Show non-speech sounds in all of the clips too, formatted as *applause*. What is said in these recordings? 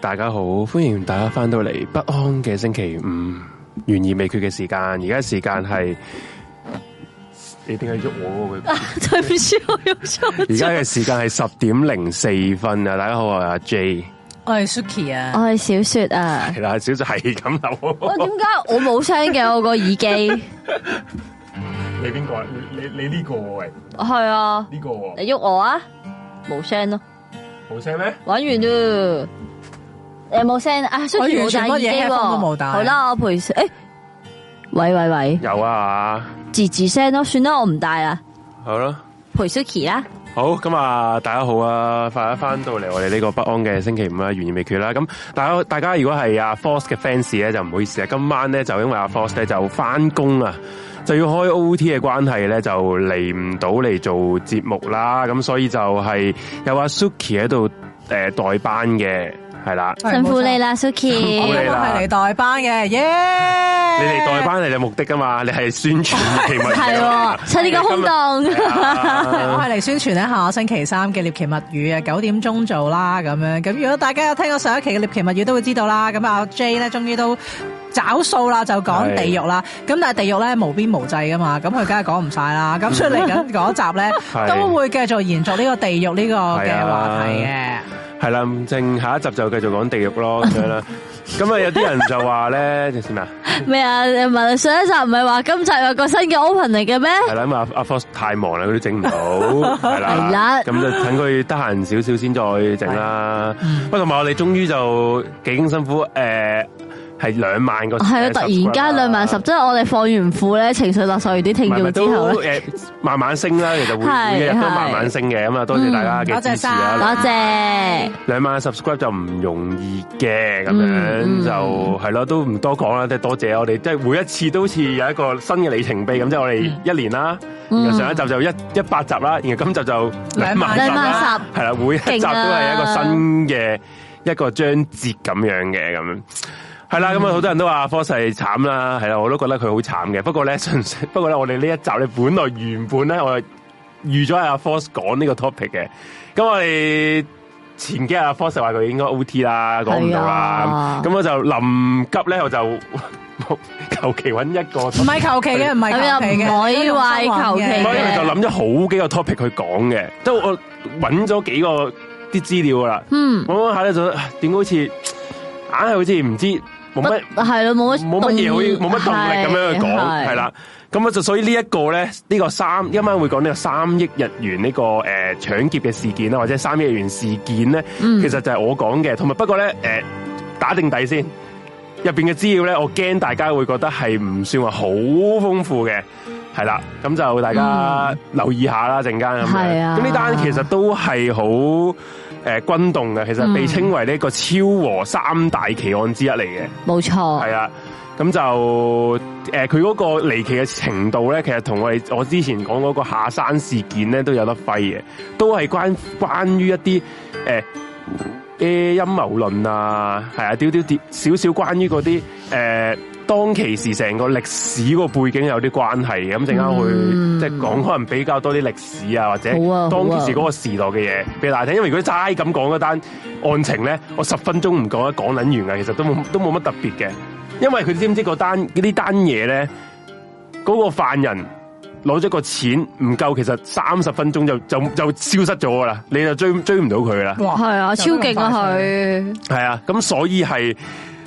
大家好，歡迎大家翻到嚟不安嘅星期五，懸而未決嘅時間。而家時間係你要 *laughs* *laughs* *laughs* 間是點解喐我嘅？對唔住，我喐錯。而家嘅時間係十點零四分啊！大家好，我係阿 J，我係 Suki 啊，我係小雪啊。係啦，小雪係咁流。我點解我冇聲嘅？我個耳機。 *laughs* 你邊個啊？你你呢、這個喂？我、哦、係啊，呢、這個、哦、你喐我啊？冇聲咯，冇聲咩？玩完啫。嗯有冇聲啊？Suki 冇戴耳機喎。好啦，我陪誒、欸，喂喂喂，有啊，自自聲咯，算啦，我唔戴啦，好啦，陪 Suki 啦。好，咁啊，大家好啊，快一翻到嚟我哋呢個不安嘅星期五啊，懸而未決啦。咁大家大家如果係阿 Force 嘅 fans 咧，就唔好意思啊。今晚咧就因為阿 Force 咧就翻工啊，就要開 O T 嘅關係咧，就嚟唔到嚟做節目啦。咁所以就係有阿 Suki 喺度誒代班嘅。係啦，辛苦你啦，Suki。我係嚟代班嘅，耶！你嚟代班嚟嘅目的噶嘛？你係宣傳獵奇物，係，出呢個空檔，我係嚟宣傳一下星期三嘅獵奇物語啊，九點鐘做啦，咁樣。咁如果大家有聽過上一期嘅獵奇物語，都會知道啦。咁阿 J 咧，終於都找數啦，就講地獄啦。咁但係地獄咧無邊無際噶嘛，咁佢梗係講唔晒啦。咁所以嚟緊嗰集咧，都會繼續延續呢個地獄呢個嘅話題嘅。係啦，剩下一集就繼續講地獄咯咁樣啦。咁啊， *laughs* 那有啲人就話咧，就係咩啊？咩啊？你問上一集唔係話今集有個新嘅 open 嚟嘅咩？係啦，咁啊阿 Fox 太忙啦，佢都整唔到，係 *laughs* 啦，係啦。咁 *laughs* 就等佢得閒少少先再整啦。 *laughs* 不過，同埋我哋終於就幾經辛苦誒。呃係兩萬個，係啊！突然間兩萬十，即係我哋放完庫咧，情緒垃圾完啲聽眾之後咧， *laughs* 慢慢升啦，其實會每日都慢慢升嘅。咁啊，慢慢多謝大家嘅支持啊！多、嗯、謝兩萬 subscribe 就唔容易嘅，咁樣、嗯嗯、就係咯，都唔多講啦。即係多謝我哋，即、就、係、是、每一次都好似有一個新嘅里程碑咁。即、嗯、係我哋一年啦、嗯，然後上一集就一一百集啦，然後今集就兩萬十，係啦，每一集都係一個新嘅、啊、一個章節咁樣嘅咁樣。係啦，咁啊，好多人都話阿 Force 慘啦，係啦，我都覺得佢好慘嘅。不過咧，不過咧，我哋呢一集咧，本來原本咧，我預咗阿 Force 講呢個 topic 嘅。咁我哋前幾日阿 Force 話佢應該 OT 啦，講唔到啦。咁、啊、我就臨急咧，我就求其搵一個，唔係求其嘅，唔係求其嘅，我以為求其嘅，所以我就諗咗好幾個 topic 去講嘅，都我揾咗幾個啲資料啦。嗯，我諗下咧，就點好似硬係好似唔知。冇乜係啦，冇乜冇乜嘢冇乜動力咁樣去講，係啦。咁啊，就所以呢一個咧，呢、這個三今晚會講呢個三億日元呢、這個誒搶、呃、劫嘅事件啦，或者三億日元事件咧，嗯、其實就係我講嘅。同埋不過咧，誒、呃、打定底先，入邊嘅資料咧，我驚大家會覺得係唔算話好豐富嘅，係啦。咁就大家留意下啦，陣間咁。係啊，咁呢單其實都係好。誒，轟動嘅其實被稱為呢個超和三大奇案之一嚟嘅，嗯，冇錯，係啦，咁就誒，佢嗰個離奇嘅程度咧，其實同我哋我之前講嗰個下山事件咧都有得揮嘅，都係關關於一啲誒啲陰謀論啊，係啊，丟丟少少關於嗰啲誒。欸當其時，成個歷史個背景有啲關係嘅，咁陣間會即係講可能比較多啲歷史啊，或者當其時嗰個時代嘅嘢俾大家聽，啊。因為如果齋咁講嗰單案情咧，我十分鐘唔夠一講捻完啊，其實都冇都冇乜特別嘅。因為佢知唔知嗰單呢單嘢咧，嗰、嗰個犯人攞咗個錢唔夠，其實三十分鐘就就就消失咗噶啦，你就追追唔到佢噶啦。哇，係啊，啊，超勁啊，佢係啊，咁所以係。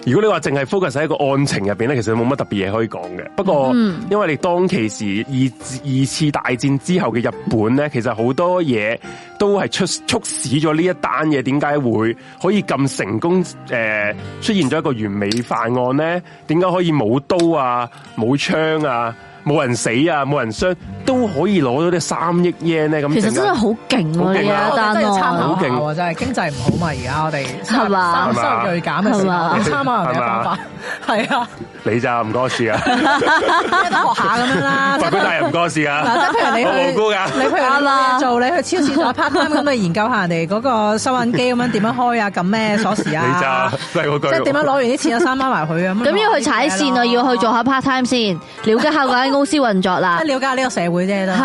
如果你話淨係 focus 喺一個案情入邊咧，其實冇乜特別嘢可以講嘅。不過、嗯、因為你當其時二次二次大戰之後嘅日本咧，其實好多嘢都係促促使咗呢一單嘢點解會可以咁成功？呃、出現咗一個完美犯案咧，點解可以冇刀啊冇槍啊？冇人死啊，冇人傷，都可以攞到啲三億 yen 咧咁。其實真係好勁啊，但係好勁，真係參考下。真係經濟唔好嘛，而家我哋係嘛，收入銳減，係嘛，參考人哋方法。係啊，你咋？唔該我試啊，學下咁樣啦。即係佢哋唔該我試啊。即係譬如你去，唔好噶，你譬如做，你去超市做 part time 咁啊，研究下人哋嗰個收銀機咁樣點樣開啊，撳咩鎖匙啊。你咋？即係點樣攞完啲錢啊，塞翻埋去啊？咁要去踩線啊？要去做下 part time 先，了解下嗰。公司運作啦，了解呢個社會啫都，唔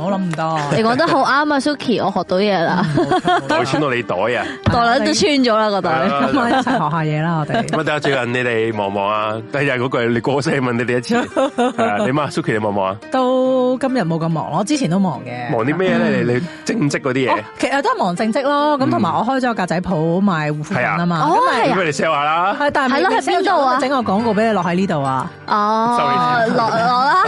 好諗咁多。你講得好啱啊，Suki，我學到嘢啦，嗯、到穿到你袋啊，袋都穿咗啦，嗰袋，咁啊，一齊學一下嘢啦，我哋。乜、嗯？最近你哋忙唔忙啊？第日嗰句你過世，問你哋一次，你媽 Suki，你忙唔忙啊？都今日冇咁忙，我之前都忙嘅。忙啲咩咧？你你正職嗰啲嘢，其實都係忙正職咯。咁同埋我開咗個格仔鋪賣護膚品啊嘛，咁啊，俾你 share 下啦。係但係喺邊度啊？整個廣告俾你落喺呢度啊？哦，落落啦。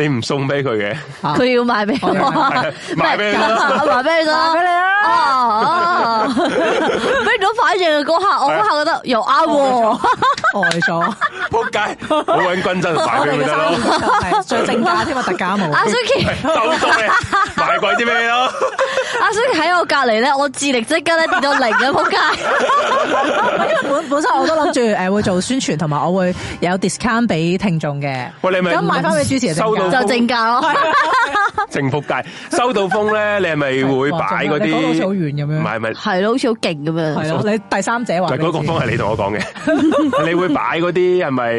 你唔送俾佢嘅，佢、啊、要買俾我買你，買俾佢咯，買俾佢俾你啊！俾到反應嗰刻，我嗰刻覺得又啱喎，呆咗。仆、呃、街、呃呃呃呃這個哎啊，我搵均真買佢啦，最正價添啊！特價冇。阿蘇琪，大貴啲咩？阿蘇琪喺我隔籬咧，我智力即刻跌到零嘅仆街。因為本本身我都諗住誒會做宣傳，同埋我會有 discount 俾聽眾嘅。喂，你咪咁買翻俾主持人。收到。就正價咯，正幅價，收到風咧，你係咪會擺嗰啲？講到好遠咁樣，唔係唔係，係咯，好似好勁咁樣。係咯，你第三者話，嗰個風係你同我講嘅，你會擺嗰啲係咪？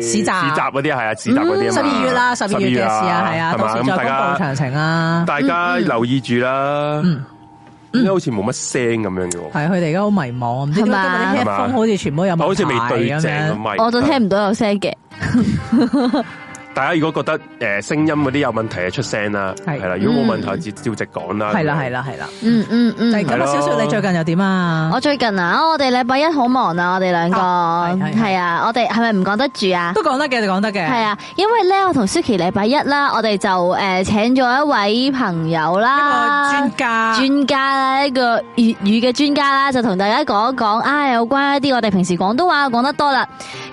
市集市集嗰啲係啊，市集嗰啲。十二月啦，十二月嘅事啊，係啊，到時再公布詳情啊。大家留意住啦。嗯，咁樣好似冇乜聲咁樣嘅。係，佢哋而家好迷茫，唔知啲風好似全部有埋，好似未對正，我都聽唔到有聲嘅。大家如果覺得誒，聲音嗰啲有問題嘅出聲啦，係啦，如果冇問題就照直講啦。係啦係啦係啦，嗯嗯嗯。就係咁小雪，你最近又點啊？我最近啊，我哋禮拜一好忙啊，我哋兩個係啊，我哋係咪唔講得住啊？都講得嘅，你講得嘅。係啊，啊，啊，啊，啊，因為咧，我同 Suki 禮拜一啦，我哋就誒、uh, 請咗一位朋友啦，一個專家，專家啦，一個粵語嘅專家啦，就同大家講一講啊，有關一啲我哋平時廣東話講得多啦，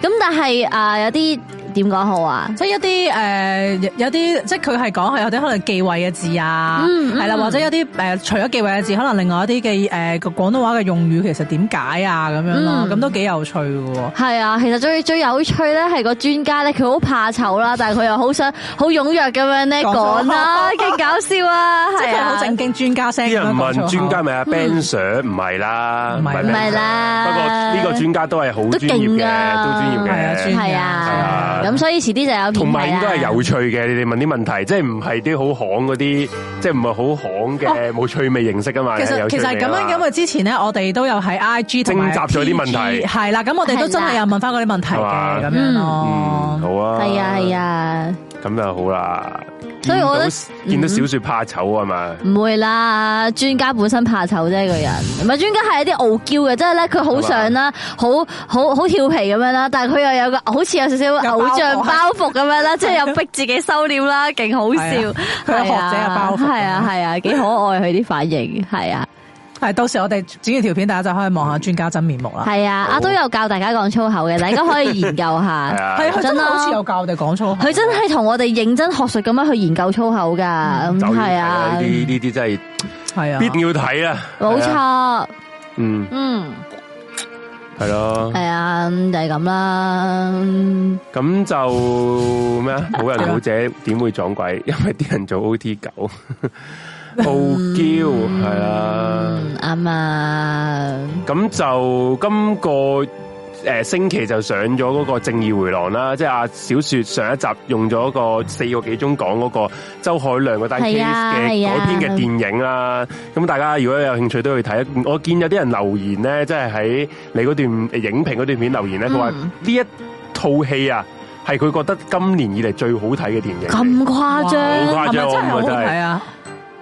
咁但係啊、uh, 有啲。點講好啊？即係一啲誒，有啲即係佢係講係有啲可能忌諱嘅字啊，係啦，或者有啲誒，除咗忌諱嘅字，可能另外一啲嘅誒個廣東話嘅用語，其實點解啊咁樣咯？咁都幾有趣嘅。係啊，其實最最有趣咧係個專家咧，佢好怕醜啦，但係佢又好想好踴躍咁樣咧講啦，勁搞笑啊！即係佢好正經專家聲。有人問專家咪阿 Ben Sir？唔係啦，唔係啦。不過呢個專家都係好專業嘅，都專業嘅係啊。咁所以遲啲就有同埋應該係有趣嘅，你哋問啲問題，即係唔係啲好巷嗰啲，即係唔係好巷嘅冇趣味形式噶嘛。其實其實咁樣咁啊，因為之前咧我哋都有喺 I G 同埋 T G 徵集咗啲問題，係啦，咁我哋都真係有問翻嗰啲問題嘅咁樣、嗯、好啊，係啊，係啊，咁就好啦。所以我覺得見到小説怕醜啊嘛？唔、嗯、會啦，專家本身怕醜啫，個人唔係專家係一啲傲嬌嘅，即係咧佢好想啦，好好好調皮咁樣啦，但係佢又有個好似有少少偶像包袱咁樣啦， *laughs* 即係有逼自己收料啦，勁好笑，啊、學者嘅包袱，係啊係啊，幾、啊啊、可愛佢啲反應係啊。係，到時我哋剪完條片，大家就可以望下專家真面目啦。係啊，阿都有教大家講粗口嘅，大家可以研究下係、 *laughs* 啊、真咯。真係好似有教我哋講粗口，佢真係同我哋認真學術咁樣去研究粗口噶，係、嗯、啊。呢啲呢啲真係係啊，必要睇啊，冇錯。嗯嗯，係咯、啊，係啊，就係咁啦。咁 *laughs* 就咩啊？好人好姐點 *laughs* 會撞鬼？因為啲人做 O T 九。 *laughs* 傲嬌係啦，啱啊！咁就今個誒星期就上咗嗰個正義回廊啦，即係阿小雪上一集用咗個四個幾鐘講嗰個周海亮單 case 嘅改編嘅電影啦。咁大家如果有興趣都可以睇。我見有啲人留言咧，即係喺你嗰段影評嗰段影片留言咧，佢話呢一套戲啊，係佢覺得今年以嚟最好睇嘅電影。誇張。咁誇張，好誇張，真係好睇啊！真誒，佢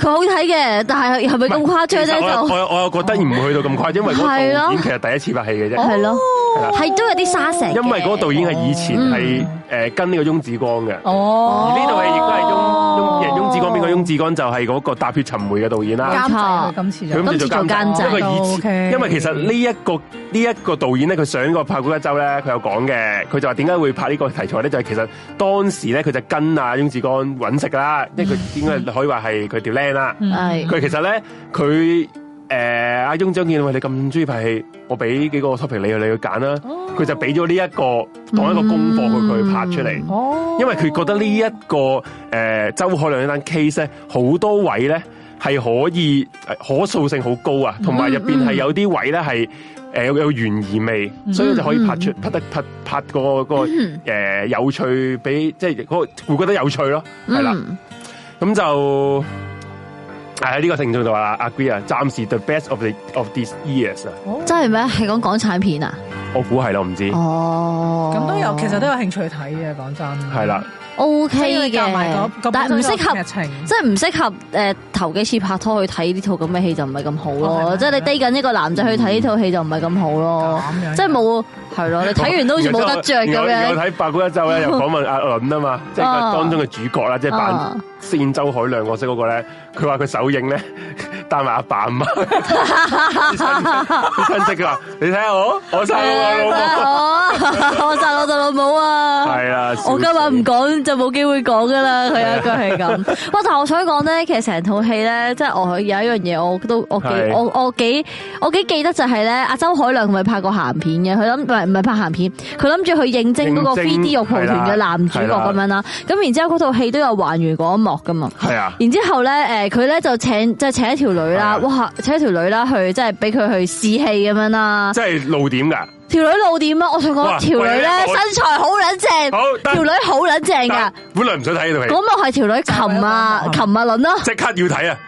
好睇嘅，但係係咪咁誇張啫？我又覺得唔會去到咁誇張， *laughs* 因為嗰個導演其實第一次拍戲嘅啫，係咯，係、哦、都有啲沙石的。因為嗰個導演係以前係誒跟呢個翁子光嘅，哦呢度戲亦都係翁翁子光邊個翁子光就係嗰個踏血尋梅嘅導演啦。監製佢今次做監製，因為其實呢、這、一個呢一、這個這個導演咧，佢上個拍古一周咧，佢有講嘅，佢就話點解會拍呢個題材咧？就係、是、其實當時咧，佢就跟啊翁子光搵食啦，嗯點解可以話係佢條靚啦？佢、嗯、其實咧，佢誒，阿翁張建喂，你咁中意拍戲，我俾幾個 topic 你你去揀啦。佢就俾咗呢一個當一個功課，佢、嗯、佢去拍出嚟。哦，因為佢覺得呢、這、一個誒、呃，周海亮呢單 case 咧，好多位咧係可以可塑性好高啊，同埋入邊係有啲位咧係誒有有懸疑味、嗯，所以就可以拍出拍得拍拍、嗰個、嗰個誒、嗯呃、有趣，俾即係嗰會覺得有趣咯，係啦。嗯是的咁就係呢、啊這個聽眾就話阿 Gracia 暫時 the best of the of these years 啊，真係咩？係講港產片啊？我估係咯，唔知哦。咁都有，其實都有興趣睇嘅。講真係啦，OK 嘅，但係唔適合劇情，即係唔適合誒頭幾次拍拖去睇呢套咁嘅戲就唔係咁好咯，oh, 就是。即係你低緊呢個男仔去睇呢套戲就唔係咁好咯，即係冇。係咯，你睇完都好似冇得着咁樣。我我八 *laughs* 又睇八一周咧，又訪問阿林啊嘛，即係當中嘅主角啦，即係飾演周海亮我、那個、 *laughs* *laughs* 身 *laughs* 色嗰個咧。佢話佢首映咧帶埋阿爸阿媽親戚，佢話你睇下我，我殺我老母，我老豆老母啊係啊，我今晚唔講就冇機會講噶啦。佢 *laughs* 一句係咁。不 *laughs* 但我想講咧，其實成套戲咧，即係我有一樣嘢，我都我幾我我幾我幾記得就係、是、咧，阿周海亮係咪拍過鹹片嘅，佢諗唔係拍咸片，佢諗住去應徵嗰個 3D 肉蒲團嘅男主角咁樣啦，咁然之後嗰套戲都有還原嗰一幕噶嘛，係啊，然之後咧，誒，佢咧就請即係請一條女啦，哇，請一條女啦去即係俾佢去試戲咁樣啦，即係露點噶。條女露點啊？我想講條女咧身材好撚正，條、oh, 女好撚正噶。本來唔想睇呢套戲。咁又係條女擒啊擒啊輪咯。即刻要睇啊！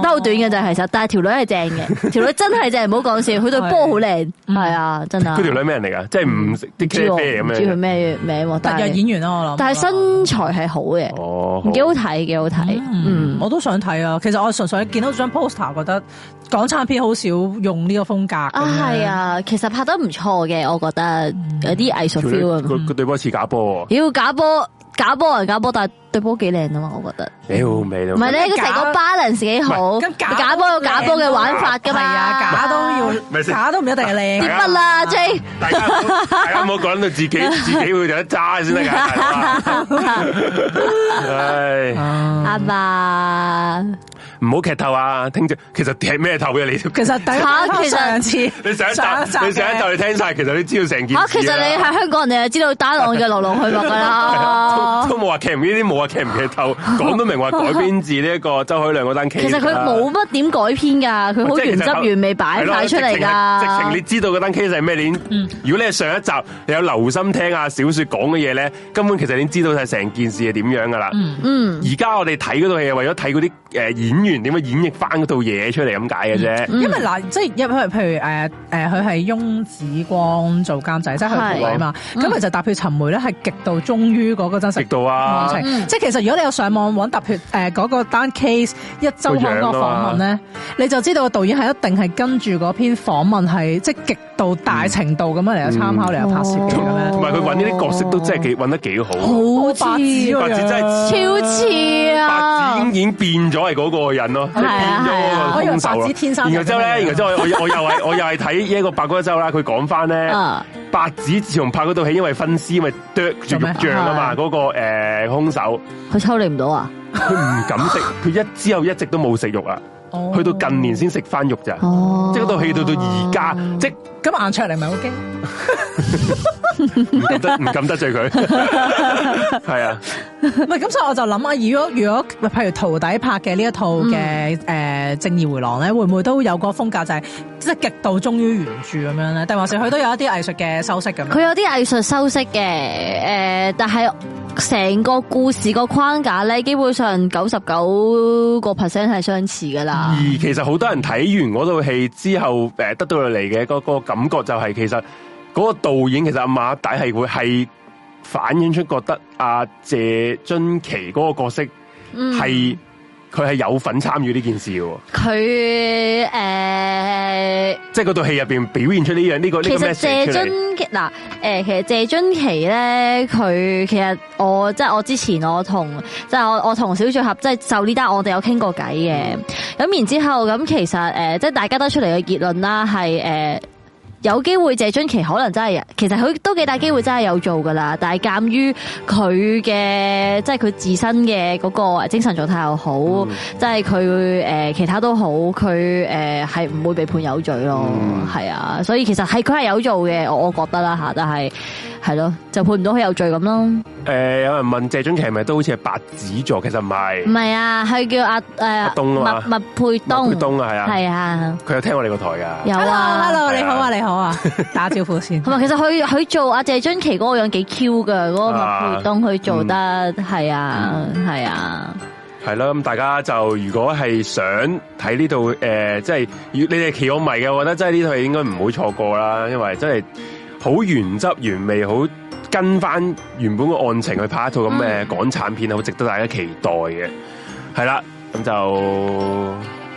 都好短嘅就係實，但係條女係正嘅，條女真係正，唔好講笑。佢對波好靚，係啊，真啊。佢條女咩人嚟噶？即係唔識啲咩嘢叫知佢咩名？但係演員咯，我諗。但係身材係好嘅，哦，幾好睇，幾好睇。嗯，我都想睇啊。其實我純粹見到張 poster，覺得。港產片好少用呢個風格啊，係啊，其實拍得唔錯嘅，我覺得、嗯、有啲藝術 feel 啊。佢、嗯、佢對波似假波，妖假波假波嚟假波。但係對波幾靚啊嘛，我覺得妖好味。唔係咧，佢成個 balance 幾好，假波有假波嘅玩法噶嘛，假都要，等等假都唔一定係靚。得啦 J，大家、啊、大家唔好講到自己 *laughs* 自己會成渣先得噶。哎阿爸。唔好劇透啊！聽住。其實踢咩頭嘅你？其實嚇，其實上次你上一集，你上一集你聽晒，啊。其實你知道成件事。其實你係香港人，你就知道打浪嘅來龍去脈噶啦。都冇話劇唔劇啲，冇話劇唔劇透，講都明話改編自呢一個周海亮嗰單劇。其實佢冇乜點改編㗎，佢好原汁原味擺晒出嚟㗎。 *laughs* 直情你知道嗰單劇係咩年？如果你係上一集，你有留心聽啊小說講嘅嘢咧，根本其實你知道成件事係點樣㗎啦。嗯，而、嗯、家我哋睇嗰套戲為咗睇嗰啲演員點樣演繹翻嗰套嘢出嚟咁解嘅啫？因為嗱，即係因為，如 mm. 譬如誒誒，佢係翁子光做監製，即係佢女嘛。咁其實踏血尋梅咧，係極度忠於嗰個真實，極度啊，mm. 即係其實如果你有上網搵踏血誒嗰個單 case 一周刊嗰個訪問咧，啊，你就知道個導演係一定係跟住嗰篇訪問，係即係極度大程度咁樣嚟有參考嚟有拍攝嘅，同埋佢搵呢啲角色都真係幾搵得幾好，好白只，白只真係超似啊，白只，啊，已經變咗係嗰個咯、就是，即係變咗個兇手，然後之後咧，然後之後我我又係我又係睇呢個白光州啦。佢講翻咧， *laughs* 白紙自從拍嗰套戲，因為分屍，因為啄住肉醬啊嘛，嗰、那個誒兇手，佢抽你唔到啊，佢唔敢食，佢一之後一直都冇食肉啊，去、oh. 到近年先食翻肉咋，即係嗰套戲到現在、oh. 到而家，即係硬出嚟咪好驚唔 *laughs* 得唔敢得罪佢，係啊，係咁，所以我就諗啊，如果如果譬如徒弟拍嘅呢一套嘅誒、嗯、正義迴廊咧，會唔會都有個風格就係即係極度忠於原著，咁樣咧？定係話佢都有一啲藝術嘅修飾咁？佢有啲藝術修飾嘅誒，但係成個故事個框架咧，基本上九十九個 percent 係相似噶啦。而其實好多人睇完嗰套戲之後誒，得到佢嚟嘅嗰個感覺就係其實。嗰、那個導演其實阿馬仔係會係反映出覺得阿謝津奇嗰個角色係佢係有份參與呢件事嘅。佢、呃、誒，即係嗰套戲入邊表現出呢樣呢個。其實謝津奇嗱，誒、呃，其實謝津奇咧，佢、呃呃、其、其實我即係、就是、我之前我同即係我我同小組合即係就呢、是、單我哋有傾過偈嘅。咁然後之後咁其實誒，即、呃、係大家得出嚟嘅結論啦，係、呃、誒。有機會謝俊琪可能真係，其實佢都幾大機會真係有做㗎喇，但係鑑於佢嘅即係佢自身嘅嗰個精神狀態又好，即係佢誒其他都好，佢係唔會被判有罪咯，係啊，所以其實係佢係有做嘅，我覺得啦吓，但係係咯，就判唔到佢有罪咁咯。有人問謝俊琪係咪都好似係白紙座？其實唔係，唔係啊，佢叫阿誒麥佩東，佩東啊，係啊，係啊，佢有聽我哋個台㗎。Hello，Hello，你好啊，你好。啊，打招呼先。同埋，其實佢佢做阿謝君琪嗰個樣幾 Q 噶，嗰個麥沛東佢做得係啊係啊。係、嗯、咯、啊，咁、嗯啊、大家就如果係想睇呢套誒，即、呃、係、就是、你哋我迷嘅，我覺得真係呢套應該唔會錯過啦，因為真係好原汁原味，好跟翻原本嘅案情去拍一套咁嘅港產片，好、嗯、值得大家期待嘅。係啦，咁就。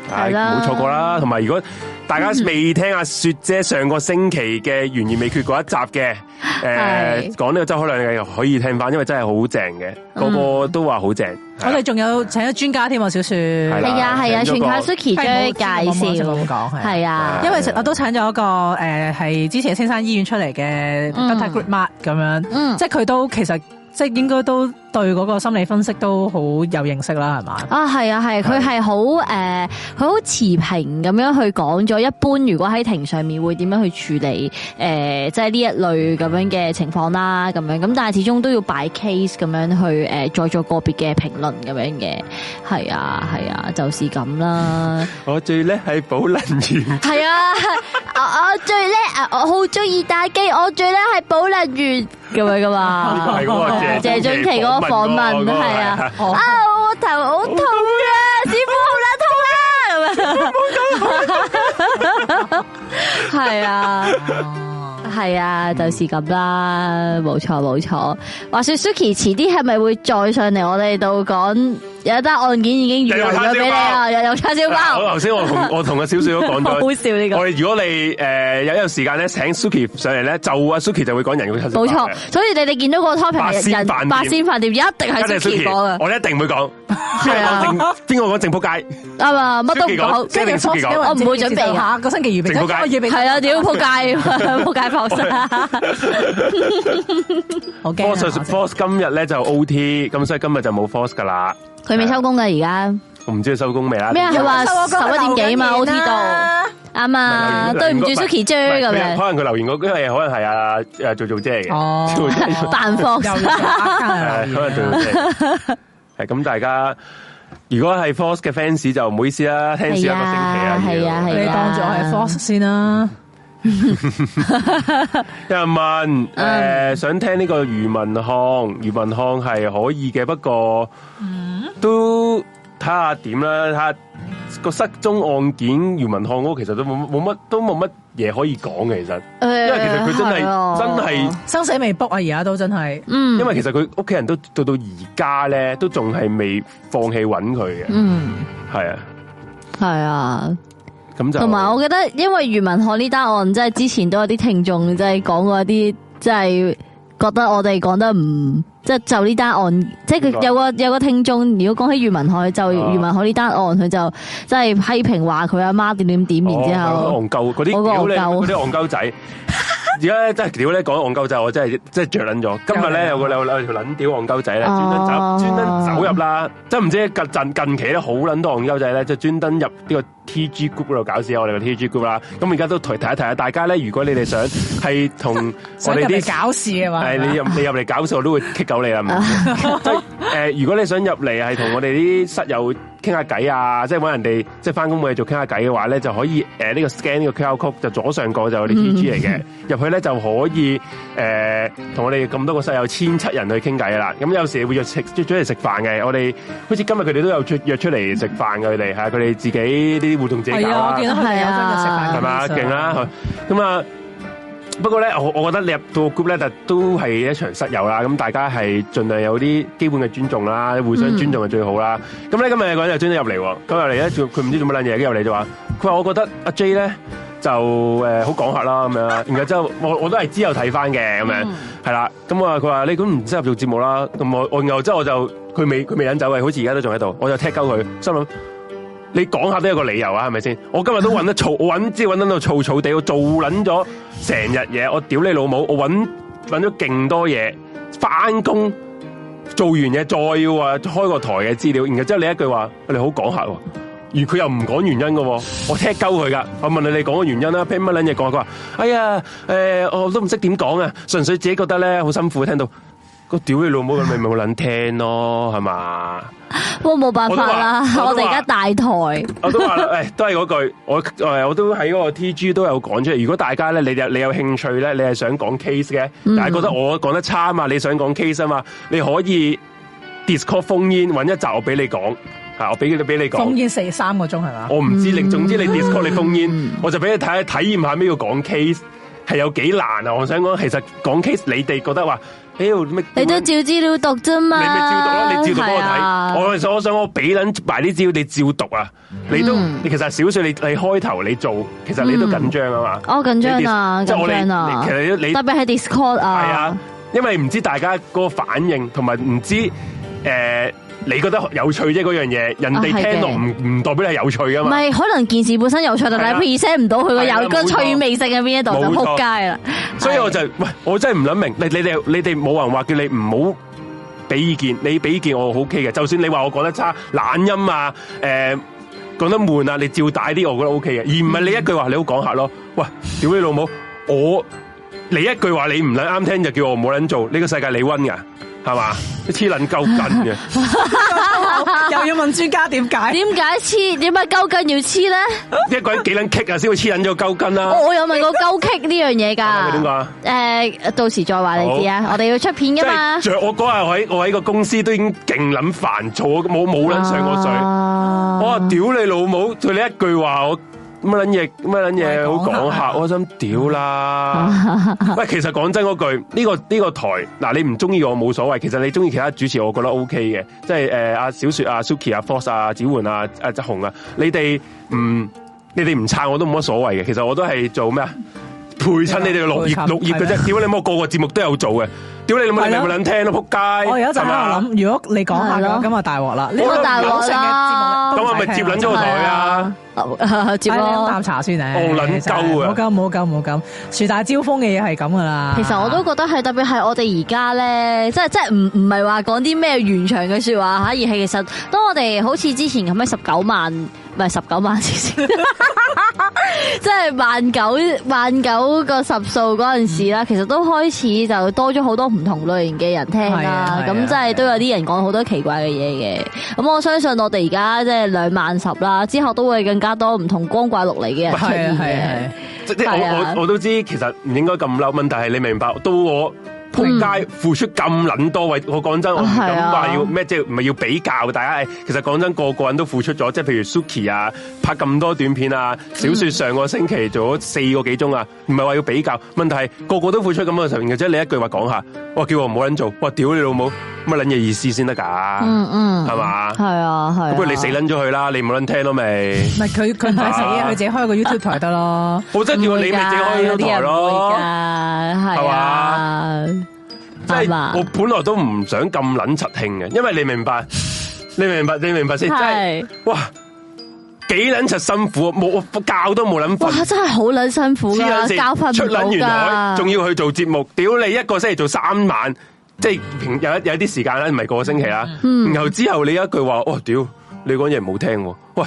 係啦，冇錯過啦。同埋，如果大家未聽阿雪姐上個星期嘅懸疑未缺過一集嘅，誒、呃，講呢個周海亮嘅又可以聽翻，因為真係好正嘅，個個都話好正。我哋仲有請咗專家添啊，小雪係啊係啊，全靠 Suki 將佢介紹。我咁講係啊，因為我都請咗一個誒，係之前青山醫院出嚟嘅 Doctor Grant 咁樣，嗯，即係佢都其實即係應該都。對嗰個心理分析都好有認識啦，係嘛？啊，係啊，係佢係好誒，佢好、呃、持平咁樣去講咗。一般如果喺庭上面會點樣去處理？誒、呃，即係呢一類咁樣嘅情況啦，咁樣咁，但係始終都要擺 case 咁樣去誒，再做個別嘅評論咁樣嘅。係啊，係啊，就是咁啦。 *laughs* 我最叻係保論員。係啊，我最叻啊！我好中意打機，我最叻係保論員咁樣噶吧嘛。係我阿謝，謝俊奇訪問啊，係啊，啊，我頭好痛，痛、啊痛、啊痛、啊痛、啊、痛啊，師傅啦，痛啦，係啊，係 *laughs* *laughs* 是啊， *laughs* 是啊 *laughs* 就是咁啦，冇錯冇錯。錯 *laughs* 話說 Suki，遲啲係咪會再上嚟我哋度講？.有一單案件已經預咗俾你啦 *laughs* 啊！又有叉燒包。我頭先、 *laughs* 這個、我同我同個小小都講咗。好笑呢個。我如果你誒、呃、有一段時間咧，請 Suki 上嚟咧，就阿 Suki 就會講人嘅叉燒包。冇錯，所以你你見到個 topic 人八仙飯店，店，一定係 Suki Suky, 我一定唔會講。 *laughs* 啊，邊個講正仆街？啊嘛，乜都唔講，跟住 Suki 講，Fuzz, 我唔會準備試試下個星期預備，係 *laughs* 老闆 *laughs* 啊，屌仆街，仆街仆。好驚。Force Force 今日咧就 OT，咁所以今日就冇 Force 噶啦。佢未收工噶，而家我唔知佢收工未啦。咩啊？佢話十一點幾嘛？OT 到，啱啊。對唔住，Suki 姐咁樣。可能佢留言嗰個係可能係阿誒做做姐嚟嘅哦，扮坊。誒，可能做做姐。係咁，大家如果係 Force 嘅 fans 就唔好意思啦，聽少咗一個星期啊，係啊，你當作係 Force 先啦。 *laughs* *laughs* *laughs* 有人問，誒、嗯呃，想聽呢個余文翰，余文翰係可以嘅，不過都睇下點啦。睇下個失蹤案件余文翰，屋其實都冇冇乜，都冇乜嘢可以講嘅，其實，因為其實佢真係、欸、真係、啊、生死未卜啊，而家都真係，嗯，因為其實佢屋企人都到到而家咧，都仲係未放棄揾佢嘅，嗯，係啊，係啊。同埋，我覺得因為余文海呢單案，即係之前都有啲聽眾，即係講過一啲，即係覺得我哋講得唔，即係就呢單案，即係有個有個聽眾，如果講起余文海，就余文海呢單案，佢就即係批評話佢阿媽點點點，然後之後戇鳩嗰啲啲戇鳩仔。而家咧真係屌咧，講憨鳩仔，我真係真係着撚咗。今日咧有個有有條撚屌憨鳩仔咧，專登走，專登走入啦。真唔知近近近期咧好撚多憨鳩仔咧，就專登入呢個 TG group 嗰度搞事啊！我哋個 TG group 啦。咁而家都提提一提啊！大家咧，如果你哋想係同我哋啲搞事啊嘛，係你入你入嚟搞事，我都會 kick 狗你啊嘛。即係誒，如果你想入嚟係同我哋啲室友。傾下偈啊，即係搵人哋，即係翻工冇嘢做傾下偈嘅話咧，就可以誒呢、呃這個 scan 呢、這個 QR Code，就左上角就我哋 TG 嚟嘅，入 *laughs* 去咧就可以誒同、呃、我哋咁多個細友千七人去傾偈啦。咁有時候會約出約嚟食飯嘅，我哋好似今日佢哋都有約約出嚟食飯嘅，佢哋係佢哋自己啲互動者，係啊，係、哎、啊，係咪？勁 *laughs* 啦，咁啊。不過咧，我我覺得你入到個 group 咧，就都係一場室友啦。咁大家係盡量有啲基本嘅尊重啦，互相尊重係最好啦。咁、嗯、咧今日嗰人就專登入嚟喎，咁入嚟咧佢唔知做乜撚嘢，跟住入嚟就話，佢話我覺得阿 J 咧就誒好講客啦咁樣。然後之後我我都係之後睇翻嘅咁樣，係、嗯、啦。咁啊佢話你咁唔適合做節目啦。咁我我然後之後我就佢未佢未飲酒嘅，好似而家都仲喺度，我就踢鳩佢心諗。你講下都有個理由啊，係咪先？我今日都搵得嘈，我搵，即係搵得到嘈嘈地，我做捻咗成日嘢，我屌你老母，我搵，搵咗勁多嘢，翻工做完嘢再要話開個台嘅資料，然後之後你一句話，你好講下，而佢又唔講原因喎。我踢鳩佢噶，我問佢你講個原因啦，pick 乜捻嘢講，佢話哎呀，誒、呃，我都唔識點講啊，純粹自己覺得咧好辛苦聽到。那個屌你老母，你咪冇捻聽咯，係 *laughs* 嘛？不過冇辦法啦，我哋而家大台。我都話啦，誒、 *laughs* 哎，都係嗰句，我誒，我都喺嗰個 T G 都有講出嚟。如果大家咧，你有你有興趣咧，你係想講 case 嘅，嗯、但係覺得我講得差啊嘛，你想講 case 啊嘛，你可以 Discord 封煙，搵一集我俾你講，吓，我俾俾你講。封煙四三個鐘係嘛？我唔知，你、嗯、總之你 Discord 你封煙，我就俾你睇，體驗下咩叫講 case，係有幾難啊！我想講，其實講 case 你哋覺得話。你都照資料讀啫嘛，你咪照讀咯，你照讀幫我睇啊。我想我想我俾捻埋啲資料你照讀啊，你都、嗯、你其實小說你你開頭你做，其實你都緊張啊嘛。我緊張啊，好靚啊，特別係 Discord 啊。係啊，因為唔知大家個反應，同埋唔知誒。呃你覺得有趣啫，嗰樣嘢人哋聽到唔唔、啊、代表你係有趣噶嘛？唔係，可能件事本身有趣，但係佢 present 唔到佢個有個趣味性喺邊一度就扑街啦。所以我就喂，我真係唔諗明，你你哋你哋冇人話叫你唔好俾意見，你俾意見我 OK 嘅。就算你話我講得差、懶音啊、誒、呃、講得悶啊，你照大啲，我覺得 OK 嘅。而唔係你一句話，嗯、你好講下咯。喂，屌你老母？我你一句話你唔諗啱聽就叫我冇諗做呢、這個世界你溫噶。係嘛？黐撚勾筋嘅，又要問專家點解？點解黐？點解勾筋要黐咧？一個人幾撚棘啊！先會黐撚咗個勾筋啦。我有問過勾棘呢樣嘢噶。點講啊？誒，到時再話你知啊！我哋要出片噶嘛？我嗰日喺我喺個公司都已經勁撚煩躁，冇冇撚上過水。啊、我話屌你老母！對你一句話我。乜撚嘢？乜撚嘢？好講下，下，我想屌、嗯、啦！ *laughs* 喂，其實講真嗰句，呢、呢個呢、呢個台嗱，你唔中意我冇所謂。其實你中意其他主持，我覺得 O K 嘅。即係阿、呃、小雪、阿、啊、Suki、阿 Fox 阿子桓、阿阿澤紅啊，Fox，啊啊啊你哋唔你哋唔撐我都冇乜所謂嘅。其實我都係做咩啊？陪襯你哋綠葉綠葉嘅啫。屌你冇 *laughs* 個個節目都有做嘅。屌你！你咪唔咪捻聽咯，仆街！我而家就諗，如果你講下咯，今日大鑊啦！咁我咪接捻張台啊！接飲啖茶先啊！我捻夠啊！冇夠冇夠冇夠！樹大招風嘅嘢係咁噶啦。其實我都覺得係，特別係我哋而家咧，即係即係唔唔係話講啲咩圓場嘅說話吓，而係其實當我哋好似之前咁樣十九萬。唔係十九萬少少，次先即係萬九萬九個十數嗰陣時啦，其實都開始就多咗好多唔同類型嘅人聽啦，咁即係都有啲人講好多奇怪嘅嘢嘅，咁我相信我哋而家即係兩萬十啦，之後都會更加多唔同光怪陸離嘅人聽。現嘅，即即我我都知其實唔應該咁嬲，問題係你明白到我。扑、嗯、街付出咁捻多位，我講真，我唔敢話要咩、嗯啊，即係唔係要比較。大家，其實講真，個個人都付出咗，即係譬如 Suki 啊拍咁多短片啊，小說上個星期做咗四個幾鐘啊，唔係話要比較。問題係個個都付出咁嘅程度啫。即你一句話講下，我叫我唔好捻做，我屌你老母，乜捻嘢意思先得噶？嗯嗯，係嘛？係啊，係、啊。不過你死捻咗佢啦，你唔好捻聽到未？唔係佢，佢唔係死啊，佢自己開個 YouTube 台得咯、啊。我真叫你咪、啊自,啊啊、自己開 YouTube 台咯，係嘛？即係 *music* 我本來都唔想咁捻柒興嘅，因為你明白，你明白，你明白先。係哇，幾捻柒辛苦啊！冇教都冇捻。哇，真係好捻辛苦。黐線教法唔好噶，仲要去做節目。屌你一個星期做三晚，即係有有啲時間啦，唔係個星期啦、嗯。然後之後你一句話，哦，屌你講嘢唔好聽、啊，喂！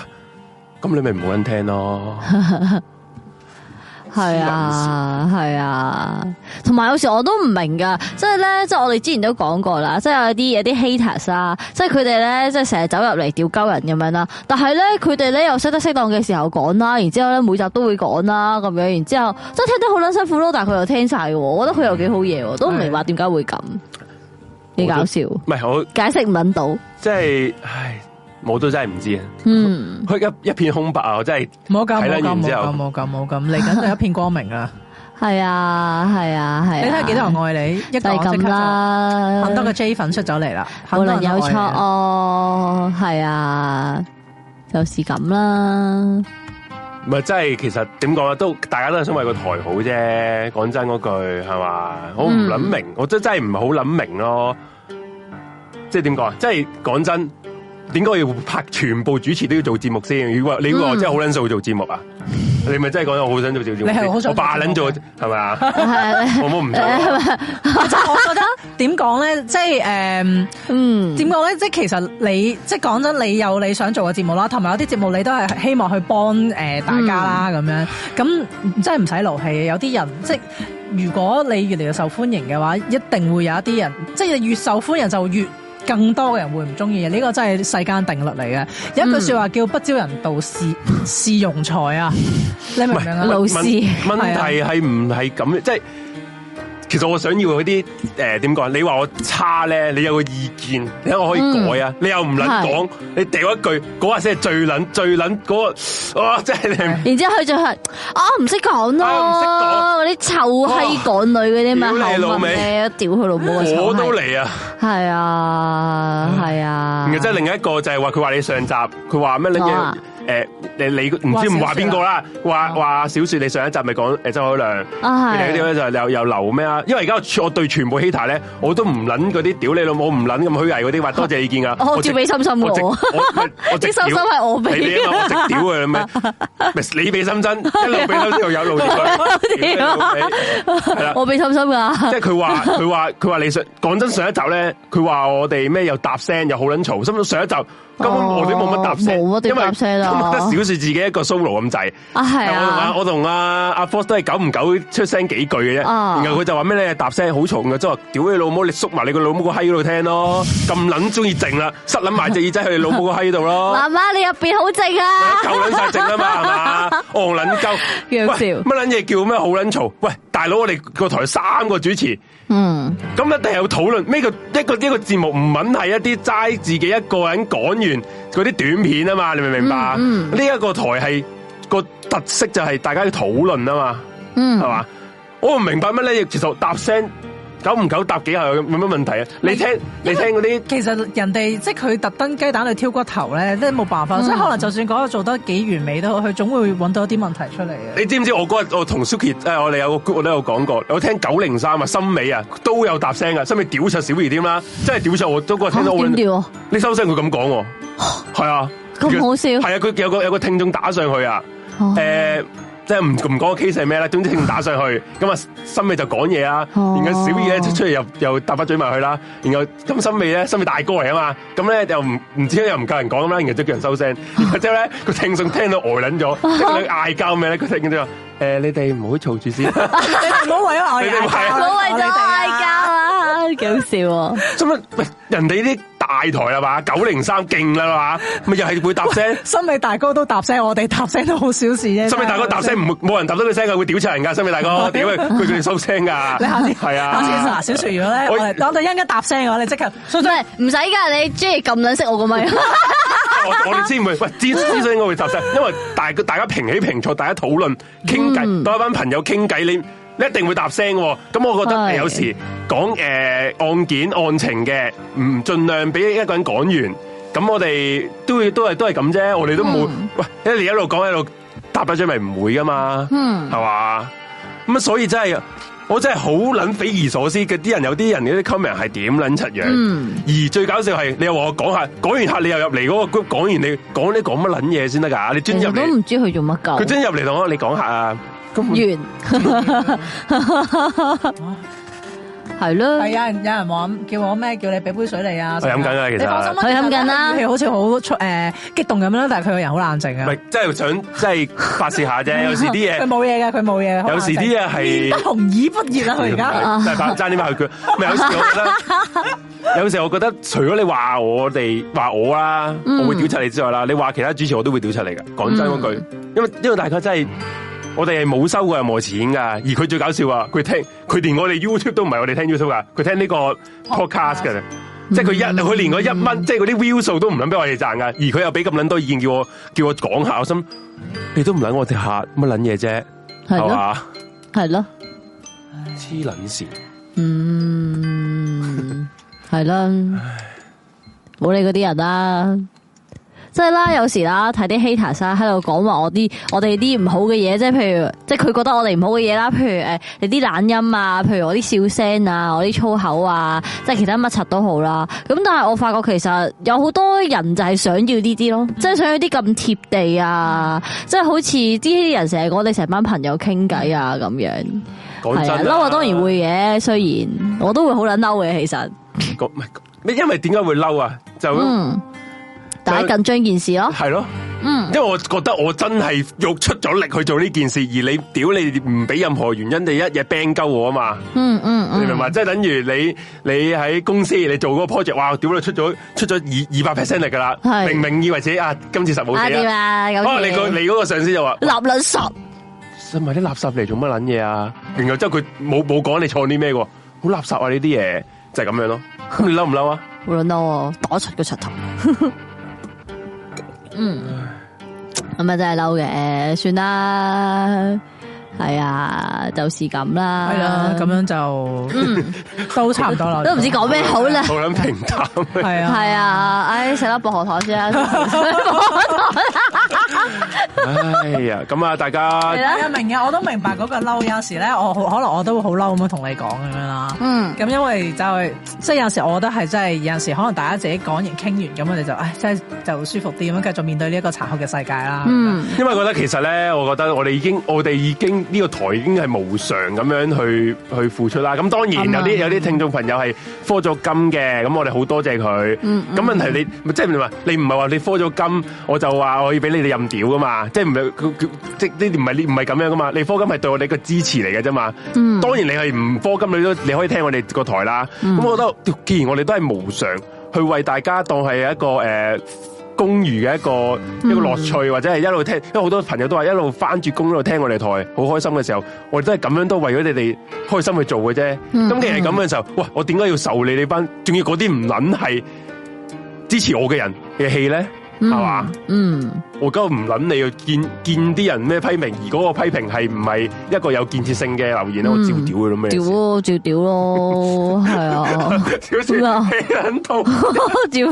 咁你咪唔好捻聽咯。 *laughs* 係啊，係啊，同埋有，有時我都唔明噶，即係咧，即係我哋之前都講過啦，即係有啲有啲 haters 啊，即係佢哋咧，即係成日走入嚟吊鳩人咁樣啦，但係咧佢哋咧又識得適當嘅時候講啦，然之後咧每集都會講啦，咁樣，然之後即係聽得好撚辛苦咯，但係佢又聽晒，我覺得佢又幾好嘢，都唔明話點解會咁，幾搞笑，唔係好解釋唔撚到，即係唉。冇都真係唔知啊，佢、嗯、一一片空白啊，我真係冇咁冇咁冇咁冇咁，嚟緊就一片光明啊！係啊係啊係！你睇下幾多人愛你，一定咁啦，咁多個 J 粉出咗嚟啦，可能有錯哦，係啊，就是咁啦。唔係真係，其實點講啊？都大家都係想為個台好啫。講真嗰句係嘛、嗯，我唔諗明，我真真係唔好諗明咯。即係點講啊？即係講真。點解要拍全部主持都要做節目先？如果你話真係好捻數做節目啊？你咪真係講得好想做節目、嗯、目？你係好想做？我扮捻做係咪啊？ *laughs* 我冇唔做。嗯、我就覺得點講咧？即係誒，嗯，嗯呢，點講咧？即係其實你即係講真，你有你想做嘅節目啦，同埋有啲節目你都係希望去幫誒大家啦咁、嗯、樣。咁真係唔使勞氣。有啲人即係如果你越嚟越受歡迎嘅話，一定會有一啲人即係越受歡迎就越。更多嘅人會唔中意嘅，呢、這個真係世間定律嚟嘅。有、嗯、一句話說話叫不招人妒，是是庸才啊，你明唔明啊？老師問，問題係唔係咁即係。就是其實我想要嗰啲誒點講？你話我差咧，你有個意見，睇下我可以改啊、嗯。你又唔能講，你掉一句嗰下先係最撚最撚嗰、嗰個，哇、啊！真係你。然之後佢就係，哦唔識講咯，嗰啲、啊、臭閪、啊、港女嗰啲嘛，你老味屌佢老母我都嚟啊！係啊，係啊。然之後另一個就係話佢話你上集，佢話咩嘢？誒、欸，你你唔知唔話邊個啦？話話小說，說，說，小說你上一集咪講誒周海亮，佢哋嗰啲就又又流咩啊？因為而家我對對全部 Hater 咧，我都唔捻嗰啲屌你老母，唔捻咁虛偽嗰啲。話多謝意見噶，我照俾心心我，我直我被心心係我俾，你俾心心，被被 *laughs* 被心真一路俾到之後有路屌佢， *laughs* 又有路。 *laughs* 又路被 *laughs* 我俾心心噶。即係佢話佢話佢話你講講真上一集咧，佢話我哋咩又搭聲又好撚嘈，甚至上一集。根本我哋冇乜答聲，因為得小樹自己一個 solo 咁滯。啊係啊，我同阿阿 Four 都係久唔久出聲幾句嘅啫。然後佢就話咩咧？答聲好重嘅，即係話屌你老母，你縮埋你個老母個閪嗰度聽咯。咁捻中意靜啦，塞捻埋隻耳仔去你老母個閪度咯。阿媽，你入邊好靜啊？夠捻曬靜啦嘛，係嘛？戇捻鳩。喂，乜捻嘢叫咩好捻嘈？喂，大佬，我哋個台三個主持。嗯，咁一定有討論。呢個一個一個節目唔淨係一啲齋自己一個人講完嗰啲短片啊嘛，你明唔明白？嗯，嗯，呢一個台係個特色就係大家要討論啊嘛，嗯，係嘛？我唔明白乜咧，其實答聲。九唔九答幾下有冇乜問題啊？你聽你聽嗰啲，其實人哋即係佢特登雞蛋裏挑骨頭咧，即係冇辦法，即、嗯、係可能就算嗰個做得幾完美都好，佢總會搵到一啲問題出嚟嘅。你知唔知我嗰日我同 Suki 誒、呃，我哋有個 group 都有講過，我聽九零三啊、森美啊都有答聲啊，森美屌柒小儀添啦，真係屌柒我都覺得好屌，你收聲，佢咁講喎，係 *laughs* 啊，咁好笑，係啊，佢有個有個聽眾打上去啊，誒、 *laughs* 欸。即係唔唔講個 case 係咩咧，總之聽打上去，咁啊森美就講嘢啊，然後小二咧就出嚟又又搭返嘴埋去啦，然後咁森美咧森美大哥嚟啊嘛，咁咧又唔唔知又唔夠人講啦，然後就叫人收聲，然後之後咧佢聽信聽到呆捻咗，即係佢嗌交咩咧，佢聽咁就誒你哋唔好嘈住先，唔好為咗嗌交，唔好為咗嗌交啊。幾好笑？做乜喂！人哋啲大台係嘛，九零三勁啦嘛，咪又係會搭聲。森美大哥都搭聲，我哋搭聲都好小事啫。森美大哥搭聲唔，冇人搭到佢聲噶， *laughs* 會屌查人噶。森美大哥，屌佢！佢叫你收聲噶。你肯定係啊？下次拿小廚如果咧，我哋我哋一陣間搭聲嘅話，你即刻蘇唔使噶，你即係咁撚識我個咪？ *laughs* 我哋知唔會？喂，知知道 *laughs* 應該會搭聲，因為大大家平起平坐，大家討論傾偈，多、嗯、一班朋友傾偈你。你一定會答聲，咁我覺得、呃、有時講誒、呃、案件案情嘅，唔盡量俾一個人講完，咁我哋都會都係都係咁啫。我哋都冇喂、嗯，一年一路講喺度答得咗，咪唔會噶嘛，係、嗯、嘛？咁啊，所以真係我真係好捻匪夷所思嘅，啲人有啲人嗰啲 comment 係點捻出樣？嗯、而最搞笑係你又話我講下，講完下你又入嚟嗰個 group，講完你講啲講乜捻嘢先得噶？你專入嚟都唔知佢做乜噶，佢專入嚟同我你講下啊！完，係咯，係有人有人話叫我咩？叫你俾杯水你啊！佢飲緊啊，其實佢飲緊啦，好似好誒激動咁樣。但係佢個人好冷靜啊。唔係，真係想真係發洩下啫。有時啲嘢佢冇嘢嘅，佢冇嘢嘅。有時啲嘢係紅耳不熱啊！而家真係講真，點解佢？咩？有時我覺得，有時我覺得，除咗你話我哋話我啦，我會屌柒你之外啦，你話其他主持，我都會屌柒你噶。講真嗰句，因為因為大家真係。我哋係冇收過任何錢噶，而佢最搞笑啊！佢聽佢連我哋 YouTube 都唔係我哋聽 YouTube 噶，佢聽呢個 podcast 噶、嗯，即係佢一佢連個一蚊，即係嗰啲 view 數都唔諗俾我哋賺噶，而佢又俾咁捻多意見叫我叫我講下，我心你都唔諗我哋吓乜捻嘢啫，係嘛？係咯，黐捻線， *laughs* 嗯，係啦，冇理嗰啲人啦、啊。即、就、係、是、啦，有時啦睇啲 haters 啦喺度講話我啲我哋啲唔好嘅嘢，即係譬如即係佢覺得我哋唔好嘅嘢啦，譬如誒、呃、你啲懶音啊，譬如我啲笑聲啊，我啲粗口啊，即係其他乜柒都好啦。咁但係我發覺其實有好多人就係想要呢啲咯，即、就、係、是、想要啲咁貼地啊，即、嗯、係好似啲人成日我哋成班朋友傾偈啊咁樣。係啊，啊，嬲，我當然會嘅，雖然我都會好捻嬲嘅，其實你因為點解會嬲啊？就嗯。緊張件事咯，係咯，嗯，因為我覺得我真係用出咗力去做呢件事，而你屌你唔俾任何原因，你一日 bang 鳩我啊嘛，嗯嗯,嗯，你明白嘛？即係等於你你喺公司你做嗰個 project，哇，屌你出咗出咗二二百 percent 力噶啦，明明以為自己啊今次實冇啱啲啦，哦、啊啊，你個你嗰個上司就話垃圾，啊、你垃圾，圾咪啲垃圾嚟做乜撚嘢啊？然後之後佢冇冇講你錯啲咩噶？好垃圾啊！呢啲嘢就係、是、咁樣咯。你嬲唔嬲啊？我嬲，打出個錘頭。 *laughs* 嗯，咁啊真係嬲嘅，算啦，係啊，就是咁啦，係啊，咁樣就，嗯， *laughs* 都差唔多啦，都唔知講咩好啦，好諗平淡，係啊，係 *laughs* 啊，唉，食粒薄荷糖先啦。 *laughs* 草糖 *laughs* 哎呀，咁啊，大家你明嘅，我都明白嗰個嬲。有時咧，我可能我都會好嬲咁樣同你講咁樣啦。嗯，咁因為就即係有時，我覺得係真係有陣時，可能大家自己講完傾完咁樣，我哋就唉、哎，真係就舒服啲咁樣，繼續面對呢一個殘酷嘅世界啦。嗯，因為覺得其實咧，我覺得我哋已經，我哋已經呢、這個台已經係無償咁樣去去付出啦。咁當然有啲、嗯、有啲聽眾朋友係科咗金嘅，咁我哋好多謝佢。咁、嗯嗯、問題你即係唔係？即係、你唔係話你科咗金，我就話我要俾你哋任屌噶嘛？即係唔係佢，即呢啲唔係呢，唔係咁樣噶嘛？你科金係對我哋一個支持嚟嘅啫嘛。嗯，當然你係唔科金，你都你可以聽我哋個台啦。咁、嗯、我覺得，既然我哋都係無償去為大家當係一個誒、呃、公餘嘅一個、嗯、一個樂趣，或者係一路聽，因為好多朋友都話一路翻住工一度聽我哋台，好開心嘅時候，我哋都係咁樣都為咗你哋開心去做嘅啫。咁、嗯、既然係咁嘅時候，哇！我點解要受理你哋班，仲要嗰啲唔撚係支持我嘅人嘅戲咧？係嘛？嗯。我根本唔諗你去見見啲人咩批評，而嗰個批評係唔係一個有建設性嘅留言咧？我照屌佢咯咩？屌、嗯、咯，照屌咯，係 *laughs* 啊，屌死啦！照屌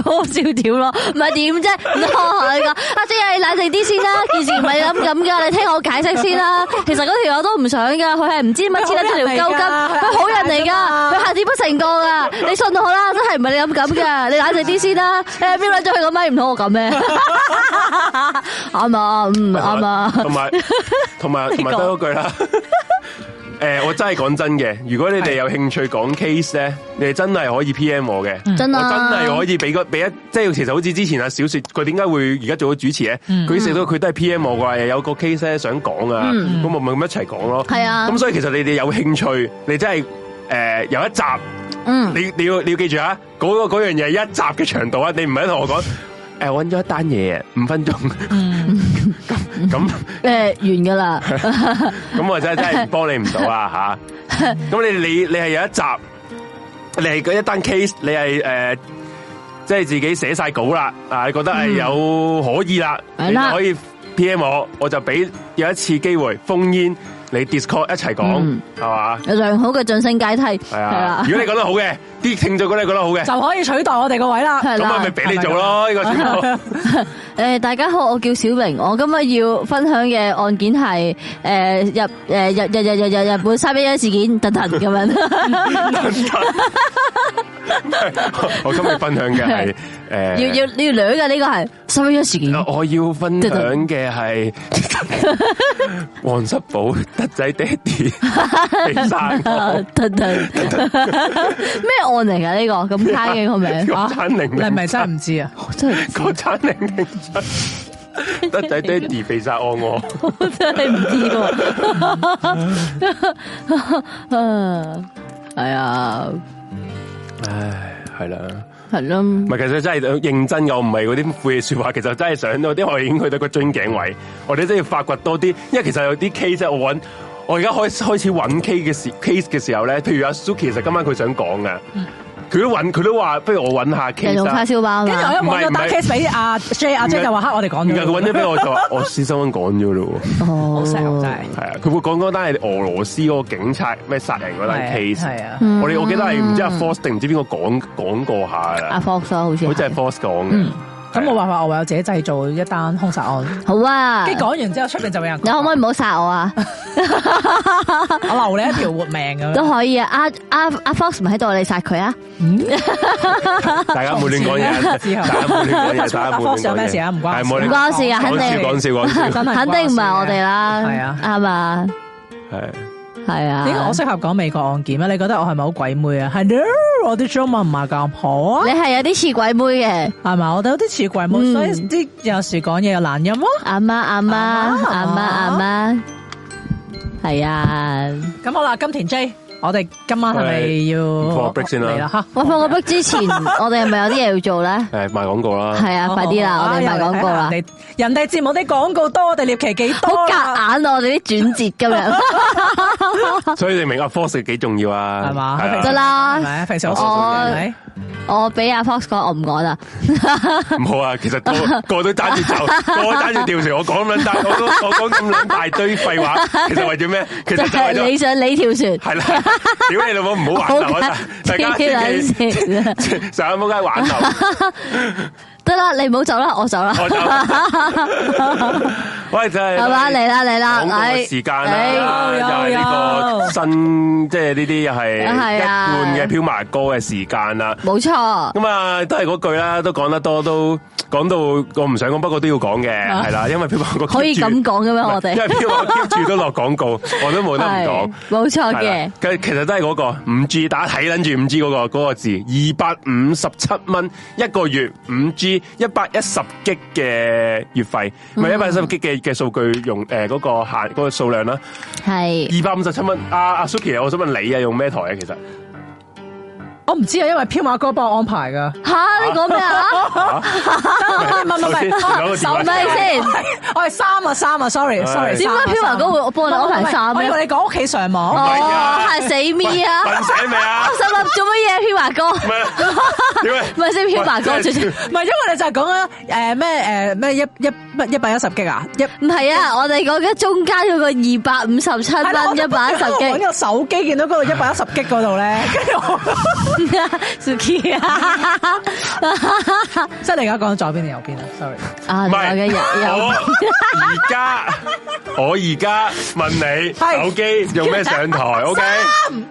咯，唔係點啫？我話你講，阿姐你冷靜啲先啦，件事唔係你諗咁噶，你聽我解釋先啦。其實嗰條友都唔想噶，佢係唔知乜解得出條鈎筋，佢好人嚟噶，佢下次不成個噶，你信到我啦，真係唔係你諗咁噶，你冷靜啲先啦。你邊捻咗佢個咪唔同我咁咩？ *laughs* 啱啊，嗯，啱啊。同埋，同 *laughs* 埋，同埋得句啦。誒，我真係講真嘅，如果你哋有興趣講 case 咧， *laughs* 你哋真係可以 PM 我嘅、嗯，我真係可以俾俾一，即係其實好似之前阿小雪佢點解會而家做咗主持咧？佢、嗯、食到佢都係 PM 我嘅，有個 case 咧想講啊，咁我咪咁一齊講咯。係、嗯、啊，咁所以其實你哋有興趣，你真係誒、呃、有一集，嗯，你你要你要記住啊，嗰、嗰個嗰樣嘢一集嘅長度啊，你唔係同我講。 *laughs* 誒，揾咗一單嘢，五分鐘、嗯，咁、嗯，誒，完噶啦，咁我真係真係幫你唔到啦，吓，咁你你你係有一集，你係嗰一單 case，你係誒，即、呃、係、就是、自己寫晒稿啦，啊，你覺得係有可以啦、嗯，你可以 PM 我，我就俾有一次機會封煙。你 Discord 一齊講係嘛？有良好嘅晉升階梯係啊！如果你講得好嘅，啲聽眾嗰啲講得好嘅，就可以取代我哋個位啦。咁咪俾你做咯呢個？誒，大家好，我叫小明，我今日要分享嘅案件係誒入誒入入入入入日本三一幺事件，突突咁樣。我今日分享嘅係誒，要要你要兩個呢個係三一幺事件。我要分享嘅係黃石寶。德仔爹哋被殺， *laughs* 特特咩案嚟噶？呢個咁差嘅個名，餐產寧係咪差唔知啊？真係江唔知。德仔爹哋被殺案我真係唔知喎，係啊，唉，係啦。係咯，唔係其實真係認真又唔係嗰啲晦氣説話。其實真係想，我啲我已經去到個樽頸位，我哋真係要發掘多啲，因為其實有啲 case 我揾，我而家開始揾 case 嘅時 case 嘅時候咧，譬如阿 Suki，其實今晚佢想講嘅。 *laughs* 佢都揾，佢都話不如我揾下 case 用叉燒包，跟、嗯、住、啊啊啊、我一望就打 case 俾阿 J，阿 J 就話吓，我哋講咗。佢揾咗俾我就話，我先生温講咗咯。好犀利，係啊！佢、 *laughs* 哦哦啊、會講嗰單係俄羅斯嗰個警察咩殺人嗰單 case。係、嗯、啊，我哋我記得係唔知阿 Force 定唔知邊個講講過下。阿 Force 咯，Fox、好似。好似係 Force 講嘅。嗯咁冇辦法，我唯有自己製造一單凶殺案。好啊，即係講完之後，出面就俾人。你可唔可以唔好殺我啊？我留你一條活命咁。都可以啊，阿阿阿 Fox 唔喺度，你殺佢啊？大家唔好亂講嘢，大家唔好亂講嘢，大家唔好亂講。阿 Fox 咩事啊？唔關，唔關事啊，肯定講笑，講笑，肯定唔係我哋啦。係啊，啱嘛。係。係啊，點解我適合講美國案件啊？你覺得我係咪好鬼妹啊？係咯，我啲中文唔係咁好啊。你係有啲似鬼妹嘅，係咪？我哋有啲似鬼妹，所以啲有時講嘢有難音咯。阿媽，阿媽，阿媽，阿媽，係啊。咁好啦，金田 J。我哋今晚係咪要？放個 break 先啦。我放個 break 之前， *laughs* 我哋係咪有啲嘢要做咧？係賣廣告啦。係啊，oh、快啲啦，oh、我哋賣廣告啦。人哋節目啲廣告多，我哋獵奇幾多，多？好夾硬啊！我哋啲轉折咁樣。所以你明阿 Fox 幾重要啊？係嘛，得、啊、啦，我我俾阿 Fox 講，我唔講啦。唔 *laughs* 好啊！其實個個都單住走， *laughs* 個單住跳船。我講咁多，我講咁兩大堆廢話，其實為咗咩？其實就為咗你想你跳船。係啦。屌你老母，唔好玩頭啊！大家自己成日喺坊街玩頭。得、 *laughs* 就是、啦，你唔好走啦，我走啦。喂，真係係嘛，嚟啦嚟啦，係時間啦，又係呢個新即係呢啲又係一半嘅漂埋歌嘅時間啦。冇錯。咁啊，都係嗰句啦，都講得多，都講到我唔想講，不過都要講嘅，係啦、啊，因為漂埋歌可以咁講嘅咩？我哋因為漂住都落廣告， *laughs* 我都冇得唔講。冇錯嘅，其實都係嗰、那個五 G 大家睇等住五 G 嗰個、那個字，二百五十七蚊一個月五 G。一百一十 G 嘅月費，唔係一百一十 G 嘅嘅數據用誒嗰、mm -hmm. 呃嗰個限嗰、嗰個數量啦，係二百五十七蚊。阿、mm、阿 -hmm. 啊啊、Suki，我想問你啊，用咩台啊？其實。我唔知啊，因為飄馬哥幫我安排噶。吓，你講咩啊？唔係唔係，三係咩先？我係三啊三啊，sorry sorry。點解飄馬哥會幫我安排三？我以為你講屋企上網。哦，係死咪啊！死咪啊！我想問做乜嘢？飄馬哥。咪先飄馬哥出出。咪因為你就係講緊誒咩誒咩一一乜一百一十 G 啊一？唔係啊，我哋講緊中間嗰個二百五十七蚊一百一十 G。喺個手機見到嗰個一百一十 G 嗰度咧。Suki 啊，出嚟噶，講咗左邊定右邊啊？Sorry，啊，唔係有一日有，而家我而家問你手機用咩上台？OK，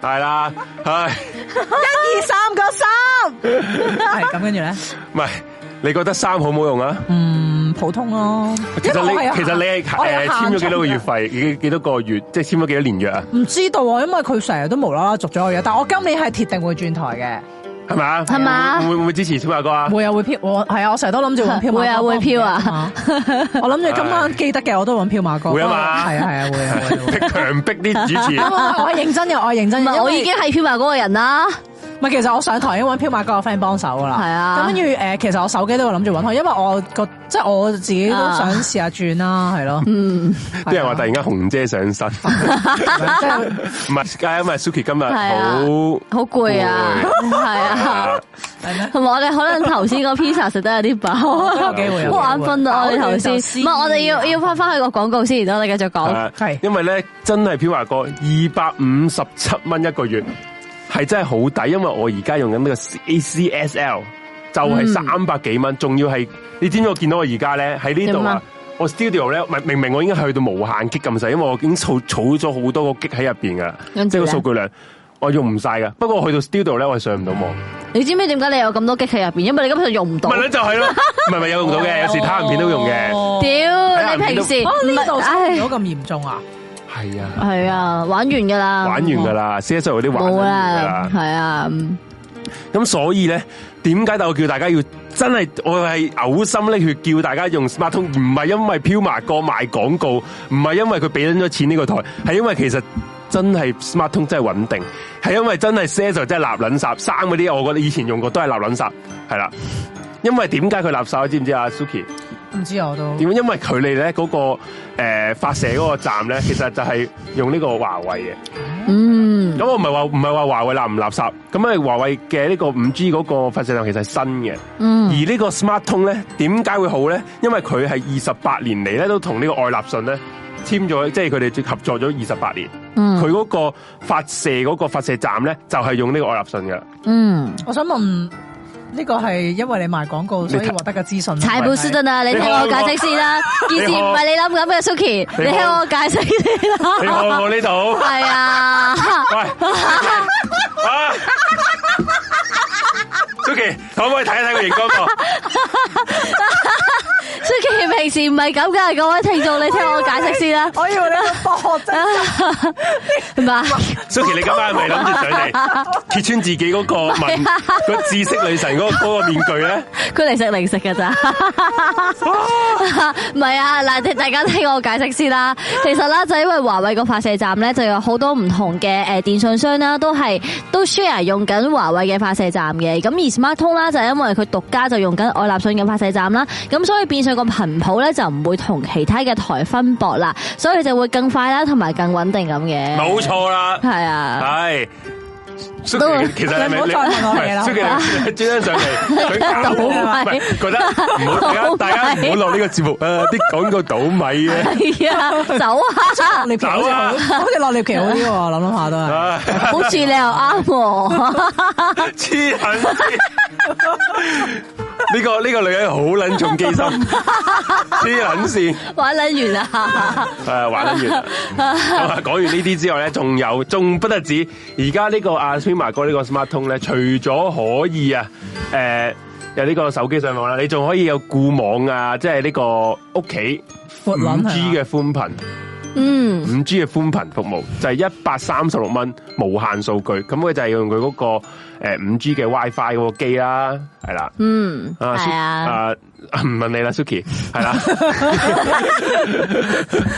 係啦，係一二三個三，係咁跟住咧，唔係你覺得三好冇用啊？嗯。普通咯，啊，其實你其實你係誒簽咗幾多個月費，幾幾多個月，即係簽咗幾多年約啊？唔知道，因為佢成日都無啦啦續咗個約。但我今年係鐵定會轉台嘅，係咪啊？係嘛？會唔會支持票馬哥啊？會啊，會票，我係啊，啊，我成日都諗住搵票。會啊，會票啊，我諗住今晚記得嘅，我都搵票馬哥。會啊嘛，係啊係啊會，強逼啲主持。我認真嘅，我認真，唔係，我已經係票馬哥嘅人啦。唔係，其實我上台已經揾飄馬哥個 friend 幫手噶啦，係啊。咁跟住，誒，其實我手機都會諗住揾佢，因為我個即係我自己都想試下轉啦，係咯。嗯。啲人話突然間紅姐上身 *laughs* 不是，唔係，係啊，唔 Suki 今日好好攰啊，係啊。同埋我哋可能頭先個披 a 食得有啲飽，好眼瞓啊我！我哋頭先，唔係我哋要要翻翻去個廣告先，我哋繼續講。係。因為咧，真係飄馬哥，二百五十七蚊一個月。係真係好抵，因為我而家用緊呢個 ACSL 就係三百幾蚊，仲要係，你知唔知我見到我而家咧喺呢度啊，我 studio 咧，明明我已經去到無限激咁細，因為我已經儲儲咗好多個激喺入邊噶，即係個數據量我用唔晒噶。不過我去到 studio 咧，我係上唔到網 *laughs* 。你知唔知點解你有咁多激喺入邊？因為你根本上用唔到。 *laughs* 咪就係咯，咪係咪有用到嘅？ *laughs* 有時他人片都用嘅。屌，你平時呢度差唔多咁嚴重啊？ *laughs* 係啊，係啊，玩完噶啦、嗯，玩完噶啦，CSL 嗰啲玩完噶啦，係啊。咁所以咧，點解我叫大家要真係，我係嘔心瀝血叫大家用 Smart 通，唔係因為飄埋個賣廣告，唔係因為佢俾緊咗錢呢個台，係因為其實真係 Smart 通真係穩定，係因為真係 CSL 係真係垃撚圾，生嗰啲我覺得以前用過都係垃撚圾，係啦。因為點解佢垃圾，知唔知啊，Suki？唔知道我都點樣？因為佢哋咧嗰個誒發射嗰個站咧，其實就係用呢個華為嘅、嗯。嗯。咁我唔係話唔係話華為垃唔垃圾。咁啊，華為嘅呢個五 G 嗰個發射站其實係新嘅。嗯。而呢個 Smart 通咧，點解會好咧？因為佢係二十八年嚟咧都同呢個愛立信咧簽咗，即係佢哋合作咗二十八年。嗯。佢嗰個發射嗰個發射站咧，就係用呢個愛立信嘅。嗯，我想問。呢、這個係因為你賣廣告，所以獲得嘅資訊。財富書真啊，你聽我解釋先啦。件事唔係你諗咁嘅，Suki，你聽我解釋先啦。嚟 *laughs* 我呢度。係 *laughs* 對啊。 *laughs* 喂。Suki，可唔可以睇一睇個熒光幕？Suki 平時唔係咁噶，各位聽眾，你聽我解釋先啦。我以為啦，博學咋？係嘛？Suki，你今晚係咪諗住上嚟揭穿自己嗰個文、個、 *laughs* 啊、知識女神嗰嗰、個面具咧？佢嚟食零食噶咋？唔係 *laughs* 啊，嗱，大家聽我解釋先啦。其實啦，就因為華為個發射站咧，就有好多唔同嘅誒電信商啦，都係都 share 用緊華為嘅發射站嘅，咁而。smart 通啦，就係、因為佢獨家就用緊愛立信嘅發射站啦，咁所以變相個頻譜咧就唔會同其他嘅台分薄啦，所以就會更快啦，同埋更穩定咁嘅。冇錯啦，係啊，係。都其實唔好再問我嘢啦，蘇杰，轉翻上嚟。倒米，覺得唔好大家唔好落呢個節目啊！啲講個倒米嘅、啊，係、哎、啊，走啊，你走啊，你落獵騎好啲喎，諗諗下都係。蜜蜜好似你又啱喎，黐呢、 *laughs* 這個呢、這個女人好捻重機心，黐捻線，玩捻完啦，係玩捻完。咁講完呢啲之外咧，仲有，仲不得止。而家呢個阿 s u m a 哥呢個 Smart 通咧，除咗可以啊，誒、呃，有呢個手機上網啦，你仲可以有固網啊，即係呢個屋企五 G 嘅寬頻。嗯，五 G 嘅寬頻服務就係一百三十六蚊無限數據，咁佢就係用佢嗰、那個誒五、呃、G 嘅 WiFi 嗰個機啦，係啦，嗯，係啊，唔、啊啊、問你啦，Suki，係啦，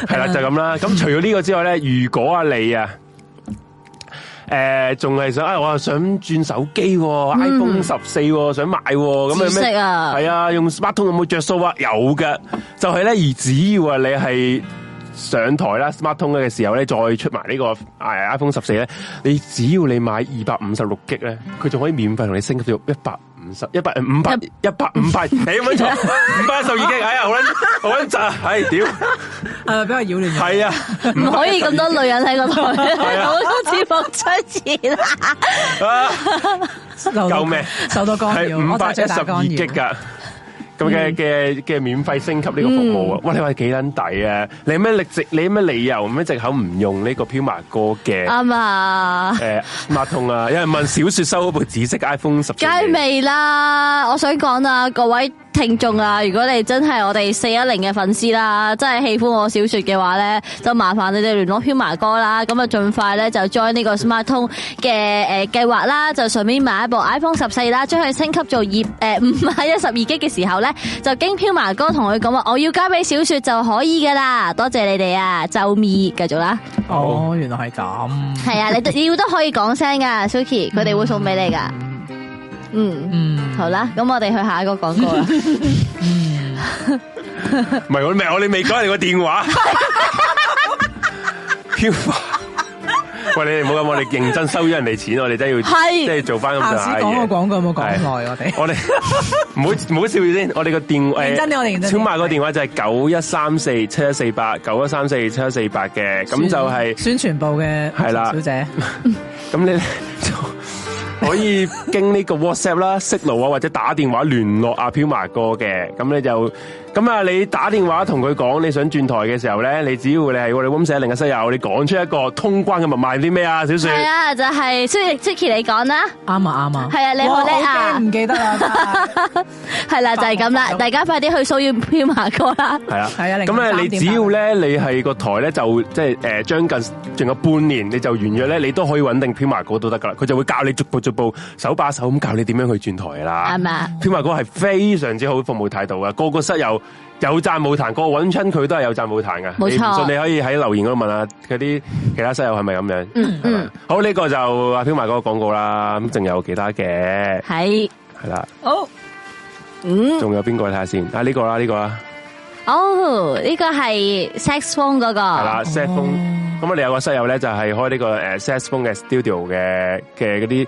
係 *laughs* *laughs* 啦，就咁啦。咁除咗呢個之外咧，如果啊你、呃哎、啊，誒、嗯，仲係想，我又想轉手機，iPhone 十、啊、四，想買咁啊，係啊，那什麼用 SmartTone 有冇着數啊？有嘅，就係、是、咧，而只要啊，你係。上台啦 Smart 通嘅時候咧，再出埋呢個 iPhone 十四咧，你只要你買二百五十六 G 咧，佢仲可以免費同你升級到一百五十一百五百一百五百幾蚊台，五百一十二 G 哎呀，好捻好捻雜啊，係屌，誒、哎嗯、比較擾你，係啊，唔可以咁多女人喺個台，啊 *laughs* 是啊啊、好多錢冇出錢啦，夠、啊、咩、啊？受得多干擾，五百一十二 G 噶。咁嘅嘅嘅免費升級呢個服務啊、嗯，哇！你話幾撚抵啊？你咩力你咩理由？咩藉口唔用呢個飄馬哥嘅？啱、嗯、啊！誒、呃，麥同啊， *laughs* 有人問小雪收嗰部紫色 iPhone 11，梗係未啦！我想講啊，各位。聽眾啊，如果你真係我哋四一零嘅粉絲啦，真係喜歡我的小說嘅話咧，就麻煩你哋聯絡飄麻哥啦，咁啊盡快咧就 join 呢個 smart 通嘅誒計劃啦，就順便買一部 iPhone 十四啦，將佢升級做二誒五百一十二 G 嘅時候咧，就經飄麻哥同佢講啊，我要交俾小說就可以噶啦，多謝你哋啊，就咪繼續啦。哦，原來係咁。係啊，你要都，都可以講聲噶，Suki，佢哋會送俾你噶。嗯。嗯。好啦，咁我哋去下一個廣告啦。 *laughs* 唔係我唔我，我我我我我我 *laughs* *laughs* 我哋未講你個電話。飄喂你哋唔好咁，我哋認真收咗人哋錢，我哋真要即係做翻咁上下嘢。下次講個廣告有冇講耐？我哋我哋唔好唔好笑先。我哋個電認真，我哋認真。超賣個電話就係九一三四七一四八九一三四七一四八嘅，咁就係宣傳部嘅小姐。咁你 *laughs* *laughs* 可以經呢個 WhatsApp 啦，識路啊，或者打電話聯絡阿 Pia 哥嘅，咁咧就。咁啊！你打電話同佢講你想轉台嘅時候咧，你只要你係我哋咁寫另嘅室友，你講出一個通關嘅密碼啲咩啊？小雪係啊，就係所以 Suki Suki 你講啦。啱啊，啱啊。係啊，你好叻啊！唔記得啦。係啦， *laughs* 就係咁啦。大家快啲去掃完票埋歌啦。係啊，係啊。咁啊，你只要咧，你係個台咧，就即係誒將近仲有半年你，你就完約咧，你都可以穩定票埋歌都得噶啦。佢就會教你逐步逐步手把手咁教你點樣去轉台啦。係嘛？票埋歌係非常之好服務態度啊！個個室友。有讚冇彈，個搵親佢都係有讚冇彈噶。冇錯，所以你，你可以喺留言嗰度問下嗰啲其他室友係咪咁樣？嗯嗯，好呢、這個就阿飄華哥廣告啦，咁仲有其他嘅係係啦。好，oh, 嗯，仲有邊個睇下先？啊呢、這個啦，呢、這個啦。哦、oh, 那個，呢個係 sex phone 嗰個係啦。sex phone，咁我哋有一個室友咧就係開呢個誒 sex phone 嘅 studio 嘅嘅嗰啲。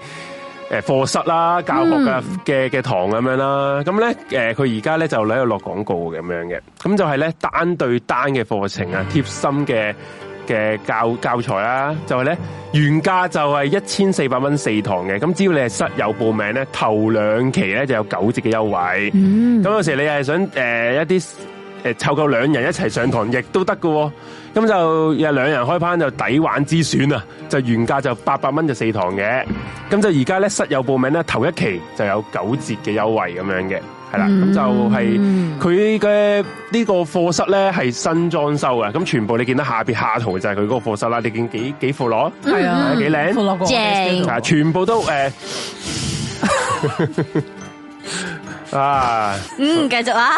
誒，課室啦，教學嘅嘅嘅堂咁樣啦，咁、嗯、咧，誒、嗯，佢而家咧就喺度落廣告咁樣嘅，咁就係咧單對單嘅課程啊，貼心嘅嘅教教材啦，就係、是、咧原價就係一千四百蚊四堂嘅，咁只要你係室友報名咧，頭兩期咧就有九折嘅優惠，咁、嗯、有時你係想誒、呃、一啲誒湊夠兩人一齊上堂亦都得喎。咁就有兩人開班就抵玩之選啊！就原價就八百蚊就四堂嘅，咁就而家咧室友報名咧，頭一期就有九折嘅優惠咁樣嘅，係啦，咁就係佢嘅呢個課室咧係新裝修嘅，咁全部你見到下邊下圖就係佢嗰個課室啦，你見幾幾副攞係啊幾靚，副攞過、哎、全部都誒。呃 *laughs* 啊，嗯，繼續啊，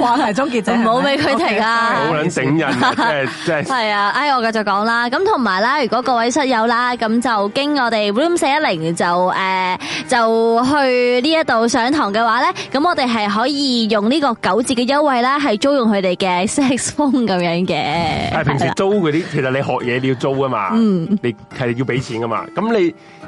話題終結者唔好俾佢停啊，好卵整人，即係即係，係、就、啊、是，哎、就是嗯，我繼續講啦，咁同埋啦，如果各位室友啦，咁就經我哋 room 四一零就誒，就去呢一度上堂嘅話咧，咁我哋係可以用呢個九折嘅優惠啦，係租用佢哋嘅 saxophone 咁樣嘅。係平時租嗰啲，其實你學嘢你要租㗎嘛，嗯，你係要俾錢㗎嘛，咁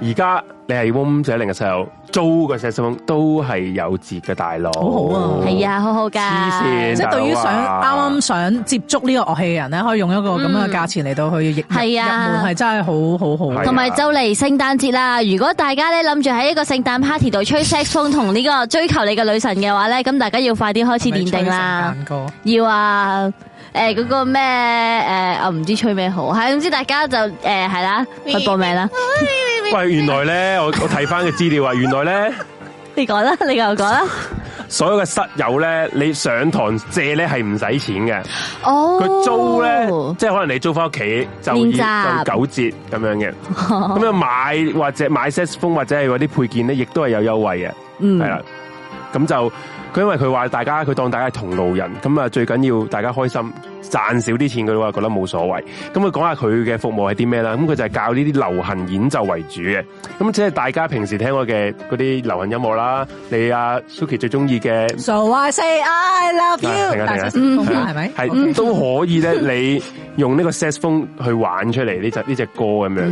你而家。你係嗡者另一個時候租個 saxophone，都係有節嘅大佬，好好啊，係、哦、啊，好好噶，即係、就是、對於想啱啱想接觸呢個樂器嘅人咧，可以用一個咁樣嘅價錢嚟到去入，係、嗯、啊，入門係真係好好好，同埋就嚟聖誕節啦。如果大家咧諗住喺一個聖誕 party 度吹 saxophone，同呢個追求你嘅女神嘅話咧，咁大家要快啲開始練定啦。要啊，誒、呃、嗰、那個咩誒、呃，我唔知吹咩好，係總之大家就誒係、呃、啦，去搏命啦。 *laughs* 喂，原來咧，我我睇翻嘅資料啊，原來咧，你講啦，你又講啦，所有嘅室友咧，你上堂借咧係唔使錢嘅，哦，佢租咧，即係可能你租翻屋企就要九折咁樣嘅，咁、oh. 樣買或者買 set 風或者係嗰啲配件咧，亦都係有優惠嘅，嗯、mm.，係啦，咁就。佢因為佢話大家佢當大家係同路人，咁啊最緊要大家開心賺少啲錢佢話覺得冇所謂，咁佢講下佢嘅服務係啲咩啦，咁佢就係教呢啲流行演奏為主嘅，咁即係大家平時聽我嘅嗰啲流行音樂啦，你阿、啊、Suki 最中意嘅，So I say I love you，係啊係啊，係咪？係、嗯 okay. 都可以咧，你用呢個 Saxophone 去玩出嚟呢隻呢隻歌咁樣嘅，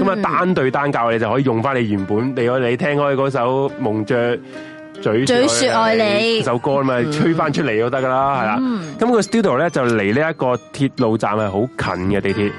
咁、嗯、啊單對單教你就可以用翻你原本，你我你聽開嗰首夢着。嘴說愛，你，嘴愛你，你首歌啊嘛，嗯、吹翻出嚟都得噶啦，係、嗯、啦。咁、那個 studio 咧，就離呢一個鐵路站係好近嘅，地鐵、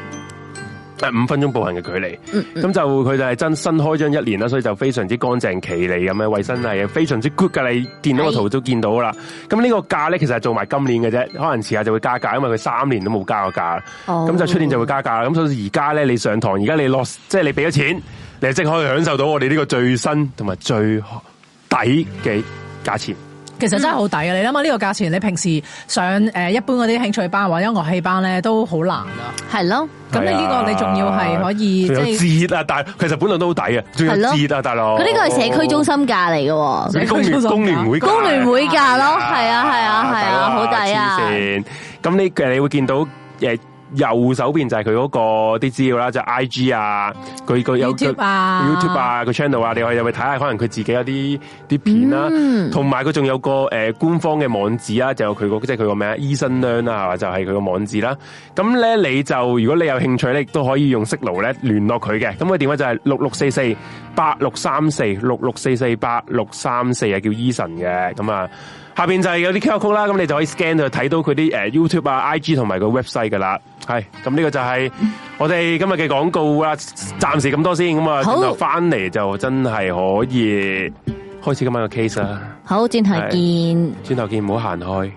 啊，五分鐘步行嘅距離。咁、嗯嗯、就佢就係真新開張一年啦，所以就非常之乾淨、企理咁嘅衛生係非常之 good 噶。你見到個圖都見到啦。咁呢個價咧，其實係做埋今年嘅啫，可能遲下就會加價，因為佢三年都冇加過價。咁、哦、就出年就會加價。咁所以而家咧，你上堂，而家你落即係、就是、你俾咗錢，你就即可以享受到我哋呢個最新同埋最。抵嘅價錢，其實真係好抵啊！你諗下呢個價錢，你平時上一般嗰啲興趣班或者音樂器班咧都好難啊，係咯。咁你呢個你仲要係可以即係折啊！但其實本來都好抵啊仲要折啊！大佬，佢呢個係社區中心價嚟嘅喎，工聯工聯會工聯會價咯，係啊係啊係啊，好抵啊！咁你你會見到右手邊就係佢嗰個啲資料啦，就係 I G 啊，佢佢有佢 YouTube 啊，佢 channel 啊，你可以入去睇下。可能佢自己有啲啲片啦，同埋佢仲有，他還有個誒、呃、官方嘅網址啦，就佢個即係佢個名，Eason 啦係嘛，就係佢個網址啦。咁咧，你就如果你有興趣咧，都可以用 Signal 咧聯絡佢嘅。咁、那、佢、個、電話就係六六四四八六三四六六四四八六三四，係叫 Eason 嘅。咁啊。下邊就係有啲 QR code 啦，咁你就可以 scan 去睇到佢啲誒 YouTube 啊、IG 同埋個 website 噶啦。係咁，呢個就係我哋今日嘅廣告啦，暫時咁多先。咁啊，轉頭翻嚟就真係可以開始今晚嘅 case 啦。好，轉頭見。轉頭見，唔好行開。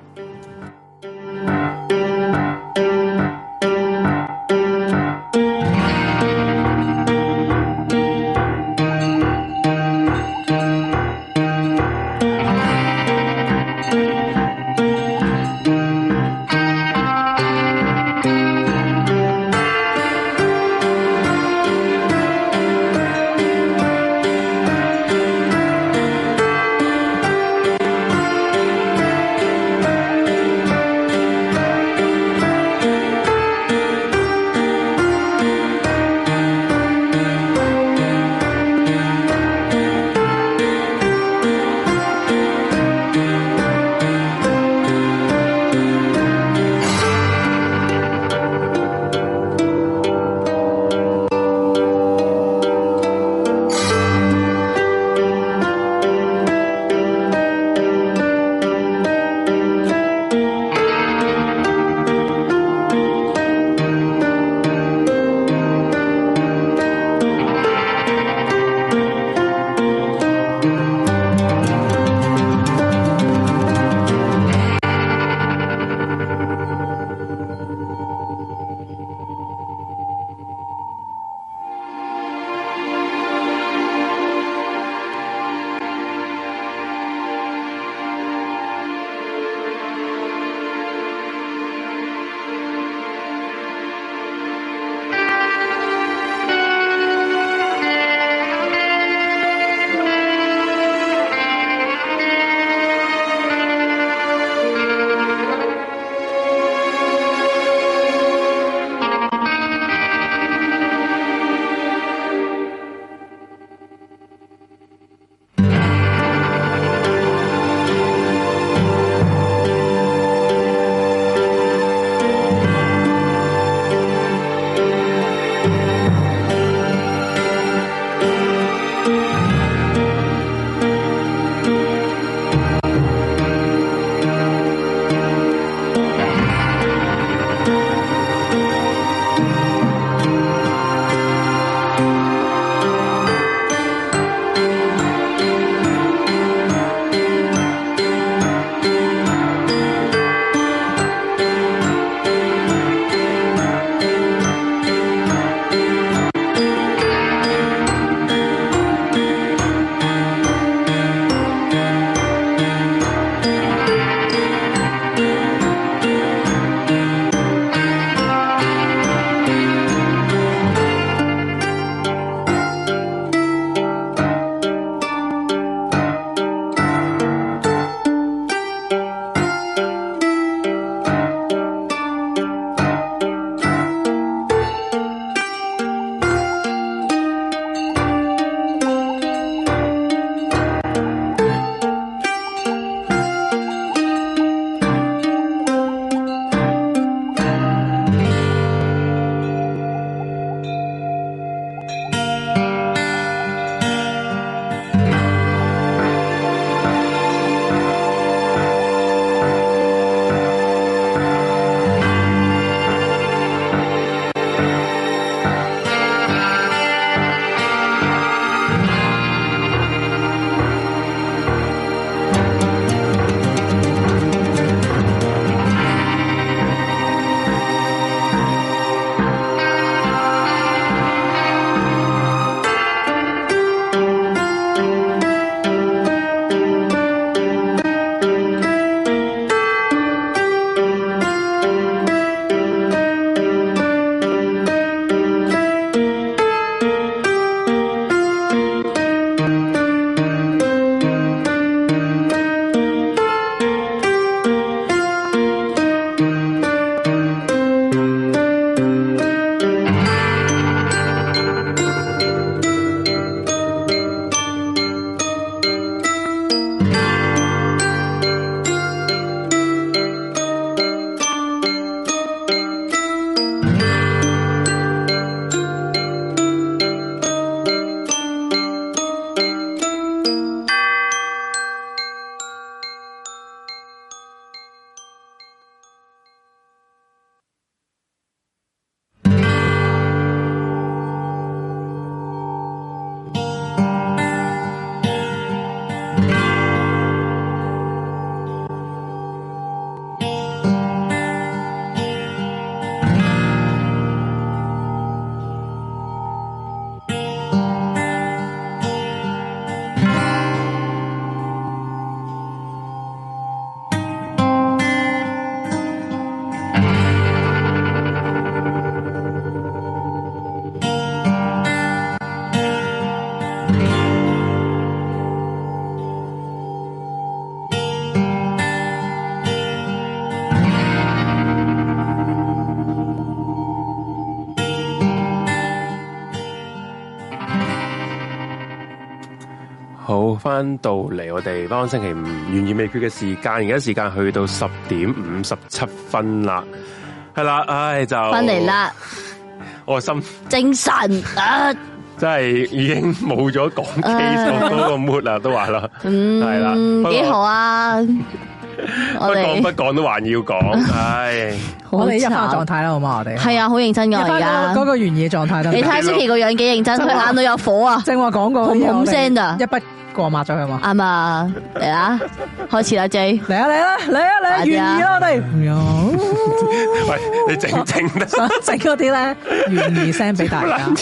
翻到嚟我哋翻星期五懸疑未決嘅時間，而家時間去到十點五十七分啦，係啦，唉就翻嚟啦，我心精神啊，真係已經冇咗講機嗰個 mood 啦，都話啦，係、嗯、啦，幾好啊， *laughs* 不講不講都還要講，唉，好認真狀態啦，好嘛我哋係啊，好認真噶，而家嗰個懸疑狀態，你睇小琪個樣幾認真，佢眼度有火啊，正話講過，好五聲啊。一筆。過馬咗佢嘛？啱啊！嚟啦，開始啦，J，嚟啊嚟啊嚟啊嚟！懸疑啦，我哋， *laughs* 喂，你整唔整？整嗰啲咧懸疑聲俾大家。 *laughs*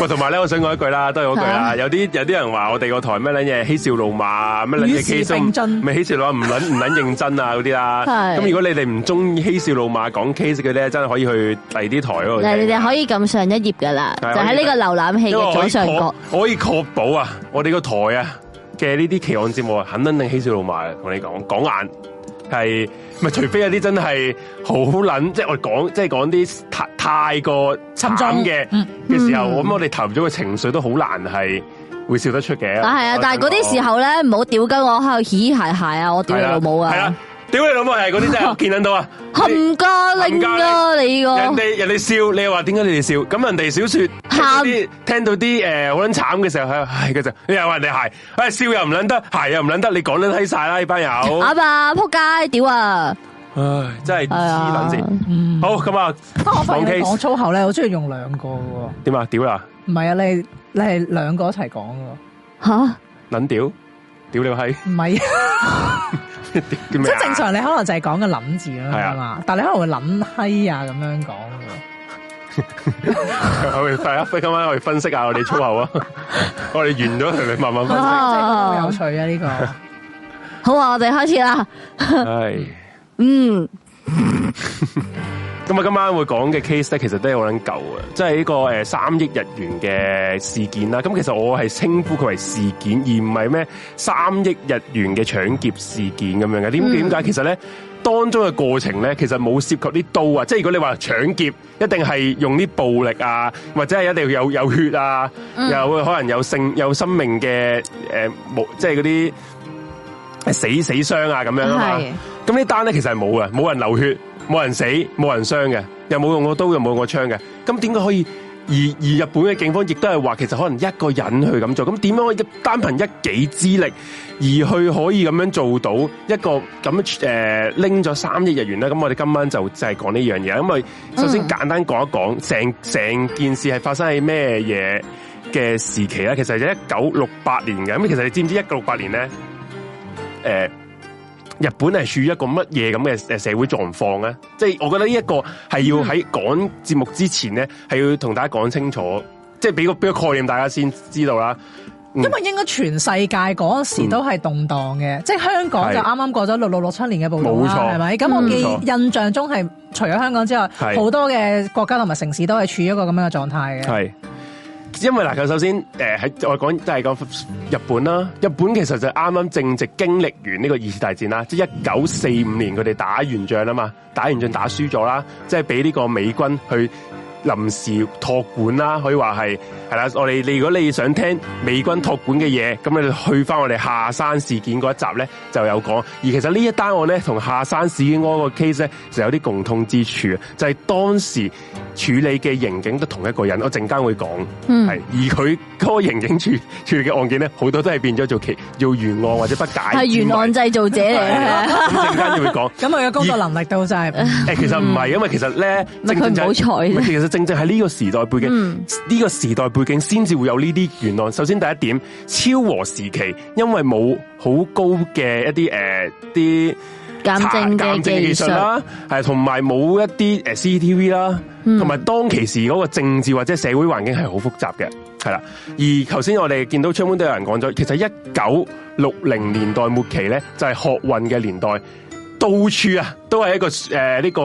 喂，同埋咧，我想講一句啦，都係嗰句啦。有啲有啲人話我哋個台咩撚嘢？嬉笑怒罵咩撚嘢 case，唔咪嬉笑怒唔撚唔撚認真啊嗰啲啦。咁如果你哋唔中意嬉笑怒罵講 case 啲咧，真係可以去第二啲台嗰度。就你哋可以咁上一頁噶啦，就喺、是、呢個瀏覽器嘅左上角我可。我可以確保啊，我哋個台啊嘅呢啲奇案節目啊，肯定定嬉笑怒罵，同你講講眼。.係咪？除非有啲真係好捻，即係我講，即係講啲太太過慘嘅嘅時候，咁、嗯、我哋投入咗個情緒都好難係會笑得出嘅。但係啊！但係嗰啲時候咧，唔好屌緊我喺度，嘻嘻鞋鞋啊，我屌你老母啊！屌你老母係嗰啲真係見撚到啊！冚家拎啊你個！人哋人哋笑，你又話點解你哋笑？咁人哋小說聽到啲誒好撚慘嘅時候，係唉嘅就你又話人哋係，誒笑又唔撚得，係又唔撚得，你講撚閪晒啦呢班友！阿爸仆街屌啊！唉，真係黐撚線！好咁啊！我發現講粗口咧，我中意用兩個嘅喎。點啊？屌啦！唔係啊，你你係兩個一齊講嘅吓？撚屌！屌你閪！唔係。 *laughs* 即係正常，你可能就係講個諗字啦，係嘛？啊？但你可能會諗閪啊咁樣講說。 *laughs* 我哋大家今晚可以分析下我哋粗口啊！ *laughs* *laughs* 我哋完咗係咪慢慢分析？好 *laughs* 有趣啊！呢、呢個 *laughs* 好啊！我哋開始啦。係。嗯。咁啊，今晚會講嘅 case 咧，其實都係好撚舊啊，即係呢個三億日元嘅事件啦。咁其實我係稱呼佢為事件，而唔係咩三億日元嘅搶劫事件咁樣嘅。點點解？其實咧當中嘅過程咧，其實冇涉及啲刀啊，即係如果你話搶劫一定係用啲暴力啊，或者係一定要有有血啊，嗯、又可能有性有生命嘅誒，冇、呃、即係嗰啲。死死傷啊咁樣啊嘛，咁呢單咧其實係冇嘅，冇人流血，冇人死，冇人傷嘅，又冇用過刀，又冇用過槍嘅，咁點解可以？而而日本嘅警方亦都係話，其實可能一個人去咁做，咁點樣可以單憑一己之力而去可以咁樣做到一個咁誒拎咗三億日元咧？咁我哋今晚就就係講呢樣嘢，因為首先簡單講一講，成、嗯、成件事係發生喺咩嘢嘅時期咧？其實就一九六八年嘅，咁其實你知唔知一九六八年咧？誒，日本係處於一個乜嘢咁嘅誒社會狀況咧？即、就、係、是、我覺得呢一個係要喺講節目之前咧，係、嗯、要同大家講清楚，即係俾個俾個概念大家先知道啦。嗯、因為應該全世界嗰時都係動盪嘅，嗯、即係香港就啱啱過咗六六六七年嘅暴動啦，冇錯，係咪？咁我記印象中係除咗香港之外，好、嗯、多嘅國家同埋城市都係處於一個咁樣嘅狀態嘅，係。因為嗱，首先誒喺我講都係講日本啦，日本其實就啱啱正值經歷完呢個二次大戰啦，即係一九四五年佢哋打完仗吖嘛，打完仗打輸咗啦，即係俾呢個美軍去。臨時託管啦，可以話係係啦。我哋你如果你想聽美軍託管嘅嘢，咁你去翻我哋下山事件嗰一集咧，就有講。而其實呢一單案咧，同下山事件嗰個 case 咧，就有啲共通之處，就係、是、當時處理嘅刑警都同一個人。我陣間會講，係、嗯、而佢嗰個刑警處處理嘅案件咧，好多都係變咗做奇，做冤案或者不解。係冤案製造者嚟嘅。咁陣間就會講。咁佢嘅工作能力都係。誒，其實唔係，嗯、因為其實咧，佢唔好彩。其正正係呢個時代背景，呢、嗯，這個時代背景先至會有呢啲冤案。首先第一點，超和時期，因為冇好高嘅一啲誒啲鑑證鑑證技術啦，係同埋冇一啲誒 CCTV 啦，同、呃、埋、嗯、當其時嗰個政治或者社會環境係好複雜嘅，係啦。而頭先我哋見到窗門都有人講咗，其實一九六零年代末期咧，就係、是、學運嘅年代，到處啊都係一個誒呢、呃，這個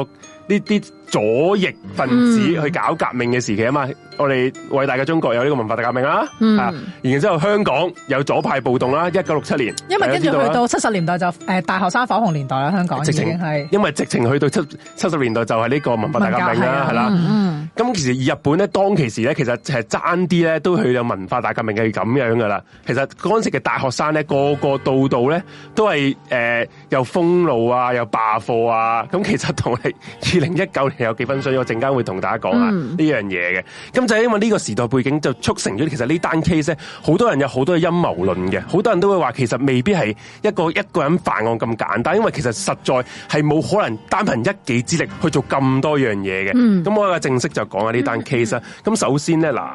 呢啲。這些左翼分子去搞革命嘅時期啊嘛，我哋偉大嘅中國有呢個文化大革命啦，啊、嗯，啊、然之後香港有左派暴動啦，一九六七年，因為跟住、啊、去到七十年代就誒大學生火紅年代啦，香港直情係，因為直情去到七七十年代就係呢個文化大革命啦、啊，係啦、啊，咁、啊嗯嗯、其實日本咧當其時咧，其實其爭啲咧都去有文化大革命嘅咁樣噶啦、呃啊啊，其實嗰陣時嘅大學生咧個個度度咧都係誒有封路啊有罷課啊，咁其實同係二零一九年。有幾分水，我陣間會同大家講下呢樣嘢嘅。咁就係因為呢個時代背景就促成咗，其實呢單 case 咧，好多人有好多嘅陰謀論嘅，好多人都會話其實未必係一個一個人犯案咁簡單，因為其實實在係冇可能單憑一己之力去做咁多樣嘢嘅。咁我嘅正式就講下呢單 case 啦。咁首先咧嗱。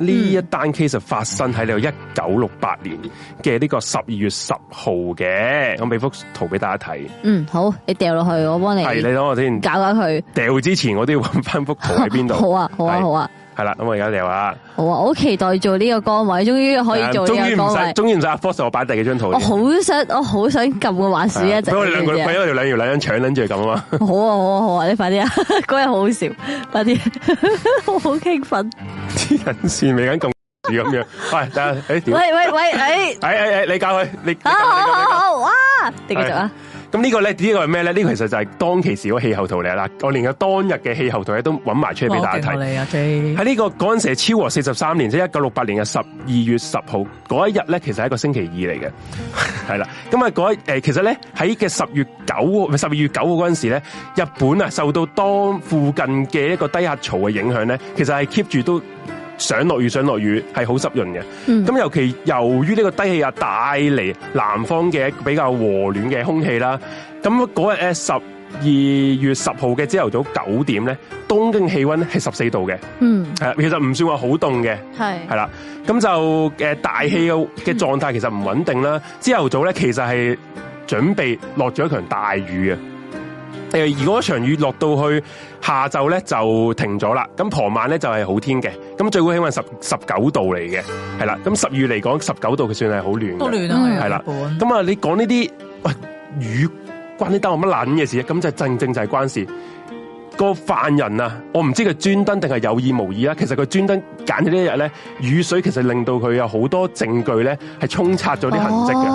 呢、嗯、一單 case 就發生喺你度一九六八年嘅呢個十二月十號嘅，我俾幅圖俾大家睇。嗯，好，你掉落去，我幫你。係，你攞我先。搞下佢。掉之前我都要揾返幅圖喺邊度。好啊，好啊，好啊。係啦，咁我而家嚟話，我好、啊、我期待做呢個崗位，終於可以做這個。終於唔使，終於唔使阿 f o r 我擺第幾張圖。我好想，我好想撳個話鼠一集。我哋兩個，俾我條兩條懶人搶捻住咁啊！好啊，好啊，好啊，你快啲啊！嗰日好好笑，快啲、啊，我 *laughs* 好，好興奮。啲人士未敢共住咁樣 *laughs* *laughs* 喂，喂，誒， *laughs* 喂喂、哎、喂，誒，誒誒，你教佢，你，好好好好，哇，繼續啊！啊啊咁呢個咧，呢個係咩咧？呢個其實就係當其時嗰氣候圖嚟啦。我連個當日嘅氣候圖咧都揾埋出嚟俾大家睇。喺呢個嗰陣時係昭和四十三年，即係一九六八年嘅十二月十號嗰一日咧，其實係一個星期二嚟嘅，係啦。咁啊嗰誒，其實咧喺嘅十月九、十二月九嗰陣時咧，日本啊受到當附近嘅一個低壓槽嘅影響咧，其實係 keep 住都。想落雨想落雨係好濕潤嘅，咁、嗯、尤其由於呢個低氣壓帶嚟南方嘅比較和暖嘅空氣啦，咁嗰日咧十二月十號嘅朝頭早九點咧，東京氣溫咧係十四度嘅，嗯，係其實唔算話好凍嘅，係係啦，咁就嘅大氣嘅嘅狀態其實唔穩定啦，朝、嗯、頭早咧其實係準備落咗一場大雨啊。誒，而嗰場雨落到去下晝咧就停咗啦，咁傍晚咧就係好天嘅。咁最會起運十十九度嚟嘅係啦，咁十二嚟講十九度，佢算係好暖，好暖啊係啦。咁、嗯、啊，嗯嗯、你講呢啲喂雨關呢單案乜爛嘅事？咁就正正就係關事。那個犯人啊，我唔知佢專登定係有意無意啦。其實佢專登揀呢一日咧，雨水其實令到佢有好多證據咧係沖刷咗啲痕跡嘅。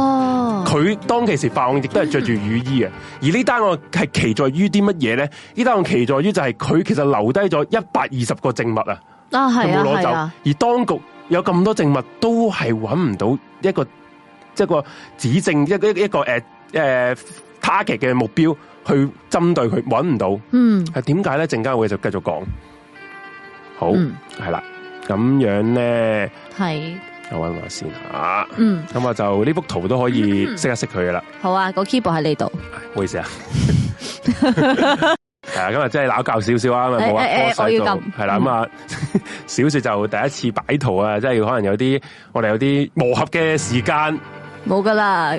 佢、哦、當其時犯案亦都係着住雨衣嘅。而呢單案係奇在於啲乜嘢咧？呢單案奇在於就係佢其實留低咗一百二十個證物啊。啊係啊係啊，冇攞走，而當局有咁多證物都係揾唔到一個，即係個指證一一個誒誒、uh, target 嘅目標去針對佢揾唔到，嗯，係點解咧？陣間我就繼續講，好係啦，咁樣咧係，我揾下先吓，嗯，咁啊、嗯、就呢幅圖都可以識一識佢啦，好啊，個 keyboard 喺呢度，唔好意思啊。 *laughs* *laughs* 係 *music* 啊，咁、hey, hey, hey, 啊，今日真係拗教少少啊，冇啊！我要撳係啦，咁啊，小說就第一次擺圖啊，即係可能有啲我哋有啲磨合嘅時間，冇噶啦，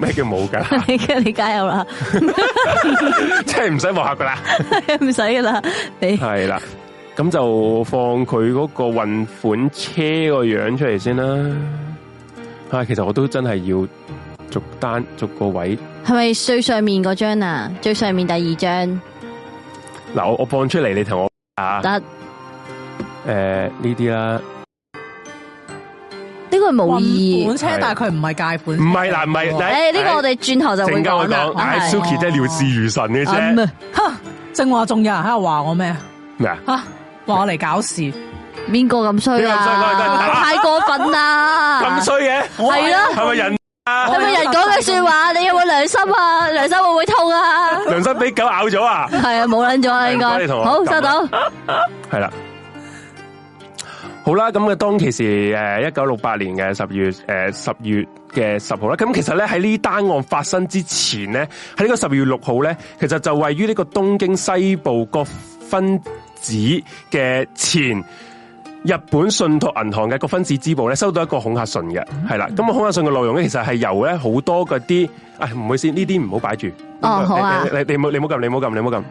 咩 *laughs* 叫冇噶？ *laughs* 你你加油啦，即係唔使磨合噶啦，唔使噶啦，你係啦，咁、啊、就放佢嗰個運款車個樣出嚟先啦。啊，其實我都真係要逐單逐個位，係咪最上面嗰張啊？最上面第二張。嗱，我放出嚟，你同我,、呃哦欸這個我,我欸、啊，得、啊，誒呢啲啦，呢個係冇意義本車，但係佢唔係介款，唔係嗱唔係，誒呢個我哋轉頭就會講，Suki 真係料事如神嘅啫，哼，正話仲有人喺度話我咩啊？咩啊？吓話我嚟搞事，邊個咁衰啊,啊、哎？太過分啦、啊！咁衰嘅係啦，係咪人？嗯有冇人講句說話？你有冇良心啊？良心會唔會痛啊？良心俾狗咬咗啊？係 *laughs* 啊，冇捻咗啊，應該。好，收到。係啦，好啦，咁啊，當其時誒，一九六八年嘅十月誒十、呃、月嘅十號啦。咁其實咧，喺呢單案發生之前咧，喺呢個十月六號咧，其實就位於呢個東京西部各分子嘅前。日本信託銀行嘅個分支支部咧，收到一個恐嚇信嘅，係、嗯、啦。咁啊，恐嚇信嘅內容咧，其實係由咧好多嗰啲，誒、哎，唔好意思，呢啲唔好擺住。哦，你你唔好你唔好撳，你唔好撳，你唔好撳。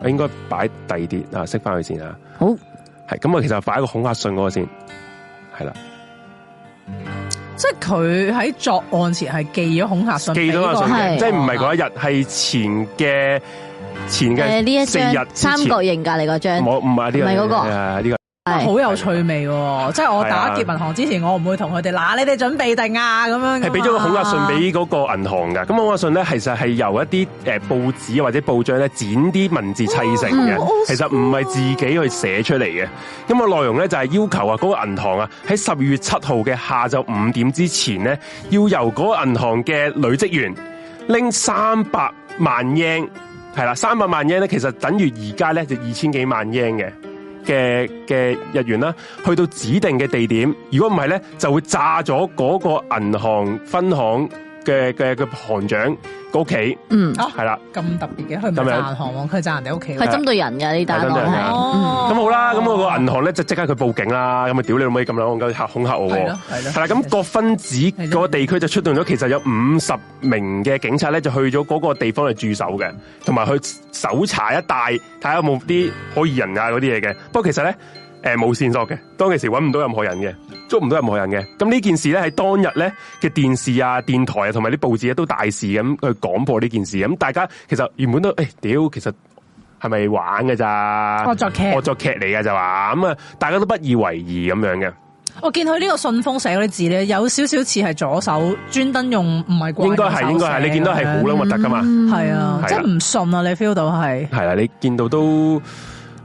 我應該擺第二啲啊，熄翻佢先啊。好。係咁啊，我其實擺一個恐嚇信嗰個先，係啦。即係佢喺作案前係寄咗恐嚇信，信的，寄咗信嘅，即係唔係嗰一日，係、哦、前嘅前嘅呢、呃、一四日。三角形隔籬嗰張？唔係呢個，啊這個呢個。好有趣味喎！即係我打劫銀行之前，我唔會同佢哋嗱，你哋準備定啊咁樣。係俾咗個恐吓信俾嗰個銀行噶。咁恐吓信咧，其實係由一啲誒報紙或者報章咧剪啲文字砌成嘅。哦嗯哦、其實唔係自己去寫出嚟嘅。咁、個內容咧就係、是、要求啊，嗰個銀行啊喺十二月七號嘅下晝五點之前咧，要由嗰個銀行嘅女職員拎三百萬英，係啦，三百萬英咧其實等於而家咧就二千幾萬英嘅嘅嘅日元啦，去到指定嘅地點，如果唔係咧，就會炸咗嗰個銀行分行嘅嘅嘅行長。個屋企，嗯，啊，係啦，咁特別嘅，佢唔係銀行，佢係炸人哋屋企，係針對人嘅呢啲，咁、嗯嗯、好啦，咁我個銀行咧，就即刻去報警啦，咁咪屌你老母，咁樣戇鳩恐嚇我，係咯係啦，咁各分子個地區就出動咗，其實有五十名嘅警察咧，就去咗嗰個地方去駐守嘅，同埋去搜查一帶，睇下有冇啲可疑人啊嗰啲嘢嘅，不過其實咧。誒，冇線索嘅，當其時搵唔到任何人嘅，捉唔到任何人嘅。咁呢件事咧喺當日咧嘅電視啊、電台啊同埋啲報紙、啊、都大肆咁去廣播呢件事。咁大家其實原本都誒、哎，屌，其實係咪玩㗎咋、啊？惡作劇，惡作劇嚟噶就話咁啊、嗯！大家都不以為意咁樣嘅。我見佢呢個信封寫嗰啲字咧，有少少似係左手專登用，唔係慣應該係，應該係你見到係好撚，核突噶嘛，係啊，啊，即唔信啊，你 feel 到係，係啦，你見到都。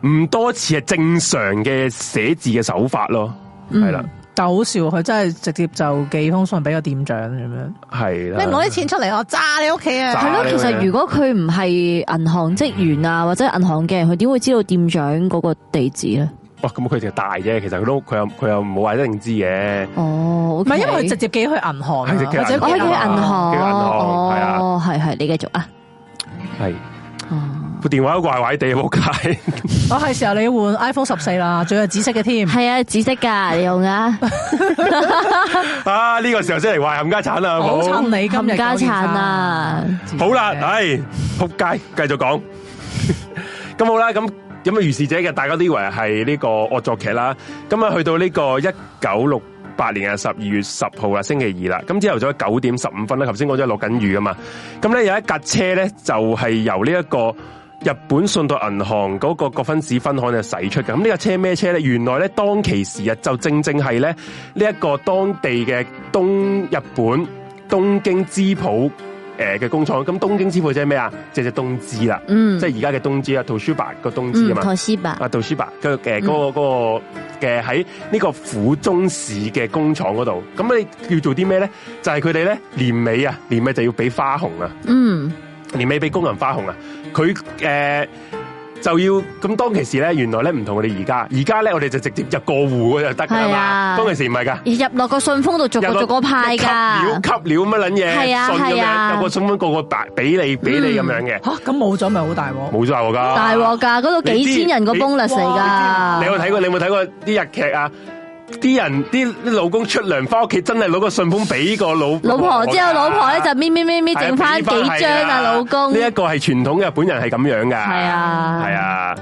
唔多似係正常嘅寫字嘅手法咯，係，嗯，係啦。但好笑佢真係直接就寄封信俾個店長咁樣，係啦。你唔攞啲錢出嚟，我炸你屋企啊！係咯。其實如果佢唔係銀行職員啊，或者銀行嘅人，佢點會知道店長嗰個地址咧？哇！咁佢就大啫。其實佢都佢又佢又唔好話一定知嘅。哦，okay，唔係因為佢直接寄去銀行啊，或者寄去銀行啊，寄去銀行啊，寄去銀行啊，寄去銀行，哦，係，係啊，你繼續啊，係，哦。部電話都怪怪地，仆街！我、啊、係時候你要換 iPhone 十四啦，仲有紫色嘅添。係啊，紫色噶，你用啊！ *laughs* *laughs* 啊，呢、這個時候先嚟壞冚家鏟啦，好趁你咁日家產啦！好啦，唉，仆街，繼續講。咁 *laughs* 好啦，咁咁如是者嘅，大家都以為係呢個惡作劇啦。咁啊，去到呢個一九六八年嘅十二月十號啦，星期二啦。咁之後再九點十五分咧，頭先我都係落緊雨噶嘛。咁咧有一架車咧，就係由呢、這、一個。日本信託銀行嗰個國分市分行就使出嘅，咁呢架車咩車咧？原來咧當其時啊就正正係咧呢一個當地嘅東日本東京芝浦誒嘅工廠，咁東京芝浦即係咩啊？即係東芝啦，嗯，即係而家嘅東芝，東芝，東芝，嗯，東芝啊，杜書白個東芝啊嘛，杜書白啊，杜書白嘅嘅嗰個嗰個、嗰個嘅喺呢個府中市嘅工廠嗰度，咁你叫做啲咩咧？就係佢哋咧年尾啊，年尾就要俾花紅啊，嗯。年尾俾工人花紅啊！佢誒就要咁當其時咧，原來咧唔同我哋而家，而家咧我哋就直接入過戶嗰就得噶啦當其時唔係噶入落個信封度逐個逐個派噶吸料吸料乜捻嘢？係啊係啊，入個信封個個俾你俾你咁樣嘅。吓，咁冇咗咪好大鑊？冇咗大鑊噶大鑊噶嗰度幾千人個崩裂嚟噶你有睇過？你有睇過啲日劇啊？啲人啲啲老公出糧翻屋企，真係攞個信封俾個老老婆，之後老婆咧就咪咪咪咪，整翻幾張啊，老公。呢一個係傳統嘅日本人係咁樣噶，係啊，係啊。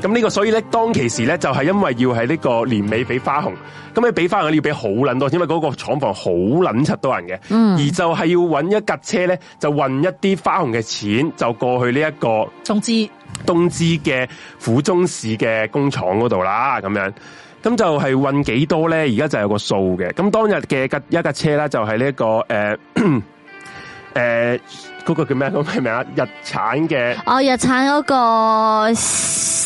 咁呢、啊、個所以咧，當其時咧就係因為要喺呢個年尾俾花紅，咁你俾花紅你要俾好捻多錢，因為嗰個廠房好捻柒多人嘅，嗯，而就係要揾一架車咧，就運一啲花紅嘅錢，就過去呢一個東芝東芝嘅府中市嘅工廠嗰度啦，咁樣。咁就係運幾多咧？而家就有個數嘅。咁當日嘅一架車咧，這個，就係呢一個誒誒嗰個叫咩？咁係咪啊？日產嘅哦，日產嗰個。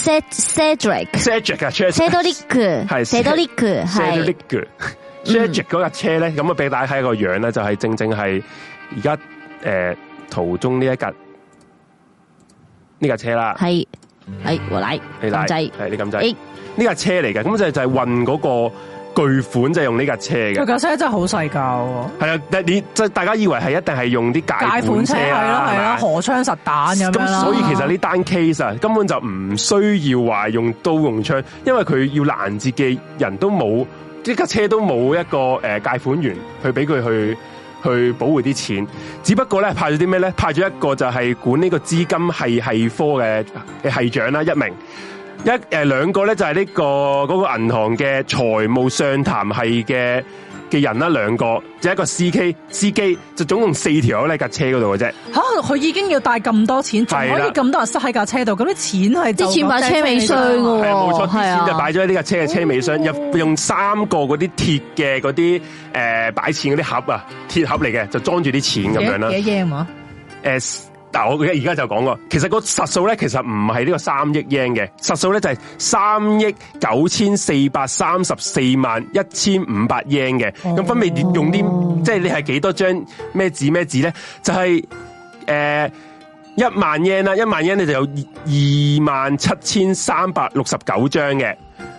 Cedric，Cedric 啊 s e *laughs* d r i c s e d o i g r s e d i r e i c u r s e d r i c 嗰架車咧，咁啊俾大家睇個樣咧，就係正正係而家誒途中呢一架呢架車啦，係係我奶你嚟，係你咁嚟。呢架車嚟嘅，咁就就係運嗰個巨款就、啊，就用呢架車嘅。呢架車真係好細㗎。係啊，你就大家以為係一定係用啲解款車係咯，係咯，荷槍實彈咁樣。咁所以其實呢單 case 啊，根本就唔需要話用刀用槍，因為佢要攔截嘅人都冇，呢架車都冇一個誒解款員去俾佢去去保護啲錢。只不過咧派咗啲咩咧？派咗一個就係管呢個資金係係科嘅嘅係長啦，一名。一誒，兩個咧就係呢、這個嗰、那個銀行嘅財務上談係嘅嘅人啦，兩個即係、就是、一個 CK, 司機司機，就總共四條喺呢架車嗰度嘅啫。吓、啊，佢已經要帶咁多錢，仲可以咁多人塞喺架車度？咁啲錢係啲、啊、錢擺車尾箱噶，冇錯，係、錢就擺咗喺呢架車嘅車尾箱，用、啊、用三個嗰啲鐵嘅嗰啲誒、擺、呃、錢嗰啲盒，鐵盒啊，鐵盒嚟嘅，就裝住啲錢咁樣啦。啊但、啊、係我而家就講過，其實個實數咧，其實唔係呢個三億英嘅，實數咧就係三億九千四百三十四萬一千五百英嘅。咁分別用啲，即係你係幾多張咩紙咩紙咧？就係誒一萬英啦，一萬英你就有二萬七千三百六十九張嘅，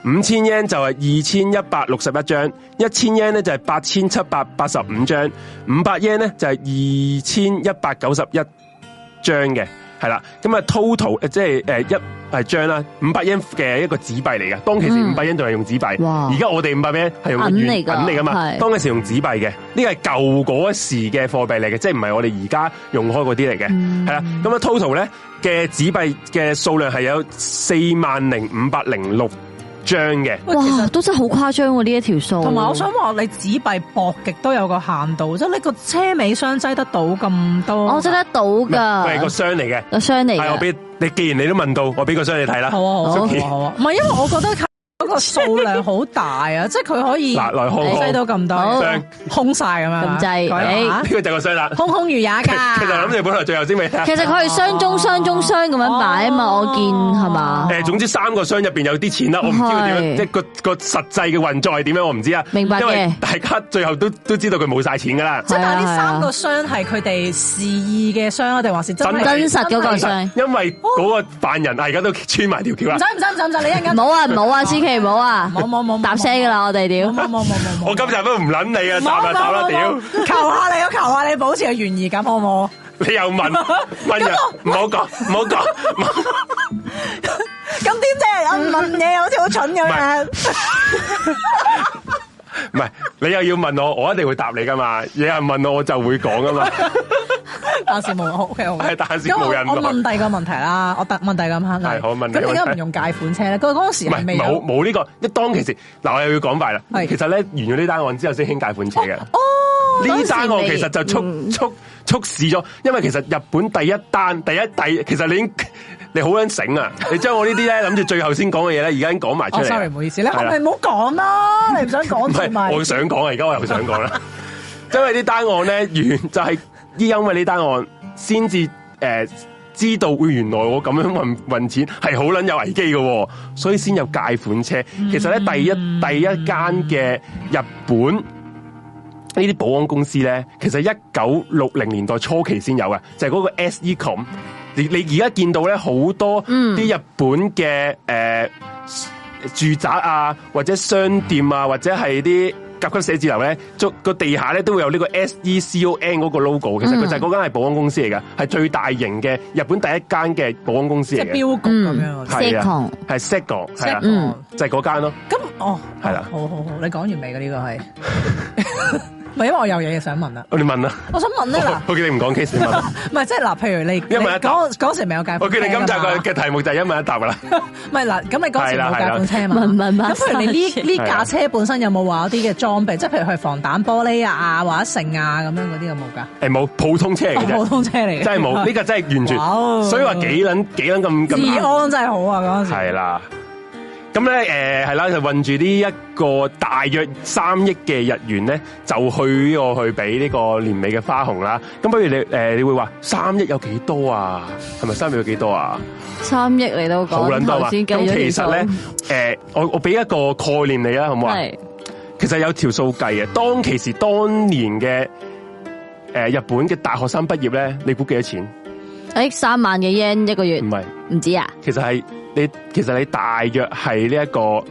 五千英就係二千一百六十一張，一千英呢，咧就係八千七百八十五張，五百英呢，咧就係二千一百九十一。張嘅係啦，咁啊 total 即係誒一誒張啦，五百英嘅一個紙幣嚟嘅，當其時五百英都係用紙幣，而、嗯、家我哋五百英係用銀嚟嘛。當其時用紙幣嘅，呢個係舊嗰時嘅貨幣嚟嘅，即係唔係我哋而家用開嗰啲嚟嘅，係、嗯、啦，咁啊 total 咧嘅紙幣嘅數量係有四萬零五百零六。張嘅，哇，其實都真係好誇張喎！呢一條數，同埋我想話，你紙幣搏極都有個限度，即係你個車尾箱擠得到咁多，哦、我擠得到噶，佢係個箱嚟嘅，個箱嚟，嘅。係我俾你。既然你都問到，我俾個箱你睇啦。好啊，好啊，好啊，唔係、啊啊、因為我覺得。嗰 *laughs* 個數量好大啊！即係佢可以嚟，空空到咁多，嗯、空晒咁樣。呢、欸，這個就個箱啦，空空如也噶。咁你本來最後先咪？其實佢係箱中箱中箱咁樣擺啊嘛、哦，我見係嘛。誒、哦，總之三個箱入邊有啲錢啦，我唔知佢點樣，即係個個，個實際嘅運作係點樣，我唔知啊。明白嘅。因為大家最後都都知道佢冇晒錢噶啦。即但係呢三個箱係佢哋示意嘅箱，定還是真？真實嘅個箱。因為嗰個犯人係而家都穿埋條橋啦。唔使唔使唔使，冇啊，唔啊，唔好啊，冇冇冇搭聲噶啦，我哋屌，冇冇冇冇冇，我今日都唔捻你啊，搭啦搭啦屌，求下你啊，求下你保持個懸疑感好唔好？你又問，問唔好講唔好講，咁點啫？又唔問嘢，好似好蠢咁樣。唔 *laughs* 係，你又要問我，我一定會答你噶嘛。有人問我，我就會講噶嘛。但時冇，OK OK。咁 *laughs* 我問第二個問題啦。我答，問第二個問題。係，我問，問。咁你而家唔用介款車咧？佢嗰時係未冇冇呢個？一當其時，嗱，我又要講快啦。係，其實咧，完咗呢單案之後先興介款車嘅。哦，呢單案其實就促促促使咗，因為其實日本第一單第一第，其實你已經。你好捻醒啊！你將我呢啲咧諗住最後先講嘅嘢咧，而家講埋出嚟。Sorry，唔好意思咧，係咪唔好講啦，你唔想講係，我想講啊！而家我又想講啦， *laughs* 因為呢單案咧，原就係依因為呢單案，先至誒知道會原來我咁樣運運錢係好捻有危機嘅，所以先有解款車。其實咧，第一第一間嘅日本呢啲保安公司咧，其實一九六零年代初期先有嘅，就係、是、嗰個 S E Com。你你而家見到咧好多啲日本嘅誒、嗯呃、住宅啊，或者商店啊，或者係啲甲級寫字樓咧，足個地下咧都會有呢個 SECON 嗰個 logo、嗯。其實佢就係嗰間係保安公司嚟㗎，係最大型嘅日本第一間嘅保安公司嚟嘅。即係標局咁樣係啊，係 SECON 係啊，就係、是、嗰間咯。咁哦，係啦、哦，好好好，你講完未？㗎呢個係。唔係，因為我有嘢嘅想問啊，你問啊我想問咧嗱，我叫你唔講 case。唔係 *laughs* ，即係嗱，譬如你講講時未有解我叫你今集嘅嘅題目就係一問一答啦。唔係嗱，咁你嗰 *laughs* 時冇架封車嘛？問問咁譬如你呢呢架車本身有冇話一啲嘅裝備，即係譬如係防彈玻璃啊、或者城啊咁樣嗰啲有冇㗎？誒、欸、冇，普通車嘅，普通車嚟，嘅。真係冇呢架真係完全。哦，所以話幾撚幾撚咁咁。治安真係好啊嗰陣時。係啦。咁咧，誒，係啦，就運住呢一個大約三億嘅日元咧，就去我去俾呢個年尾嘅花紅啦。咁不如你，誒，你會話三億有幾多啊？係咪三億有幾多啊？三億嚟都講，好捻多啊！咁其實咧，誒，我我俾一個概念你啦，好唔好？係。其實有條數計啊，當其時當年嘅，誒，日本嘅大學生畢業咧，你估幾多錢？誒，三萬嘅 yen 一個月？唔係，唔止啊。其實係。你其實你大約係呢一個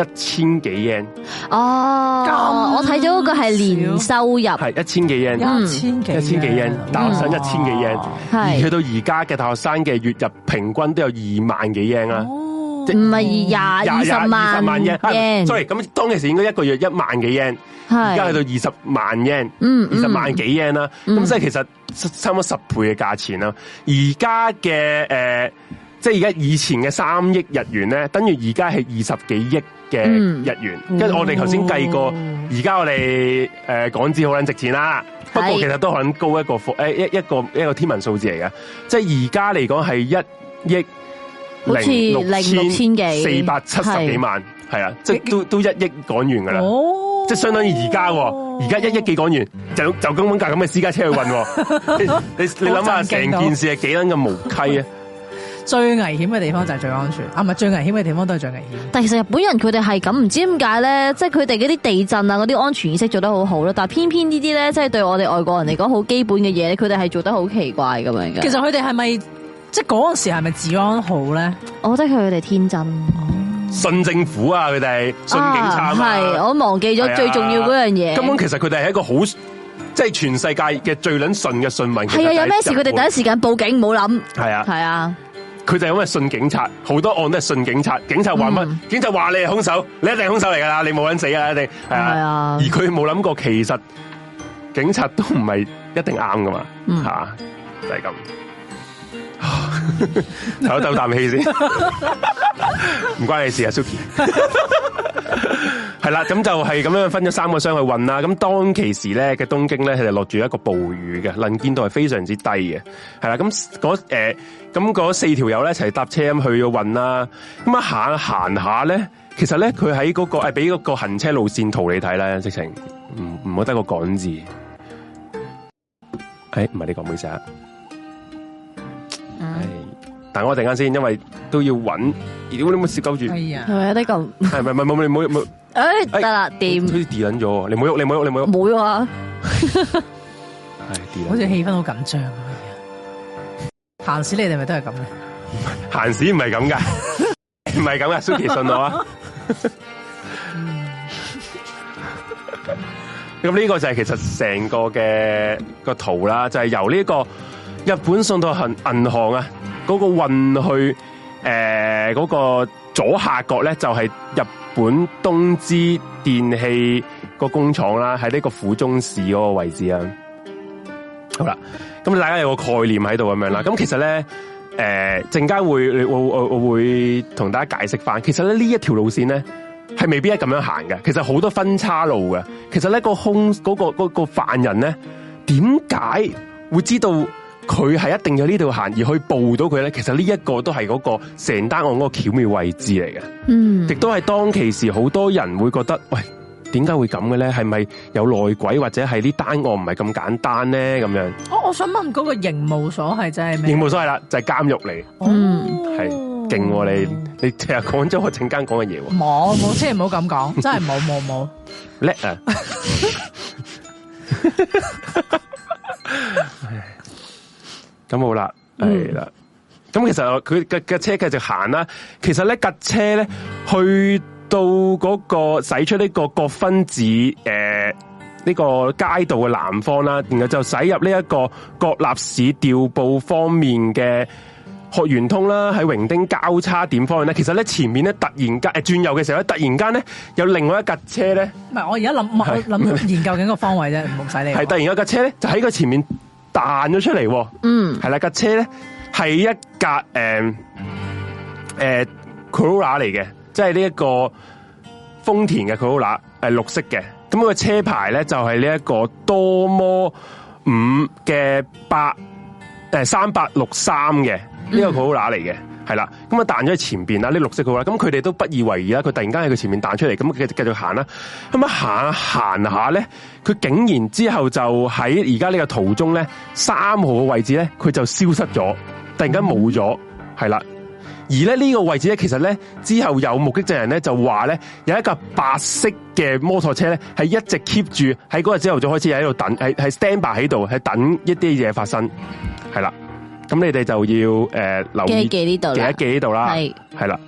一千幾英哦，我睇咗嗰個係年收入，係一千幾英，一千幾，一千幾英、嗯、大學生一千幾英，而去到而家嘅大學生嘅月入平均都有二萬幾英啊？唔係廿二十萬二十萬英，sorry，咁當其時應該一個月一萬幾英，而家去到二十萬英，嗯，二十萬幾英啦，咁、嗯、所以其實差唔多十倍嘅價錢啦，而家嘅誒。即係而家以前嘅三億日元咧，等於而家係二十幾億嘅日元、嗯。因為我哋頭先計過，而、嗯、家我哋誒、呃、港紙好捻值錢啦。不過其實都好高一個誒一一個一個，一個天文數字嚟嘅。即係而家嚟講係一億零六千四百七十幾萬，係啊，即係都都一億港元噶啦、哦。即係相當於而家，而家一億幾港元就就跟本架咁嘅私家車去運。 *laughs* *laughs* 你你諗下，成件事係幾捻嘅無稽啊！ *laughs* 最危險嘅地方就係最安全，啊唔係，最危險嘅地方都係最危險。但其實日本人佢哋係咁，唔知點解咧，即係佢哋嗰啲地震啊，嗰啲安全意識做得好好咯。但係偏偏呢啲咧，即係對我哋外國人嚟講，好基本嘅嘢，佢哋係做得好奇怪咁樣嘅。其實佢哋係咪即係嗰陣時係咪治安好咧？我覺得佢哋天真，信政府啊，佢哋信警察係，啊啊。我忘記咗最重要嗰樣嘢。根本其實佢哋係一個好，即係全世界嘅最捻信嘅信民。係啊，有咩事佢哋第一時間報警，唔好諗。係啊，係啊。佢就因為信警察，好多案都係信警察。警察話乜？嗯、警察話你係凶手，你一定係凶手嚟噶啦，你冇人死你啊，一定係啊。而佢冇諗過，其實警察都唔係一定啱噶嘛，吓、嗯啊、就係咁。唞啖氣先，唔關你事啊，Suki。 *laughs* 係啦，咁就係咁樣分咗三個箱去運啦。咁當其時咧，嘅東京咧係落住一個暴雨嘅，能見度係非常之低嘅。係啦，咁嗰誒，咁、呃、嗰、那個、四條友咧一齊搭車咁去去運啦。咁啊行行下咧，其實咧佢喺嗰個誒，俾、哎、個行車路線圖你睇咧，直情唔唔好得個講字。誒、哎，唔係呢個妹仔。係、嗯，但我突然間先，因為都要揾，如果你冇攝鈎住，係啊，係咪有啲咁？係咪咪冇咪冇冇？誒得啦，掂，好似跌緊咗，你唔好喐，你唔好喐，你唔好喐，唔會啊，好似氣氛好緊張啊！閒時你哋咪都係咁嘅，閒時唔係咁噶，唔係咁嘅 Suki 信我啊！咁呢個就係其實成個嘅個圖啦，就係、是、由呢、呢個。日本信託銀行啊，嗰個運去誒，呃嗰個左下角咧就係日本東芝電器個工廠啦，喺呢個府中市嗰個位置啊。好啦，咁大家有個概念喺度咁樣啦。咁其實咧，誒陣間會我我我會同大家解釋返，其實咧呢一條路綫咧係未必係咁樣行嘅。其實好多分叉路嘅。其實咧嗰個空、嗰個、嗰個犯人咧，點解會知道？佢係一定有呢度行而去報到佢咧，其實呢一個都係嗰個成單案嗰個巧妙位置嚟嘅。嗯，亦都係當其時好多人會覺得，喂，點解會咁嘅咧？係咪有內鬼或者係呢單案唔係咁簡單咧？咁樣，我、哦、我想問嗰個刑務所係真係咩？刑務所係啦，就係監獄嚟。嗯，係勁喎，你你成日講咗我陣間講嘅嘢喎，冇冇 *laughs* 真唔好咁講，真係冇冇冇。叻啊！咁好啦，係啦。咁其實佢嘅嘅車繼續行啦。其實咧，架車咧去到嗰個駛出呢個國分寺誒呢個街道嘅南方啦，然後就駛入呢一個國立市調布方面嘅學園通啦。喺榮町交叉點方向咧，其實咧前面咧突然間誒轉右嘅時候咧，突然間咧有另外一架車咧。唔係，我而家諗，諗研究緊個方位啫，唔好使你。係突然有架車咧，就喺佢前面。彈咗出嚟，嗯是，係啦，架車咧係一架誒誒 Corolla 嚟嘅，即係呢一個豐田嘅 Corolla，係、呃、綠色嘅，咁、那個車牌咧就係呢一個多摩五嘅八誒三八六三嘅，呢、這個 Corolla 嚟嘅。係啦，咁啊彈咗喺前邊啦，呢綠色嘅話，咁佢哋都不以為意啦，佢突然間喺佢前面彈出嚟，咁繼繼續行啦，咁啊行行下咧，佢竟然之後就喺而家呢個途中咧，三號嘅位置咧，佢就消失咗，突然間冇咗，係啦，而咧呢個位置咧，其實咧之後有目擊證人咧就話咧，有一架白色嘅摩托車咧係一直 keep 住喺嗰日朝頭早開始喺度等，係係 stand by 喺度，係等一啲嘢發生，係啦。咁你哋就要誒、呃、留意記喺記呢度啦，係係啦，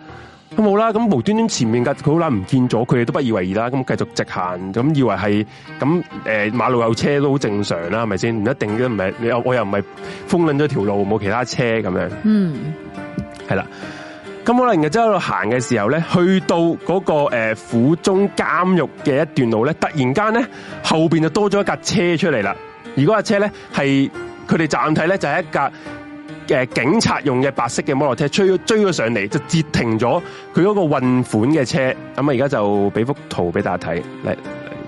咁冇啦，咁無端端前面架佢好啦唔見咗，佢哋都不以為意啦，咁繼續直行，咁以為係咁誒馬路有車都好正常啦，係咪先？唔一定嘅，唔係你我又唔係封緊咗條路，冇其他車咁樣，嗯，係啦，咁可能而家真喺度行嘅時候咧，去到嗰，那個誒、呃、府中監獄嘅一段路咧，突然間咧後邊就多咗一架車出嚟啦。如果架車咧係佢哋暫睇咧就係一架。誒，警察用嘅白色嘅摩托車追咗追咗上嚟，就截停咗佢嗰個運款嘅車。咁啊，而家就俾幅圖俾大家睇。嚟，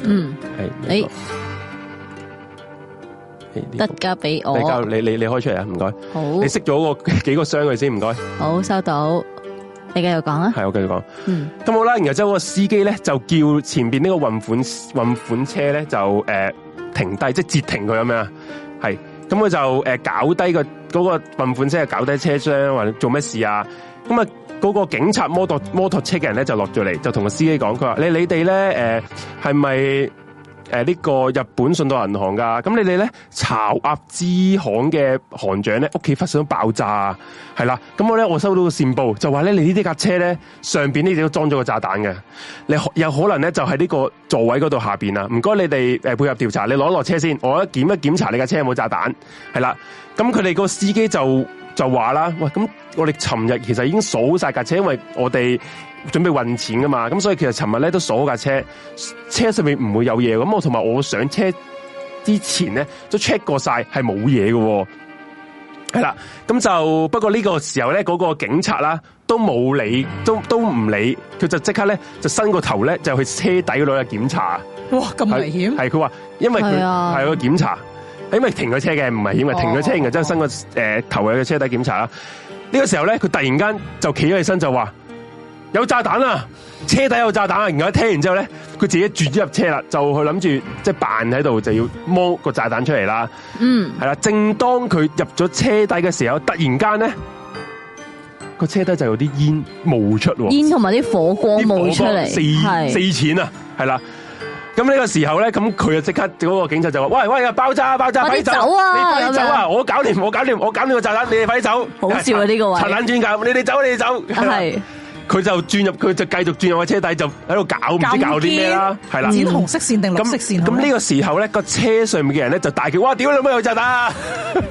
嗯，係、這個這個，你，得交俾我，你你你開出嚟啊，唔該，好，你熄咗個幾個箱佢先，唔該，好，收到，你繼續講啊，係，我繼續講，咁、嗯、好啦，然後即個司機咧，就叫前邊呢個運款運款車咧，就誒、呃、停低，即係截停佢咁樣，係。咁、嗯、佢就、呃、搞低個嗰個運款車，搞低車廂或者做咩事啊？咁、嗯、啊，嗰、嗰個警察摩托摩托車嘅人咧就落咗嚟，就同個司機講：佢話你你哋咧係咪？呃係誒，呢個日本信道銀行噶，咁你哋咧巢鴨支行嘅行長咧屋企發生爆炸，係啦，咁我咧我收到個線報，就話咧你呢啲架車咧上邊呢啲都裝咗個炸彈嘅，你有可能咧就喺呢個座位嗰度下邊啦，唔該你哋誒配合調查，你攞落車先，我一檢一檢查你架車有冇炸彈，係啦，咁佢哋個司機就就話啦，喂，咁我哋尋日其實已經數晒架車，因為我哋。準備運錢噶嘛，咁所以其實尋日咧都鎖架車，車上面唔會有嘢。咁我同埋我上車之前咧都 check 過晒，係冇嘢嘅。係啦，咁就不過呢個時候咧，嗰、嗰個警察啦都冇理，都都唔理，佢就即刻咧就伸個頭咧就去車底度去檢查。哇，咁危險！係佢話，因為佢係去檢查，因為停咗車嘅，唔危險因為停咗車嘅，即係伸個誒頭去個車底檢查啦。呢、哦呢個時候咧，佢突然間就企咗起身就話。有炸彈啊！車底有炸彈啊！然後一聽完之後咧，佢自己轉咗入車啦，就去諗住即係扮喺度，就要摸個炸彈出嚟啦。嗯，係啦。正當佢入咗車底嘅時候，突然間咧，個車底就有啲煙冒出，煙同埋啲火光冒出嚟，四四錢啊，係啦。咁呢個時候咧，咁佢就即刻嗰個警察就話：，喂喂，包紮、啊，包紮、啊，快走，走啊！你快走啊！我搞掂，我搞掂，我搞掂個炸彈，你哋快走。好笑啊！呢、這個位，拆彈專家，你哋走、啊，你哋走、啊，係。佢就轉入佢就繼續轉入個車底，就喺度搞唔知搞啲咩啦，係、嗯、啦，剪紅色線定綠色線,色線。咁、嗯、呢個時候咧，個車上面嘅人咧就大叫：，哇！屌你兩杯有炸彈啊？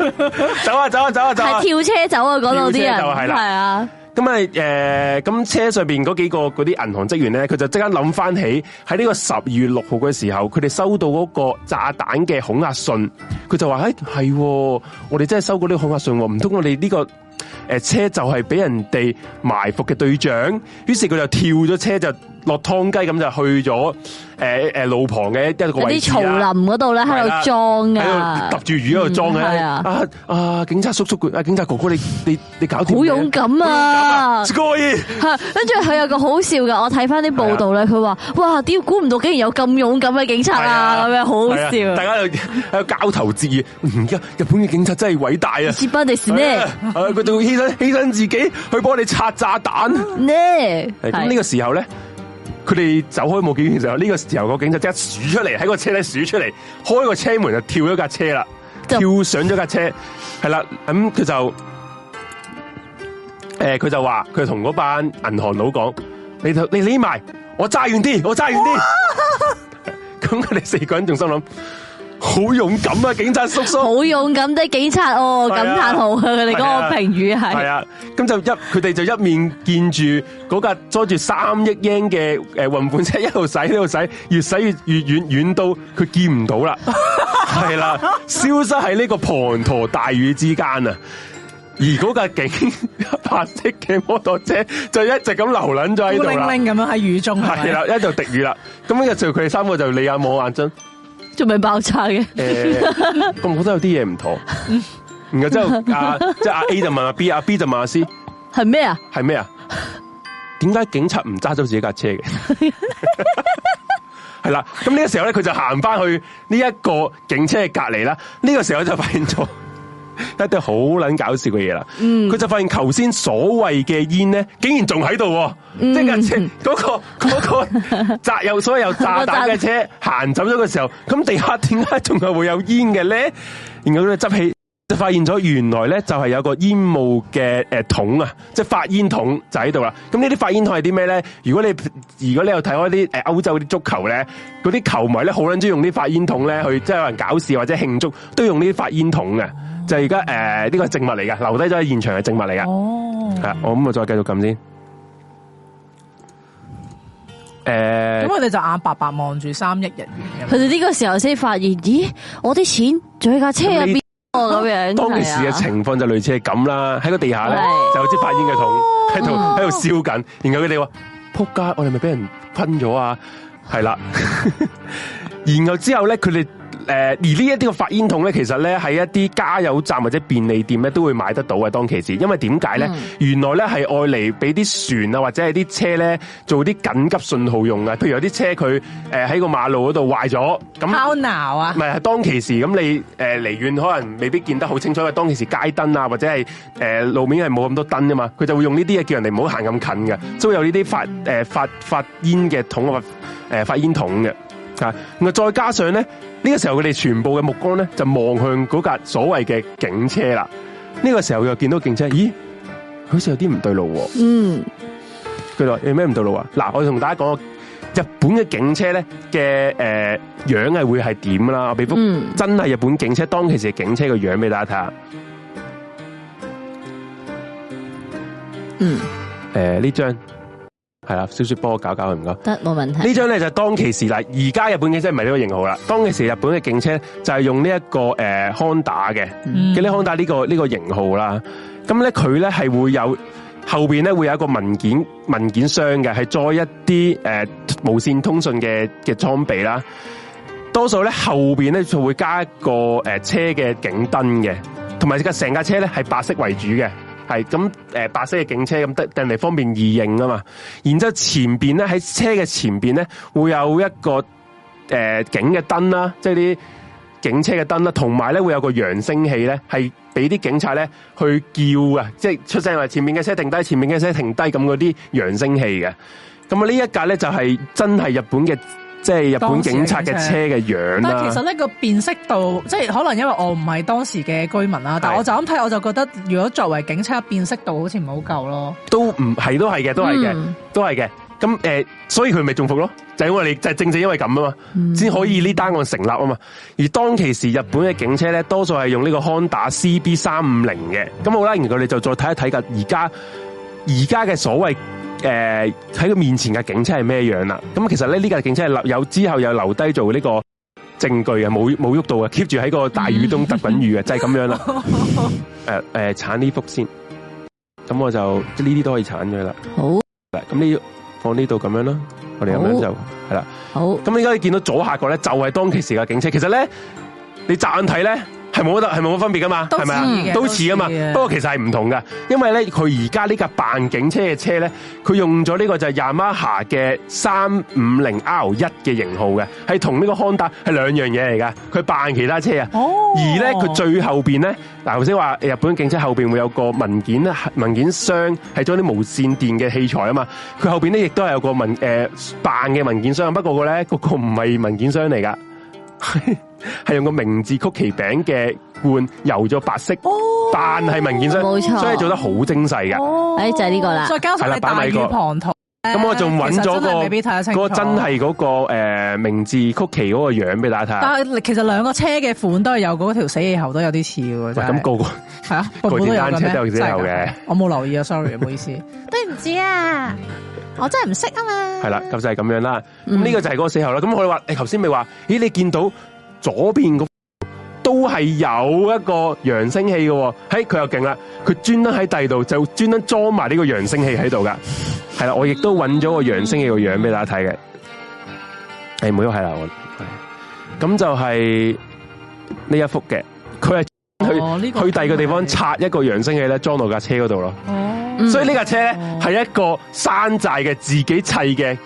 *laughs* 走啊！走啊！走啊！走啊！係跳車走啊！嗰度啲人係啦，係、嗯、啊。咁咪誒，咁、呃、車上邊嗰幾個嗰啲銀行職員咧，佢就即刻諗翻起喺呢個十二月六號嘅時候，佢哋收到嗰個炸彈嘅恐吓信，佢就話：，誒、哎，係、啊，我哋真係收過呢恐吓信，唔通我哋呢、這個？誒，車就係俾人哋埋伏嘅對象，於是佢就跳咗車就。落湯雞咁就去咗誒誒路旁嘅一啲樹林嗰度咧，喺度裝㗎，喺度揼住雨喺度裝啊，啊警察叔叔，啊警察哥哥你，你你你搞掂？好勇敢啊，啊！跟住佢有個好笑嘅，我睇翻啲報道咧，佢話、啊、哇，點估唔到竟然有咁勇敢嘅警察啊！咁、啊、樣好好笑、啊。大家喺度交頭接耳，而家日本嘅警察真係偉大啊，是是啊！接班敵是咩佢仲犧牲犧牲自己去幫你拆炸彈咁呢個時候咧。佢哋走開冇幾遠時候，呢、這個時候個警察即刻數出嚟，喺個車呢數出嚟，開個車門就跳咗架車啦，跳上咗架車係啦，咁佢就誒佢、呃、就話佢同嗰班銀行佬講你你匿埋，我揸遠啲，我揸遠啲。咁佢哋四個人仲心諗。好勇敢啊，警察叔叔！好勇敢的警察哦，感嘆號啊！佢哋嗰個評語係。係啊，咁就一佢哋就一面見住嗰架載住三億英嘅誒運盤車一路駛呢度駛，越駛越越遠，遠到佢見唔到啦，係啦，消失喺呢個滂沱大雨之間啊！而嗰架警白色嘅摩托車就一直咁流捻咗喺度啦，咁樣喺雨中係。係啦，一路滴雨啦，咁跟住佢哋三個就你眼望我眼睜。仲未爆炸嘅，誒、 *laughs* 欸，咁我覺得有啲嘢唔妥。然後之後阿即係阿 A 就問阿 B，阿 *laughs* B 就問阿 C，係咩啊？係咩啊？點解警察唔揸走自己架車嘅？係 *laughs* 啦， *laughs* *laughs* 咁呢個時候咧，佢就行翻去呢一個警車嘅隔籬啦，呢、這個時候就發現咗。一堆好捻搞笑嘅嘢啦，佢就發現頭先所謂嘅煙咧，竟然仲喺度，即係嗰個嗰個載有所有炸彈嘅車行走咗嘅時候，咁地下點解仲係會有煙嘅咧？然後咧執起就發現咗，原來咧就係有個煙霧嘅誒桶啊，即係發煙筒就喺度啦。咁呢啲發煙筒係啲咩咧？如果你如果你又睇開啲誒歐洲啲足球咧，嗰啲球迷咧好捻中意用啲發煙筒咧去即係有人搞事或者慶祝，都用呢啲發煙筒嘅。就而家誒，呢、呃、個證物嚟㗎，留低咗喺現場嘅證物嚟㗎。係我咁啊，我再繼續撳先。誒，咁佢哋就眼白白望住三億日元，佢哋呢個時候先發現，咦，我啲錢仲喺架車入邊哦，咁樣。當時嘅情況就是類似係咁啦，喺個地下咧，就好似發煙嘅桶喺度喺度燒緊，然後佢哋話：仆、oh. 街，我哋咪俾人噴咗啊！係啦，然後之後咧，佢哋。誒、呃，而呢一啲個發煙筒咧，其實咧喺一啲加油站或者便利店咧都會買得到嘅。當其時，因為點解咧？嗯、原來咧係愛嚟俾啲船啊或者係啲車咧做啲緊急信號用嘅。譬如有啲車佢誒喺個馬路嗰度壞咗，咁拋錨啊！唔係，當其時咁你誒離遠可能未必見得好清楚。因為當其時街燈啊或者係誒、呃、路面係冇咁多燈噶嘛，佢就會用呢啲嘢叫人哋唔好行咁近嘅，都會有呢啲發誒、呃、發發煙嘅筒啊，誒、呃、發煙筒嘅。咁啊，再加上咧，呢個時候佢哋全部嘅目光咧就望向嗰架所謂嘅警車啦。呢個時候又見到警車，咦？好似有啲唔對路喎。嗯。佢話：有咩唔對路啊？嗱，我同大家講，日本嘅警車咧嘅誒樣係會係點啦。我俾幅、嗯、真係日本警車當其時警車嘅樣俾大家睇下。嗯。誒、呃，呢張。係啦，小雪幫我搞搞佢唔該，得，冇問題。呢張咧就係當其時啦，而家日本嘅車唔係呢個型號啦。當其時日本嘅警車就係用呢一個誒康打嘅，嘅呢康打呢個呢個型號啦。咁咧佢咧係會有後邊咧會有一個文件文件箱嘅，係載一啲誒無線通訊嘅嘅裝備啦。多數咧後邊咧就會加一個誒車嘅警燈嘅，同埋個成架車咧係白色為主嘅。係咁，誒、呃，白色嘅警車咁，得定嚟方便易認啊嘛。然之後前邊咧喺車嘅前邊咧、呃，會有一個誒警嘅燈啦，即係啲警車嘅燈啦，同埋咧會有個揚聲器咧，係俾啲警察咧去叫啊，即係出聲話前面嘅車停低，前面嘅車停低，咁嗰啲揚聲器嘅。咁啊呢一架咧就係、是、真係日本嘅。即係日本警察嘅車嘅樣、啊、車但其實呢個辨識度，即係可能因為我唔係當時嘅居民啦、啊，但係我就咁睇，我就覺得如果作為警察辨識度好似唔係好夠咯，都唔係都係嘅，都係嘅，都係嘅。咁、嗯、誒、呃，所以佢咪中服咯？就係因為你就係正正因為咁啊嘛，先、嗯、可以呢單案成立啊嘛。而當其時，日本嘅警車咧，多數係用呢個 Honda CB 三五零嘅。咁好啦，然後你就再睇一睇噶，而家而家嘅所謂。誒、呃，喺佢面前嘅警車係咩樣啦？咁其實咧，呢架、這個，警車係留有之後又留低做呢個證據嘅，冇冇喐到嘅，keep 住喺個大雨中特困雨 *laughs* 就係咁樣啦。誒 *laughs* 誒、呃、鏟、呃、呢幅先，咁我就呢啲都可以鏟咗啦。好，咁你放呢度咁樣啦，我哋咁樣就係啦。好，咁應該你見到左下角咧，就係、是，當其時嘅警車。其實咧，你站眼睇咧。係冇得，係冇分別噶嘛，係咪啊？都似噶嘛。不過其實係唔同噶，因為咧，佢而家呢架扮警車嘅車咧，佢用咗呢個就係亞馬哈嘅三五零 R 一嘅型號嘅，係同呢個康達係兩樣嘢嚟噶，佢扮其他車啊。哦。而咧，佢最後邊咧，嗱頭先話日本警車後邊會有個文件啦，文件箱係裝啲無線電嘅器材啊嘛。佢後邊咧亦都係有個文誒扮嘅文件箱，不過個咧個唔係文件箱嚟噶。係 *laughs* 用個明治曲奇餅嘅罐油咗白色，但、哦、係明冇身錯，所以做得好精細嘅、哦。哎，就係、是、呢個啦。再加上大尾滂沱，咁我仲揾咗個嗰、那個真係嗰、那個誒明治曲奇嗰個樣俾大家睇。但係其實兩個車嘅款都係有嗰條死氣喉都有啲似嘅。咁個個係啊，個個單車都有嘅。我冇留意啊，sorry，唔 *laughs* 好意思，對唔住啊。我真係唔識啊嘛，係啦，咁就係、是、咁樣啦。咁、mm、呢 -hmm. 個就係嗰個時候啦。咁我話，誒、欸，頭先咪話，咦，你見到左邊都係有一個揚聲器嘅、哦，喺、欸，佢又勁啦，佢專登喺第二度就專登裝埋呢個揚聲器喺度噶。係 *laughs* 啦，我亦都揾咗個揚聲器個樣俾大家睇嘅。唔好係啦，我，咁就係呢一幅嘅，佢係。去、哦，這個、去第二個地方拆一個揚聲器咧，裝到架車嗰度咯。哦，所以呢架車咧係、哦、一個山寨嘅自己砌嘅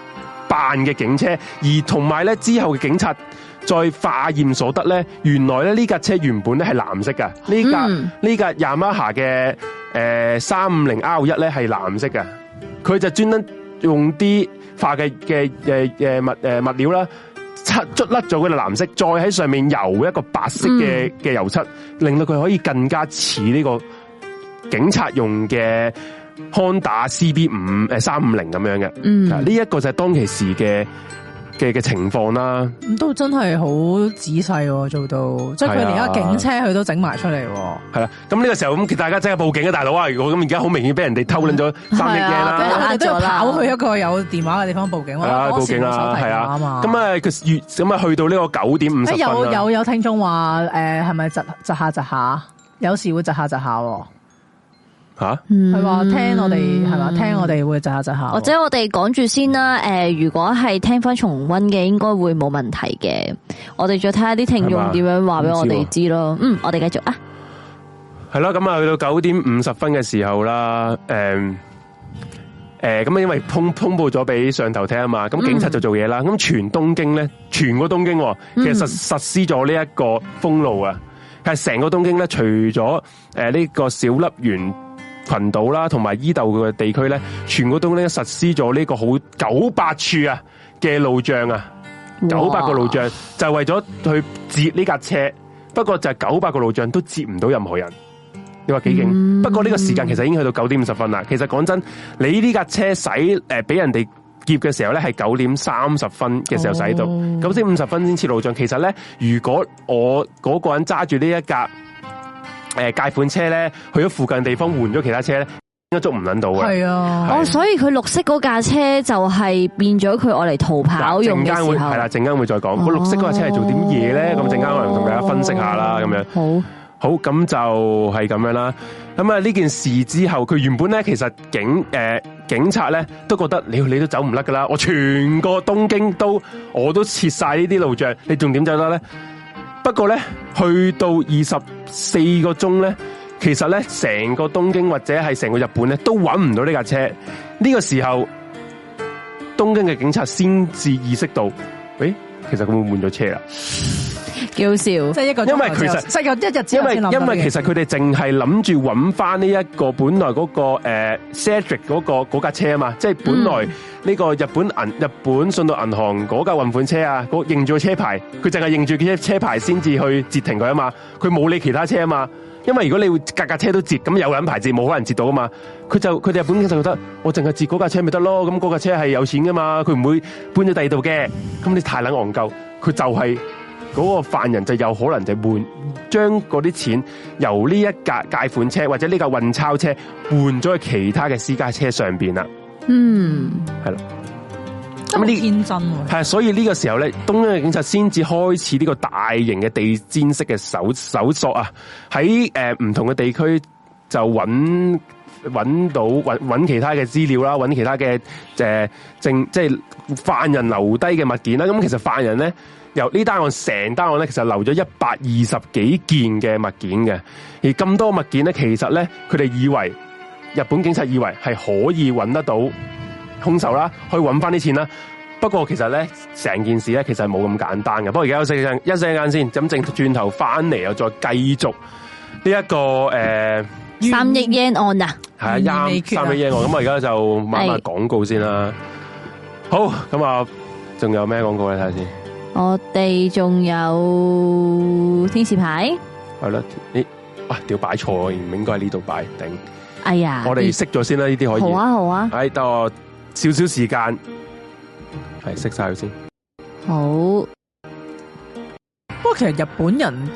扮嘅警車，而同埋咧之後嘅警察再化驗所得咧，原來咧呢架車原本咧係藍色嘅，嗯架呃、呢架呢架雅馬哈嘅誒三五零 R 一咧係藍色嘅，佢就專登用啲化嘅嘅誒誒物誒、呃、物料啦。漆捽甩咗佢嘅藍色，再喺上面油一個白色嘅嘅油漆，嗯、令到佢可以更加似呢個警察用嘅康打 CB 五誒三五零咁樣嘅。嗱，呢一個就係當其時嘅。嘅嘅情況啦，咁都真係好仔細、啊、做到，即係佢連一架警車佢都整埋出嚟、啊啊。喎。啦，咁呢個時候咁大家真係報警啊，大佬啊！如果咁而家好明顯俾人哋偷拎咗三隻嘢啦，都、啊、要跑去一個有電話嘅地方報警啦，報警啊係啊咁啊，佢咁啊，啊去到呢個九點五十，有有有聽眾話誒，係咪窒窒下窒下？有時會窒下窒下。吓，佢話聽我哋係嘛，聽我哋會窒下窒下。或者我哋講住先啦，誒，如果係聽翻重温嘅，應該會冇問題嘅。我哋再睇下啲聽眾點樣話俾我哋知咯。嗯，我哋繼續啊。係咯，咁啊，去到九點五十分嘅時候啦，誒，誒，咁啊，因為通通報咗俾上頭聽啊嘛，咁警察就做嘢啦。咁全東京咧，全個東京其實實實施咗呢一個封路啊，係成個東京咧，除咗誒呢個小笠原。群島啦，同埋伊豆嘅地區咧，全部都咧實施咗呢個好九百處啊嘅路障啊，九百個路障就係為咗去截呢架車，不過就係九百個路障都截唔到任何人。你話幾勁？嗯、不過呢個時間其實已經去到九點五十分啦。其實講真，你呢架車使誒俾人哋劫嘅時候咧，係九點三十分嘅時候使到，咁先五十分先設路障。其實咧，如果我嗰個人揸住呢一架。誒，借款車咧，去咗附近地方換咗其他車咧，應該都唔捻到嘅。係啊，哦，所以佢綠色嗰架車就係變咗佢愛嚟逃跑用嘅時候。係啦會會，陣間會，會再講，個、啊、綠色嗰架車係做點嘢咧？咁陣間我能同大家分析下啦，咁樣。好，好，咁就係咁樣啦。咁啊，呢件事之後，佢原本咧，其實警誒、呃、警察咧都覺得，你都走唔甩噶啦，我全個東京都我都切晒呢啲路障，你仲點走得咧？不過咧，去到二十四個鐘咧，其實咧成個東京或者係成個日本咧，都揾唔到呢架車。呢個時候，東京嘅警察先至意識到，誒，其實佢會換咗車啦。叫笑，即係一個。因為其實，實一日之後因為因為其實佢哋淨係諗住揾翻呢一個本來嗰、那個誒、uh,，Cedric 嗰、那個嗰架、那個、車啊嘛，即係本來呢個日本銀、嗯、日本送到銀行嗰架運款車啊，嗰、那個、認住車牌，佢淨係認住佢車牌先至去截停佢啊嘛，佢冇理其他車啊嘛。因為如果你會架架車都截，咁有人排子冇可能截到啊嘛。佢就佢哋日本警察覺得，我淨係截嗰架車咪得咯，咁嗰架車係有錢噶嘛，佢唔會搬咗第二度嘅。咁你太捻憨鳩，佢就係、是。嗰、那個犯人就有可能就換將嗰啲錢由呢一架解款車或者呢架運鈔車換咗去其他嘅私家車上邊啦。嗯，係啦，咁呢天真係。所以呢個時候咧，東京嘅警察先至開始呢個大型嘅地氈式嘅搜搜索啊，喺誒唔同嘅地區就揾。揾到揾其他嘅資料啦，揾其他嘅誒、呃、正即係犯人留低嘅物件啦。咁、嗯、其實犯人咧，由呢單案成單案咧，其實留咗一百二十幾件嘅物件嘅。而咁多物件咧，其實咧，佢哋以為日本警察以為係可以揾得到兇手啦，去揾翻啲錢啦。不過其實咧，成件事咧，其實冇咁簡單嘅。不過而家休息一陣間先，咁正轉頭翻嚟又再繼續呢、這、一個誒。呃三億 yen 案啊，係啊，三三億 yen 案咁啊，我而家就買下廣告先啦。好，咁啊，仲有咩廣告咧？睇下先。我哋仲有天使牌。係啦，咦？哇！屌擺錯，唔應該喺呢度擺。頂。哎呀，我哋熄咗先啦，呢啲可以。好啊，好啊。喺度少少時間，係熄晒佢先。好。不過其實日本人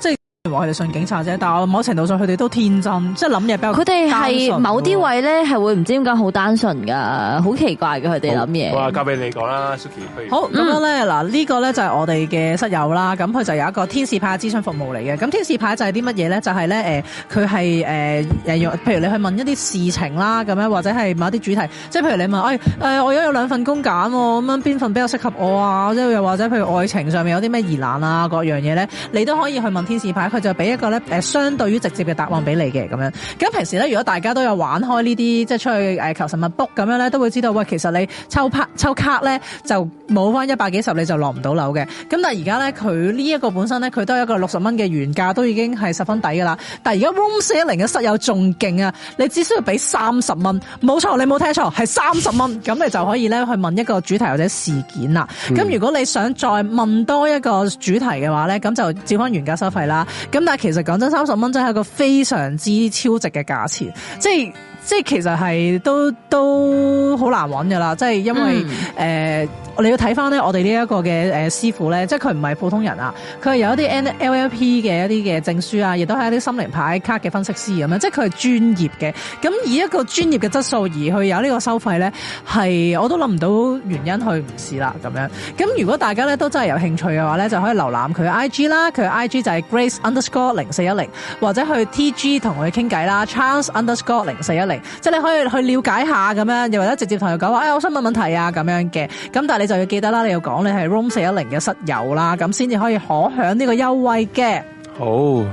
即係。話佢哋信警察啫，但係某程度上佢哋都天真，即係諗嘢比較佢哋係某啲位咧，係會唔知點解好單純噶，好奇怪嘅。佢哋諗嘢。我交俾你講啦，Suki。好，咁樣咧嗱，嗯這個、呢個咧就係、是，我哋嘅室友啦。咁佢就有一個天使牌諮詢服務嚟嘅。咁天使牌就係啲乜嘢咧？就係、是、咧，誒、呃，佢係誒，譬如你去問一啲事情啦，咁樣或者係某一啲主題，即係譬如你問，誒、哎、誒、呃，我而家有兩份工揀、啊，咁樣邊份比較適合我啊？即係又或者譬如愛情上面有啲咩疑難啊，各樣嘢咧，你都可以去問天使牌。佢就俾一個咧，誒，相對於直接嘅答案俾你嘅咁樣。咁平時咧，如果大家都有玩開呢啲，即係出去誒求神問卜咁樣咧，都會知道喂，其實你抽卡抽卡咧，就冇翻一百幾十，你就落唔到樓嘅。咁但係而家咧，佢呢一個本身咧，佢都係一個六十蚊嘅原價，都已經係十分抵噶啦。但係而家 Room 四一零嘅室友仲勁啊！你只需要俾三十蚊，冇錯，你冇聽錯，係三十蚊，咁 *laughs* 你就可以咧去問一個主題或者事件啦。咁、嗯、如果你想再問多一個主題嘅話咧，咁就照翻原價收費啦。咁但係其實講真，三十蚊真係一個非常之超值嘅價錢，即係。即係其實係都都好難揾嘅啦，即係因為誒、嗯呃、你要睇翻咧，我哋呢一個嘅誒師傅咧，即係佢唔係普通人啊，佢係有一啲 NLP 嘅一啲嘅證書啊，亦都係一啲心靈牌卡嘅分析師咁樣，即係佢係專業嘅。咁以一個專業嘅質素而去有呢個收費咧，係我都諗唔到原因去唔試啦咁樣。咁如果大家咧都真係有興趣嘅話咧，就可以瀏覽佢 I G 啦，佢 I G 就係 Grace Underscore 零四一零，或者去 T G 同佢傾偈啦，Chance Underscore 零四一零。即係你可以去了解下咁樣，又或者直接同佢講話，哎我想問問題啊咁樣嘅。咁但係你就要記得啦，你要講你係 Room 四一零嘅室友啦，咁先至可以可享呢個優惠嘅。好，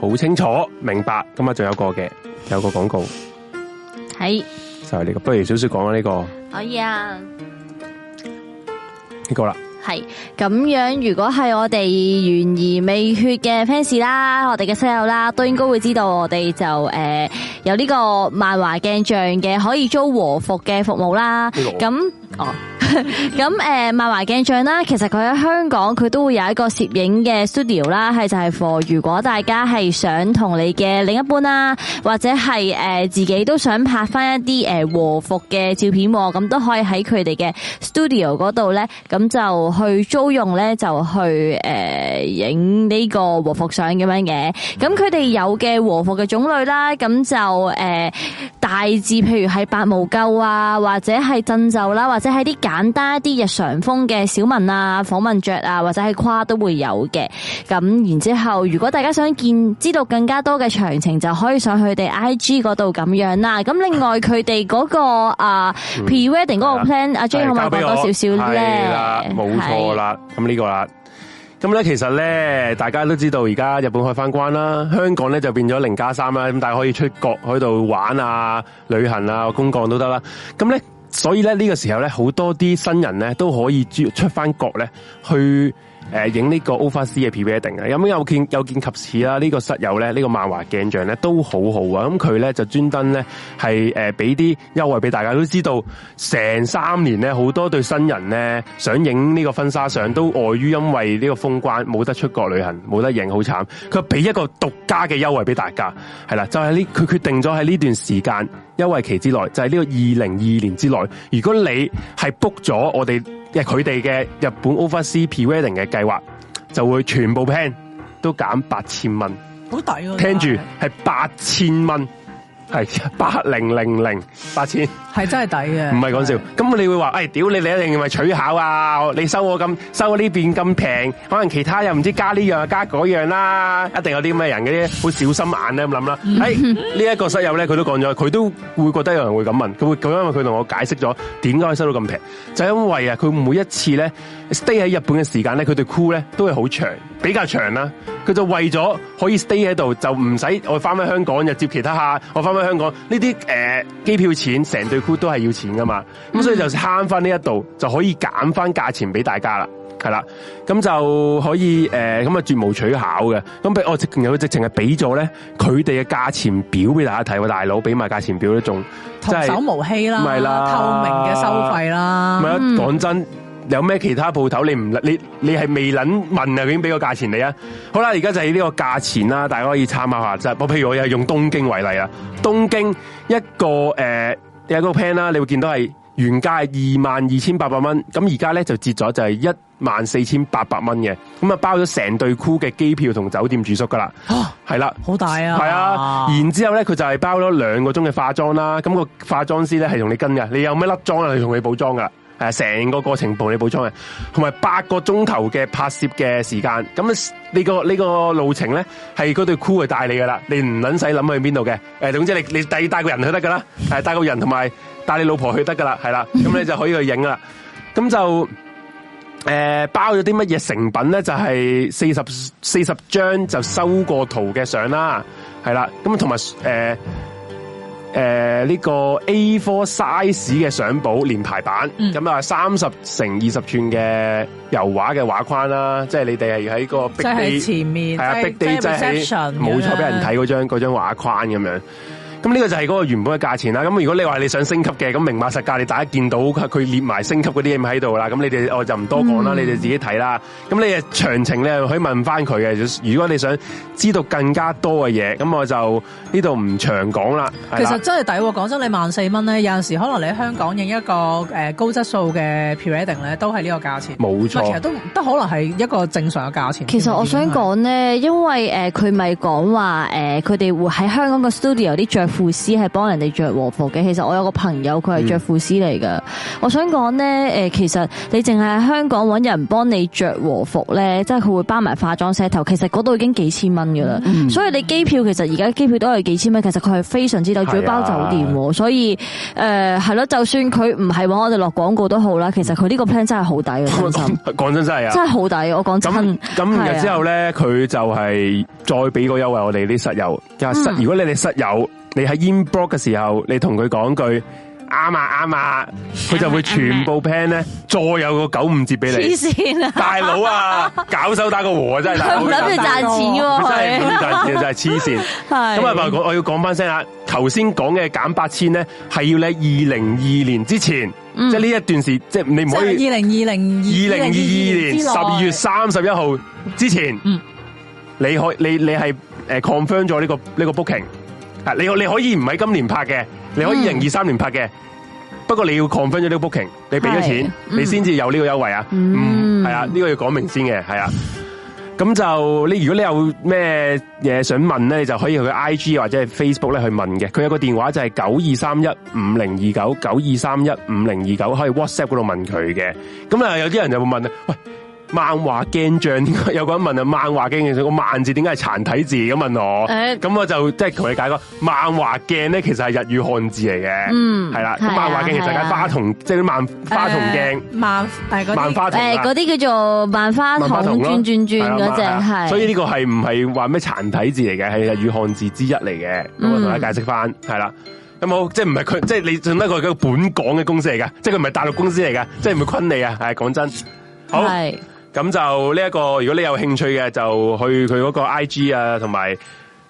好清楚明白。今日仲有個嘅，有個廣告係就係呢個。不如少少講下呢個可以啊？呢個啦。係咁樣，如果係我哋懸而未決嘅 fans 啦，我哋嘅室友啦，都應該會知道我哋就，誒、呃、有呢個漫畫鏡像嘅可以租和服嘅服務啦，咁。哦、oh. *laughs* 咁誒，漫畫鏡像啦，其實佢喺香港佢都會有一個攝影嘅 studio 啦，係就係 for 如果大家係想同你嘅另一半啦、啊，或者係誒、uh, 自己都想拍翻一啲誒、uh, 和服嘅照片、啊，咁都可以喺佢哋嘅 studio 嗰度咧，咁就去租用咧，就去誒影呢個和服相咁樣嘅。咁佢哋有嘅和服嘅種類啦、啊，咁就誒、uh, 大致譬如係白無垢啊，或者係振袖啦、啊，或就係、是、啲簡單一啲日常風嘅小問啊、訪問着啊，或者係跨都會有嘅。咁然之後，如果大家想見知道更加多嘅詳情，就可以上去佢哋 IG 嗰度咁樣啦。咁另外佢哋嗰個啊、嗯、pre wedding 嗰個 plan，、嗯、阿 J 可唔可以講多少少咧？係啦，冇錯啦。咁呢個啦，咁咧其實咧，大家都知道而家日本開翻關啦，香港咧就變咗零加三啦，咁大家可以出國喺度玩啊、旅行啊、公幹都得啦、啊。咁咧。所以咧，呢個時候咧，好多啲新人咧都可以出出翻國咧，去誒影呢個 oversea 嘅 P V 一定嘅。有冇有見有見及此啦？呢、這個室友咧，呢、這個漫畫鏡像咧都好好啊。咁佢咧就專登咧係誒俾啲優惠俾大家，都知道成三年咧好多對新人咧想影呢個婚紗相，都礙、呃、於因為呢個封關，冇得出國旅行，冇得影，好慘。佢俾一個獨家嘅優惠俾大家，係啦，就係、是、呢，佢決定咗喺呢段時間。優惠期之內，就係、是、呢個二零二二年之內，如果你係 book 咗我哋，即係佢哋嘅日本 Overseas Pre-Wedding 嘅計劃，就會全部 plan 都減八千蚊，好抵啊！聽住係八千蚊。係八零零零八千，係真係抵嘅。唔係講笑，咁你會話，誒，屌你，你一定咪取巧啊！你收我咁收我呢邊咁平，可能其他又唔知加呢樣加嗰樣啦，一定有啲咩人嘅啫好小心眼咧咁諗啦。誒呢一個室友咧，佢都講咗，佢都會覺得有人會咁問，佢會咁，因為佢同我解釋咗點解可以收到咁平，就因為啊，佢每一次咧。stay 喺日本嘅時間咧，佢對 cool 咧都係好長，比較長啦。佢就為咗可以 stay 喺度，就唔使我翻返香港就接其他客，我翻返香港呢啲誒機票錢，成對 cool 都係要錢噶嘛。咁、嗯、所以就慳翻呢一度，就可以減翻價錢俾大家啦，係啦。咁就可以誒咁啊絕無取巧嘅。咁俾我直情有直情係俾咗咧，佢哋嘅價錢表俾大家睇，大佬俾埋價錢表都仲，童叟無欺啦、係啦，透明嘅收費啦。唔係啊，講、嗯、真。有咩其他鋪頭你唔你你係未諗問啊？已經俾個價錢你啊！好啦，而家就係呢個價錢啦，大家可以參考下啫。我譬如我又係用東京為例啊，東京一個誒、呃，有一個 plan 啦，你會見到係原價係二萬二千八百蚊，咁而家咧就折咗就係一萬四千八百蚊嘅，咁啊包咗成對酷嘅機票同酒店住宿噶啦，係啦，好大啊，係啊，然之後咧佢就係包咗兩個鐘嘅化妝啦，咁個化妝師咧係同你跟嘅，你有咩粒妝啊？佢同你補妝噶。誒，成個過程幫你補充嘅，同埋八個鐘頭嘅拍攝嘅時間，咁呢個呢個路程咧係嗰對箍去帶你噶啦，你唔撚使諗去邊度嘅，誒、呃，總之你你帶帶個人去得噶啦，誒，帶個人同埋帶你老婆去得噶啦，係啦，咁你就可以去影啦，咁就誒、呃、包咗啲乜嘢成品咧，就係四十四十張就修過圖嘅相啦，係啦，咁同埋誒。呃誒、呃，呢、這個 A4 size 嘅相簿連排版，咁啊三十乘二十吋嘅油畫嘅畫框啦，即、就、係、是、你哋係喺個壁地前面，係啊壁地即係喺冇錯俾人睇嗰張嗰張畫框咁樣。嗯咁呢個就係嗰個原本嘅價錢啦。咁如果你話你想升級嘅，咁明碼實價你大家見到佢列埋升級嗰啲嘢喺度啦。咁你哋我就唔多講啦，嗯，你哋自己睇啦。咁你詳情咧可以問翻佢嘅。如果你想知道更加多嘅嘢，咁我就呢度唔長講啦。其實真係抵喎，講真，你萬四蚊咧，有陣時可能你喺香港影一個誒高質素嘅 pre-wedding 呢，咧，都係呢個價錢。冇錯，其實都都可能係一個正常嘅價錢。其實我想講咧，因為誒佢咪講話誒佢哋會喺香港個 studio 啲服師係幫人哋着和服嘅，其實我有個朋友佢係着服師嚟噶。我想講咧，誒，其實你淨係香港揾人幫你着和服咧，即係佢會包埋化妝、石頭，其實嗰度已經幾千蚊噶啦。所以你機票其實而家機票都係幾千蚊，其實佢係非常之抵，仲要包酒店。所以誒，係咯，就算佢唔係搵我哋落廣告都好啦，其實佢呢個 plan 真係好抵嘅。講真，講真真係啊，真係好抵。我講真，咁然之後咧，佢就係再俾個優惠我哋啲室友，加、嗯、室如果你哋室友。你喺 inbox 嘅時候，你同佢講句啱啊，啱啊！」佢就會全部 plan 咧，再有個九五折俾你。黐線啊，啊！大佬啊，搞手打個和賺賺賺賺 *laughs* 真係唔諗住賺錢喎， *laughs* 真係真係真係黐線。咁啊，我我要講翻聲啊，頭先講嘅減八千咧，係要喺二零二二年之前，嗯、即係呢一段時，即係你唔可以二零二零二零二二年十二月三十一號之前，嗯，你可你你係誒 confirm 咗呢個呢、這個 booking。你你可以唔喺今年拍嘅，你可以二零二三年拍嘅。嗯、不過你要 confirm 咗呢個 booking，你俾咗錢，嗯、你先至有呢個優惠啊。嗯，嗯，係啊，呢、呢個要講明先嘅，係啊。咁就你如果你有咩嘢想問咧，你就可以去 IG 或者係 Facebook 咧去問嘅。佢有個電話就係九二三一五零二九九二三一五零二九，可以 WhatsApp 嗰度問佢嘅。咁啊，有啲人就會問啊，喂，漫畫鏡像有個人問啊，漫畫鏡像，個漫字點解係殘體字，咁問我，咁、欸、我就即係同你解個漫畫鏡咧，其實係日語漢字嚟嘅，係、嗯、啦，啊、漫畫鏡其實係花筒，啊、即係啲漫、欸、漫、漫花筒鏡，漫花嗰啲誒，嗰啲叫做漫花筒轉轉轉嗰隻係，所以呢個係唔係話咩殘體字嚟嘅，係、嗯、日語漢字之一嚟嘅，嗯，我同你解釋翻係啦，咁、啊嗯、好，即係唔係佢，即係你剩得個本港嘅公司嚟嘅，即係佢唔係大陸公司嚟嘅，即係唔會昆你啊。係講真，好。咁就呢一個，如果你有興趣嘅，就去佢嗰個 IG 啊，同埋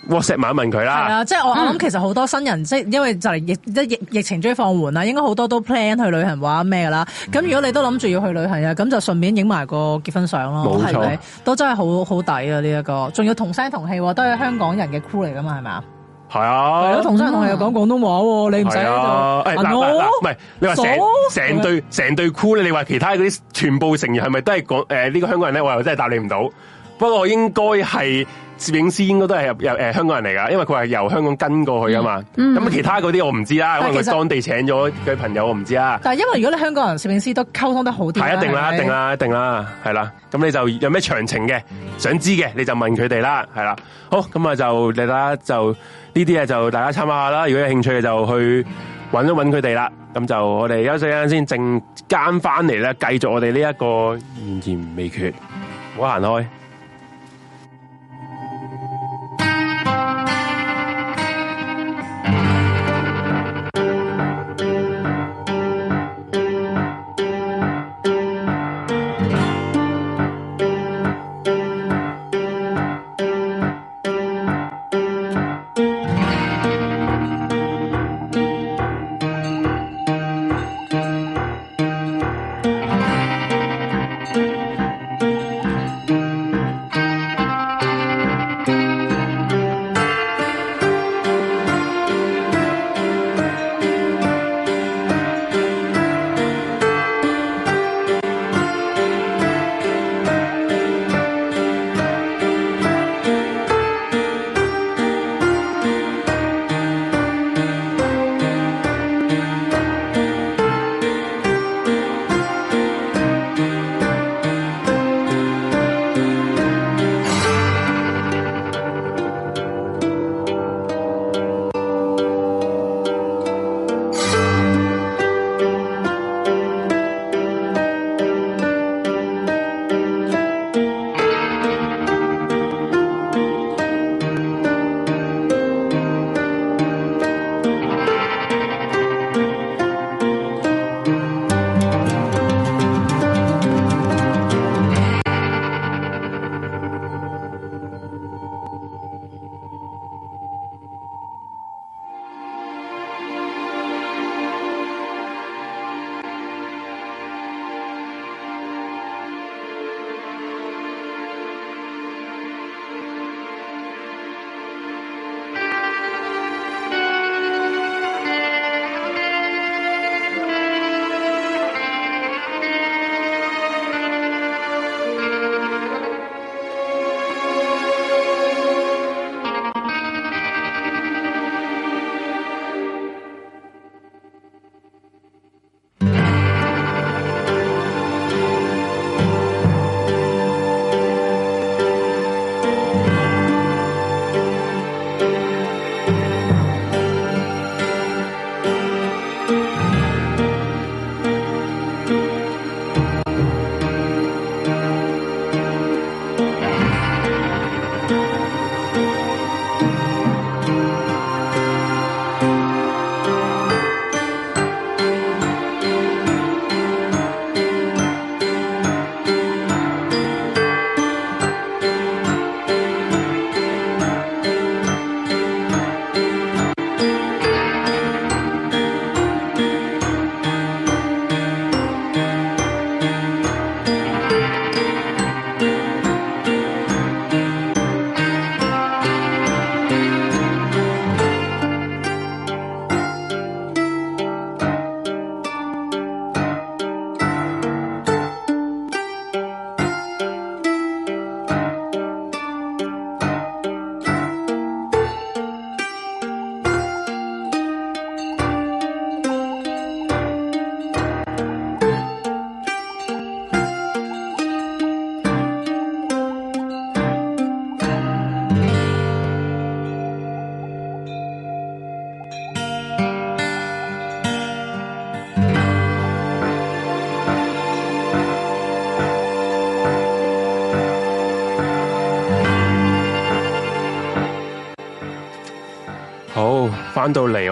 WhatsApp 問一問佢啦。係啊，即係我諗，其實好多新人、嗯、即係因為就係疫即疫情最放緩啦，應該好多都 plan 去旅行話咩啦。咁如果你都諗住要去旅行啊，咁就順便影埋個結婚相咯，係咪？都真係好好抵啊！呢一個仲要同聲同氣，都係香港人嘅 cool 嚟噶嘛，係咪啊？係 *music* 啊，係咯，同生同係講廣東話喎。哦啊，你唔使喺度誒，唔係、啊 no? 啊啊啊，你話成成隊成隊 crew 你話其他嗰啲全部成員係咪都係講誒？呢、呃這個香港人咧，我又真係答你唔到。不過應該係攝影師應該都係由誒香港人嚟噶，因為佢係由香港跟過去噶嘛。咁、嗯嗯、其他嗰啲我唔知啦，可能佢當地請咗佢朋友我唔知啊。但係因為如果你香港人攝影師都溝通得好啲，係一定啦，一定啦，一定啦，一定啦，係啦。咁你就有咩詳情嘅想知嘅，你就問佢哋啦，係啦。好，咁啊就嚟啦就。呢啲嘢就大家參考下啦，如果有興趣嘅就去揾一揾佢哋啦。咁就我哋休息間先，陣間返嚟咧，繼續我哋呢一個懸而未決，唔好行開。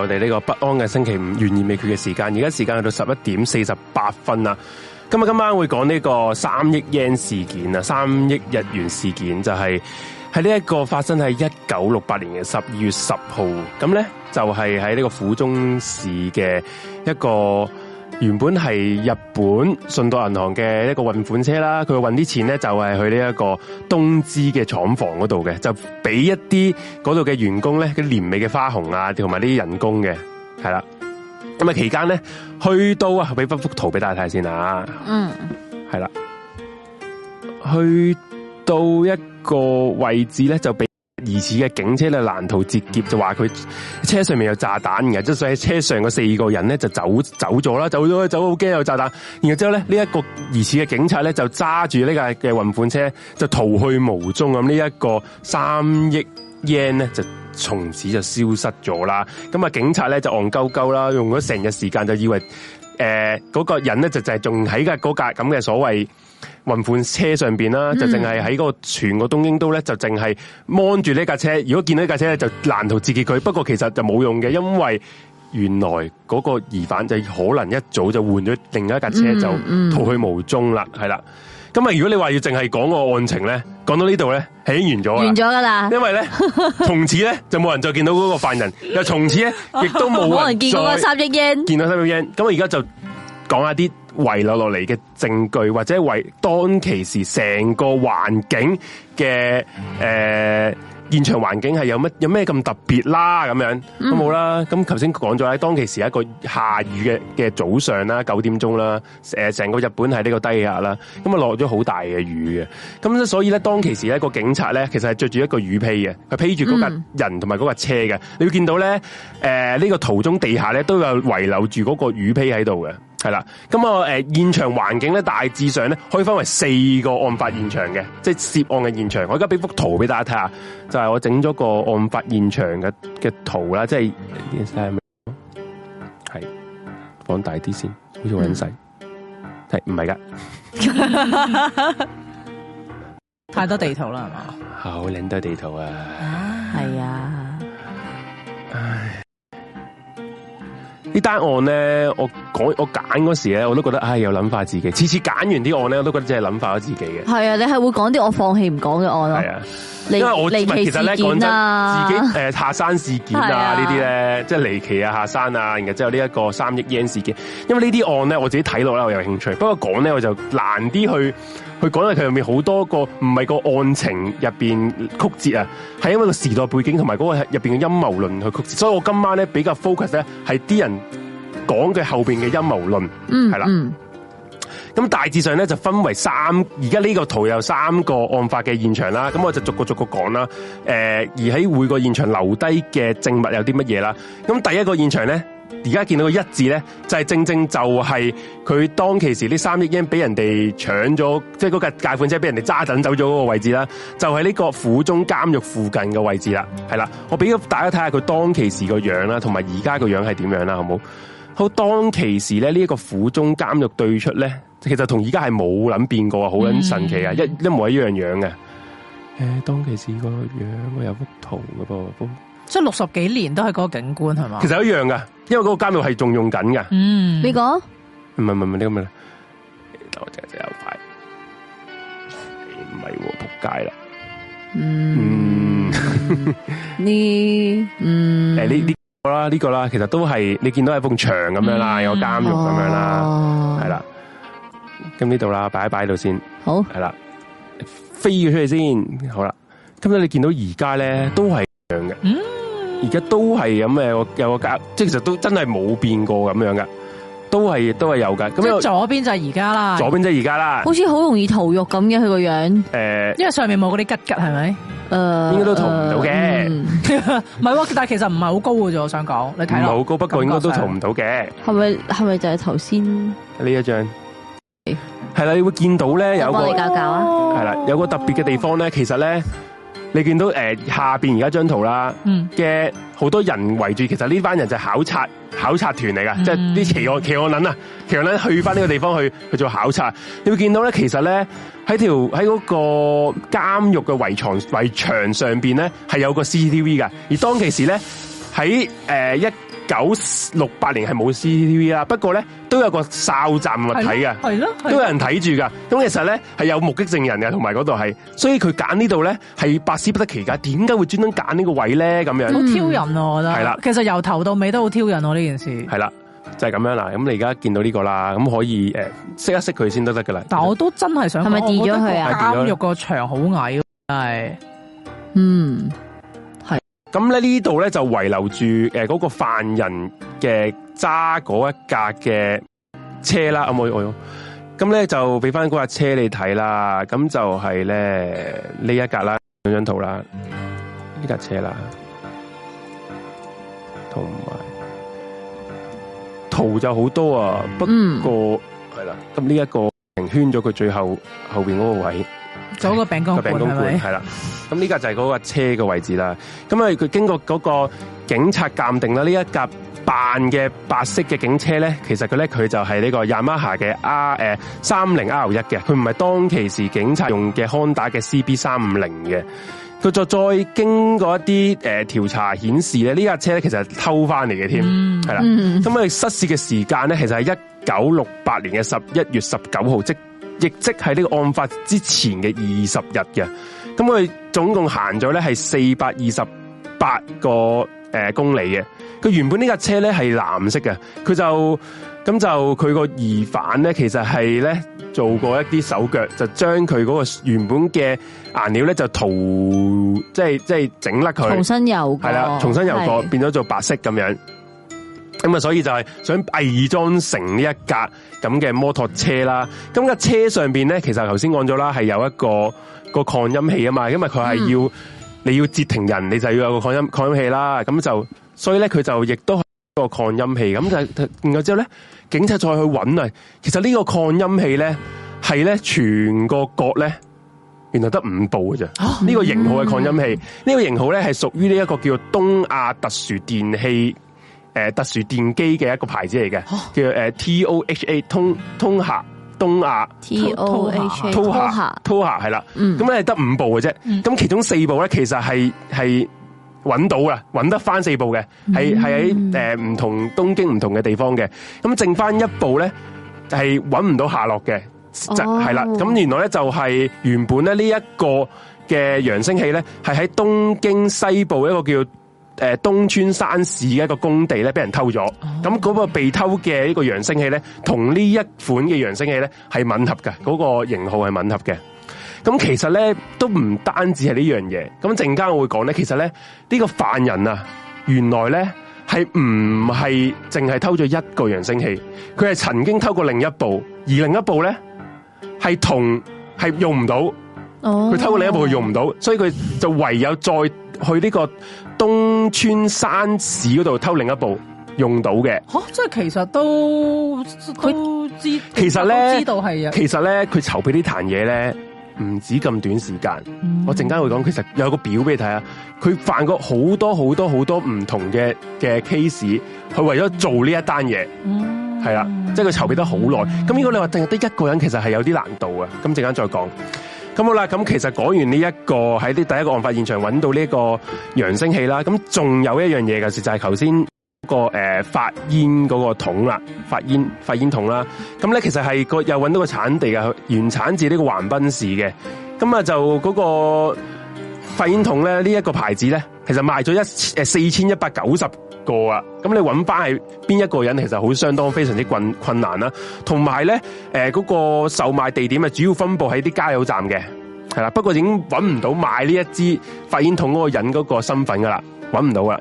嚟、這、呢個不安嘅星期五，懸而未決嘅時間，而家時間去到十一點四十八分啦。今日今晚會講呢個三億 yen 事件啊，三億日元事件就係喺呢一個發生喺一九六八年嘅十二月十號，咁咧就係喺呢個府中市嘅一個。原本係日本信託銀行嘅一個運款車啦，佢運啲錢咧就係、是、去呢一個東芝嘅廠房度嘅，就俾一啲度嘅員工咧，嘅年尾嘅花紅啊，同埋呢啲人工嘅，係啦。咁啊期間咧，去到啊俾一幅圖俾大家睇先啊，嗯，係啦，去到一個位置咧就俾。疑似嘅警車咧難逃劫劫，就話佢車上面有炸彈嘅，即係所以喺車上嘅四個人咧就走走咗啦，走咗，走好驚有炸彈。然後之後咧呢一個疑似嘅警察咧就揸住呢架嘅運款車就逃去無蹤咁，呢、這、一個三億 yen 咧就從此就消失咗啦。咁啊，警察咧就戇鳩鳩啦，用咗成日時間就以為誒嗰、呃嗰個人咧就就係仲喺架嗰架咁嘅所謂。運款車上邊啦，就淨係喺個全個東京都咧，就淨係掹住呢架車。如果見到呢架車咧，就難逃自己。佢。不過其實就冇用嘅，因為原來嗰個疑犯就可能一早就換咗另一架車，就逃去無蹤啦。係、嗯、啦，咁、嗯、啊，如果你話要淨係講個案情咧，講到呢度咧，係已經完咗啊，完咗噶啦。因為咧，從 *laughs* 此咧就冇人再見到嗰個犯人，又從此咧亦都冇冇人，人見到三億元見到三億元，咁我而家就。講一啲遺留落嚟嘅證據，或者為當其時成個環境嘅誒、呃、現場環境係有乜有咩咁特別啦，咁樣都冇啦。咁頭先講咗喺當其時一個下雨嘅嘅早上啦，九點鐘啦，誒、呃、成個日本係呢個低壓啦，咁啊落咗好大嘅雨嘅。咁所以咧，當其時一個警察咧其實係着住一個雨披嘅，佢披住嗰架人同埋嗰架車嘅。你會見到咧，誒、呃、呢、這個途中地下咧都有遺留住嗰個雨披喺度嘅。係啦，咁啊，誒、呃，現場環境咧大致上咧可以分為四個案發現場嘅，即係涉案嘅現場。我而家俾幅圖俾大家睇下，就係、是、我整咗個案發現場嘅嘅圖啦，即係。係、嗯、放大啲先，好似好細。係唔係噶？ *laughs* *laughs* 太多地圖啦，係嘛？好靚多地圖啊！係啊。唉。呢單案咧，我講我揀嗰時咧，我都覺得唉，又諗化自己。次次揀完啲案咧，我都覺得真係諗化咗自己嘅。係啊，你係會講啲我放棄唔講嘅案咯。係、嗯、啊，因為我、啊、其實咧講真，自己誒下山事件啊呢啲咧，即係離奇啊下山啊，然後之後呢一個三億円事件，因為呢啲案咧我自己睇落咧我有興趣，不過講咧我就難啲去。佢講咧，佢入面好多個唔係個案情入邊曲折啊，係因為個時代背景同埋嗰個入邊嘅陰謀論去曲折，所以我今晚咧比較 focus 咧係啲人講嘅後邊嘅陰謀論，嗯，係啦，咁、嗯、大致上咧就分為三，而家呢個圖有三個案發嘅現場啦，咁我就逐個逐個講啦，誒、呃，而喺每個現場留低嘅證物有啲乜嘢啦，咁第一個現場咧。而家見到個一字咧，就係、是、正正就係佢當其時呢三億蚊俾人哋搶咗，即係嗰架解款車俾人哋揸緊走咗嗰個位置啦，就係、是、呢個府中監獄附近嘅位置啦，係啦，我俾咗大家睇下佢當其時個樣啦，同埋而家個樣係點樣啦，好冇？好當其時咧，呢、這、一個府中監獄對出咧，其實同而家係冇諗變過啊，好撚神奇啊，嗯，一一模一樣樣嘅。誒、嗯，當其時個樣我有幅圖㗎噃，即係六十幾年都係嗰個景觀係嘛？其實一樣噶。因為嗰個監獄係仲用緊嘅。嗯，你講。唔係唔係呢個咪啦，我淨係想快、這個，唔係仆街啦。嗯、這個，呢、這個，嗯，呢呢個啦，呢個啦，其實都係你見到係埲牆咁樣，樣那啦，有監獄咁樣啦，係啦。咁呢度啦，擺一擺度先。好，係啦。飛咗出去先，好啦。咁你見到而家咧，都係一樣嘅。嗯。嗯而家都係咁嘅，有個格，即係其實都真係冇變過咁樣噶，都係都係有噶。即係左邊就係而家啦，左邊即係而家啦。好似好容易逃獄咁嘅佢個樣。誒，因為上面冇嗰啲吉吉係咪？誒，應該都逃唔到嘅。唔係喎，但係其實唔係好高嘅啫。我想講，你睇唔係好高，不過應該都逃唔到嘅。係咪係咪就係頭先呢一張？係啦，你會見到咧有個教教啊。係啦，有個特別嘅地方咧，其實咧。你見到誒、呃、下邊而家張圖啦，嘅好多人圍住。其實呢班人就考察考察團嚟噶，即係啲企鵝企鵝撚啊，企鵝撚去翻呢個地方去、嗯、去做考察。你會見到咧，其實咧喺條喺嗰個監獄嘅圍牆圍牆上邊咧係有個 CCTV 噶，而當其時咧喺誒一。九六八年係冇 CCTV 啊，不過咧都有個哨站物體嘅，係咯，都有人睇住噶。咁其實咧係有目擊證人嘅，同埋嗰度係，所以佢揀呢度咧係百思不得其解，點解會專登揀呢個位咧？咁樣好挑釁啊！我覺得係啦、嗯，其實由頭到尾都好挑釁我呢件事。係啦，就係、是、咁樣啦。咁你而家見到呢個啦，咁可以誒識一識佢先都得噶啦。但我都真係想係咪跌咗佢啊？監獄個牆好矮，係嗯。咁咧呢度咧就遺留住誒嗰個犯人嘅揸嗰一格嘅車啦，啱、嗯、我我用。咁咧就俾翻嗰架車你睇啦，咁就係咧呢一格啦，兩張圖啦，呢架車啦，同埋圖就好多啊。不過係啦，咁呢一個圈咗佢最後後邊嗰個位。走個個餅乾罐公咪？係啦，咁呢架就係嗰架車嘅位置啦。咁啊，佢經過嗰個警察鑑定啦，呢一架扮嘅白色嘅警車咧,其實佢咧佢就係呢個亞馬哈嘅 R 誒三零 R 一嘅，佢唔係當其時警察用嘅康達嘅 CB 三五零嘅。佢再再經過一啲誒調查顯示咧，呢架車咧其實係偷翻嚟嘅添，係啦。咁啊，失事嘅時間咧，其實係一九六八年嘅十一月十九號即。亦即係呢個案發之前嘅二十日嘅，咁佢總共行咗咧，係四百二十八個誒公里嘅。佢原本呢架車咧係藍色嘅，佢就咁就佢個疑犯咧，其實係咧做過一啲手腳，就將佢嗰個原本嘅顏料咧就塗，是，即係即係整甩佢，重新油，係啦，重新油過，變咗做白色咁樣。咁、嗯、啊，所以就係想偽裝成呢一架咁嘅摩托車啦。咁架車上邊咧，其實頭先講咗啦，係有一個一個擴音器啊嘛。因為佢係要、嗯、你要截停人，你就要有個擴音擴音器啦。咁就所以咧，佢就亦都係個擴音器。咁就，然之後咧，警察再去揾啊。其實呢個擴音器咧，係咧全個角咧，原來得五部嘅啫。呢、啊這個型號嘅擴音器，呢、嗯嗯這個型號咧係屬於呢一個叫做東亞特殊電器。誒，特殊電機嘅一個牌子嚟嘅，哦，叫誒 T O H A 通通下東亞 T O H A 通下通下，係啦，咁咧得五部嘅啫，咁、嗯、其中四部咧其實係係揾到嘅，揾得翻四部嘅，係係喺誒唔同東京唔同嘅地方嘅，咁剩翻一部咧係揾唔到下落嘅。哦、就係啦，咁原來咧就係原本咧呢一個嘅揚聲器咧係喺東京西部一個叫。誒，東村山市嘅一個工地咧，俾人偷咗。咁、哦、嗰、嗰個被偷嘅呢個揚聲器咧，同呢一款嘅揚聲器咧係吻合嘅，嗰、嗰個型號係吻合嘅。咁其實咧都唔單止係呢樣嘢。咁陣間我會講咧，其實咧呢、呢個犯人啊，原來咧係唔係淨係偷咗一個揚聲器，佢係曾經偷過另一部，而另一部咧係同係用唔到。哦，佢偷過另一部他不，佢用唔到，所以佢就唯有再去呢、呢個。東川山市嗰度偷另一部用到嘅，吓、啊，即係其實都都知,道其呢都知道，其實咧知道係啊，其實咧佢籌備呢壇嘢咧唔止咁短時間、嗯，我陣間會講，其實有個表俾你睇下，佢犯過好多好多好多唔同嘅嘅 case，佢為咗做呢一單嘢，係、嗯、啦，即係佢籌備得好耐，咁如果你話淨係得一個人其實係有啲難度啊，咁陣間再講。咁好啦，咁其實講完呢、這、一個喺啲第一個案發現場揾到呢個揚聲器啦，咁仲有一樣嘢嘅事就係頭先個誒發煙嗰個桶啦，發煙發煙桶啦，咁咧其實係個又揾到個產地嘅，原產自呢個橫濱市嘅，咁啊就嗰、那個。發煙筒咧呢一，這個牌子咧，其實賣咗一誒四千一百九十個啊！咁你揾翻係邊一個人，其實好相當非常之困困難啦。同埋咧，誒、呃、嗰，那個售賣地點啊，主要分布喺啲加油站嘅，係啦。不過已經揾唔到賣呢一支發煙筒嗰個人嗰個身份噶啦，揾唔到㗎。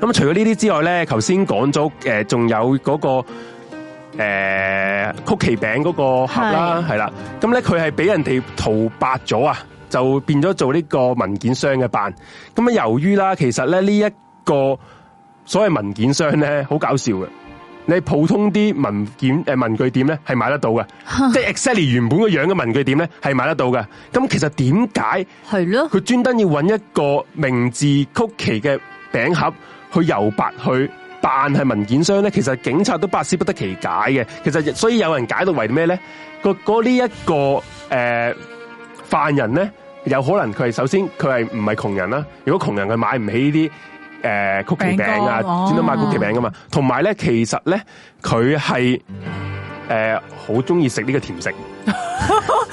咁除咗呢啲之外咧，頭先講咗誒，仲、呃、有嗰，那個誒、呃、曲奇餅嗰個盒啦，係啦。咁咧佢係俾人哋塗白咗啊！就變咗做呢個文件箱嘅辦，咁啊由於啦，其實咧呢一個所謂文件箱咧好搞笑嘅，你普通啲文件誒、呃、文具店咧係買得到嘅， *laughs* 即係 Excel 原本個樣嘅文具店咧係買得到嘅。咁其實點解係咯？佢專登要揾一個名字曲奇嘅餅盒去油白去扮係文件箱咧，其實警察都百思不得其解嘅。其實所以有人解讀為咩咧？哥哥這個個呢一個誒。呃犯人咧有可能佢係首先佢係唔係窮人啦，如果窮人佢買唔起呢啲誒曲奇餅啊，專登買曲奇餅噶嘛。同埋咧，其實咧佢係誒好中意食呢、呃、個甜食，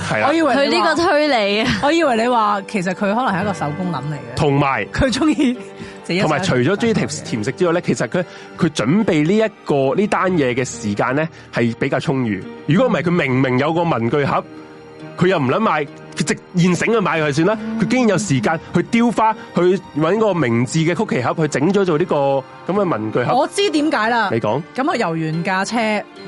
係啦。我以為佢呢個推理啊，我以為你話 *laughs* 其實佢可能係一個手工諗嚟嘅。同埋佢中意，同埋除咗中意甜食之外咧， *laughs* 其實佢佢準備呢一個呢單嘢嘅時間咧係比較充裕。如果唔係佢明明有個文具盒，佢又唔諗買。即現成去買佢算啦，佢竟然有時間去雕花，去揾個名字嘅曲奇盒去整咗做呢個。咁啊！文具盒，我知點解啦。你講，咁啊游完架車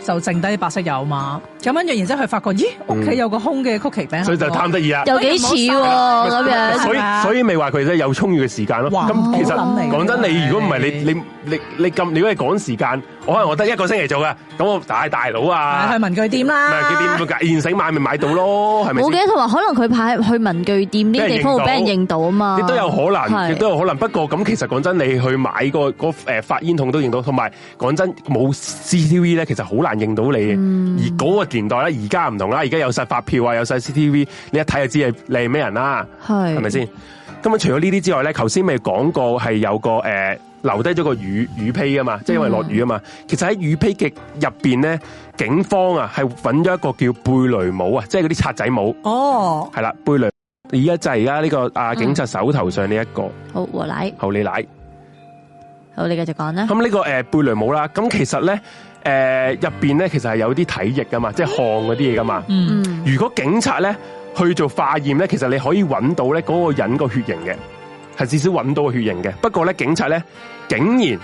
就剩低啲白色油嘛。咁樣然之後佢發覺，咦屋企有個空嘅曲奇餅，所以就貪得意啊，有幾似咁樣。所以所以咪話佢咧有充裕嘅時間咯。咁其實講真，你如果唔係你你你你咁，如果你趕時間，我可能我得一個星期做噶。咁我帶大佬啊，去文具店啦。唔係佢點？現成買咪買到咯，係咪？我記得佢話，可能佢派去文具店呢啲地方度俾人認到啊嘛。亦都有可能，亦都有可能。不過咁其實講真，你去買個個。誒、呃，發煙筒都認到，同埋講真，冇 CCTV 咧，其實好難認到你。嗯、而嗰個年代咧，而家唔同啦，而家有晒發票啊，有晒 CCTV，你一睇就知係你係咩人啦。係，係咪先？咁啊，是是除咗呢啲之外咧，頭先咪講過係有個誒、呃，留低咗個雨雨披啊嘛，即係因為落雨啊嘛。嗯、其實喺雨披嘅入邊咧，警方啊係揾咗一個叫貝雷帽啊，即係嗰啲賊仔帽。哦，係啦，貝雷帽，這個，而家就係而家呢個警察手頭上呢、這、一個。嗯、好和奶，好你奶。好，你繼續講啦。咁、嗯、呢、呢個誒，貝、呃、雷帽啦。咁其實咧，誒入邊咧，其實係、呃、有啲體液噶嘛，即係汗嗰啲嘢噶嘛。嗯。如果警察咧去做化驗咧，其實你可以揾到咧嗰個人個血型嘅，係至少揾到個血型嘅。不過咧，警察咧竟然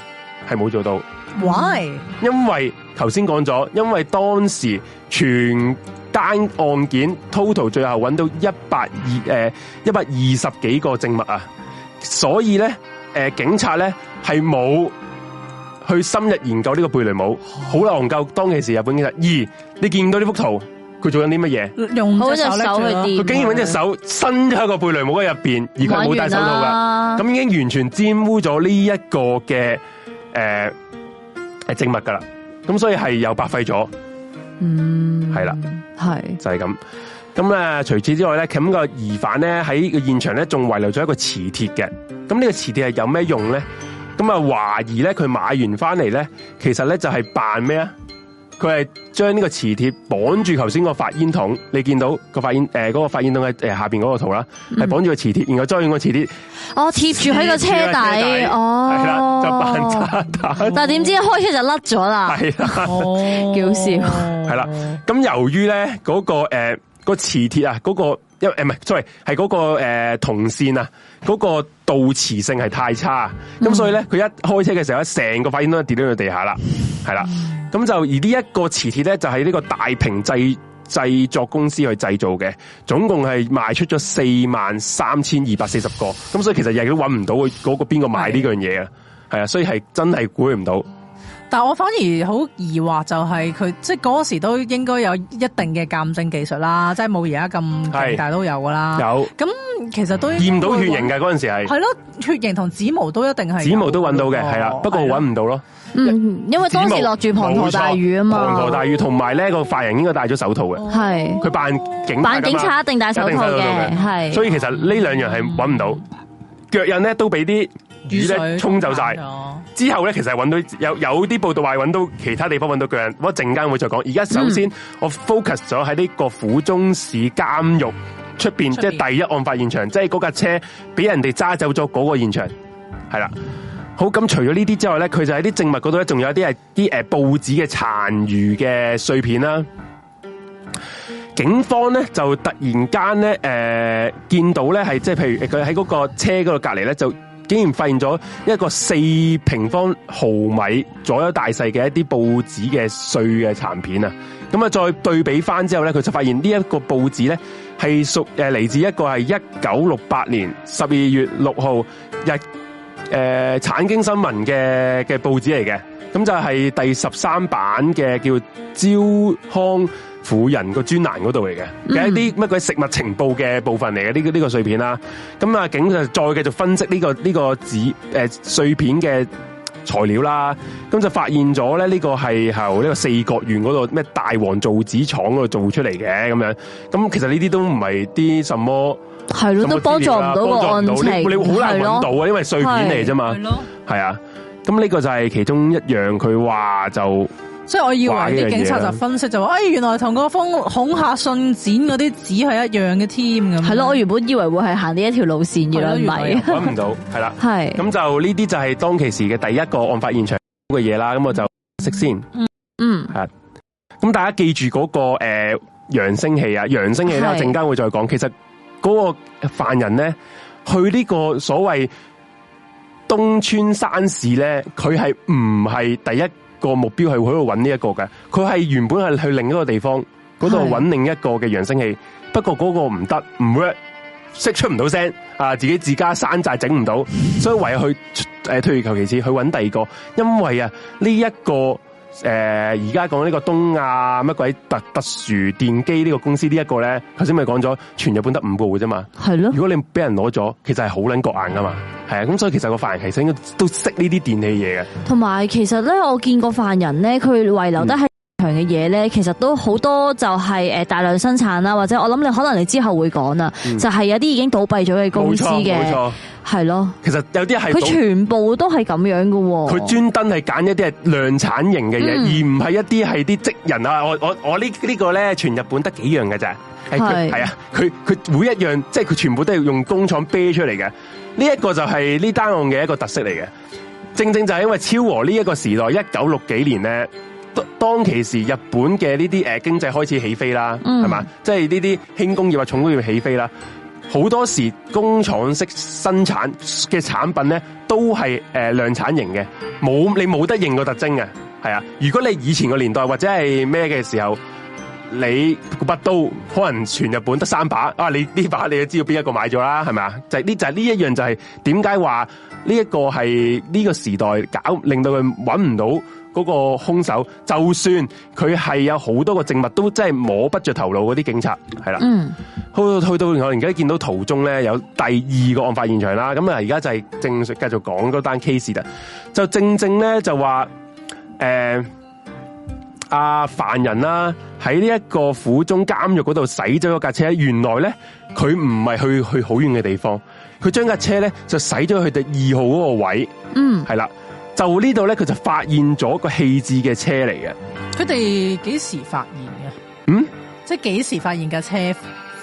係冇做到。Why？因為頭先講咗，因為當時全單案件 total 最，最後揾到一百二誒、呃、一百二十幾個證物啊，所以咧。誒，警察咧係冇去深入研究呢個貝雷帽，好狼狗當其時日本警察。二，你見到呢幅圖，佢做緊啲乜嘢？用好隻手去掂，佢竟然搵隻手伸咗喺個貝雷帽入邊，而佢冇戴手套噶，咁、啊、已經完全沾污咗呢一個嘅誒誒證物噶啦。咁所以係又白費咗。嗯，係啦，係就係、是、咁。咁啊！除此之外咧，咁個疑犯咧喺個現場咧，仲遺留咗一個磁鐵嘅。咁呢個磁鐵係有咩用咧？咁啊懷疑咧，佢買完翻嚟咧，其實咧就係扮咩啊？佢係將呢個磁鐵綁住頭先個發煙筒。你見到個發煙誒，嗰個發煙筒嘅誒下邊嗰個圖啦，係、嗯、綁住個磁鐵，然後再用個磁鐵。哦，貼住喺個車底車哦。係啦，就扮炸彈。哦、但係點知一開車就甩咗啦。係啦，幾好笑、哦。係啦、那個，咁由於咧嗰個誒。那個磁鐵啊，嗰、那個，因為誒唔係，sorry，係嗰個誒銅、呃、線啊，嗰、那個導磁性係太差，咁、嗯、所以咧，佢一開車嘅時候，成個塊磚都跌咗喺地下啦，係啦，咁就而呢一個磁鐵咧，就係、是、呢個大屏製製作公司去製造嘅，總共係賣出咗四萬三千二百四十個，咁所以其實日日都揾唔到嗰、那個邊、那個買呢樣嘢啊，係、嗯、啊，所以係真係估唔到。但係我反而好疑惑，就係佢即係嗰時都應該有一定嘅鑑證技術啦，即係冇而家咁強大都有㗎啦。有咁其實都驗到血型嘅嗰陣時係係咯，血型同指模都一定係指模都揾到嘅，係啦。不過揾唔到咯。嗯，因為當時落住滂沱大雨啊嘛，滂沱大雨同埋呢個犯人應該戴咗手套嘅。係佢扮警，扮警察一定戴手套嘅。係，所以其實呢兩樣係揾唔到腳印呢，都俾啲。雨咧，沖走晒，之後咧，其實係揾到有有啲報道話揾到其他地方揾到巨人，我一陣間會再講。而家首先，嗯，我 focus 咗喺呢個府中市監獄出邊，即係第一案發現場，即係嗰架車俾人哋揸走咗嗰個現場，係啦。好，咁，除咗呢啲之外咧，佢就喺啲證物嗰度咧，仲有啲係啲誒報紙嘅殘餘嘅碎片啦。警方咧就突然間咧誒見到咧，係即係譬如佢喺嗰個車嗰度隔籬咧就。竟然發現咗一個四平方毫米左右大細嘅一啲報紙嘅碎嘅殘片啊！咁啊，再對比翻之後呢，佢就發現呢一個報紙呢係屬誒嚟自一個係一九六八年十二月六號日誒、呃、產經新聞嘅嘅報紙嚟嘅，咁就係、是、第十三版嘅叫朝刊》。婦人個專欄嗰度嚟嘅，有、嗯、一啲乜鬼食物情報嘅部分嚟嘅呢個呢個碎片啦。咁啊警，就再繼續分析呢、這個呢、這個紙誒、呃、碎片嘅材料啦。咁就發現咗咧呢個係由呢個四角園嗰度咩大王造紙廠嗰度做出嚟嘅咁樣。咁其實呢啲都唔係啲什麼係咯，都幫助唔到個案情，你好難搵到啊，因為碎片嚟啫嘛。係啊，咁呢個就係其中一樣佢話就。所以，我以為啲警察就分析、啊、就話，哎，原來同個封恐嚇信展嗰啲紙係一樣嘅添。e 咁。係咯，我原本以為會係行呢一條路線，原來唔係。揾唔到，係 *laughs* 啦。係。咁就呢啲就係當其時嘅第一個案發現場嘅嘢啦。咁我就識先。嗯。嗯。咁大家記住嗰、那個誒、呃、揚聲器啊，揚聲器呢我陣間會再講。其實嗰個犯人咧，去呢個所謂東村山市咧，佢係唔係第一？個目標係喺度揾呢一個嘅，佢係原本係去另一個地方嗰度揾另一個嘅揚聲器，不過嗰個唔得，唔 work，識出唔到聲啊！自己自家山寨整唔到，所以唯有去誒、呃、退而求其次去揾第二個，因為啊呢一個。誒，而家講呢個東亞乜鬼特特殊電機呢個公司呢個呢一個咧，頭先咪講咗全日本得五個嘅啫嘛，係咯。如果你俾人攞咗，其實係好撚過硬噶嘛，係啊。咁所以其實個犯人其實應該都識呢啲電器嘢嘅。同埋其實咧，我見過個犯人咧，佢遺留得係、嗯。嘅嘢咧，其實都好多就係誒大量生產啦，或者我諗你可能你之後會講啦，就係有啲已經倒閉咗嘅公司嘅、嗯，冇錯，係咯。其實有啲係佢全部都係咁樣嘅。佢專登係揀一啲係量產型嘅嘢，而唔係一啲係啲職人啊。我我我呢呢個咧，全日本得幾樣嘅咋？係係啊，佢佢每一樣，即係佢全部都係用工廠啤出嚟嘅。呢一個就係呢單案嘅一個特色嚟嘅。正正就係因為昭和呢一個時代，一九六幾年咧。當其時，日本嘅呢啲誒經濟開始起飛啦，嗯、係嘛？即係呢啲輕工業或重工業起飛啦。好多時工廠式生產嘅產品咧，都係誒量產型嘅，冇你冇得認個特徵嘅。係啊，如果你以前個年代或者係咩嘅時候，你嗰把刀可能全日本得三把，啊，你呢把你都知道邊一個買咗啦，係咪啊？就係呢就係呢一樣就係點解話呢一個係呢個時代搞令到佢揾唔到。嗰、那個兇手，就算佢係有好多個證物，都真係摸不着頭腦嗰啲警察，係啦。嗯，去去到後而家見到途中咧有第二個案發現場啦。咁啊，而家就係正式繼續講嗰單 case 啦。就正正咧就話，誒、呃，阿、啊、犯人啦喺呢一個府中監獄嗰度洗咗一架車，原來咧佢唔係去去好遠嘅地方，佢將架車咧就洗咗去第二號嗰個位。嗯，係啦。就呢度咧，佢就發現咗個棄置嘅車嚟嘅。佢哋幾時發現嘅？嗯，即係幾時發現架車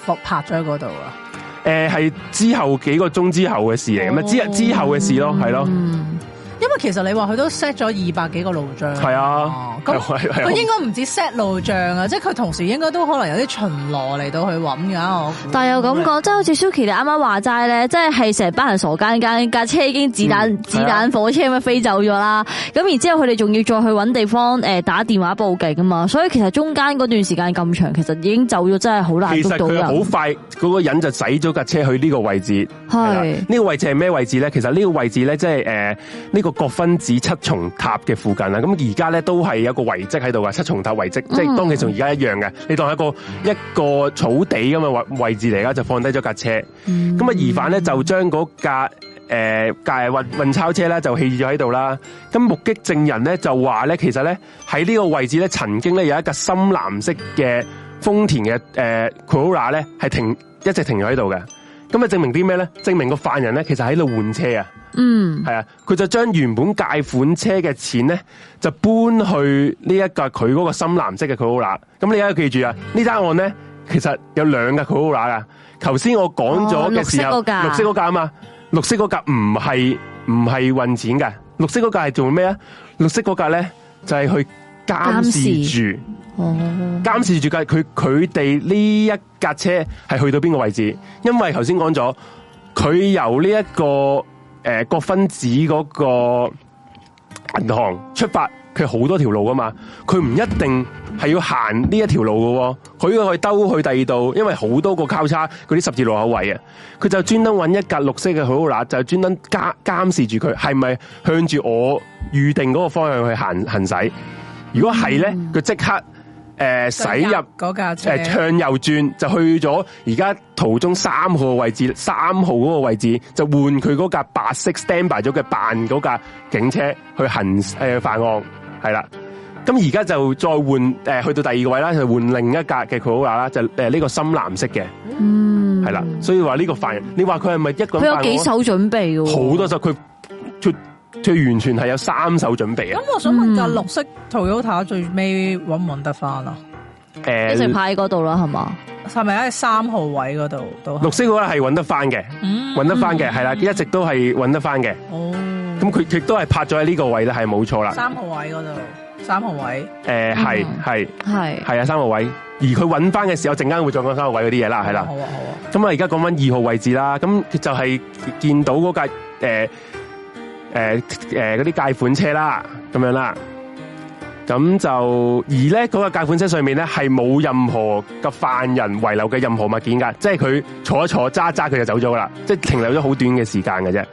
泊拍咗喺嗰度啊？誒、呃，係之後幾個鐘之後嘅事嚟，咁咪之之後嘅事咯，係咯。嗯因為其實你話佢都 set 咗二百幾個路障，係啊，佢、啊啊啊、應該唔止 set 路障係啊，即係佢同時應該都可能有啲巡邏嚟到佢去揾㗎。但係又咁講，即、嗯、係好似 Suki 你啱啱話齋咧，即係係成班人傻更更架車已經子彈、嗯、子彈火車咁飛走咗啦。咁、啊、然之後佢哋仲要再去揾地方誒、呃、打電話報警啊嘛。所以其實中間嗰段時間咁長，其實已經走咗真係好難捉到人，其實佢好快，嗰、嗰個人就駛咗架車去呢個位置。係呢、啊呢個位置係咩位置咧？其實呢個位置咧、就係，即係誒呢個。國分子七重塔嘅附近啦，咁而家咧都係有一個遺蹟喺度嘅，七重塔遺蹟，mm. 即係當其時同而家一樣嘅，你當係一個一個草地咁嘅位位置嚟啦，就放低咗架車。咁、mm. 啊疑犯咧就將嗰架誒架運運鈔車咧就棄咗喺度啦。咁目擊證人咧就話咧，其實咧喺呢個位置咧曾經咧有一架深藍色嘅豐田嘅誒 Corolla 咧係停一直停咗喺度嘅。咁就證明啲咩咧？證明個犯人咧其實喺度換車啊！嗯，係啊，佢就將原本借款車嘅錢咧，就搬去呢一架佢嗰個深藍色嘅佢好乸。咁你而家要記住啊，一呢單案咧其實有兩架佢好乸啊。頭先我講咗嘅時候，哦、綠色嗰架啊嘛，綠色嗰架唔係唔係運錢嘅，綠色嗰架係做咩啊？綠色嗰架咧就係、是、去監視住，監視、哦、視住嘅佢佢哋呢一架車係去到邊個位置？因為頭先講咗，佢由呢、這、一個。誒、呃，個分子嗰個銀行出發，佢好多條路噶嘛，佢唔一定係要行呢一條路喎、哦。佢要去兜去第二度，因為好多個交叉嗰啲十字路口位啊，佢就專登揾一格綠色嘅好啦，就專登監監視住佢係咪向住我預定嗰個方向去行行駛，如果係咧，佢即刻。誒、嗯，駛入嗰架車，誒、嗯、向右轉就去咗而家途中三號嘅位置，三號嗰個位置就換佢嗰架白色 standby 咗嘅扮嗰架警車去行誒犯案，係、呃、啦。咁而家就再換誒、呃、去到第二個位啦，就換另一架嘅佢架啦，就誒呢個深藍色嘅，嗯係啦。所以話呢個犯人，你話佢係咪一個人？佢有幾手準備嘅，好多手佢。佢完全係有三手準備啊！咁我想問架綠色 Toyota 最尾搵唔搵得翻啊？誒，一直拍喺嗰度啦，係嘛？係咪喺三號位嗰度？都綠色位係搵得翻嘅，搵得翻嘅係啦，一直都係搵得翻嘅。哦，咁佢亦都係拍咗喺呢個位啦，係冇錯啦。三號位嗰度，三號位。誒、uh -huh.，係係係係啊，三號位。而佢搵翻嘅時候，陣間會再講三號位嗰啲嘢啦，係啦、uh -huh. 嗯。好啊，好啊。咁啊，而家講緊二號位置啦。咁就係見到嗰架誒。呃誒、呃、誒，嗰啲借款車啦，咁樣啦，咁就而咧，嗰、嗰個借款車上面咧係冇任何嘅犯人遺留嘅任何物件噶，即係佢坐一坐揸揸佢就走咗噶啦，即係停留咗好短嘅時間嘅啫。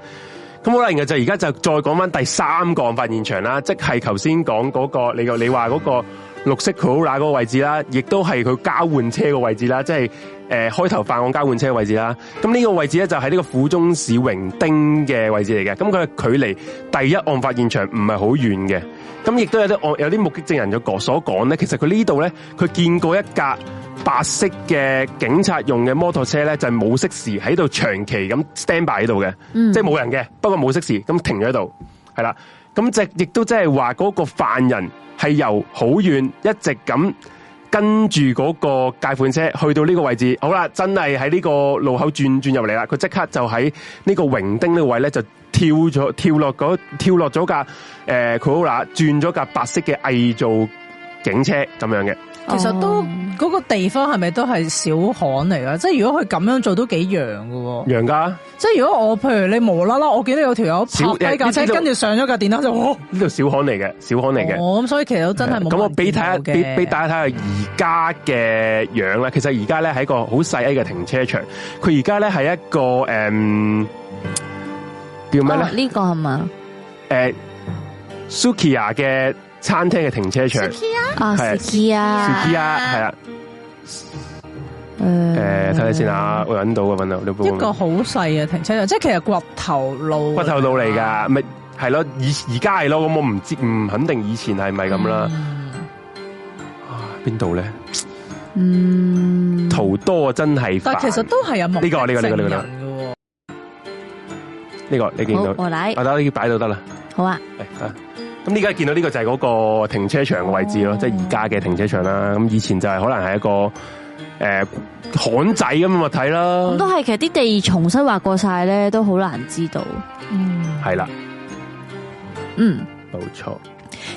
咁好啦，然後就而家就再講翻第三個案發現場啦，即係頭先講嗰個你你話嗰個綠色草乸嗰個位置啦，亦都係佢交換車嘅位置啦，即係。誒、呃、開頭犯案交換車的位置啦，咁呢個位置咧就喺、是、呢個府中市榮町嘅位置嚟嘅，咁佢距離第一案發現場唔係好遠嘅，咁亦都有啲案有啲目擊證人嘅講所講咧，其實佢呢度咧佢見過一架白色嘅警察用嘅摩托車咧，就係冇熄匙喺度長期咁 stand by 喺度嘅，嗯、即係冇人嘅，不過冇熄匙咁停咗喺度，係啦，咁即亦都即係話嗰個犯人係由好遠一直咁。跟住嗰個介款車去到呢個位置，好啦，真係喺呢個路口轉轉入嚟啦，佢即刻就喺呢個紅燈呢個位咧就跳咗跳落嗰跳落咗架呃 Corolla，轉、呃、咗架白色嘅偽造。警車咁樣嘅，其實都嗰、哦、個地方係咪都係小巷嚟噶？即係如果佢咁樣做都幾揚噶？揚噶，即係如果我譬如你無啦啦，我記得有條友，爬低架車跟住上咗架電單車就呢度、哦、小巷嚟嘅，小巷嚟嘅。哦，咁所以其實都真係冇咁我俾睇一俾俾大家睇下而家嘅樣啦。其實而家咧係一個好細 A 嘅停車場，佢而家咧係一個誒、嗯、叫咩咧？呢、哦這個係嘛？誒，Sukiya 嘅。餐廳嘅停車場啊，士啊，士啊，係啊，誒，睇睇先啊，搵到，啊，搵到，呢個好細嘅停車場，即係、哦嗯這個、其實掘頭路，掘頭路嚟噶，咪係咯，以而家係咯，咁我唔知，唔肯定以前係咪咁啦。啊，邊度咧？嗯，圖多真係，但其實都係有冇呢個呢個呢個呢個，呢、這個、這個這個、你見到我我等擺到得啦，好啊，誒、這個、啊。咁依家見到呢個就係嗰個停車場嘅位置咯，即係而家嘅停車場啦。咁以前就係可能係一個誒、呃、巷仔咁嘅物體啦。咁都係，其實啲地重新劃過晒咧，都好難知道。嗯，係啦，嗯，冇錯。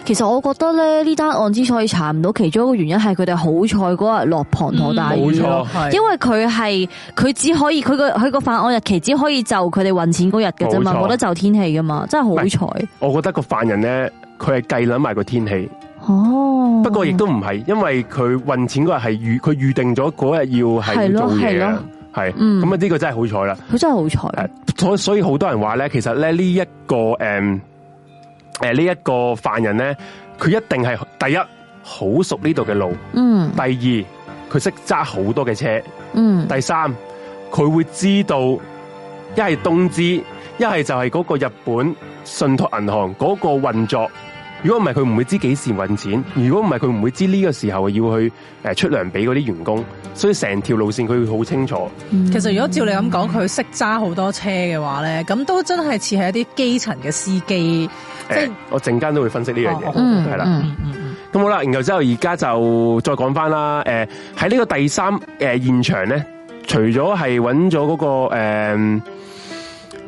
其實我覺得咧，呢單案之所以查唔到，其中一個原因係佢哋好彩嗰日落滂沱大雨咯，嗯，因為佢係佢只可以佢個佢個犯案日期只可以就佢哋運錢嗰日嘅啫嘛，冇得就天氣噶嘛真係好彩。我覺得個犯人咧，佢係計諗埋個天氣。哦，不過亦都唔係，因為佢運錢嗰日係預佢預定咗嗰日要係做嘢嘅，係咁啊！呢、嗯、個真係好彩啦，佢真係好彩。所以所以好多人話咧，其實咧呢一個誒。嗯誒，呢一個犯人咧，佢一定係第一好熟呢度嘅路，嗯。第二佢識揸好多嘅車，嗯。第三佢會知道一係東芝，一係就係嗰個日本信託銀行嗰個運作。如果唔係佢唔會知幾時運錢，如果唔係佢唔會知呢個時候要去誒出糧俾嗰啲員工，所以成條路線佢會好清楚。嗯。其實如果照你咁講，佢識揸好多車嘅話咧，咁都真係似係一啲基層嘅司機。即、欸、我陣間都會分析呢樣嘢，係、哦、啦。咁、嗯嗯嗯嗯、好啦，然後之後而家就再講翻啦。誒、呃，喺呢個第三誒、呃、現場咧，除咗係揾咗嗰個誒誒、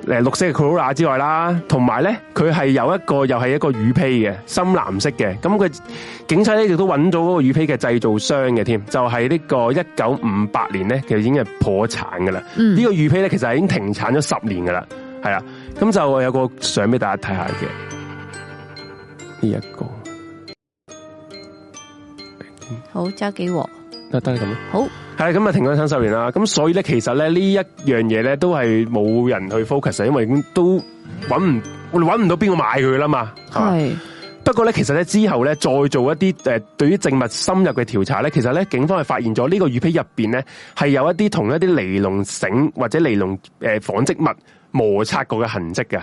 呃、綠色嘅 Corolla 之外啦，同埋咧，佢係有一個又係一個雨披嘅深藍色嘅。咁佢警察咧亦都揾咗嗰個雨披嘅製造商嘅，添就係、是、呢個一九五八年咧，其實已經係破產噶啦。嗯這個、呢個雨披咧其實已經停產咗十年噶啦，係啦。咁就有個相俾大家睇下嘅。呢、這、一個好揸幾鑊，得得係咁啦。好係咁啊，停咗三十年啦。咁所以咧，其實咧呢一樣嘢咧都係冇人去 focus 啊，因為已經都揾唔揾唔到邊個買佢啦嘛。係不過咧,其實咧之後咧再做一啲誒，對於證物深入嘅調查咧，其實咧警方係發現咗呢個雨披入邊咧係有一啲同一啲尼龍繩或者尼龍誒紡織物摩擦過嘅痕跡嘅。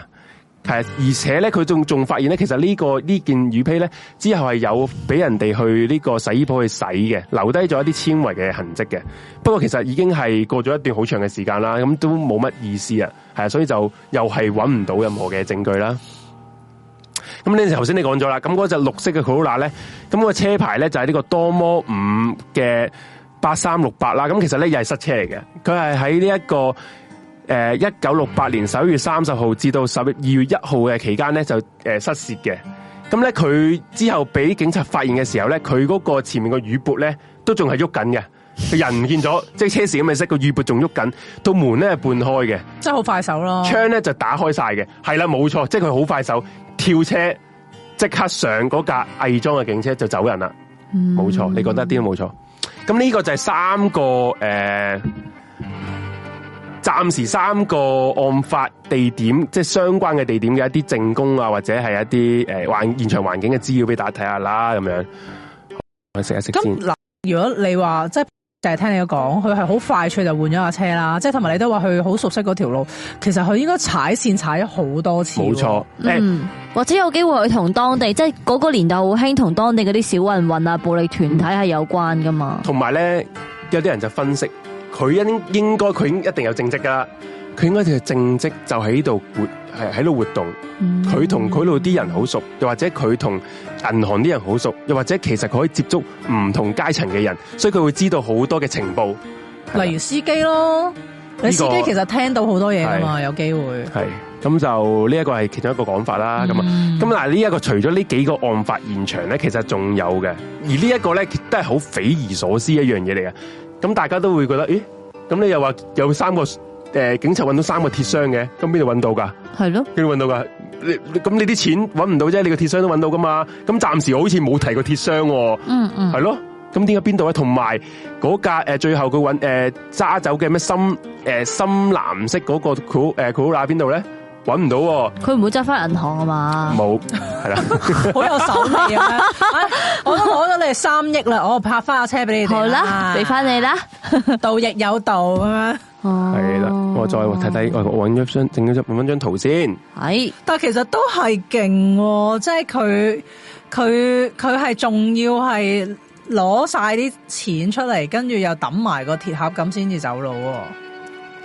係，而且咧，佢仲仲發現咧，其實呢個呢件雨披咧，之後係有俾人哋去呢個洗衣鋪去洗嘅，留低咗一啲纖維嘅痕跡嘅。不過其實已經係過咗一段好長嘅時間啦，咁都冇乜意思啊。係啊，所以就又係揾唔到任何嘅證據啦。咁呢頭先你講咗啦，咁嗰隻綠色嘅 Corolla 咧，咁個車牌咧就係呢個多摩五嘅八三六八啦。咁其實咧又係塞車嚟嘅，佢係喺呢一個。誒、呃，一九六八年十一月三十號至到十二月一號嘅期間咧，就誒、呃、失竊嘅。咁、嗯、咧，佢之後俾警察發現嘅時候咧，佢嗰個前面個雨撥咧都仲係喐緊嘅，人唔見咗， *laughs* 即係車匙咁咪識，個雨撥仲喐緊，到門咧係半開嘅，真係好快手咯。窗咧就打開晒嘅，係啦，冇錯，即係佢好快手跳車，即刻上嗰架偽裝嘅警車就走人啦。冇、嗯、錯，你覺得一啲都冇錯。咁呢個就係三個誒。呃暫時三個案發地點，即係相關嘅地點嘅一啲證供啊，或者係一啲誒環現場環境嘅資料俾大家睇下啦，咁樣我哋食一食先。嗱、嗯呃，如果你話即係淨係聽你講，佢係好快脆就換咗架車啦，即係同埋你都話佢好熟悉嗰條路，其實佢應該踩線踩咗好多次，冇錯、嗯欸。或者有機會佢同當地即係嗰個年代好興同當地嗰啲小混混啊、暴力團體係有關㗎嘛。同埋咧，有啲人就分析。佢應應該佢一定有正職噶啦，佢應該政績就係正職就喺度活係喺度活動。佢同佢度啲人好熟，又或者佢同銀行啲人好熟，又或者其實佢可以接觸唔同階層嘅人，所以佢會知道好多嘅情報，例如司機咯、這個，你司機其實聽到好多嘢噶嘛，有機會係咁就呢一、這個係其中一個講法啦。咁啊咁嗱呢一個除咗呢幾個案發現場咧，其實仲有嘅，而呢一個咧都係好匪夷所思一樣嘢嚟嘅。咁大家都會覺得，咦？咁你又話有三個誒、呃、警察揾到三個鐵箱嘅，咁邊度揾到噶？係咯，邊度揾到噶？你咁你啲錢揾唔到啫，你個鐵箱都揾到噶嘛？咁暫時好似冇提過鐵箱喎、哦。嗯嗯，係咯。咁點解邊度呢？同埋嗰架、呃、最後佢揾誒揸走嘅咩深誒、呃、深藍色嗰個酷誒 Corolla 邊度咧？搵唔到，佢唔會執翻銀行啊嘛？冇，係啦，好有手氣啊！我都攞咗你三億啦，我，我拍翻架車俾你好啦，俾翻你啦， *laughs* 盜亦有道 *laughs* 啊！係啦，我再睇睇，我搵咗張，搵咗張，搵翻張圖先。係、哎，但其實都係勁，即係佢佢佢係仲要係攞晒啲錢出嚟，跟住又抌埋個鐵盒咁先至走佬。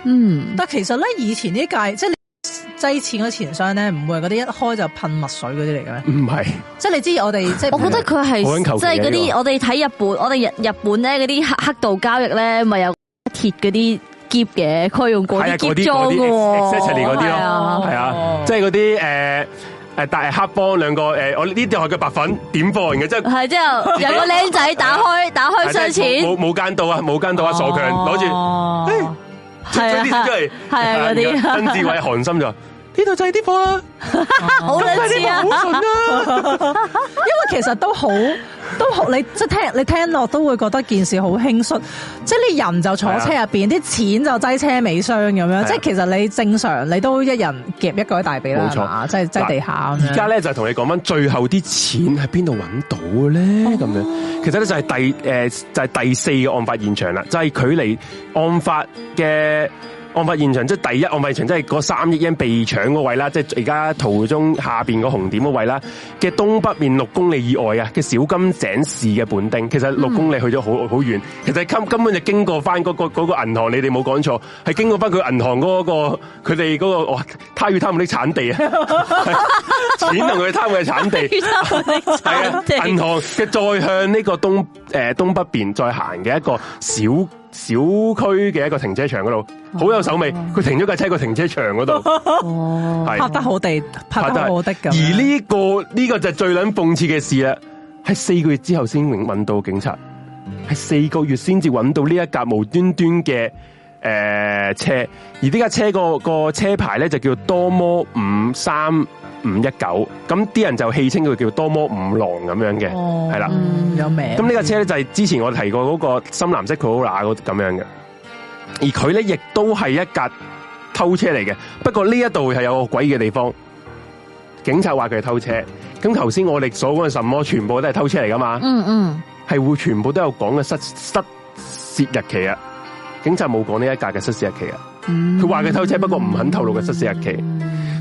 嗯，但其實咧，以前呢屆即係。擠錢嗰個錢箱，咧，唔會係嗰啲一開就噴墨水嗰啲嚟嘅咩？唔係，即係你知我哋，即係我覺得佢係，即係嗰啲我哋睇日本，我哋日日本咧嗰啲黑黑道交易咧，咪有鐵嗰啲喼嘅，可以用過啲夾裝嘅。係、exactly、啊，嗰啲咯，係啊，即係嗰啲誒誒大黑幫兩個誒、呃，我呢度係嘅白粉點貨，而家即係係之後有個僆仔打開、啊、打開箱錢，冇冇間道啊，冇間道啊，傻強攞住。啊係係嗰啲，啊，曾志偉寒心咗。呢度擠啲貨啦，好類啲啊，好順啊， *laughs* 因為其實都好，都好你即係聽，你聽落都會覺得件事好輕鬆，即係你人就坐車入邊，啲、啊、錢就擠車尾箱咁樣，啊、即係其實你正常你都一人夾一個喺大髀啦，冇錯，即係擠地下。而家咧就係、是、同你講翻最後啲錢喺邊度揾到咧咁樣，其實咧就係第誒就係、是、第四個案發現場啦，就係距離案發嘅。案發現場即係第一案發現場，即係個三億英被搶嗰位啦，即係而家圖中下邊個紅點嗰位啦嘅東北面六公里以外啊嘅小金井市嘅本町，其實六公里去咗好好遠，其實根根本就經過翻、那、嗰、個那個銀行，你哋冇講錯，係經過翻佢銀行嗰、那個佢哋嗰個哇，他與他們的產地啊， *laughs* 錢同佢貪啲產地， *laughs* 產地 *laughs* 啊，銀行嘅再向呢個東、呃、東北邊再行嘅一個小。小區嘅一個停車場嗰度，好有手尾。佢、oh. 停咗架車個停車場嗰度、oh. *laughs* 拍得好地，拍得好得㗎。而呢、這個呢、這個就係最捻諷刺嘅事啦，喺四個月之後先揾到警察，喺四個月先至揾到呢一架無端端嘅誒、呃、車，而呢架車個、那個車牌咧就叫多摩五三。五一九，咁啲人就戲稱佢叫多摩五郎咁樣嘅，係、哦、啦、嗯，有名。咁呢架車咧就係之前我提過嗰個深藍色 Corolla 咁樣嘅，而佢咧亦都係一架偷車嚟嘅。不過呢一度係有個詭異嘅地方，警察話佢係偷車。咁頭先我哋所講嘅，什麼全部都係偷車嚟噶嘛？嗯嗯，係會全部都有講嘅失失竊日期啊。警察冇講呢一架嘅失竊日期啊。佢話佢偷車，不過唔肯透露嘅失事日期。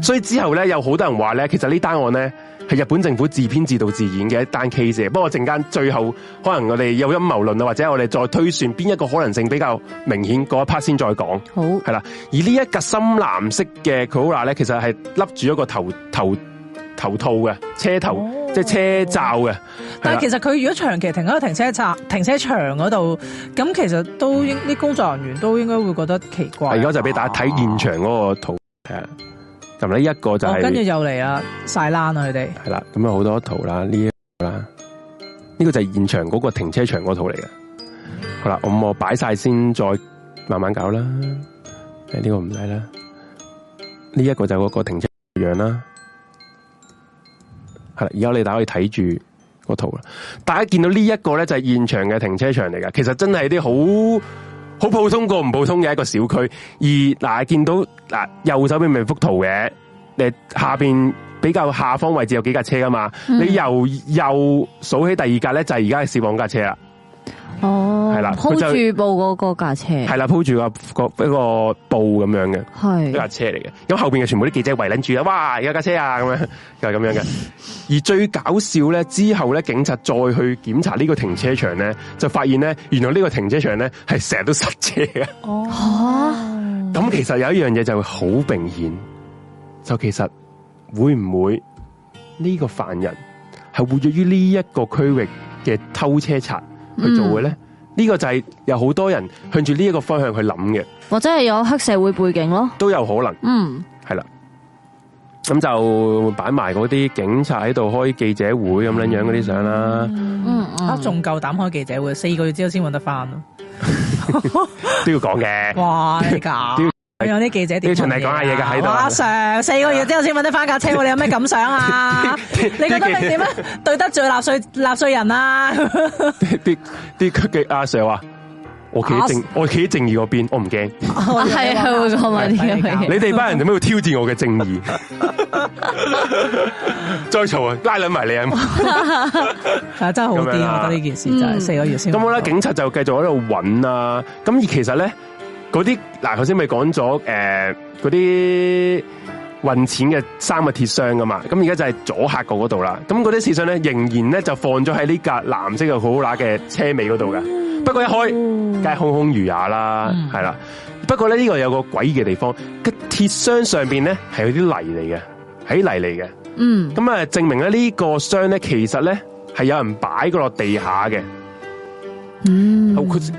所以之後咧，有好多人話咧，其實這呢單案咧係日本政府自編自導自演嘅一單 case。不過陣間最後，可能我哋有陰謀論啊，或者我哋再推算邊一個可能性比較明顯嗰一 part 先再講。好係啦，而呢一架深藍色嘅 Corolla 咧，其實係笠住一個頭頭頭套嘅車頭。嗯即係車罩嘅、哦，但係其實佢如果長期停喺個停車站、停車場嗰度，咁其實都應啲工作人員都應該會覺得奇怪。而家就俾大家睇現場嗰個圖，係、啊、啦，同呢一個就係、是，跟、哦、住又嚟，啊晒冷啊佢哋，係啦，咁有好多圖啦，呢、這、一個啦，呢、這個這個就係現場嗰個停車場嗰個圖嚟嘅。好啦，咁我擺晒先，再慢慢搞啦。誒、這個，呢個唔使啦，呢一個就嗰個停車場啦。係，而家你大可以睇住個圖啦。大家見到呢一個咧就係現場嘅停車場嚟噶，其實真係啲好好普通過唔普通嘅一個小區。而嗱，看見到嗱右手邊咪幅圖嘅，誒下邊比較下方位置有幾架車噶嘛、嗯，你又又數起第二架咧，就係而家嘅消防架車啦。哦、oh，係啦，鋪住布嗰架車，係啦，鋪住個個一個布咁樣嘅，係架車嚟嘅。咁後邊嘅全部啲記者圍捻住啦，哇，有架車啊，咁樣就係、是、咁樣嘅。 *laughs* 而最搞笑咧，之後咧，警察再去檢查呢個停車場咧，就發現咧，原來呢個停車場咧係成日都塞車的、oh. *laughs* 啊。哦，咁其實有一樣嘢就會好明顯，就其實會唔會呢個犯人係活躍於呢一個區域嘅偷車賊？去做嘅咧，呢、嗯呢個就係有好多人向住呢一個方向去諗嘅，或者係有黑社會背景咯，都有可能。嗯，係啦，咁就擺埋嗰啲警察喺度開記者會咁樣樣嗰啲相啦。嗯啊，仲夠膽開記者會，四個月之後先搵得翻咯 *laughs* 說， *laughs* 都要講嘅。哇，你假？有啲記者電、啊、話嚟講下嘢噶，阿 Sir，四個月之後先揾得翻架車， *laughs* 你有咩感想啊？你覺得你點啊？對得住納稅納稅人啊？啲啲阿 Sir 話我企喺正，啊、我企喺正義嗰邊，我唔驚。係啊，你哋班人做咩要挑戰我嘅正義？ *laughs* *laughs* 再嘈啊！拉捻埋你啊！ *laughs* *laughs* 真係好癲，我覺得呢件事就係四個月先。咁好啦，警察就繼續喺度揾啊。咁而其實咧。啲嗱頭先咪講咗誒嗰啲運錢嘅三個鐵箱噶嘛，咁而家就係左下角嗰度啦。咁嗰啲鐵箱咧仍然咧就放咗喺呢架藍色嘅好乸嘅車尾嗰度嘅。不過一開梗係空空如也啦，係、嗯、啦。不過咧呢個有個詭異嘅地方，嘅鐵箱上邊咧係有啲泥嚟嘅，係泥嚟嘅。嗯，咁啊證明咧呢個箱咧其實咧係有人擺過落地下嘅。嗯，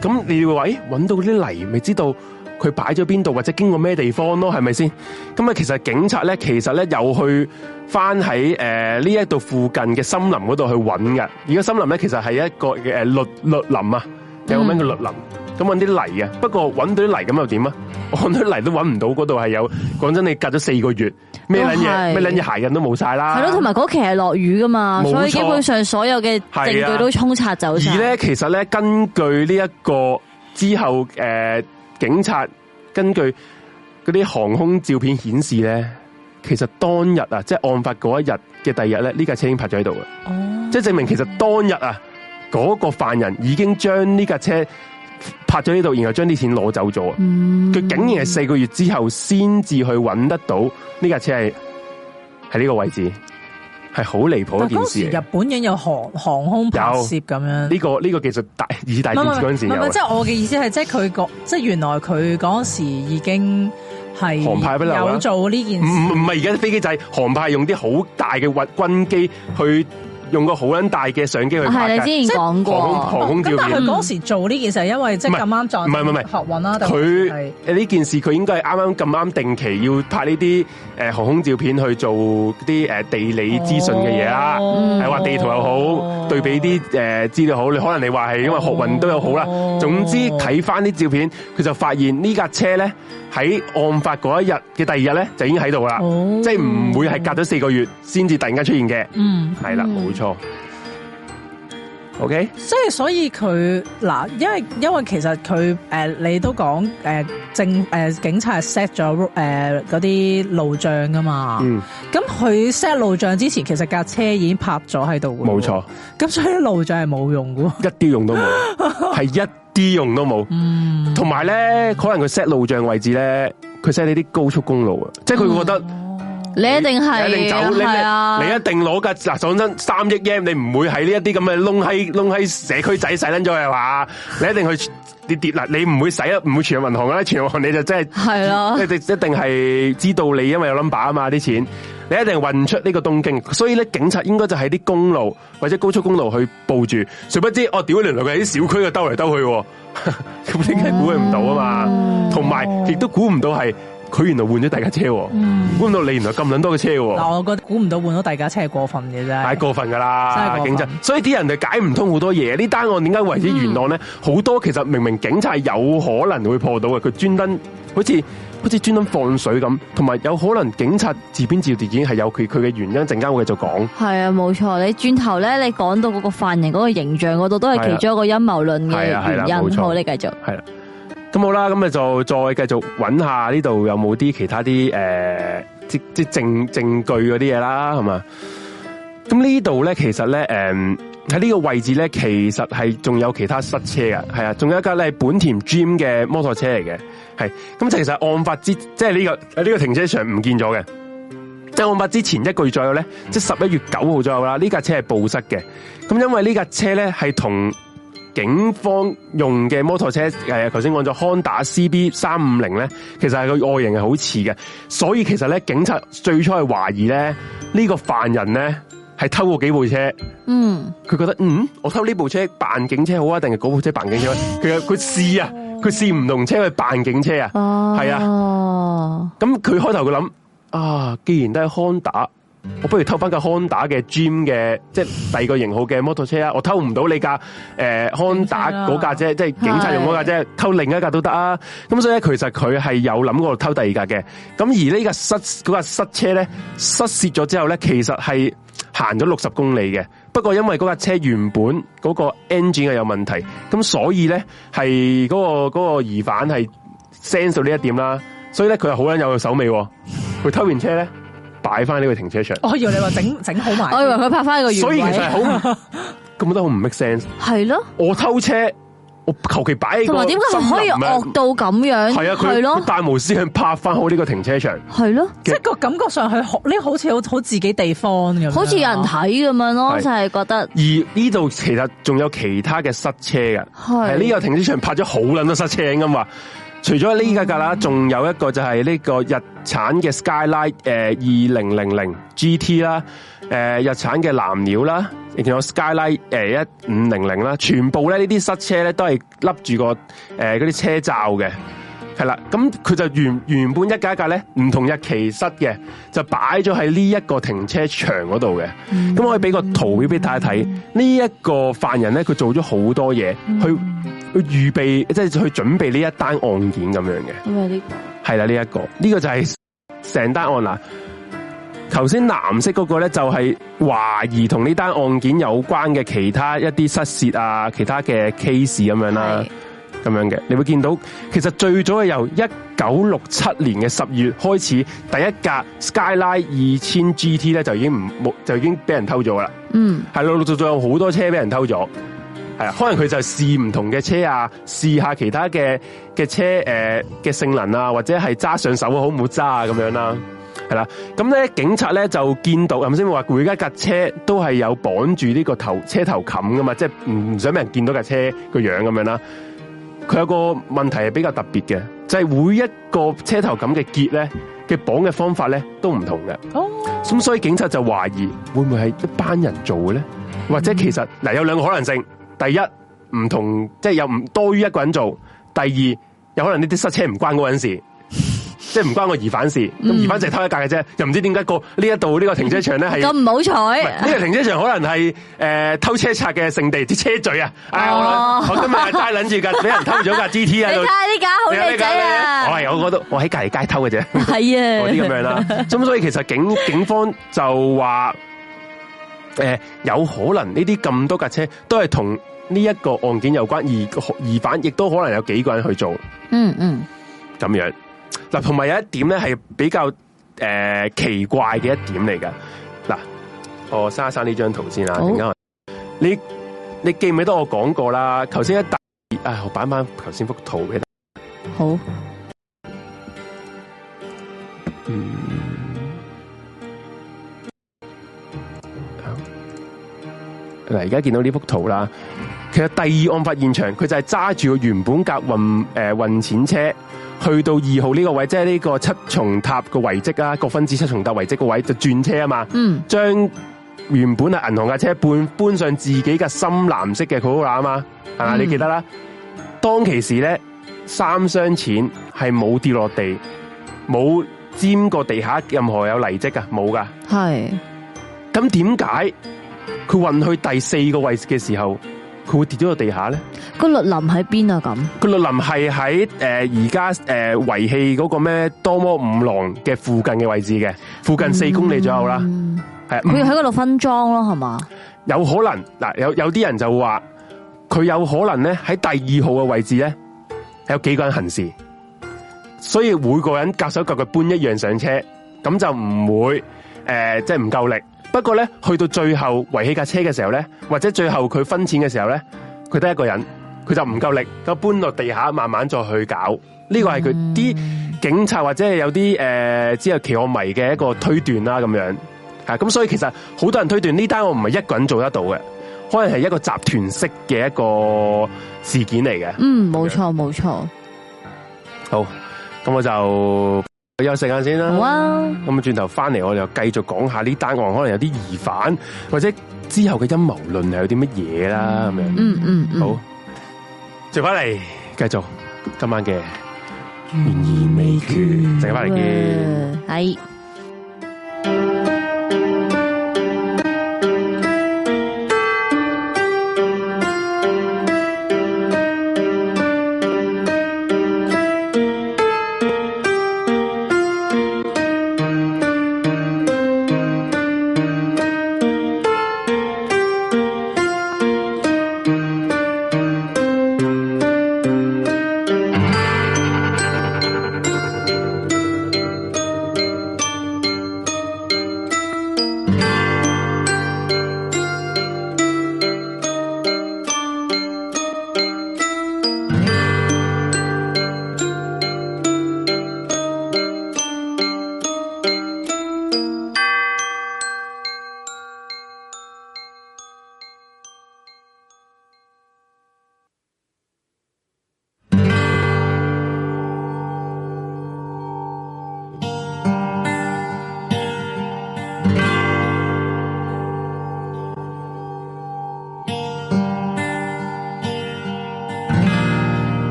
咁你位揾到啲泥，咪知道佢擺咗邊度，或者經過咩地方咯？係咪先？咁啊，其實警察咧，其實咧又去翻喺誒呢一度附近嘅森林嗰度去揾嘅。而家森林咧，其實係一個誒綠綠林啊，有個名叫綠林？嗯咁揾啲泥嘅，不過揾到啲泥咁又點啊？揾到啲泥都揾唔到，嗰度係有。講真，你隔咗四個月，咩捻嘢咩嘢鞋印都冇晒啦。係咯，同埋嗰期係落雨噶嘛，所以基本上所有嘅證據都沖刷走晒，啊。而咧，其實咧，根據呢一個之後，誒，呃，警察根據嗰啲航空照片顯示咧，其實當日啊，即係案發嗰一日嘅第二日咧，呢架車已經拍咗喺度嘅。哦，即係證明其實當日啊，嗰個犯人已經將呢架車。拍咗呢度，然後將啲錢攞走咗。佢、嗯、竟然係四個月之後先至去揾得到呢架車係喺呢個位置，係好離譜一件事的。這個這個，日本人有航航空拍攝咁樣，呢，這個呢，這個技術大已大半個世紀有。即係我嘅意思係，即係佢個即係原來佢嗰時已經係航拍不漏啊，有做呢件事？唔係而家啲飛機制，航拍用啲好大嘅運軍機去。用個好撚大嘅相機去拍，啊、你之前講過航空照片。但佢當時做呢件事，因為即係咁啱撞，唔係唔係唔係學運啦。佢呢件事佢應該係啱啱咁啱定期要拍呢啲誒航空照片去做啲誒地理資訊嘅嘢啦，係、哦、話地圖又好、哦，對比啲誒資料好。你可能你話係因為學運都有好啦、哦。總之睇翻啲照片，佢就發現呢架車咧。喺案發嗰一日嘅第二日咧，就已經喺度啦，即係唔會係隔咗四個月先至突然間出現嘅。Mm. 嗯，係啦，冇錯。OK，即係所以佢嗱，因為因為其實佢，誒，你都講誒，政誒警察係 set 咗誒嗰啲路障噶嘛。嗯，咁佢 set 路障之前，其實架車已經泊咗喺度。冇錯。咁所以啲路障係冇用噶，一啲用都冇，係 *laughs* 一。啲用都冇，同埋咧，可能佢 set 路障位置咧，佢 set 呢啲高速公路啊，即係佢會覺得。你一定係，係啊，你一定攞架嗱，講真，三億 M 你唔會喺呢一啲咁嘅窿喺窿喺社區仔洗撚咗係嘛？你一定去跌跌嗱，你唔、啊、會， *laughs* 會使啊，唔會存入銀行啦，存銀行你就真係，係咯、啊，一定係係知道你，因為有 number 啊嘛啲錢，你一定運出呢個東京，所以咧警察應該就喺啲公路或者高速公路去布住，殊不知我屌會淪佢喺啲小區度兜嚟兜去，咁點解估佢唔到啊嘛？同埋亦都估唔到係。佢原來換咗大架車，估唔、嗯、到你原來咁捻多嘅車。嗱，我覺得估唔到換咗大架車係過分嘅啫，太過分噶啦，太競爭。所以啲人就解唔通好多嘢，呢單案點解為止原案咧？好、嗯、多其實明明警察有可能會破到嘅，佢專登好似好似專登放水咁，同埋有，有可能警察自編自導自演係有佢佢嘅原因。陣間會繼續講。係啊，冇錯。你轉頭咧，你講到嗰個犯人嗰個形象嗰度，都係其中一個陰謀論嘅原因、啊啊。好，你繼續。係、啊。咁好啦，咁咪就再繼續揾下呢度有冇啲其他啲誒，即、呃、即證證，證據嗰啲嘢啦，係嘛？咁呢度咧，其實咧，誒喺呢個位置咧，其實係仲有其他塞車㗎，係啊，仲有一架咧本田 Dream 嘅摩托車嚟嘅，係、啊。咁其實案發之即係呢個呢、這個停車場唔見咗嘅。即、就是、案發之前一個月左右咧，即十一月九號左右啦，呢、這、架、個、車係報失嘅。咁因為呢架車咧係同。警方用嘅摩托車誒，頭先講咗康打 CB 三五零咧，其實係個外形係好似嘅，所以其實咧，警察最初係懷疑咧呢個犯人咧係偷過幾部車，嗯，佢覺得嗯我偷呢部車扮警車好，是那車警車好啊，定係嗰部車扮警車？佢試佢試啊，佢試唔同車去扮警車啊，係啊，咁佢、啊、開頭佢諗啊，既然都係康打。」我不如偷翻架 Honda 嘅 Gym 嘅，即係第二個型號嘅摩托車啊！我偷唔到你、呃、架誒康達嗰架啫，即係警察用嗰架啫，偷另一架都得啊！咁所以咧，其實佢係有諗過偷第二架嘅。咁而呢架失嗰架塞車咧，塞泄咗之後咧，其實係行咗六十公里嘅。不過因為嗰架車原本嗰個 engine 係有問題，咁所以咧係嗰個嗰、嗰個疑犯係 sense 到呢一點啦。所以咧佢係好有有手尾，佢偷完車咧。擺翻呢個停車場，我以為你話整整好埋，我以為佢拍翻個原。所以其實好，根本都好唔 make sense。係咯，我偷車，我求其擺。同埋點解佢可以惡到咁樣？係啊，佢咯大無思去拍翻好呢個停車場。係咯，即個感覺上佢呢好似好好自己地方咁，好似有人睇咁樣咯，就係覺得。而呢度其實仲有其他嘅塞車嘅，係，呢個停車場拍咗好撚多塞車㗎嘛。除咗呢架架啦，仲有一個就係呢個日產嘅 Skyline 誒二零零零 GT 啦、呃，誒、呃、日產嘅藍鳥啦，亦有 Skyline 誒、呃、一五零零啦，500，全部咧呢啲塞車咧都係笠住個誒嗰啲車罩嘅。係啦，咁佢就原原本一格一格咧，唔同日期室嘅，就擺咗喺呢一個停車場嗰度嘅。咁、嗯、我可以俾個圖片俾大家睇，呢、嗯、一、這個犯人咧，佢做咗好多嘢、嗯，去去預備，即、就、係、是、去準備呢一單案件咁樣嘅。咁啊呢係啦，呢一、這個這個、個呢個就係成單案啦，頭先藍色嗰個咧，就係、是、懷疑同呢單案件有關嘅其他一啲失竊啊，其他嘅 case 咁樣啦、啊。咁樣嘅，你會見到其實最早係由一九六七年嘅十月開始，第一架 Skyline 二千 GT 咧就已經唔冇就已經俾人偷咗噶啦。嗯，係陸陸續續有好多車俾人偷咗，係啊，可能佢就試唔同嘅車啊，試下其他嘅嘅車誒嘅、呃、性能啊，或者係揸上手好唔好揸啊，咁樣啦，係啦。咁咧，警察咧就見到頭先話而家架車都係有綁住呢個頭車頭冚噶嘛，即係唔想俾人見到架車個樣咁樣啦。佢有個問題係比較特別嘅，就係、是、每一個車頭咁嘅結咧嘅綁嘅方法咧都唔同嘅。哦，咁所以警察就懷疑會唔會係一班人做嘅咧？或者其實嗱、mm. 有兩個可能性：第一，唔同即係又唔多於一個人做；第二，有可能呢啲塞車唔關嗰陣時。即係唔關我疑犯事，疑犯就係偷一架嘅啫，又唔知點解個呢一度呢個停車場咧係咁唔好彩，呢、這個停車場可能係誒、呃、偷車賊嘅聖地，啲車賊啊，哦、哎，我，哦我今日喺街諗住噶，俾人偷咗架 G T 啊，哈哈你睇呢架好靚仔啊，架我係我覺得我喺隔籬街偷嘅啫，係啊呵呵，嗰啲咁樣啦，咁所以其實警警方就話誒、呃、有可能呢啲咁多架車都係同呢一個案件有關，而疑犯亦都可能有幾個人去做，嗯嗯，咁樣。嗱，同埋有一點咧係比較誒、呃、奇怪嘅一點嚟㗎。嗱，我刪一刪呢張圖先啦。你你記唔記得我講過啦？頭先一打，啊，擺返頭先幅圖畀大家。好。嗯。好。嗱，而家見到呢幅圖啦，其實第二案發現場，佢就係揸住個原本架運誒運錢車。去到二號呢個位，即係呢個七重塔個遺跡啊，個分子七重塔遺跡個位就轉車啊嘛，嗯，將原本啊銀行架車搬搬上自己嘅深藍色嘅酷盧娜啊嘛，係、嗯、嘛、啊，你記得啦。當其時咧，三箱錢係冇跌落地，冇沾過地下任何有泥跡啊，冇噶。係，咁點解佢運去第四個位置嘅時候，佢會跌咗個地下咧？個綠林喺邊啊？咁個綠林係喺誒而家誒遺棄嗰個咩多摩五郎嘅附近嘅位置嘅，附近四公里左右啦。係、嗯、佢、嗯、要喺嗰度分裝咯，係嘛？有可能嗱、呃，有有啲人就話佢有可能咧喺第二號嘅位置咧有幾個人行事，所以每個人夾手夾腳搬一樣上車，咁就唔會誒即係唔夠力。不過咧，去到最後遺棄架車嘅時候咧，或者最後佢分錢嘅時候咧，佢得一個人，佢就唔夠力，咁搬落地下，慢慢再去搞。呢、這個係佢啲警察或者係有啲誒、之、呃、後奇案迷嘅一個推斷啦、啊，咁樣吓。咁、啊、所以其實好多人推斷呢單案唔係一個人做得到嘅，可能係一個集團式嘅一個事件嚟嘅。嗯，冇錯冇錯。好，咁我就。休息時間先啦。好啊。咁啊，轉頭翻嚟，我哋又繼續講下呢單案可能有啲疑犯，或者之後嘅陰謀論係有啲乜嘢啦。咁樣。嗯嗯，嗯。好，再翻嚟繼續今晚嘅懸疑未決。再翻嚟見，係。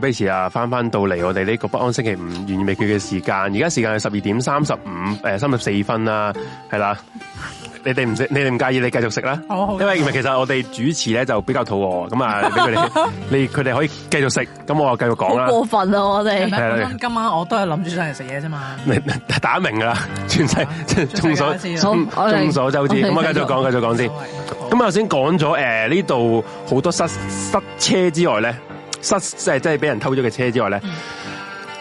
保持啊！翻翻到嚟我哋呢個不安星期五願意未決嘅時間，而家時間係十二點三十五誒三十四分啦，係啦。你哋唔食，你哋唔介意，你繼續食啦。因為其實我哋主持咧，就比較肚餓，咁啊俾佢哋， *laughs* 你佢哋可以繼續食，咁我啊繼續講啦。過分啊！我哋今晚我都係諗住上嚟食嘢啫嘛。打明噶啦，全世眾所，所，所周知。眾所周知，咁啊繼續講，繼續講先。咁啊頭先講咗誒呢度好多塞塞車之外咧。失即係即係俾人偷咗嘅車之外咧，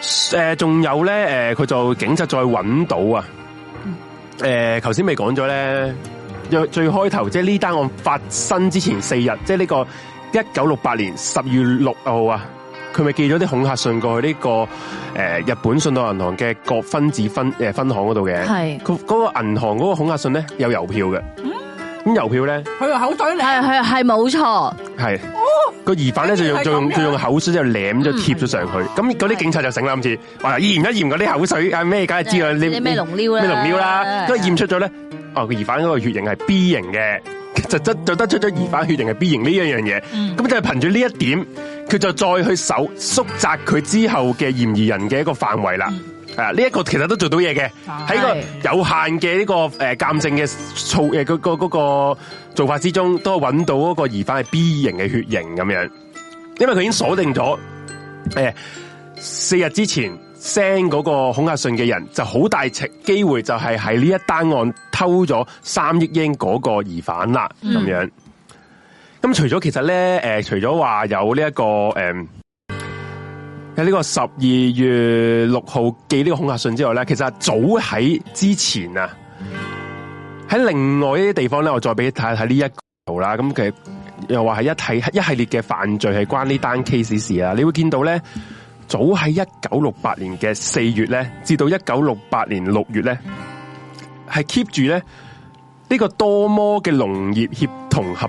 誒、嗯、仲、呃、有咧，誒、呃、佢就警察再揾到啊！誒、呃，頭先咪講咗咧，最開頭即係呢單案發生之前四日，即係呢個一九六八年十月六號啊，佢咪寄咗啲恐嚇信過去呢個誒、呃、日本信道銀行嘅各分子分誒、呃、分行嗰度嘅，係佢嗰個銀行嗰個恐嚇信咧有郵票嘅。嗯咁郵票咧，佢用口水嚟，係係係冇錯，係。哦，個疑犯咧就用就用就用口水就舐咗貼咗上去，咁嗰啲警察就醒啦，唔似哇驗一驗嗰啲口水啊咩，梗係知啦，啲咩龍溜咧，咩龍溜啦，都係驗出咗咧。哦，個疑犯嗰個、嗯哦、血型係 B 型嘅，就得就得出咗疑犯血型係 B 型呢一樣嘢，咁、嗯、就憑住呢一點，佢就再去搜縮窄佢之後嘅嫌疑人嘅一個範圍啦。嗯誒、啊，呢、這、一個其實都做到嘢嘅，喺個有限嘅呢、這個誒、鑒、呃、證嘅措誒嗰嗰個做法之中，都係揾到嗰個疑犯係 B 型嘅血型咁樣，因為佢已經鎖定咗誒四日之前 send 嗰個恐嚇信嘅人，就好大嘅機會就係喺呢一單案偷咗三億英嗰個疑犯啦咁樣。咁、嗯啊、除咗其實咧，誒、呃，除咗話有呢、這、一個誒。呃喺呢個十二月六號寄呢個恐吓信之外咧，其實早喺之前啊，喺另外一啲地方咧，我再俾你睇下呢一個圖啦。咁其實又話係一係一系列嘅犯罪係關呢單 case 事啊。你會見到咧，早喺一九六八年嘅四月咧，至到一九六八年六月咧，係 keep 住咧呢個多摩嘅農業協同合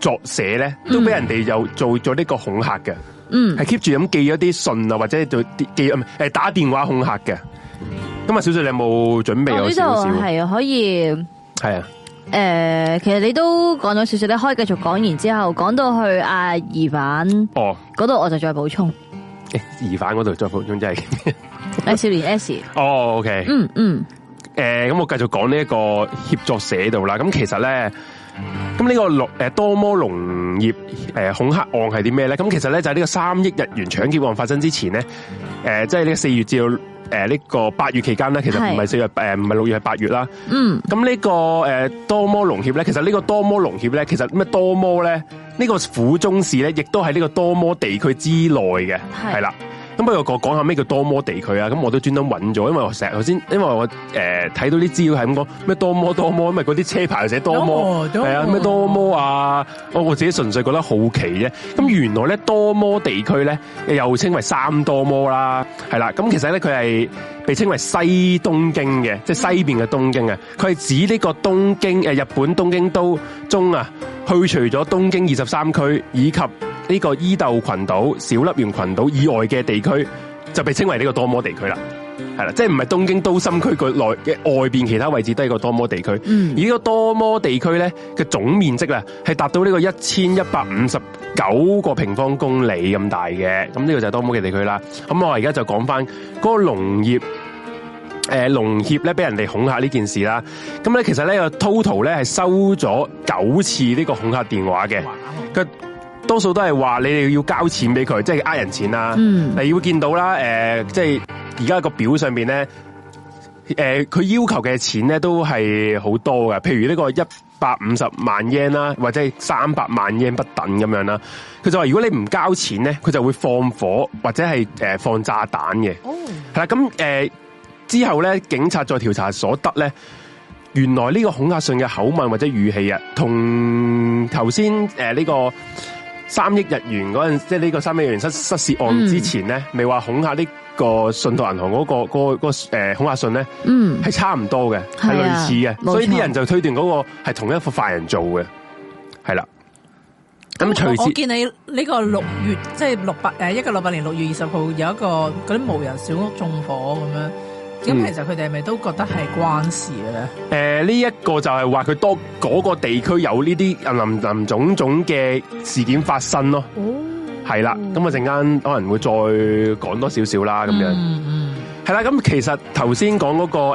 作社咧，都俾人哋又做咗呢個恐吓嘅。Mm. 嗯，係 keep 住咁寄咗啲信啊，或者就寄唔、呃、打電話恐嚇嘅。咁啊，小雪你有冇準備、哦？我呢度係可以，係啊，誒、呃，其實你都講咗少少咧，可以繼續講完之後，講到去阿、啊、疑犯哦，嗰度我就再補充。誒、欸，疑犯嗰度再補充真係。誒、 *laughs* 哎，少年 S 哦，OK，嗯嗯，誒、嗯，咁、呃、我繼續講呢一個協助社度啦。咁其實咧。咁呢個農誒多摩農業誒恐吓案係啲咩咧？咁其實咧就係呢個三億日元搶劫案發生之前咧，誒即係呢個四月至到誒呢個八月期間咧，其實唔係四月誒唔係六月係八月啦。嗯，咁呢個誒多摩農協咧，其實呢個多摩農協咧，其實咩多摩咧？呢個府中市咧，亦都喺呢個多摩地區之內嘅，係啦。咁不如我講下咩叫多摩地區啊？咁我都專登揾咗，因為我成日頭先，因為我誒睇、呃、到啲資料係咁講咩多摩多摩，因為嗰啲車牌又寫多摩，係啊咩多摩啊，我我自己純粹覺得好奇啫。咁原來咧多摩地區咧又稱為三多摩啦，係啦。咁其實咧佢係被稱為西東京嘅，即係西邊嘅東京啊。佢係指呢個東京誒日本東京都中啊，去除咗東京二十三區以及。呢、這個伊豆群島、小笠原群島以外嘅地區，就被稱為呢個多摩地區啦。係啦，即係唔係東京都心區嘅內嘅外邊其他位置都係一個多摩地區。嗯、而呢個多摩地區咧嘅總面積啦，係達到呢個一千一百五十九個平方公里咁大嘅。咁呢個就係多摩嘅地區啦。咁我而家就講翻嗰個農業誒、呃、農協咧俾人哋恐嚇呢件事啦。咁咧其實咧、這個 total 咧係收咗九次呢個恐嚇電話嘅。多數都係話你哋要交錢俾佢，即係呃人錢啦。嗯，你會見到啦。誒、呃，即係而家個表上邊咧，誒、呃，佢要求嘅錢咧都係好多嘅。譬如呢個一百五十萬日圓啦，或者係三百萬日圓不等咁樣啦。佢就話如果你唔交錢咧，佢就會放火或者係誒、呃、放炸彈嘅。係、哦、啦。咁誒、呃、之後咧，警察再調查所得咧，原來呢個恐吓信嘅口吻或者語氣啊，同頭先誒呢個。三億日元嗰陣，即係呢個三億日元失失竊案之前咧，嗯、未話恐嚇呢個信託銀行嗰、那個、嗯那個、那個誒、那個、恐嚇信咧，係、嗯、差唔多嘅，係類似嘅，啊、所以啲人就推斷嗰個係同一副犯人做嘅，係啦。咁，我我見你呢個六月，即係六百誒，一九六八年六月二十號有一個嗰啲無人小屋縱火咁樣。咁、嗯、其實佢哋係咪都覺得係關事咧？誒、呃、呢、這、一個就係話佢多嗰、那個地區有呢啲林林總總嘅事件發生咯。哦、嗯，係啦，咁我陣間可能會再講多少少啦，咁、嗯、樣。嗯嗯，係啦，咁其實頭先講嗰個誒誒、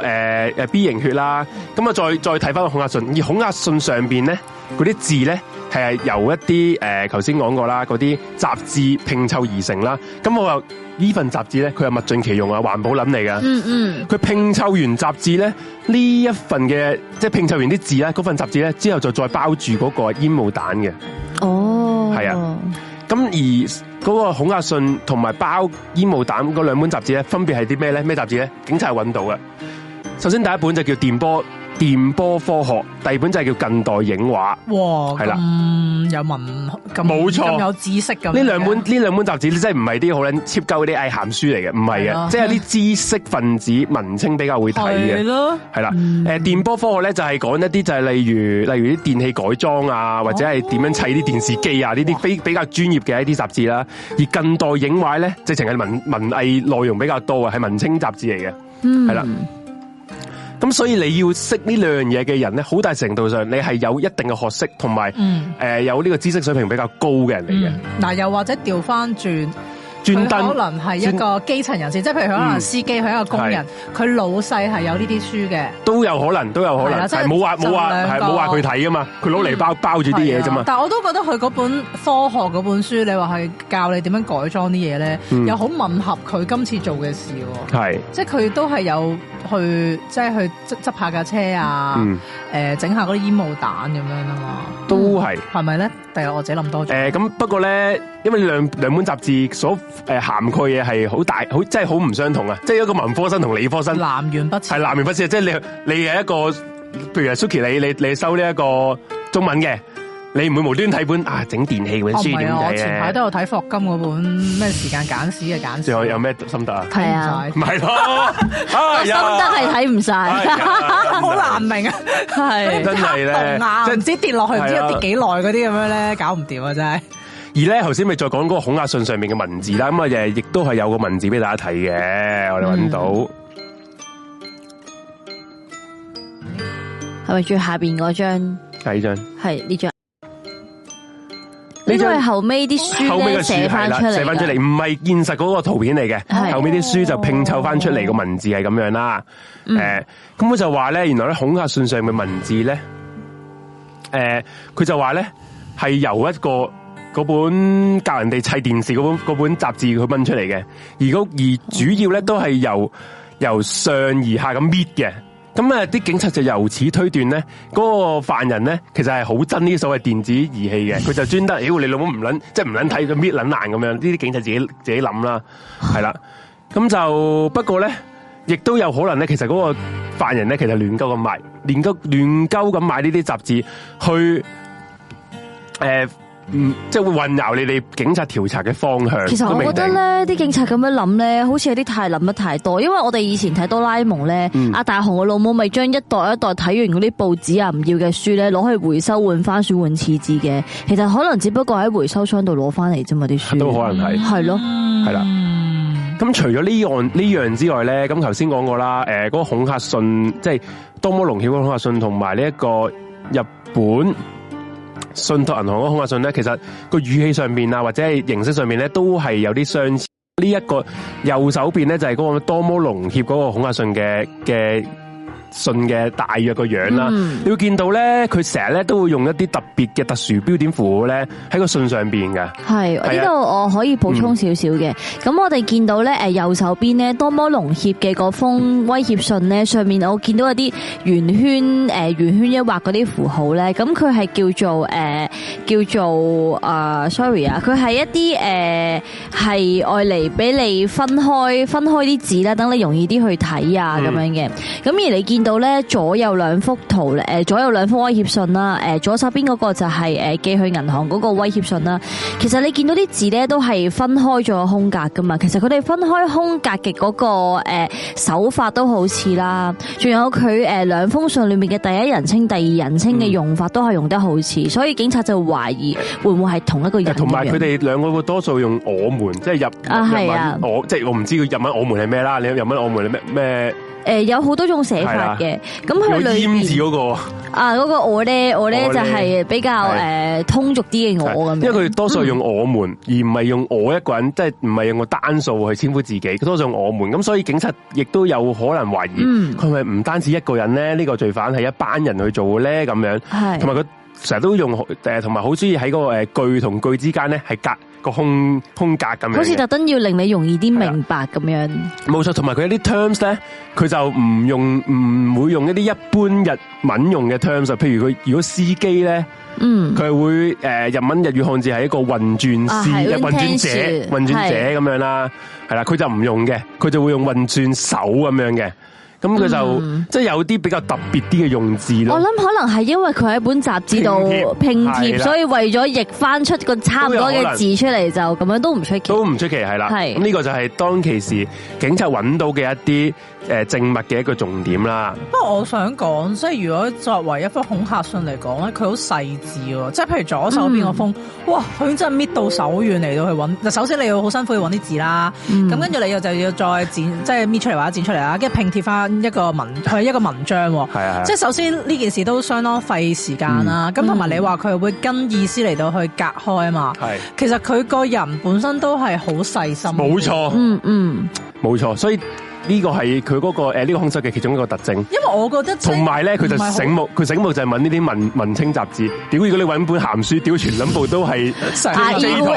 呃、B 型血啦，咁啊再再睇翻個恐嚇信，而恐嚇信上邊咧嗰啲字咧係由一啲誒，頭先講過啦，嗰啲雜誌拼湊而成啦。咁我又。呢份雜誌咧，佢係物盡其用啊，環保諗嚟噶。嗯嗯，佢拼湊完雜誌咧，呢一份嘅即係拼湊完啲字咧，嗰份雜誌咧之後就再包住嗰個煙霧彈嘅。哦，係啊。咁而嗰個恐嚇信同埋包煙霧彈嗰兩本雜誌咧，分別係啲咩咧？咩雜誌咧？警察揾到嘅。首先第一本就叫電波。電波科學，第二本就係叫近代影畫。哇，係啦，咁有文，咁冇錯，咁有知識咁。呢兩本，呢兩本雜誌，你真係唔係啲好捻切夠啲藝涵書嚟嘅，唔係嘅，即係啲知識分子、 *laughs* 文青比較會睇嘅，係咯，係啦。誒，電波科學咧就係、是、講一啲就係例如例如啲電器改裝啊，或者係點樣砌啲電視機啊呢啲，非、哦、比較專業嘅一啲雜誌啦。而近代影畫咧，直情係文文藝內容比較多啊，係文青雜誌嚟嘅，係、嗯、啦。咁所以你要識呢兩樣嘢嘅人咧，好大程度上你係有一定嘅學識同埋，誒有呢、嗯呃、個知識水平比較高嘅人嚟嘅。嗱，又或者調翻轉。佢可能係一個基層人士，即係譬如佢可能係司機，佢、嗯、一個工人，佢老細係有呢啲書嘅，都有可能，都有可能，冇話冇話，係冇話佢睇啊嘛，佢攞嚟包包住啲嘢啫嘛。但係我都覺得佢嗰本科學嗰本書，你話係教你點樣改裝啲嘢咧，又、嗯、好吻合佢今次做嘅事喎。係，即係佢都係有去，即、就、係、是、去執執下架車啊，誒、嗯，整、呃、下嗰啲煙霧彈咁樣啊嘛。都係係咪咧？第日我自己諗多咗。咁、呃、不過咧，因為兩兩本雜誌所。誒，涵蓋嘢係好大，好真係好唔相同啊！即係一個文科生同理科生，南轅北轍，係南轅北轍，即係你你係一個，譬如係 Suki 你，你你收呢一個中文嘅，你唔會無端睇本啊整電器嗰本書。哦，我前排都有睇霍金嗰本咩時間簡史嘅簡史，有有咩心得啊？係啊，唔係咯，心得係睇唔晒，好難明啊！係真係咧，就唔知跌落去唔知跌幾耐嗰啲咁樣咧，搞唔掂啊！真係。 *laughs* 而咧，頭先咪再講嗰個恐嚇信上面嘅文字啦，咁、嗯、啊，亦都係有個文字俾大家睇嘅，我哋揾到係、嗯、咪最下邊嗰張？第二張係呢張？呢張係後尾啲書後尾嘅書係啦，寫翻出嚟，唔係現實嗰個圖片嚟嘅，後尾啲書就拼湊翻出嚟，個文字係咁樣啦。誒、哦哦嗯嗯，咁佢就話咧，原來咧恐嚇信上面文字咧，誒、呃，佢就話咧係由一個。嗰本教人哋砌電視嗰本嗰本雜誌佢掹出嚟嘅，而而主要咧都係由由上而下咁搣嘅，咁啊啲警察就由此推斷咧，嗰、嗰個犯人咧其實係好憎呢啲所謂電子儀器嘅，佢就專登，妖、哎、你老母唔捻，即係唔捻睇佢搣捻爛咁樣，呢啲警察自己自己諗啦，係啦，咁就不過咧，亦都有可能咧，其實嗰個犯人咧其實亂鳩咁賣，亂鳩亂鳩咁買呢啲雜誌去誒。呃嗯，即係會混淆你哋警察調查嘅方向。其實我覺得咧，啲警察咁樣諗咧，好似有啲太諗得太多。因為我哋以前睇哆啦 A 夢咧，阿、嗯、大雄嘅老母咪將一代一代睇完嗰啲報紙啊唔要嘅書咧，攞去回收換翻書換廁紙嘅。其實可能只不過喺回收箱度攞翻嚟啫嘛啲書。都可能係係咯，係啦，嗯。咁除咗呢案呢樣之外咧，咁頭先講過啦，誒，嗰個恐嚇信，即係多摩龍血嗰個恐嚇信，同埋呢一個日本。信託銀行嗰個恐嚇信呢，其實個語氣上面啊，或者形式上面呢，都係有啲相似。呢一個右手邊呢，就係嗰個「多摩農協」嗰個恐嚇信嘅嘅。的信嘅大約個樣啦，你會見到咧，佢成日咧都會用一啲特別嘅特殊標點符號咧喺個信上邊嘅。係呢度我可以補充少少嘅。咁我哋見到咧，誒右手邊咧多摩農協嘅封威脅信咧，上面我見到一啲圓圈，誒圓圈一畫啲符號咧，咁佢係叫做誒、呃、叫做啊，sorry 啊，佢、呃、係一啲誒係愛嚟俾你分開分開啲字啦，等你容易啲去睇啊咁樣嘅。咁、嗯、而你見。看到咧左右兩幅圖，誒，左右兩封威脅信啦，誒，左手邊嗰個就係誒寄去銀行嗰個威脅信啦。其實你見到啲字咧都係分開咗空格㗎嘛，其實佢哋分開空格嘅嗰個誒手法都好似啦，仲有佢誒兩封信裏面嘅第一人稱、第二人稱嘅用法都係用得好似，所以警察就懷疑會唔會係同一個人。同埋佢哋兩個會多數用我們，即係入入文我，即係我唔知佢入文我們係咩啦，你入文我們係咩咩？誒，有好多種寫法嘅，咁佢裏邊，好腌字嗰個啊，嗰個我咧，我咧就係比較誒通俗啲嘅我咁。因為佢多數用我們，而唔係用我一個人，即係唔係用個單數去稱呼自己，多數用我們，咁所以警察亦都有可能懷疑，佢係唔單止一個人咧，呢個罪犯係一班人去做嘅咧，咁樣。係，同埋佢成日都用誒，同埋好中意喺嗰個誒句同句之間咧係隔。個空空格咁樣，好似特登要令你容易啲明白咁樣。冇錯，同埋佢一啲 terms 咧，佢就唔用唔會用一啲一般日文用嘅 terms。譬如佢如果司機咧，嗯，佢係會誒日文日語漢字係一個運轉士嘅運轉者、運轉者咁樣啦，係啦，佢就唔用嘅，佢就會用運轉手咁樣嘅。咁佢就即係有啲比較特別啲嘅用字咯。我諗可能係因為佢喺本雜誌度拼貼，所以為咗譯翻出個差唔多嘅字出嚟，就咁樣都唔出奇。都唔出奇係啦。係，咁呢個就係當其時警察揾到嘅一啲。誒、呃，證物嘅一個重點啦。不過我想講，即係如果作為一封恐嚇信嚟講咧，佢好細致，即係譬如左手邊個封，嗯、哇，佢真係搣到手軟嚟到去搵。首先你要好辛苦去搵啲字啦，咁跟住你又就要再剪，即係搣出嚟或者剪出嚟啦，跟住拼貼翻一個文，係、哎、一個文章。係啊。即係首先呢件事都相當費時間啦。咁同埋你話佢會跟意思嚟到去隔開啊嘛。係。其實佢個人本身都係好細心嘅。冇錯。嗯嗯。冇錯，所以。呢、那個係佢嗰個誒，呢個兇手嘅其中一個特徵。因為我覺得同埋咧，佢就醒目，佢醒目就係揾呢啲文文，文青雜誌。屌如果你揾本鹹書，屌全冧部都係 *laughs* 全， *laughs* 全部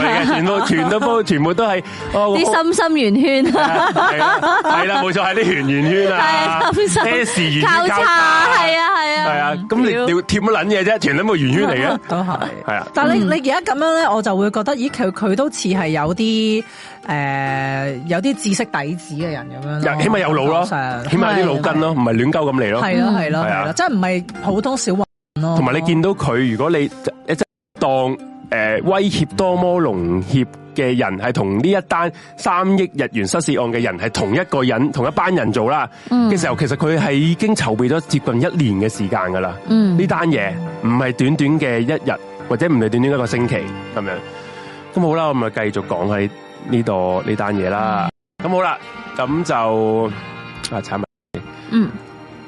是 *laughs* 全部全部都全係啲心心圓圈， *laughs* 圈。係 *laughs* 啦，冇錯係啲圓圓圈啊，咩事？交叉，係啊係啊，係啊。咁、嗯、你貼乜撚嘢啫？全冧部圓圈嚟嘅，都係係啊。但係你你而家咁樣咧，我就會覺得，咦，佢佢都似係有啲。誒、呃、有啲知識底子嘅人咁樣，起碼有腦咯，起碼有啲腦筋咯，唔係亂鳩咁嚟咯，係咯係咯係即係唔係好多小黃咯、啊。同埋你見到佢，如果你一即當威脅多摩農協嘅人係同呢一單三億日元失事案嘅人係同一個人同一班人做啦嘅，嗯、時候，其實佢係已經籌備咗接近一年嘅時間噶啦。嗯，呢單嘢唔係短短嘅一日，或者唔係短短一個星期咁樣。咁好啦，我咪繼續講係。呢度呢單嘢啦，咁、嗯、好啦，咁就啊，產品嗯，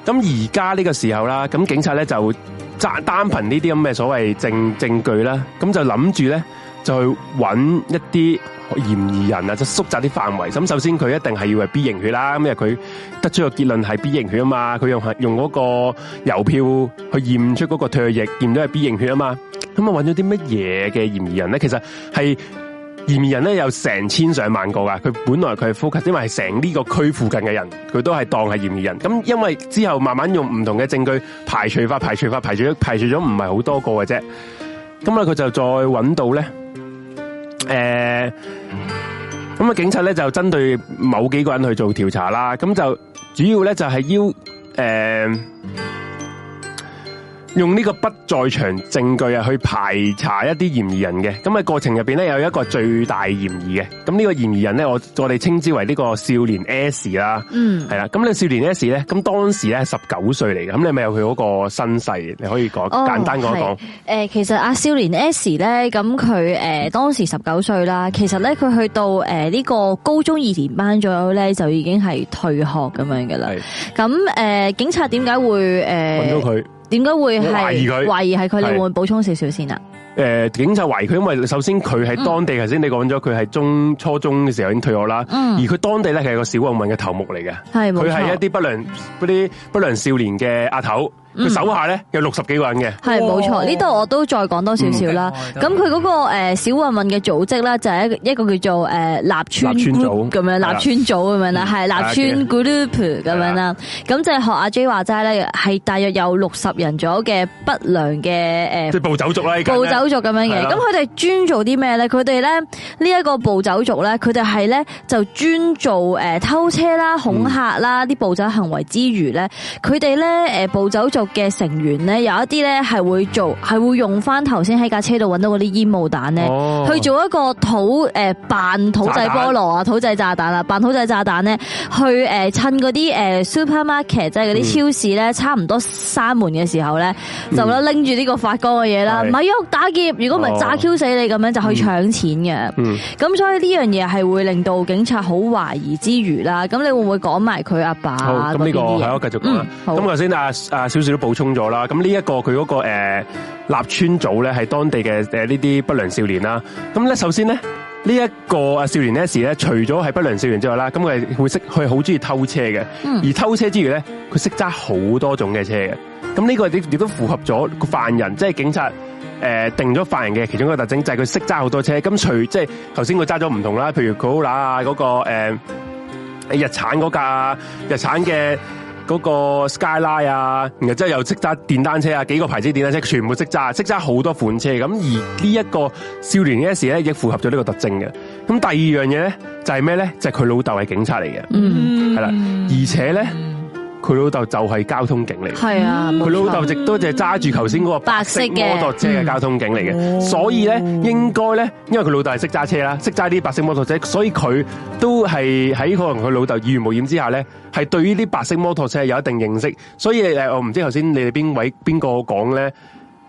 咁而家呢個時候啦，咁警察咧就單單憑呢啲咁嘅所謂證證據啦，咁就諗住咧就去揾一啲嫌疑人啊，就縮窄啲範圍。咁首先佢一定係要係 B 型血啦，咁因為佢得出個結論係 B 型血啊嘛，佢用用嗰個郵票去驗出嗰個唾液，驗到係 B 型血啊嘛，咁啊揾咗啲乜嘢嘅嫌疑人咧，其實係。嫌疑人咧有成千上萬個㗎，佢本來佢係呼吸，因為係成呢個區附近嘅人，佢都係當係嫌疑人。咁因為之後慢慢用唔同嘅證據排除法，排除法，排除咗，排除咗唔係好多個嘅啫。咁啊，佢就再搵到咧，誒、呃，咁啊，警察咧就針對某幾個人去做調查啦。咁就主要咧就係要誒。呃用呢個不在場證據啊，去排查一啲嫌疑人嘅。咁喺過程入邊咧有一個最大嫌疑嘅。咁呢個嫌疑人咧，我我哋稱之為呢個少年 S 啦，嗯。嗯，係啦。咁呢少年 S 咧，咁當時咧十九歲嚟嘅。咁你咪有佢嗰個身世？你可以講簡單講一講。哦。誒、呃，其實阿少年 S 咧，咁佢誒當時十九歲啦。其實咧，佢去到誒呢個高中二年班左右咧，就已經係退學咁樣嘅啦。咁誒、呃，警察點解會誒？搵到佢。點解會係懷疑佢？懷疑係佢，你會唔會補充少少先啊？誒、呃，警察懷疑佢，因為首先佢係當地，頭、嗯、先你講咗佢係中初中嘅時候已經退學啦，嗯、而佢當地咧係一個小混混嘅頭目嚟嘅，佢係一啲不良、啲不良少年嘅阿頭。佢手下咧有六十幾個人嘅、嗯，係冇錯。呢、哦、度我都再講多少少啦。咁佢嗰個誒小混混嘅組織咧，就係一一個叫做誒立川組咁樣，立川組咁樣啦，係、嗯、立川グループ咁樣啦。咁、嗯嗯嗯、就係學阿 J 話齋咧，係大約有六十人咗嘅不良嘅誒即係暴走族啦，暴走族咁樣嘅。咁佢哋專做啲咩咧？佢哋咧呢一、呢個暴走族咧，佢哋係咧就專做誒偷車啦、恐嚇啦啲暴走行為之餘咧，佢哋咧誒暴走族，嘅成員咧，有一啲咧係會做，係會用翻頭先喺架車度揾到啲煙霧彈咧，哦、去做一個土誒扮、呃、土製菠蘿啊，土製炸彈啊扮土製炸彈咧，去誒趁啲誒 supermarket 即係啲超市咧，嗯、差唔多閂門嘅時候咧，嗯、就咧拎住呢個發光嘅嘢啦，咪、嗯、喐打劫，如果唔係炸 Q 死你咁樣、哦、就去搶錢嘅。咁、嗯嗯、所以呢樣嘢係會令到警察好懷疑之餘啦。咁你會唔會講埋佢阿爸咁呢？這個係咯，我繼續啦。咁頭先阿阿小。都補充咗啦，咁、這個那個呃、呢一個佢嗰個立川組咧，係當地嘅誒呢啲不良少年啦。咁咧首先咧，呢、這、一個誒少年、S、呢咧，除咗係不良少年之外啦，咁佢係會識，佢好中意偷車嘅、嗯。而偷車之餘咧，佢識揸好多種嘅車嘅。咁呢個亦都符合咗犯人，即係警察誒、呃、定咗犯人嘅其中一個特徵，就係佢識揸好多車。咁除即係頭先佢揸咗唔同啦，譬如古拿啊嗰個、呃、日產嗰架日產嘅。嗰個 Skyline 啊，然後之後又識揸電單車啊，幾個牌子電單車全部識揸，識揸好多款車。咁而呢一個少年嗰時咧，亦符合咗呢個特徵嘅。咁第二樣嘢咧，就係咩咧？就係佢老豆係警察嚟嘅，嗯，係啦，而且咧。佢老豆就係交通警嚟嘅，係啊！佢老豆直都淨係揸住頭先嗰個白色嘅摩托車嘅交通警嚟嘅，所以咧應該咧，因為佢老豆係識揸車啦，識揸啲白色摩托車，所以佢都係喺可能佢老豆意無冒險之下咧，係對於啲白色摩托車有一定認識，所以誒，我唔知頭先你哋邊位邊個講咧，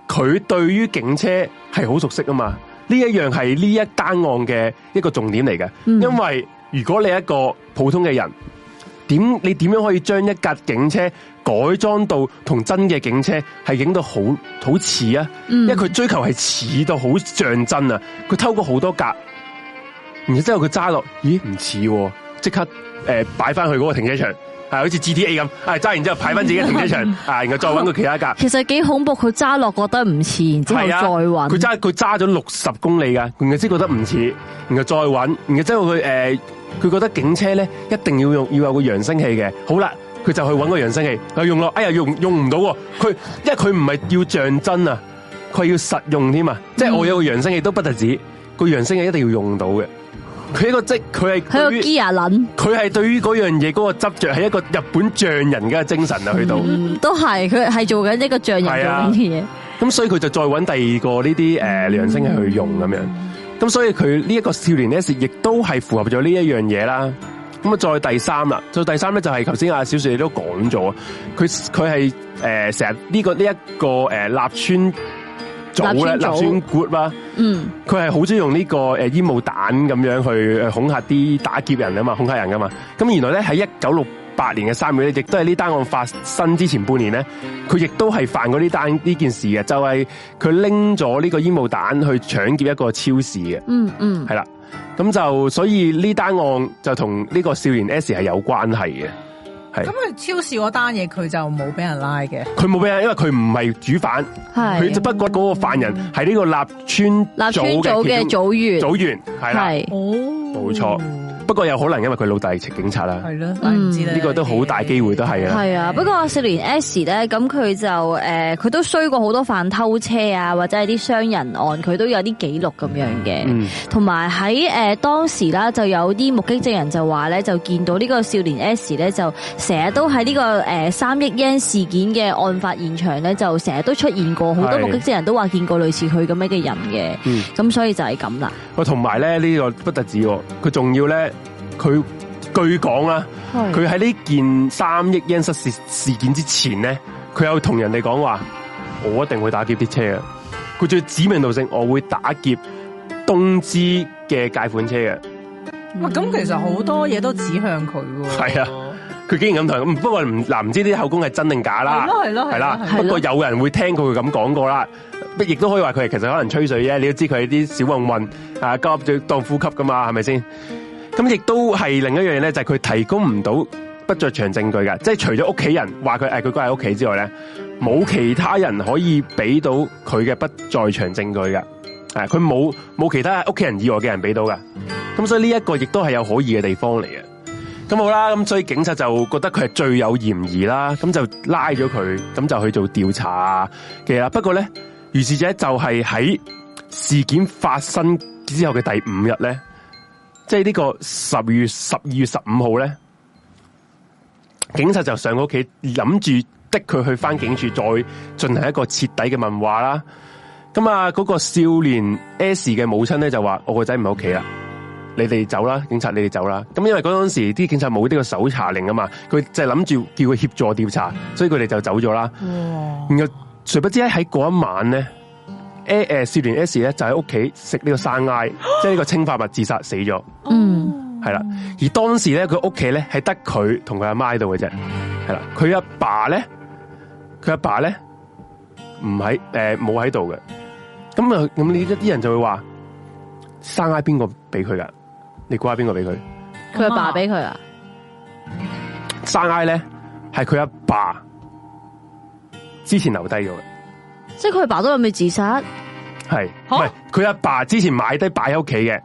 佢對於警車係好熟悉啊嘛，呢一樣係呢一單案嘅一個重點嚟嘅，因為如果你一個普通嘅人。點你點樣可以將一架警車改裝到同真嘅警車係影到好好似啊？嗯、因為佢追求係似到好像真啊，佢偷過好多格，然之後佢揸落，咦唔似，即、啊、刻誒擺翻去嗰個停車場。係好似 G T A 咁，啊，揸完之後排翻自己停車場，啊 *laughs* 然後再搵個其他架。 *laughs* 其實幾恐怖，佢揸落覺得唔似，然之後再搵，啊。佢揸佢揸咗六十公里噶，然之後先覺得唔似，然後再搵。然後之後佢、誒，佢，呃、覺得警車咧一定要用要有個揚聲器嘅。好啦，佢就去搵個揚聲器，又用落，哎呀用用唔到。佢因為佢唔係要象真啊，佢係要實用添啊。即係我有個揚聲器都不得止，個揚聲器一定要用到嘅。佢係個職，佢係佢個佢係對於嗰樣嘢嗰個執着，係一個日本匠人嘅精神啊！去到、嗯、都係，佢係做緊一個匠人嘅嘢。咁、啊、所以佢就再搵第二個呢啲誒良星去用咁樣。咁、嗯、所以佢呢一個少年呢時亦都係符合咗呢一樣嘢啦。咁啊，再第三啦，再第三咧就係頭先阿小雪你都講咗，佢佢係誒成日呢個呢一、這個誒、這個呃、立村。早就算 good 啦，嗯，佢係好中意用呢個誒煙霧彈咁樣去恐吓啲打劫人啊嘛，恐吓人噶嘛。咁原來咧喺一九六八年嘅三月咧，亦都係呢單案發生之前半年咧，佢亦都係犯過呢單呢件事嘅，就係佢拎咗呢個煙霧彈去搶劫一個超市嘅，嗯嗯，係啦，咁就所以呢單案就同呢個少年 S 係有關係嘅。咁佢超市嗰單嘢佢就冇俾人拉嘅，佢冇俾人，因為佢唔係主犯。係，佢只不過嗰個犯人係呢個立川立川組嘅組員組員，係啦，係，哦，冇錯。不過有可能因為佢老豆係警察啦，呢個都好大機會都係啊。係啊，對，不過少年 S 咧，咁佢就誒，佢都衰過好多，犯偷車啊，或者係啲傷人案，佢都有啲記錄咁樣嘅。同埋喺誒當時啦，就有啲目擊證人就話咧，就見到呢個少年 S 咧，就成日都喺呢個誒三億日元事件嘅案發現場咧，就成日都出現過。好多目擊證人都話見過類似佢咁樣嘅人嘅。咁所以就係咁啦。哦，同埋咧呢個不特止，佢仲要咧。佢據講啦，佢喺呢件三億日圓失事事件之前咧，佢有同人哋講話：我一定會打劫啲車啊！佢仲要指名道姓我會打劫東芝嘅解款車嘅。哇、嗯！咁、嗯啊、其實好多嘢都指向佢喎。係啊，佢、啊、竟然咁同，不過唔嗱，唔、啊、知啲口供係真定假啦。係咯、啊，係咯、啊，係啦、啊啊啊啊。不過有人會聽佢咁講過啦，亦都、啊、可以話佢其實可能吹水啫。你要知佢係啲小混混啊，急住當呼吸噶嘛，係咪先？咁亦都係另一樣嘢咧，就係、是、佢提供唔到不在場證據嘅，即係除咗屋企人話佢誒佢居喺屋企之外咧，冇其他人可以俾到佢嘅不在場證據嘅，誒佢冇冇其他屋企人以外嘅人俾到嘅，咁所以呢一個亦都係有可疑嘅地方嚟嘅。咁好啦，咁所以警察就覺得佢係最有嫌疑啦，咁就拉咗佢，咁就去做調查其實。不過咧，如是者就係喺事件發生之後嘅第五日咧。即係呢個十月十二月十五號咧，警察就上佢屋企諗住逼佢去返警署再進行一個徹底嘅問話啦。咁啊，嗰個少年 S 嘅母親咧就話：我個仔唔喺屋企啦，你哋走啦，警察你哋走啦。咁因為嗰陣時啲警察冇呢個搜查令啊嘛，佢就諗住叫佢協助調查，所以佢哋就走咗啦。然後殊不知喺喺嗰一晚咧。誒、欸、誒，少、欸、年 S 咧就喺屋企食呢個生 I，即係呢個氰化物自殺死咗。嗯，係啦。而當時咧，佢屋企咧係得佢同佢阿媽度嘅啫。係啦，佢阿爸咧，佢阿爸咧唔喺誒冇喺度嘅。咁、呃、啊，咁呢一啲人就會話生 I 邊個俾佢噶？你估下邊個俾佢？佢阿爸俾佢、嗯、啊生埃呢？生 I 咧係佢阿爸之前留低咗嘅。即係佢爸都有未自殺？係好佢阿爸，爸之前買低擺喺屋企嘅，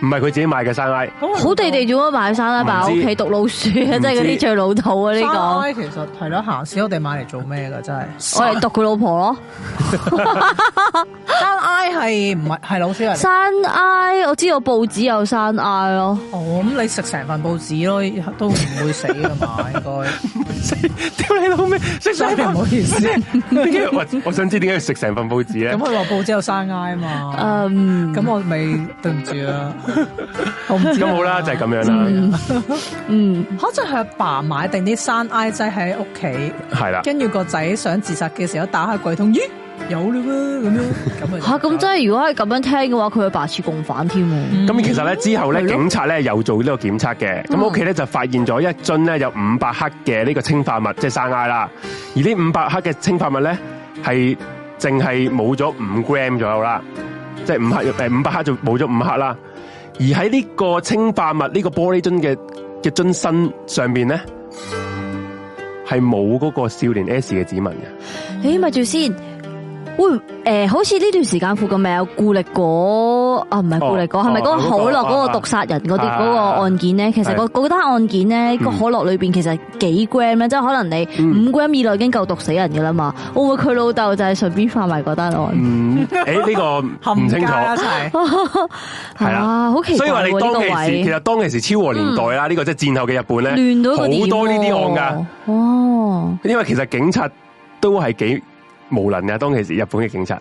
唔係佢自己買嘅山埃。哦，好地地做乜擺山 I 擺喺屋企讀老鼠啊，即係嗰啲最老土啊呢、這個。山 I 其實係咯，行市我哋買嚟做咩噶真係，我嚟讀佢老婆咯 *laughs* 。山埃係唔係係老鼠啊？山埃，我知道我報紙有山埃咯。哦，咁你食成份報紙咯，都唔會死噶嘛， *laughs* 應該。屌你老味，食山 I 唔好意思。 *laughs* 我想知點解要食成份報紙咧？咁佢落報紙有山埃啊嘛。Um, 啊就是、 *laughs* 嗯，咁我咪對唔住啦，咁好啦，啊、就係咁、 *laughs* 啊、樣啦。嗯，可能係阿爸買定啲山埃劑喺屋企，係啦。跟住個仔想自殺嘅時候，打開櫃桶，咦，有嘞噃，咁樣咁啊吓？咁即係如果係咁樣聽嘅話，佢係白痴共犯添。咁其實咧之後咧、啊，警察咧又做呢個檢測嘅，咁屋企咧就發現咗一樽咧有五百克嘅呢個氰化物，即、就、係、是、山埃啦。而呢五百克嘅氰化物咧，係淨係冇咗五 gram 左右啦。即係五克，誒五百克就冇咗五克啦。而喺呢個清化物呢個玻璃樽嘅嘅樽身上邊咧，係冇嗰個少年 S 嘅指紋嘅。誒，咪住先。會誒、呃，好似呢段時間附近咪有固力果啊？唔係固力果，係咪嗰個可樂嗰個毒殺人嗰啲個案件咧、啊啊？其實、那個嗰單、那個、案件咧，嗯那個可樂裏邊其實是幾 gram 咧、嗯，即係可能你五 gram 以內已經夠毒死人噶啦嘛？會唔會佢老豆就係順便犯埋嗰單案件？誒、嗯，呢、欸這個唔清楚，係 *laughs* 的嗎、 *laughs* *laughs* 啊 *laughs* 啊、所以話你當其時、這個，其實當其時昭和年代啦，呢、嗯這個即係戰後嘅日本咧，亂到一個點好多呢啲案噶哦，因為其實警察都係幾。無能啊！當其時日本嘅警察，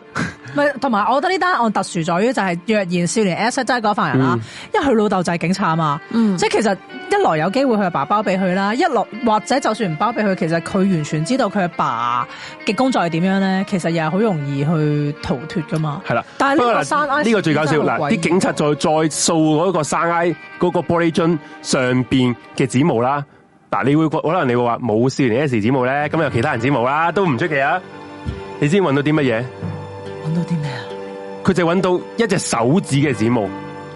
咪同埋我覺得呢單案特殊在於就係若然少年 S 真係犯人啦、嗯，因為佢老豆就係警察啊嘛，即、嗯、係其實一來有機會佢阿爸，爸包俾佢啦，一來或者就算唔包俾佢，其實佢完全知道佢阿爸嘅工作係點樣咧，其實又係好容易去逃脫噶嘛。係啦，但係呢個呢個最搞笑嗱，啲警察再再掃嗰個山埃嗰、那個玻璃樽上面嘅指模啦，嗱，你會可能你會話冇少年 S 指模咧，咁有其他人指模啦，都唔出奇啊！你知揾到啲乜嘢？揾到啲咩啊？佢就揾到一隻手指嘅指模，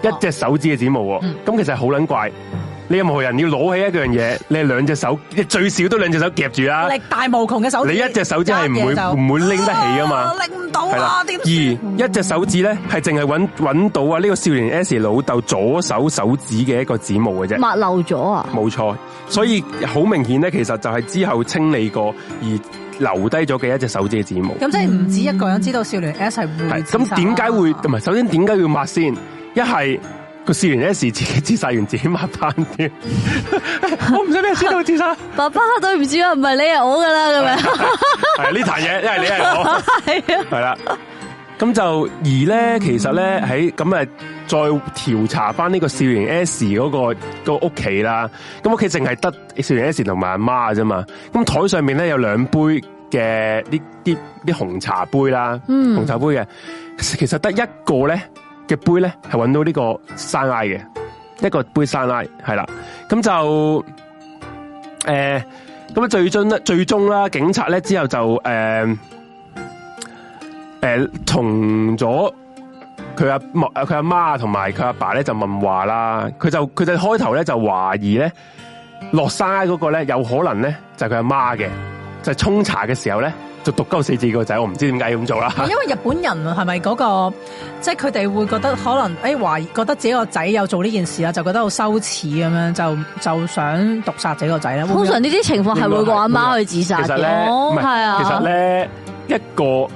一隻手指嘅指模喎。咁其實好捻怪，你任何人要攞起一樣嘢，你係兩隻手，最少都兩隻手夾住啦。力大無窮嘅手指，你一隻手指係唔會唔會拎得起㗎嘛？拎、啊、唔到點啦。而一隻手指咧，係淨係揾揾到啊！呢個少年 S 老豆左手手指嘅一個指模嘅啫，抹漏咗啊！冇錯，所以好明顯咧，其實就係之後清理過而。留低咗嘅一隻手指指模，咁即係唔止一個人知道少年 S 係會自殺，咁點解會唔係？首先點解要抹先？一係個少年 S 自己自殺，完自己抹翻啲， *laughs* 我唔想你知道自殺。爸爸對唔住啊，唔係你係我噶啦，咁樣係呢壇嘢，一係你係我，係 *laughs* 啦、啊。咁就而咧，其實咧喺咁啊，就再調查翻呢個少年 S 嗰、那個、那個屋企啦。咁屋企淨係得少年 S 同埋阿媽啫嘛。咁台上面咧有兩杯嘅呢啲啲紅茶杯啦，嗯、紅茶杯嘅。其實得一個咧嘅杯咧係搵到呢個山 I 嘅一個杯山 I 係啦。咁就誒咁啊，最終咧最終啦，警察咧之後就誒。呃誒，同咗佢阿阿佢阿媽同埋佢阿爸咧就問話啦，佢就佢哋開頭咧就懷疑咧，落曬嗰個咧有可能咧就佢阿媽嘅，就沖、是、茶嘅時候咧就毒鳩死自己個仔，我唔知點解要咁做啦。因為日本人係咪嗰個，即係佢哋會覺得可能誒懷、哎、疑，覺得自己個仔有做呢件事啊，就覺得好羞恥咁樣，就就想毒殺自己個仔。通常呢啲情況係會個阿媽去自殺。其實咧，係、哦、啊，其實咧一個。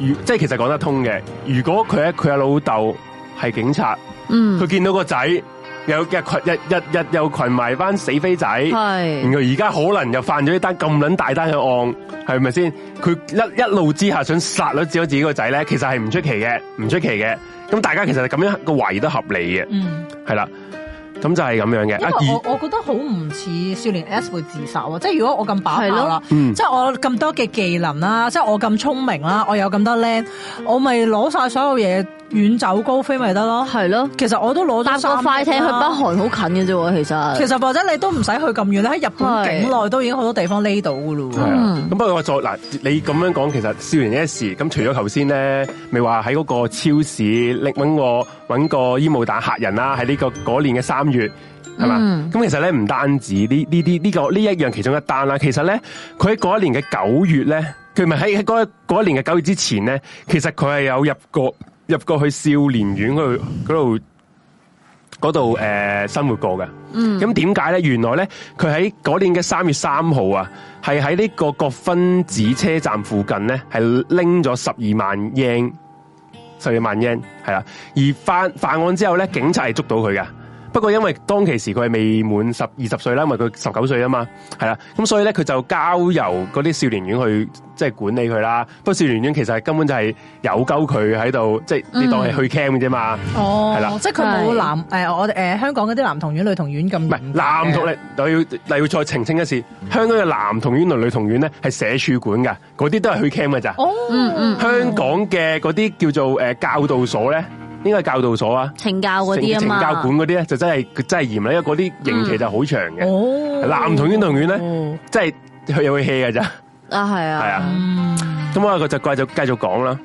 如即係其實講得通嘅，如果佢喺佢阿老豆係警察，嗯，佢見到個仔日、日、日又群日日日又群埋班死飛仔，係，然後而家可能又犯咗一單咁捻大單嘅案，係咪先？佢一一路之下想殺咗自己個仔咧，其實係唔出奇嘅，唔出奇嘅。咁大家其實係咁樣個懷疑都合理嘅，係、嗯、啦。咁就係咁樣嘅，因為我我覺得好唔似少年 S 會自殺喎，即係如果我咁把把啦，即係我咁多嘅技能啦，即係我咁聰明啦，我有咁多靚，我咪攞晒所有嘢遠走高飛咪得咯，係咯。其實我都攞搭個快艇去北韓好近嘅啫喎，其實其實或者你都唔使去咁遠，你喺日本境內都已經好多地方匿到嘅咯。咁、嗯、不過我再嗱，你咁樣講其實少年 S 咁，除咗頭先咧，咪話喺嗰個超市拎揾個揾個煙霧彈嚇人啦，喺呢、這個嗰年嘅三月係嘛，咁、嗯、其實咧唔單止呢呢啲呢個呢一樣其中一單啦，其實咧佢喺嗰一年嘅九月咧，佢咪喺喺嗰一年嘅九月之前咧，其實佢係有入過入過去少年院嗰度嗰度嗰度誒生活過嘅。咁點解咧？原來咧，佢喺嗰年嘅三月三號啊，係喺呢個國分寺車站附近咧，係拎咗十二萬英。十二萬 yen 係啦。而犯犯案之後咧，警察係捉到佢嘅。不過因為當其時佢係未滿十二十歲啦，因為佢十九歲啊嘛，係啦，咁所以咧佢就交由嗰啲少年院去即係、就是、管理佢啦。不過少年院其實係根本就係有鳩佢喺度，即、嗯、係你當係去 cam 嘅啫嘛。哦，係啦，即係佢冇男誒、呃，我誒、呃、香港嗰啲男童院、女童院咁係男童咧，又、嗯、要又要再澄清一次，香港嘅男童院、女童院咧係社署管噶，嗰啲都係去 cam 噶咋。哦，嗯嗯，香港嘅嗰啲叫做誒、呃、教導所咧。應該係教導所啊，懲教嗰啲啊、懲教館嗰啲咧就真係真係嚴啦，嗯、因為嗰啲刑期就好長嘅。男、哦、同院同院咧，即係佢又會 hea 嘅咋？啊係啊係啊，咁我佢就繼續繼續講啦。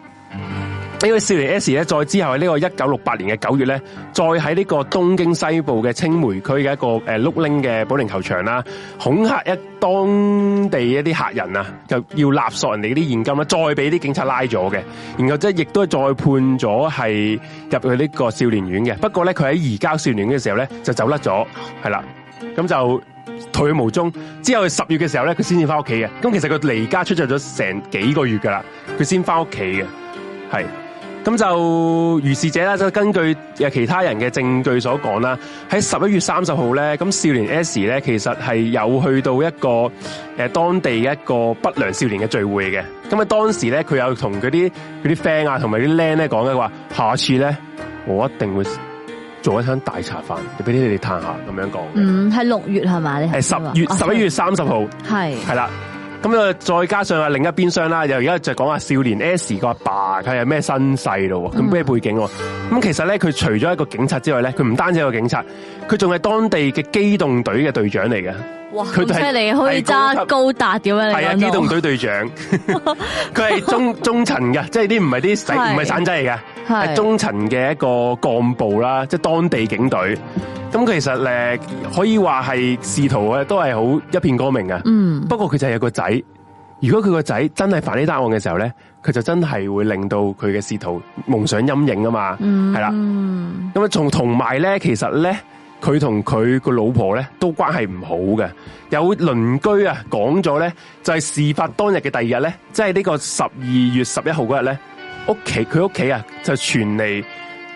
呢、那個少年 S 咧，再之後呢個一九六八年嘅九月咧，再喺呢個東京西部嘅青梅區嘅一個誒碌 ling 嘅保齡球場啦，恐嚇一當地一啲客人啊，就要勒索人哋啲現金啦，再俾啲警察拉咗嘅，然後即係亦都再判咗係入去呢個少年院嘅。不過咧，佢喺移交少年院嘅時候咧，就走甩咗，係啦，咁就退無蹤。之後十月嘅時候咧，佢先至翻屋企嘅。咁其實佢離家出走咗咗成幾個月噶啦，佢先翻屋企嘅，係。咁就如是者啦，就根據其他人嘅證據所講啦，喺十一月三十號咧，咁少年 S 咧其實係有去到一個當地嘅一個不良少年嘅聚會嘅。咁喺當時咧，佢有同佢啲嗰啲 friend 啊，同埋啲靚呢講咧，話下次咧，我一定會做一餐大茶飯，俾啲你哋嘆下。咁樣講。嗯，係六月係嘛？係十月十一月三十號。係。係啦。咁啊，再加上啊，另一邊廂啦，又而家就講下少年 S 個阿爸，佢係咩身世咯？咁咩背景喎？咁、嗯、其實咧，佢除咗一個警察之外咧，佢唔單止一個警察，佢仲係當地嘅機動隊嘅隊長嚟嘅。哇！佢犀利可以揸高達咁樣，係啊！機動隊隊長，佢 *laughs* 係 *laughs* 是中 *laughs* 中層嘅，即係啲唔係啲唔係散仔嚟嘅，係中層嘅一個幹部啦，即係當地警隊。咁 *laughs* 其實誒，可以話係仕途咧都係好一片光明啊。嗯。不過佢就係有一個仔，如果佢個仔真係犯呢單案嘅時候咧，佢就真係會令到佢嘅仕途蒙上陰影啊嘛。嗯。係啦。咁啊，仲同埋咧，其實咧。佢同佢個老婆咧都關係唔好嘅，有鄰居啊講咗咧，就係、是、事發當日嘅第二呢、就是、日咧，即係呢個十二月十一號嗰日咧，屋企佢屋企啊就傳嚟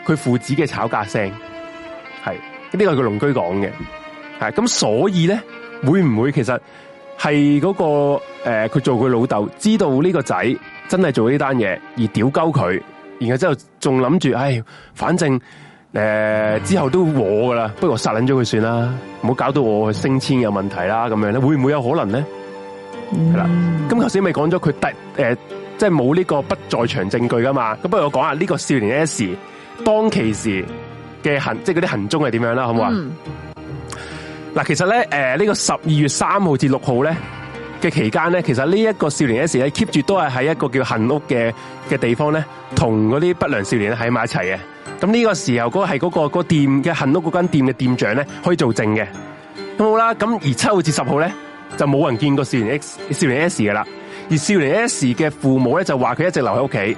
佢父子嘅吵架聲，係呢個係個鄰居講嘅，係咁所以咧，會唔會其實係嗰、那個誒佢、呃、做佢老豆知道呢個仔真係做呢單嘢而屌鳩佢，然後之後仲諗住唉反正。誒，之後都和我噶啦，不過我殺捻咗佢算啦，唔好搞到我升遷有問題啦，咁樣咧會唔會有可能咧？係、嗯、啦，咁頭先咪講咗佢突誒，即係冇呢個不在場證據噶嘛，咁不如我講下呢個少年 S 當其時嘅行，即係嗰啲行蹤係點樣啦，好唔好啊？嗱、嗯，其實咧，誒、呃，這個、12呢個十二月三號至六號咧，嘅期間咧，其實呢一個少年 S 咧 keep 住都係喺一個叫恆屋嘅嘅地方咧，同嗰啲不良少年咧喺埋一齊嘅。咁呢個時候、那個，嗰係嗰個店嘅恆屋嗰間店嘅店長咧可以做證嘅。咁好啦，咁而七號至十號咧就冇人見過少年 S 少年 S 嘅啦。而少年 S 嘅父母咧就話佢一直留喺屋企，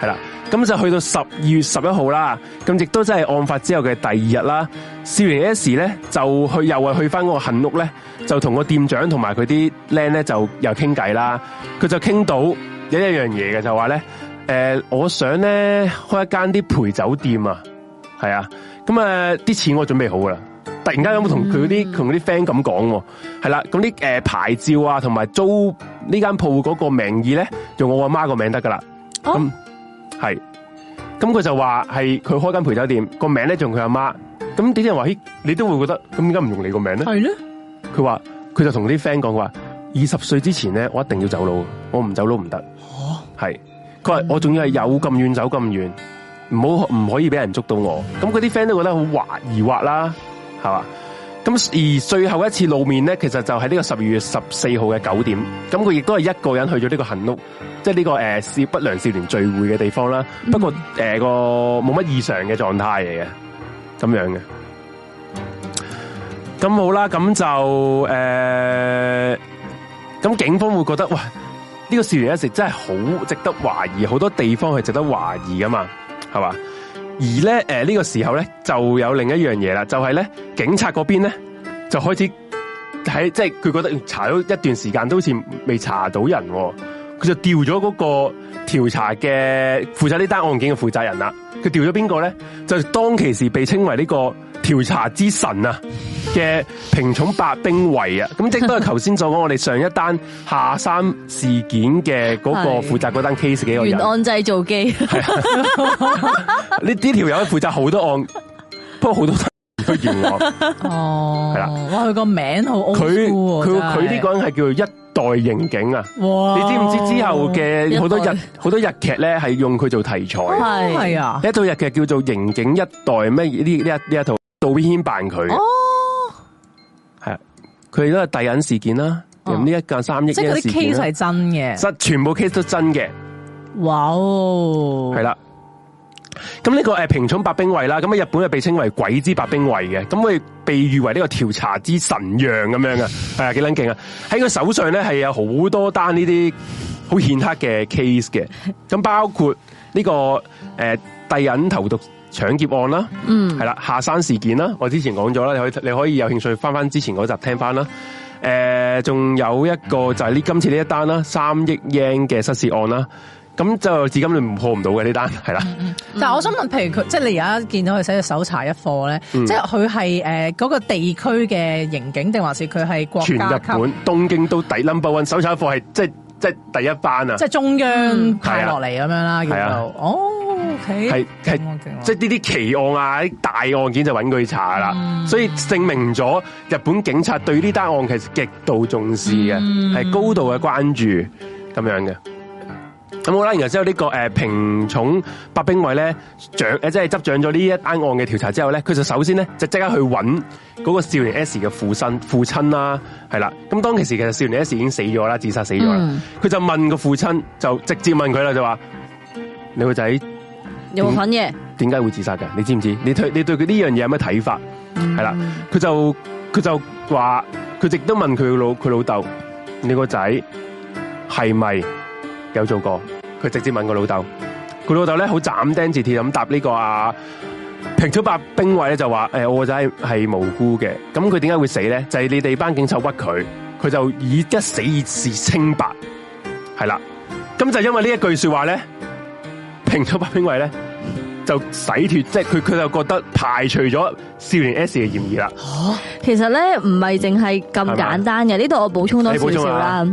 係啦。咁就去到十二月十一號啦，咁亦都真係案發之後嘅第二日啦。少年 S 咧，就去又係去翻個個恆屋咧，就同個店長同埋佢啲僆，咧就又傾偈啦。佢就傾到有一樣嘢嘅，就話咧，誒、呃，我想咧開一間啲陪酒店啊，係啊，咁啊啲錢我準備好噶啦。突然間有冇同佢啲同啲 friend 咁講？係、嗯、啦、啊，咁啲誒牌照啊，同埋租呢間鋪嗰個名義咧，用我阿媽個名得噶啦。哦。係，咁佢就話係佢開間陪酒店，個名咧仲佢阿媽，咁啲人話，你都會覺得，咁點解唔用你個名咧？係咧，佢話佢就同啲 friend 講，佢話二十歲之前咧，我一定要走佬，我唔、哦、走佬唔得，係，佢話我仲要係有咁遠走咁遠，唔好唔可以俾人捉到我，咁佢啲 friend 都覺得好滑疑惑啦，係嘛？咁而最後一次露面咧，其實就係呢個十二月十四號嘅九點。咁佢亦都係一個人去咗呢個行屋，即係呢個誒少、呃、不良少年聚會嘅地方啦。不過誒個冇乜異常嘅狀態嚟嘅，咁樣嘅。咁好啦，咁就誒，咁、呃、警方會覺得，哇！呢、呢個少年一直真係好值得懷疑，好多地方係值得懷疑噶嘛，係嘛？而咧，誒、呃、呢、這個時候咧，就有另一樣嘢啦，就係、是、咧，警察嗰邊咧就開始喺即係佢覺得查咗一段時間都好似未查到人喎，佢就調咗嗰個調查嘅負責呢單案件嘅負責人啦。佢調咗邊個咧？就當其時被稱為呢、這個。調查之神啊嘅平冢八兵衛啊，咁即都係頭先所講，我哋上一單下山事件嘅嗰個負責嗰單 case 嘅一個人。冤案製造機，呢呢條友負責好多案，不過好多都都冤案。哦，係啦，哇，佢個名好佢佢佢呢個人係叫做「一代刑警」啊。你知唔知之後嘅好多日好多日劇咧係用佢做題材？係係啊，一套日劇叫做《刑警一代》，咩呢呢一呢一套。路邊牽扮佢，哦，係佢都係遞隱事件啦。咁呢一屆三億，即係啲 case 係真嘅，即係全部 case 都真嘅。哇哦，係啦。咁呢、這個誒、呃、平冢白兵衛啦，咁啊日本啊被稱為鬼之白兵衛嘅，咁佢被譽為呢個調查之神樣咁樣嘅。係啊幾捻勁啊！喺佢手上咧係有好多單呢啲好顯赫嘅 case 嘅，咁包括呢、這個誒遞隱投毒。搶劫案啦，嗯，係啦，下山事件啦，我之前講咗啦，你可以你可以有興趣翻翻之前嗰集聽翻啦。仲、呃、有一個就係、是、呢今次呢一單啦，三億 yen 嘅失竊案啦，咁就至今你唔破唔到嘅呢單，係、嗯、啦、嗯。但係我想問，譬如佢即係你而家見到佢寫隻搜查一課咧、嗯，即係佢係嗰個地區嘅刑警，定還是佢係國家級？全日本東京都第一 number one 搜查一課？係即係。即係第一班啊！即係中央派落嚟咁樣啦，叫做哦，係係即係呢啲奇案啊，啲大案件就揾佢查啦、嗯。所以證明咗日本警察對呢單案其實極度重視嘅，係、嗯、高度嘅關注咁樣嘅。咁、嗯、好啦，然後之後呢個誒、呃，平重白冰偉咧掌誒，即係執掌咗呢一單案嘅調查之後咧，佢就首先咧就即刻去揾嗰個少年 S 嘅父親父親啦、啊，係啦。咁當其時其實少年 S 已經死咗啦，自殺死咗啦。佢、嗯、就問個父親，就直接問佢啦，就話：你個仔有冇份嘢？點解會自殺嘅？你知唔知？你對你對佢呢樣嘢有咩睇法？係、嗯、啦，佢就佢就話，佢直都問佢老佢老豆，你個仔係咪有做過？佢直接問個老豆，佢老豆咧好斬釘截鐵咁答呢個啊平丘八兵衛咧就話：誒，我仔係無辜嘅。咁佢點解會死咧？就係你哋班警察屈佢，佢就以一死而示清白。係啦，咁就因為呢一句說話咧，平丘八兵衛咧就洗脫，即係佢佢就覺得排除咗少年 S 嘅嫌疑啦。哦，其實咧唔係淨係咁簡單嘅，呢度我補充多少少啦。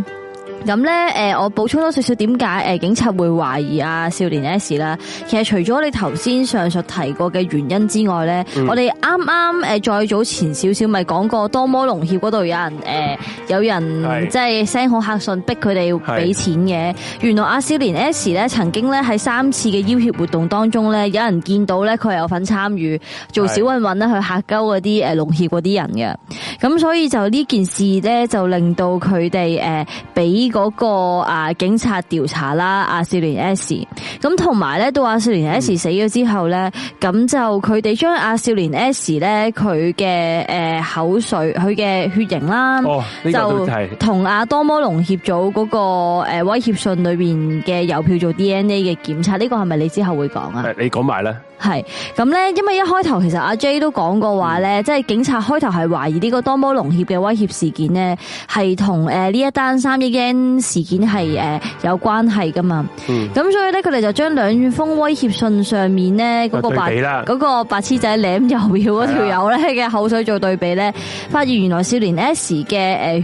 咁咧，我補充多少少，點解警察會懷疑啊少年 S 啦？其實除咗你頭先上述提過嘅原因之外咧、嗯，我哋啱啱再早前少少咪講過，多摩龍協嗰度有人、呃、有人即係 send 恐嚇信逼佢哋俾錢嘅。原來阿少年 S 咧曾經咧喺三次嘅要挾活動當中咧，有人見到咧佢係有份參與做小混混咧去嚇鳩嗰啲龍協嗰啲人嘅。咁所以就呢件事咧，就令到佢哋畀。俾、呃。嗰、那個啊警察調查啦，阿少年 S 咁同埋咧，到阿少年 S 死咗之後咧，咁就佢哋將阿少年 S 咧佢嘅，誒口水佢嘅血型啦，哦這個，就同阿多摩龍協組嗰個誒威脅信裏邊嘅郵票做 DNA 嘅檢測，呢個係咪你之後會講啊？你講埋咧。係咁咧，因為一開頭其實阿 J 都講過話咧，嗯、即係警察開頭係懷疑呢個多摩龍協嘅威脅事件呢，係同誒呢一單三已 N 事件係誒有關係噶嘛。咁、嗯、所以咧，佢哋就將兩封威脅信上面呢，嗰個白嗰個白痴仔舐油票嗰條友咧嘅口水做對比咧，發現原來少年 S 嘅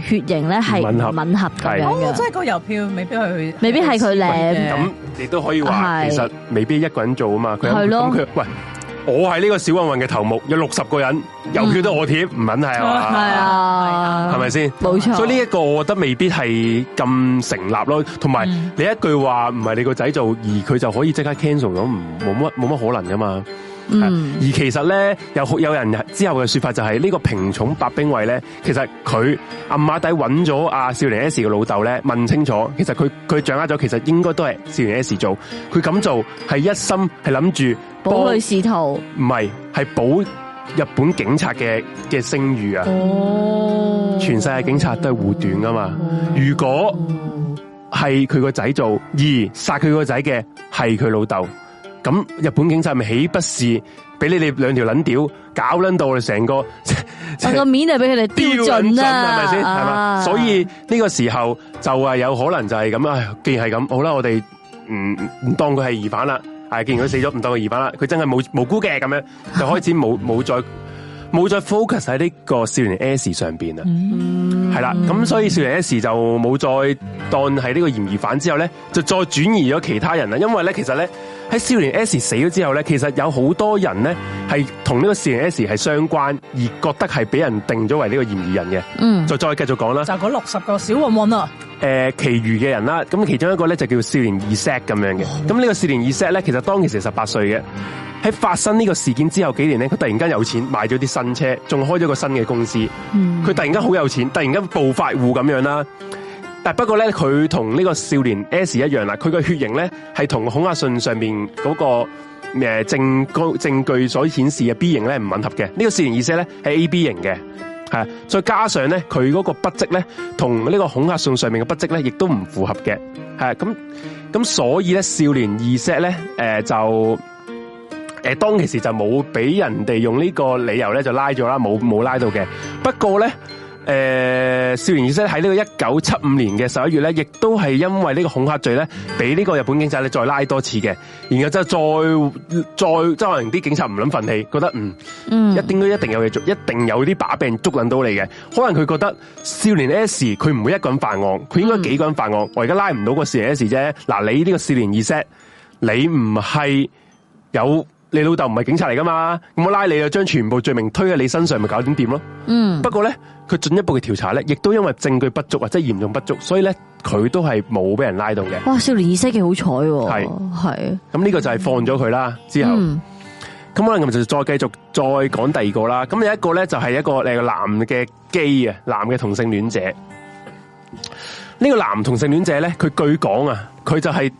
誒血型咧係吻合，我真係個郵票未必係佢，未必係佢舐，咁你都可以話其實未必一個人做啊嘛，佢係咯。喂，我係呢個小混混嘅頭目，有六十個人又叫得我貼，唔肯係啊，係啊，係咪先？冇錯，所以呢一個我覺得未必係咁成立咯，同埋你一句話唔係你個仔做，而佢就可以即刻 cancel 咗，唔冇乜冇乜可能噶嘛。嗯，而其實咧，有好有人之後嘅說法就係呢個平冢白兵衛咧，其實佢暗馬底揾咗阿少年 S 嘅老豆咧，問清楚，其實佢佢掌握咗，其實應該都係少年 S 做，佢咁做係一心係諗住保佢仕途，唔係係保日本警察嘅嘅聲譽啊，全世界警察都係護短噶嘛，如果係佢個仔做，而殺佢個仔嘅係佢老豆。咁日本警察咪豈不是俾你哋兩條撚屌搞撚到，成個個面啊俾佢哋丟盡啦，係咪先？係嘛？所以呢個時候就係有可能就係咁啊！既然係咁，好啦，我哋唔唔當佢係疑犯啦。啊，既然佢死咗，唔當佢疑犯啦，佢真係冇無，無辜嘅，咁樣就開始冇冇再。 *laughs* 冇再 focus 喺呢個少年 S 上邊啊、嗯，係啦，咁所以少年 S 就冇再當係呢個嫌疑犯之後咧，就再轉移咗其他人啦。因為咧，其實咧喺少年 S 死咗之後咧，其實有好多人咧係同呢個少年 S 係相關，而覺得係俾人定咗為呢個嫌疑人嘅。嗯，就再繼續講啦，就嗰六十個小混混啦。誒、呃，其餘嘅人啦，咁其中一個咧就叫少年二 set 咁樣嘅，咁呢個少年二 set 咧，其實當其時十八歲嘅。喺發生呢個事件之後幾年咧，佢突然間有錢買咗啲新車，仲開咗個新嘅公司。佢、嗯、突然間好有錢，突然間暴發戶咁樣啦。但不過咧，佢同呢個少年 S 一樣啦，佢個血型咧係同恐嚇信上面嗰、那個誒、呃、證據、證據所顯示嘅 B 型咧唔吻合嘅。呢、這個少年意 s 呢，咧係 AB 型嘅，再加上咧佢嗰個筆跡咧同呢這個恐嚇信上面嘅筆跡咧亦都唔符合嘅。咁咁，所以咧少年意 s 呢，咧、呃、就。誒、呃，當其時就冇俾人哋用呢個理由咧，就拉咗啦，冇冇拉到嘅。不過咧，誒、呃，少年 S 喺呢個一九七五年嘅十一月咧，亦都係因為呢個恐吓罪咧，俾呢個日本警察咧再拉多次嘅。然後就再再即可能啲警察唔諗忿氣，覺得嗯，嗯一定都一定有嘢做，一定有啲把柄捉捻到你嘅。可能佢覺得少年 S 佢唔會一個人犯案，佢應該幾個人犯案。嗯、我現在不、嗯、而家拉唔到個少年 S 啫。嗱，你呢個少年 S，你唔係有。你老豆唔係警察嚟噶嘛？咁我拉你啊，將全部罪名推喺你身上，咪搞掂掂咯。嗯。不過咧，佢進一步嘅調查咧，亦都因為證據不足或者嚴重不足，所以咧佢都係冇俾人拉到嘅。哇！少年意識幾好彩，哦。係係。咁呢個就係放咗佢啦。之後咁可能咁就再繼續再講第二個啦。咁有一個咧就係、是、一個誒男嘅基啊，男嘅同性戀者。呢、這個男同性戀者咧，佢據講啊，佢就係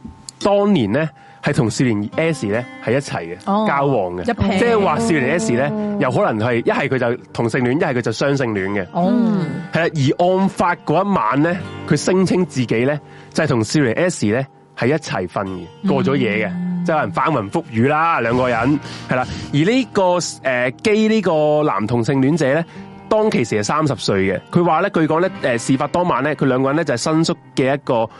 當年咧。係同少年 S 咧係一齊嘅，oh, 交往嘅，即係話少年 S 咧有、oh. 可能係一係佢就同性戀，一係佢就雙性戀嘅。哦，係啦。而案發嗰一晚咧，佢聲稱自己咧就係、是、同少年 S 咧係一齊瞓嘅，過咗夜嘅，即係話翻雲覆雨啦，兩個人係啦。而呢、這個誒、呃、基呢個男同性戀者咧，當其時係三十歲嘅。佢話咧，據講咧，誒、呃，事發當晚咧，佢兩個人咧就係、是、新宿嘅一個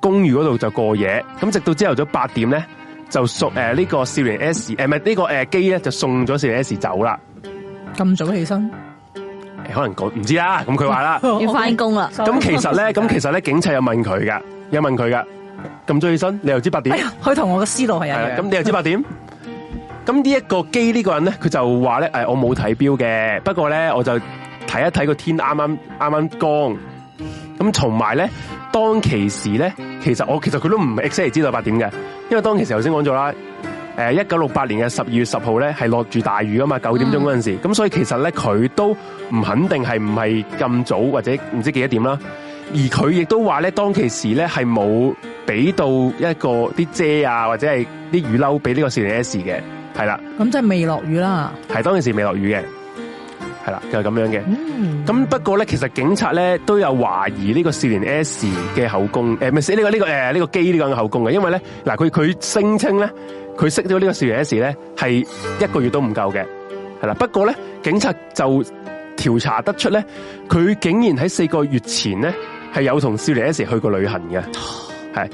公寓嗰度就過夜，咁直到朝頭早八點咧，就送誒呢個少年 S 誒唔係呢個誒機咧就送咗少年 S 走啦。咁早起身、呃，可能講唔知啦。咁佢話啦，要翻工。啦。咁其實咧，咁其實咧，警察又問佢噶，又問佢噶。咁早起身，你又知八點？佢、哎、同我嘅思路係一樣。咁你又知八點？咁呢一個機呢個人咧，佢就話咧，誒我冇睇錶嘅，不過咧我就睇一睇個天剛剛，啱啱啱啱光。咁，同埋咧，當其時咧，其實我其實佢都唔係 exactly 知道八點嘅，因為當其時頭先講咗啦，誒，一九六八年嘅十二月十號咧係落住大雨啊嘛，九點鐘嗰陣時，咁、嗯、所以其實咧佢都唔肯定係唔係咁早或者唔知幾多點啦，而佢亦都話咧當其時咧係冇俾到一個啲遮啊或者係啲、嗯、雨褸俾呢個 4S 嘅，係啦。咁即係未落雨啦。係當其時未落雨嘅。係啦，就係咁樣嘅。咁不過咧，其實警察咧都有懷疑呢個少年 S 嘅口供，誒、呃，唔係寫呢個呢、這個誒呢、呃這個機呢個嘅口供嘅，因為咧嗱，佢佢聲稱咧，佢識咗呢個少年 S 咧係一個月都唔夠嘅，係啦。不過咧，警察就調查得出咧，佢竟然喺四個月前咧係有同少年 S 去過旅行嘅。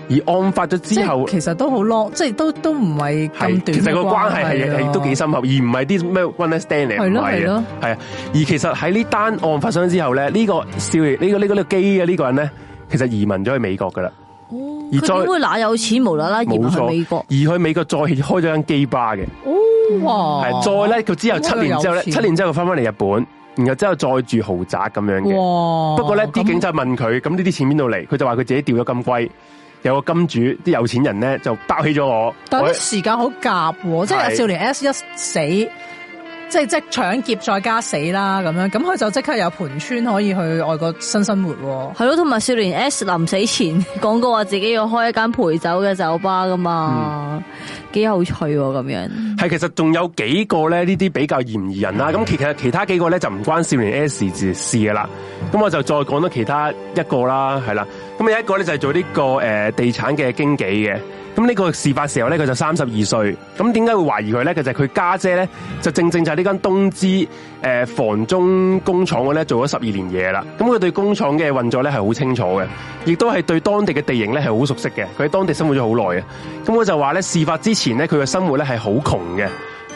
而案發咗之後，其實都好 long，即係都都唔係咁短。其實個關係係係都幾深厚，而唔係啲咩 one standing 嘅關係啊。係啊，而其實喺呢單案發生之後咧，呢、呢個少爺呢、呢個呢、呢個呢、呢個機嘅呢個人咧，其實移民咗去美國噶啦。哦，佢點會哪有錢無啦啦移去美國？而，無無去，美國而去美國再開咗間機巴嘅。哦，係再咧，佢之後七年之後咧，七年之後佢翻翻嚟日本，然後之後再住豪宅咁樣嘅。哇，不過咧啲警察問佢，咁呢啲錢邊度嚟？佢就話佢自己掉咗金龜。有個金主，啲有錢人咧就包起咗我，但係啲時間好夾，即係阿少年 S 一死。即係即搶劫再加死啦咁樣，咁佢就即刻有盤川可以去外國新生活，啊。係咯，同埋少年 S 臨死前講過話自己要開一間陪酒嘅酒吧噶嘛，幾、嗯、有趣咁樣。係，其實仲有幾個咧呢啲比較嫌疑人啦，啊。咁其實其他幾個咧就唔關少年 S 事㗎啦。咁我就再講多其他一個啦，係啦。咁有一個咧就係、是、做呢、這個誒、呃、地產嘅經紀嘅。咁呢個事發時候咧，佢就三十二歲。咁點解會懷疑佢咧？其實佢、係、家姐咧，就正正就係呢間東芝誒、呃、房中工廠嗰咧做咗十二年嘢啦。咁佢對工廠嘅運作咧係好清楚嘅，亦都係對當地嘅地形咧係好熟悉嘅。佢喺當地生活咗好耐嘅。咁我就話咧，事發之前咧，佢嘅生活咧係好窮嘅。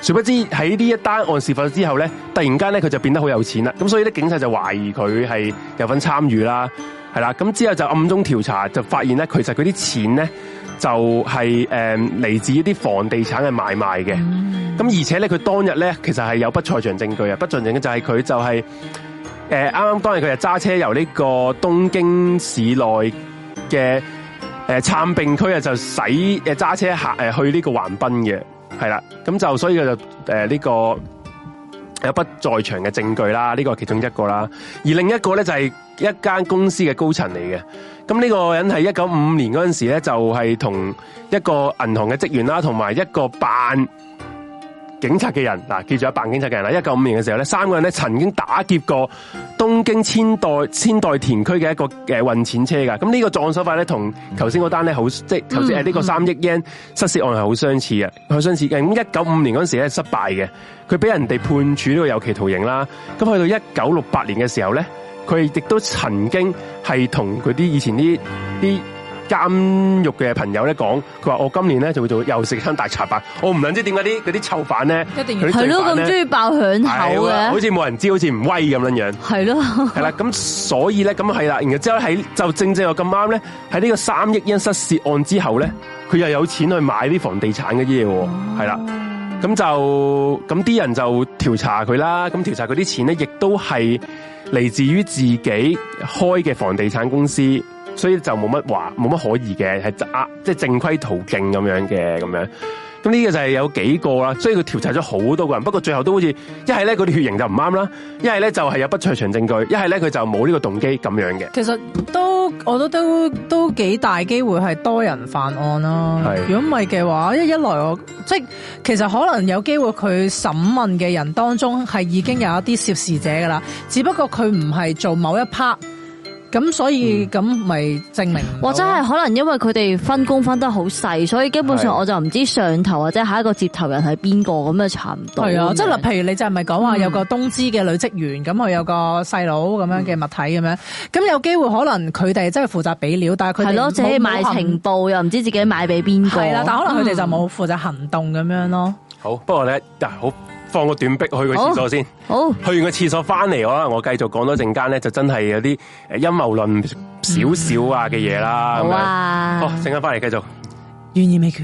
殊不知喺呢一單案事發之後咧，突然間咧佢就變得好有錢啦。咁所以咧，警察就懷疑佢係有份參與啦，係啦。咁之後就暗中調查，就發現咧，其實佢啲錢咧。就係誒嚟自一啲房地產嘅買賣嘅，咁而且咧佢當日咧其實係有不在場證據啊，不盡嘅就係佢就係誒啱啱當日佢就揸車由呢個東京市內嘅誒杉並區啊，呃、就使誒揸車行誒去呢個橫濱嘅，係啦，咁就所以佢就誒呢、呃這個有不在場嘅證據啦，呢、這個其中一個啦，而另一個咧就係、是、一間公司嘅高層嚟嘅。咁呢個人係一九五五年嗰陣時咧，就係同一個銀行嘅職員啦，同埋一個扮警察嘅人嗱，記住，一扮警察嘅人啦。一九五年嘅時候咧，三個人咧曾經打劫過東京千代千代田區嘅一個運錢車㗎。咁呢個作案手法咧，同頭先嗰單咧好，即係頭先誒呢個三億日圓失竊案係好相似嘅，好相似嘅。咁一九五年嗰陣時咧失敗嘅，佢俾人哋判處呢個有期徒刑啦。咁去到一九六八年嘅時候咧。佢亦都曾經係同佢啲以前啲啲監獄嘅朋友咧講，佢話：我今年咧就會做又食餐大茶飯。我唔諗知點解啲嗰啲囚犯咧，係咯咁中意爆響口嘅，好似冇人知，好似唔威咁樣樣係咯，係啦，咁 *laughs* 所以咧，咁係啦，然後之後喺就正正又咁啱咧，喺呢個三億英鎊失竊案之後咧，佢又有錢去買啲房地產嘅嘢喎。係啦，咁就咁啲人就調查佢啦，咁調查佢啲錢咧，亦都係。嚟自於自己開嘅房地產公司，所以就冇乜話冇乜可疑嘅，係呃即係正規途徑咁樣嘅咁樣。咁呢個就係有幾個啦，所以佢調查咗好多個人，不過最後都好似一係咧嗰啲血型就唔啱啦，一係咧就係有不在場證據，一係咧佢就冇呢個動機咁樣嘅。其實都，我覺得都都都幾大機會係多人犯案啦。係，如果唔係嘅話，一來我即係其實可能有機會佢審問嘅人當中係已經有一啲涉事者噶啦，只不過佢唔係做某一 part。咁所以咁咪、嗯、證明，或者係可能因為佢哋分工分得好細，所以基本上我就唔知上頭或者下一個接頭人係邊個咁啊，差唔多。係啊，即係嗱，譬如你就係咪講話有個東芝嘅女職員，咁、嗯、佢有個細佬咁樣嘅物體咁樣，咁、嗯、有機會可能佢哋真係負責俾料，但係佢係咯，自己賣情報又唔知自己賣俾邊個，但可能佢哋就冇負責行動咁樣咯、嗯。好，不過咧，但係好。放個短壁去個廁所先，好。好去完個廁所翻嚟，可能我繼續講多陣間咧，就真係有啲誒陰謀論少少啊嘅嘢啦。好啊，好陣間翻嚟繼續。願意未決？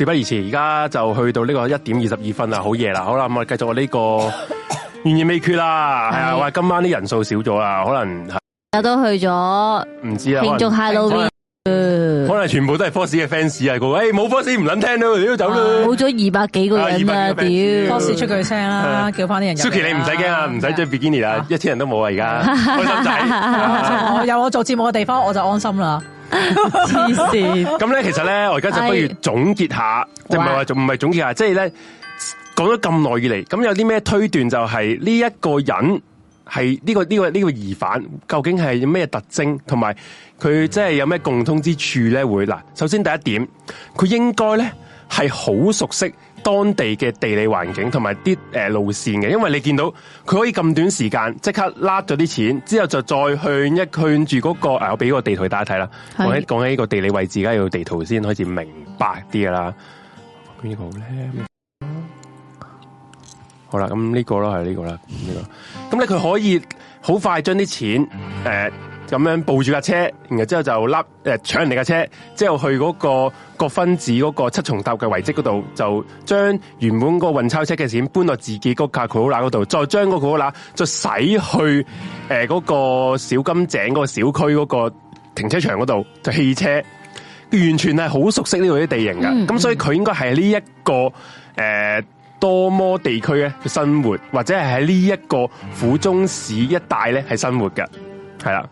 事不宜遲，而家就去到呢個一點二十二分啦，好夜啦。好、嗯、啦，咁我繼續我呢個完而未決啦。係 *coughs* 啊，我話、啊、今晚啲人數少咗啦。可能有都去咗，唔知啊。慶祝 Halloween，可能全部都係 Force 嘅、欸、fans 啊。各位，冇 Force 唔撚聽你要走啦！冇咗二百幾個人啊，屌、啊、 *coughs* ！Force 出句聲啦、 *coughs* 啊，叫翻啲人 Suki 你唔使驚啊，唔使著 bikini 啊，一千人都冇啊，而家 *laughs* 心仔。 *laughs* 有我做節目嘅地方我就安心啦。黐線！咁咧，其實咧，我而家就不如總結一下，即係唔係話唔係總結下，即係咧講咗咁耐以嚟，咁有啲咩推斷就係呢一個人係呢、這個呢、這個呢、這個疑犯，究竟係咩特徵，同埋佢即係有咩共通之處咧？會嗱，首先第一點，佢應該咧係好熟悉當地嘅地理環境同埋啲誒路線嘅，因為你見到佢可以咁短時間即刻拉咗啲錢，之後就再向一向住嗰個誒、啊，我俾個地圖大家睇啦。我講起講起呢個地理位置，梗係要地圖先開始明白啲噶啦。邊一個好叻。好啦，咁呢個咯係呢個啦，呢個。咁咧佢可以好快將啲錢誒。呃咁樣抱住架車，然後之後就笠誒搶人哋架車，之後去嗰個國分寺嗰個七重塔嘅遺跡嗰度，就將原本個運鈔車嘅錢搬落自己個卡庫拉嗰度，再將個庫拉再駛去誒嗰、呃那個小金井嗰個小區嗰個停車場嗰度，就汽車，完全係好熟悉呢度啲地形噶，咁、嗯、所以佢應該係呢一個誒、呃、多摩地區咧生活，或者係喺呢一個府中市一帶咧係生活嘅係啦。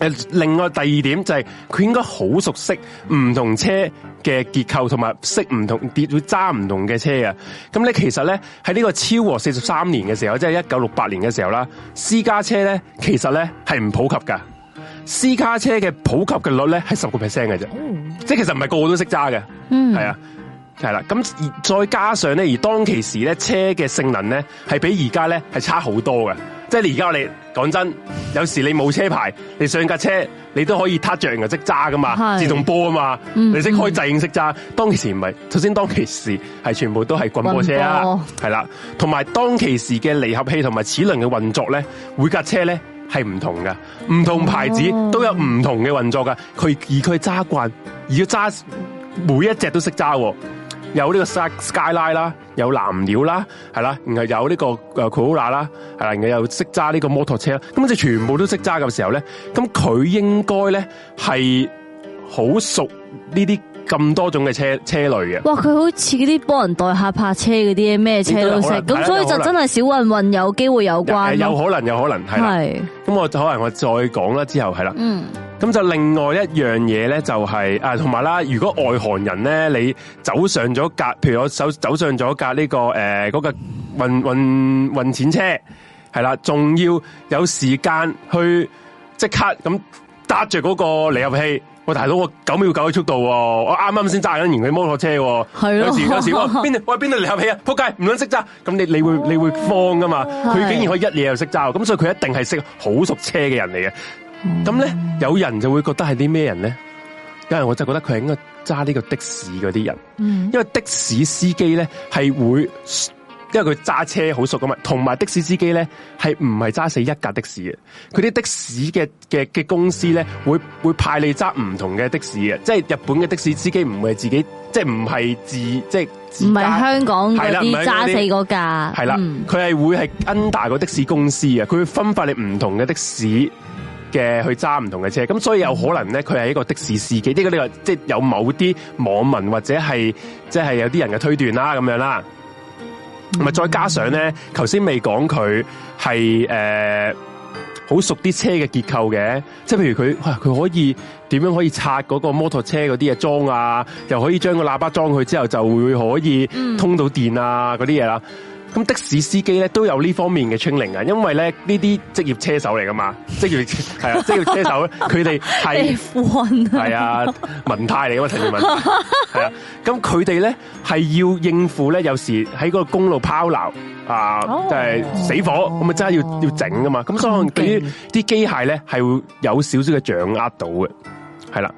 誒，另外第二點就係、是、佢應該好熟悉唔同車嘅結構，同埋識唔同點會揸唔同嘅車啊！咁咧，其實咧喺呢個昭和四十三年嘅時候，即係一九六八年嘅時候啦，私家車咧其實咧係唔普及噶，私家車嘅普及嘅率咧係十個 percent 嘅啫，即係其實唔係個個都識揸嘅，係、嗯、啊。係啦，咁再加上咧，而當其時咧，車嘅性能咧係比而家咧係差好多嘅。即係而家我哋講真，有時你冇車牌，你上架車你都可以撻着嘅，即揸噶嘛，自動波啊嘛，你識開掣，你識揸。當其時唔係，首先當其時係全部都係棍波車啊，係啦。同埋當其時嘅離合器同埋齒輪嘅運作咧，每架車咧係唔同嘅，唔同牌子都有唔同嘅運作㗎。佢而佢揸慣，而要揸每一隻都識揸。有呢個 Skyline 啦，有藍鳥啦，係啦，然後有呢個誒 Corolla 啦，係啦，然後又識揸呢個摩托車啦，咁即係全部都識揸嘅時候咧，咁佢應該咧係好熟呢啲。咁多種嘅車車類嘅，哇！佢好似啲幫人代客泊車嗰啲咩車都識，咁所以就真係小運運有機會有關有，有可能有可能係啦。咁我就可能我再講啦之後係啦。咁、嗯、就另外一樣嘢咧，就係、是、啊，同埋啦，如果外行人咧，你走上咗架，譬如我走走上咗架呢個誒，嗰、呃嗰個運運運錢車係啦，仲要有時間去即刻咁搭住嗰個離合器。喂大佬，我九秒九嘅速度，哦，我啱啱先揸緊完佢摩托車，哦，有時有時邊度喂，邊度離合器啊，撲街，唔撚識揸，咁你你會你會慌噶嘛？佢竟然可以一嘢又識揸，咁所以佢一定係識好熟車嘅人嚟嘅。咁咧，mm-hmm.，有人就會覺得係啲咩人咧？有人我就覺得佢係應該揸呢個的士嗰啲人，mm-hmm. 因為的士司機咧係會。因為佢揸車好熟噶嘛，同埋的士司機咧係唔係揸死一架的，的，的，的士嘅，佢啲的士嘅嘅嘅公司咧會會派你揸唔同嘅的，的士嘅，即係日本嘅的，的士司機唔會係自己，即係唔係自即係唔係香港嗰啲揸死嗰架，係啦，佢係、嗯、會係跟大個的士公司嘅佢會分發你唔同嘅的，的士嘅去揸唔同嘅車，咁所以有可能咧佢係一個的士司機，呢個你話即係有某啲網民或者係即係有啲人嘅推斷啦，咁樣啦。咪、嗯、再加上咧，頭先未講佢係誒好熟啲車嘅結構嘅，即係譬如佢，佢可以點樣可以拆嗰個摩托車嗰啲嘢裝啊，又可以將個喇叭裝佢之後就會可以通到電啊嗰啲嘢啦。嗯。咁的士司機咧都有呢方面嘅 training 因為咧呢啲職業車手嚟噶嘛，職業係啊，職業車手佢哋係係啊 *laughs* 文太嚟噶嘛陳文泰係 *laughs* 啊，咁佢哋咧係要應付咧有時喺嗰個公路拋流啊，即係死火，咁咪真係要要整噶嘛，咁、oh. 所以對於啲機械咧係會有少少嘅掌握到嘅，係啦。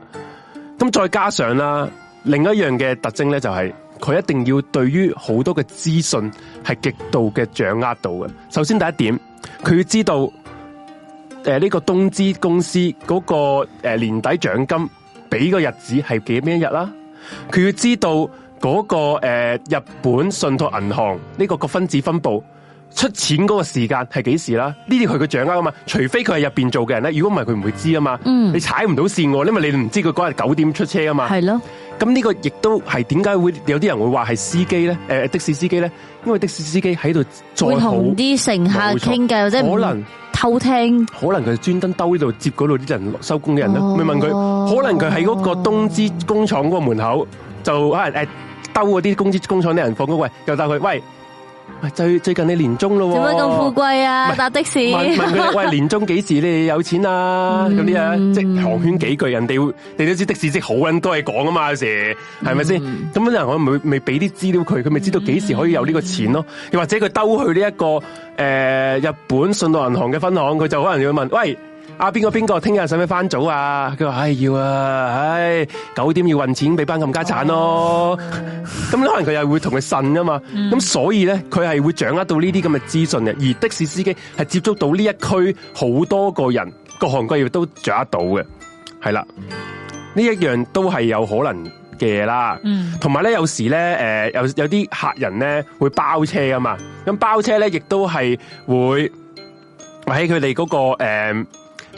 咁再加上啦，另一樣嘅特徵咧就係。佢一定要對於好多嘅資訊係極度嘅掌握到嘅。首先第一點，佢要知道，誒、呃、呢、這個東芝公司嗰、那個誒、呃、年底獎金俾個日子係幾咩日啦、啊？佢要知道嗰、那個誒、呃、日本信託銀行呢個個分子分布。出錢嗰個時間係幾時啦？呢啲佢佢掌握啊嘛，除非佢係入邊做嘅人咧，如果唔係佢唔會知啊嘛。嗯，你踩唔到線喎，因為你唔知佢嗰日九點出車啊嘛。係咯，咁呢個亦都係點解會有啲人會話係司機咧？誒、呃，的士司機咧，因為的士司機喺度再同啲乘客傾偈或者可能偷聽，可能佢專登兜呢度接嗰度啲人收工嘅人咧，咪、哦、問佢，可能佢喺嗰個東芝工廠嗰個門口就可能誒兜嗰啲東芝工廠啲人放工，那個，喂，又帶佢喂。最最近你年中咯，做乜咁富貴啊？我搭的士，問問問他喂，年中幾時你哋有錢啊？咁啲啊，即寒暄幾句，人哋，人你都知道的士即好撚多嘢講啊嘛，有時係咪先？咁有 *laughs* 人我咪咪畀啲資料佢，佢咪知道幾時可以有呢個錢咯、啊？又或者佢兜去呢、這、一個誒、呃、日本信和銀行嘅分行，佢就可能要問喂。阿、啊、邊個邊個，聽日使唔使翻早啊？佢話：唉，要啊！唉，九點要運錢俾班冚家產咯。咁、哎、 *laughs* 可能佢又會同佢呻啊嘛。咁、嗯、所以咧，佢係會掌握到呢啲咁嘅資訊嘅。而的士司機係接觸到呢一區好多個人，各行各業都掌握到嘅，係啦。呢一樣都係有可能嘅嘢啦。同埋咧，有時咧，誒、呃，有有啲客人咧會包車啊嘛。咁包車咧，亦都係會、那個，喺佢哋嗰個誒。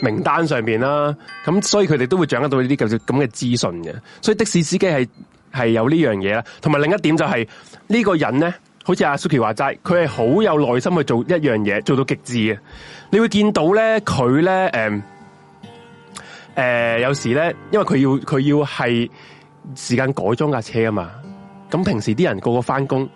名單上邊啦，咁所以佢哋都會掌握到呢啲咁嘅資訊嘅，所以的士司機係係有呢樣嘢啦同埋另一點就係呢個人咧，好似阿 Suki 話齋，佢係好有耐心去做一樣嘢，做到極致嘅。你會見到咧，佢咧，誒、呃，誒、呃，有時咧，因為佢要佢要係時間改裝架車啊嘛咁平時啲人個個翻工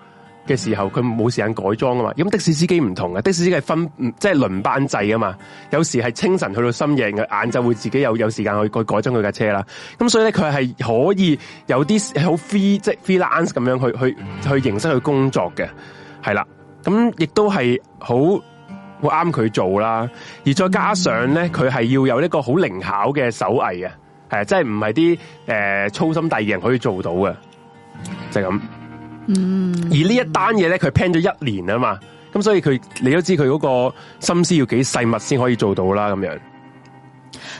嘅時候佢冇時間改裝啊嘛，咁的士司機唔同㗎，的士司機係分即係輪班制啊嘛，有時係清晨去到深夜嘅，晏晝會自己有有時間去改裝佢架車啦，咁所以咧佢係可以有啲好 free 即係 freelance 咁樣去去去，去形式去工作嘅，係啦，咁亦都係好會啱佢做啦，而再加上咧佢係要有一個好靈巧嘅手藝啊，係啊，即係唔係啲誒粗心大意嘅人可以做到嘅，就係咁。嗯，而呢一單嘢咧，佢 plan 咗一年啊嘛，咁所以佢你都知佢嗰個心思要幾細密先可以做到啦，咁樣。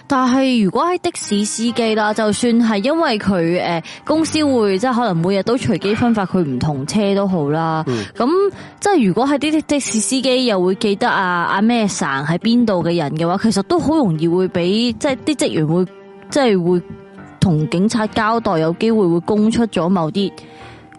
但係如果係的士司機啦，就算係因為佢誒、呃、公司會即係可能每日都隨機分發佢唔同車都好啦，咁、嗯、即係如果係啲啲的士司機又會記得啊阿咩生喺邊度嘅人嘅話，其實都好容易會俾即係啲職員會即係會同警察交代，有機會會供出咗某啲。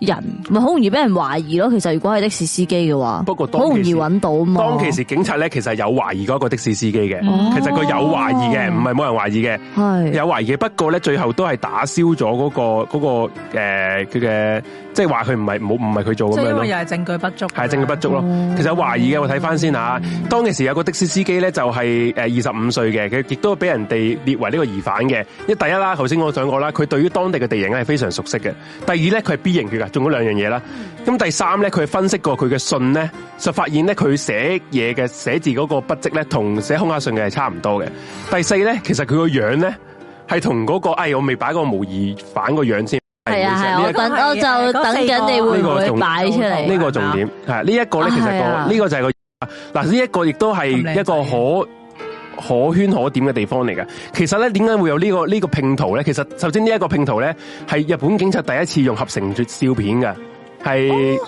人咪好容易俾人懷疑咯，其實如果係的士司機嘅話，好容易揾到啊嘛。當其時警察咧，其實係有懷疑嗰個的士司機嘅，oh. 其實佢有懷疑嘅，唔係冇人懷疑嘅，oh. 有懷疑嘅。不過咧，最後都係打消咗嗰個嗰個呃佢嘅。那個呃即係話佢唔係冇，唔係佢做咁樣咯，又係證據不足的的，係證據不足咯、嗯。其實懷疑嘅我睇翻先吓，嗯、當其時有個的士司機咧就係誒二十五歲嘅，佢亦都俾人哋列為呢個疑犯嘅。因為第一啦，頭先我講過啦，佢對於當地嘅地形咧係非常熟悉嘅。第二咧，佢係 B 型血啊，中咗兩樣嘢啦。咁第三咧，佢分析過佢嘅信咧，就發現咧佢寫嘢嘅寫字嗰個筆跡咧，同寫恐嚇信嘅係差唔多嘅。第四咧，其實佢個樣咧係同嗰個，哎，我未擺個模疑犯個樣先。係啊，係，我就等緊你會擺出嚟。呢、這個這個重點係呢一個咧，其實、那個呢、啊這個就係個嗱呢一個，亦都係一個可可圈可點嘅地方嚟嘅。其實咧，點解會有呢、這個呢、這個拼圖咧？其實首先呢一個拼圖咧，係日本警察第一次用合成照片嘅，係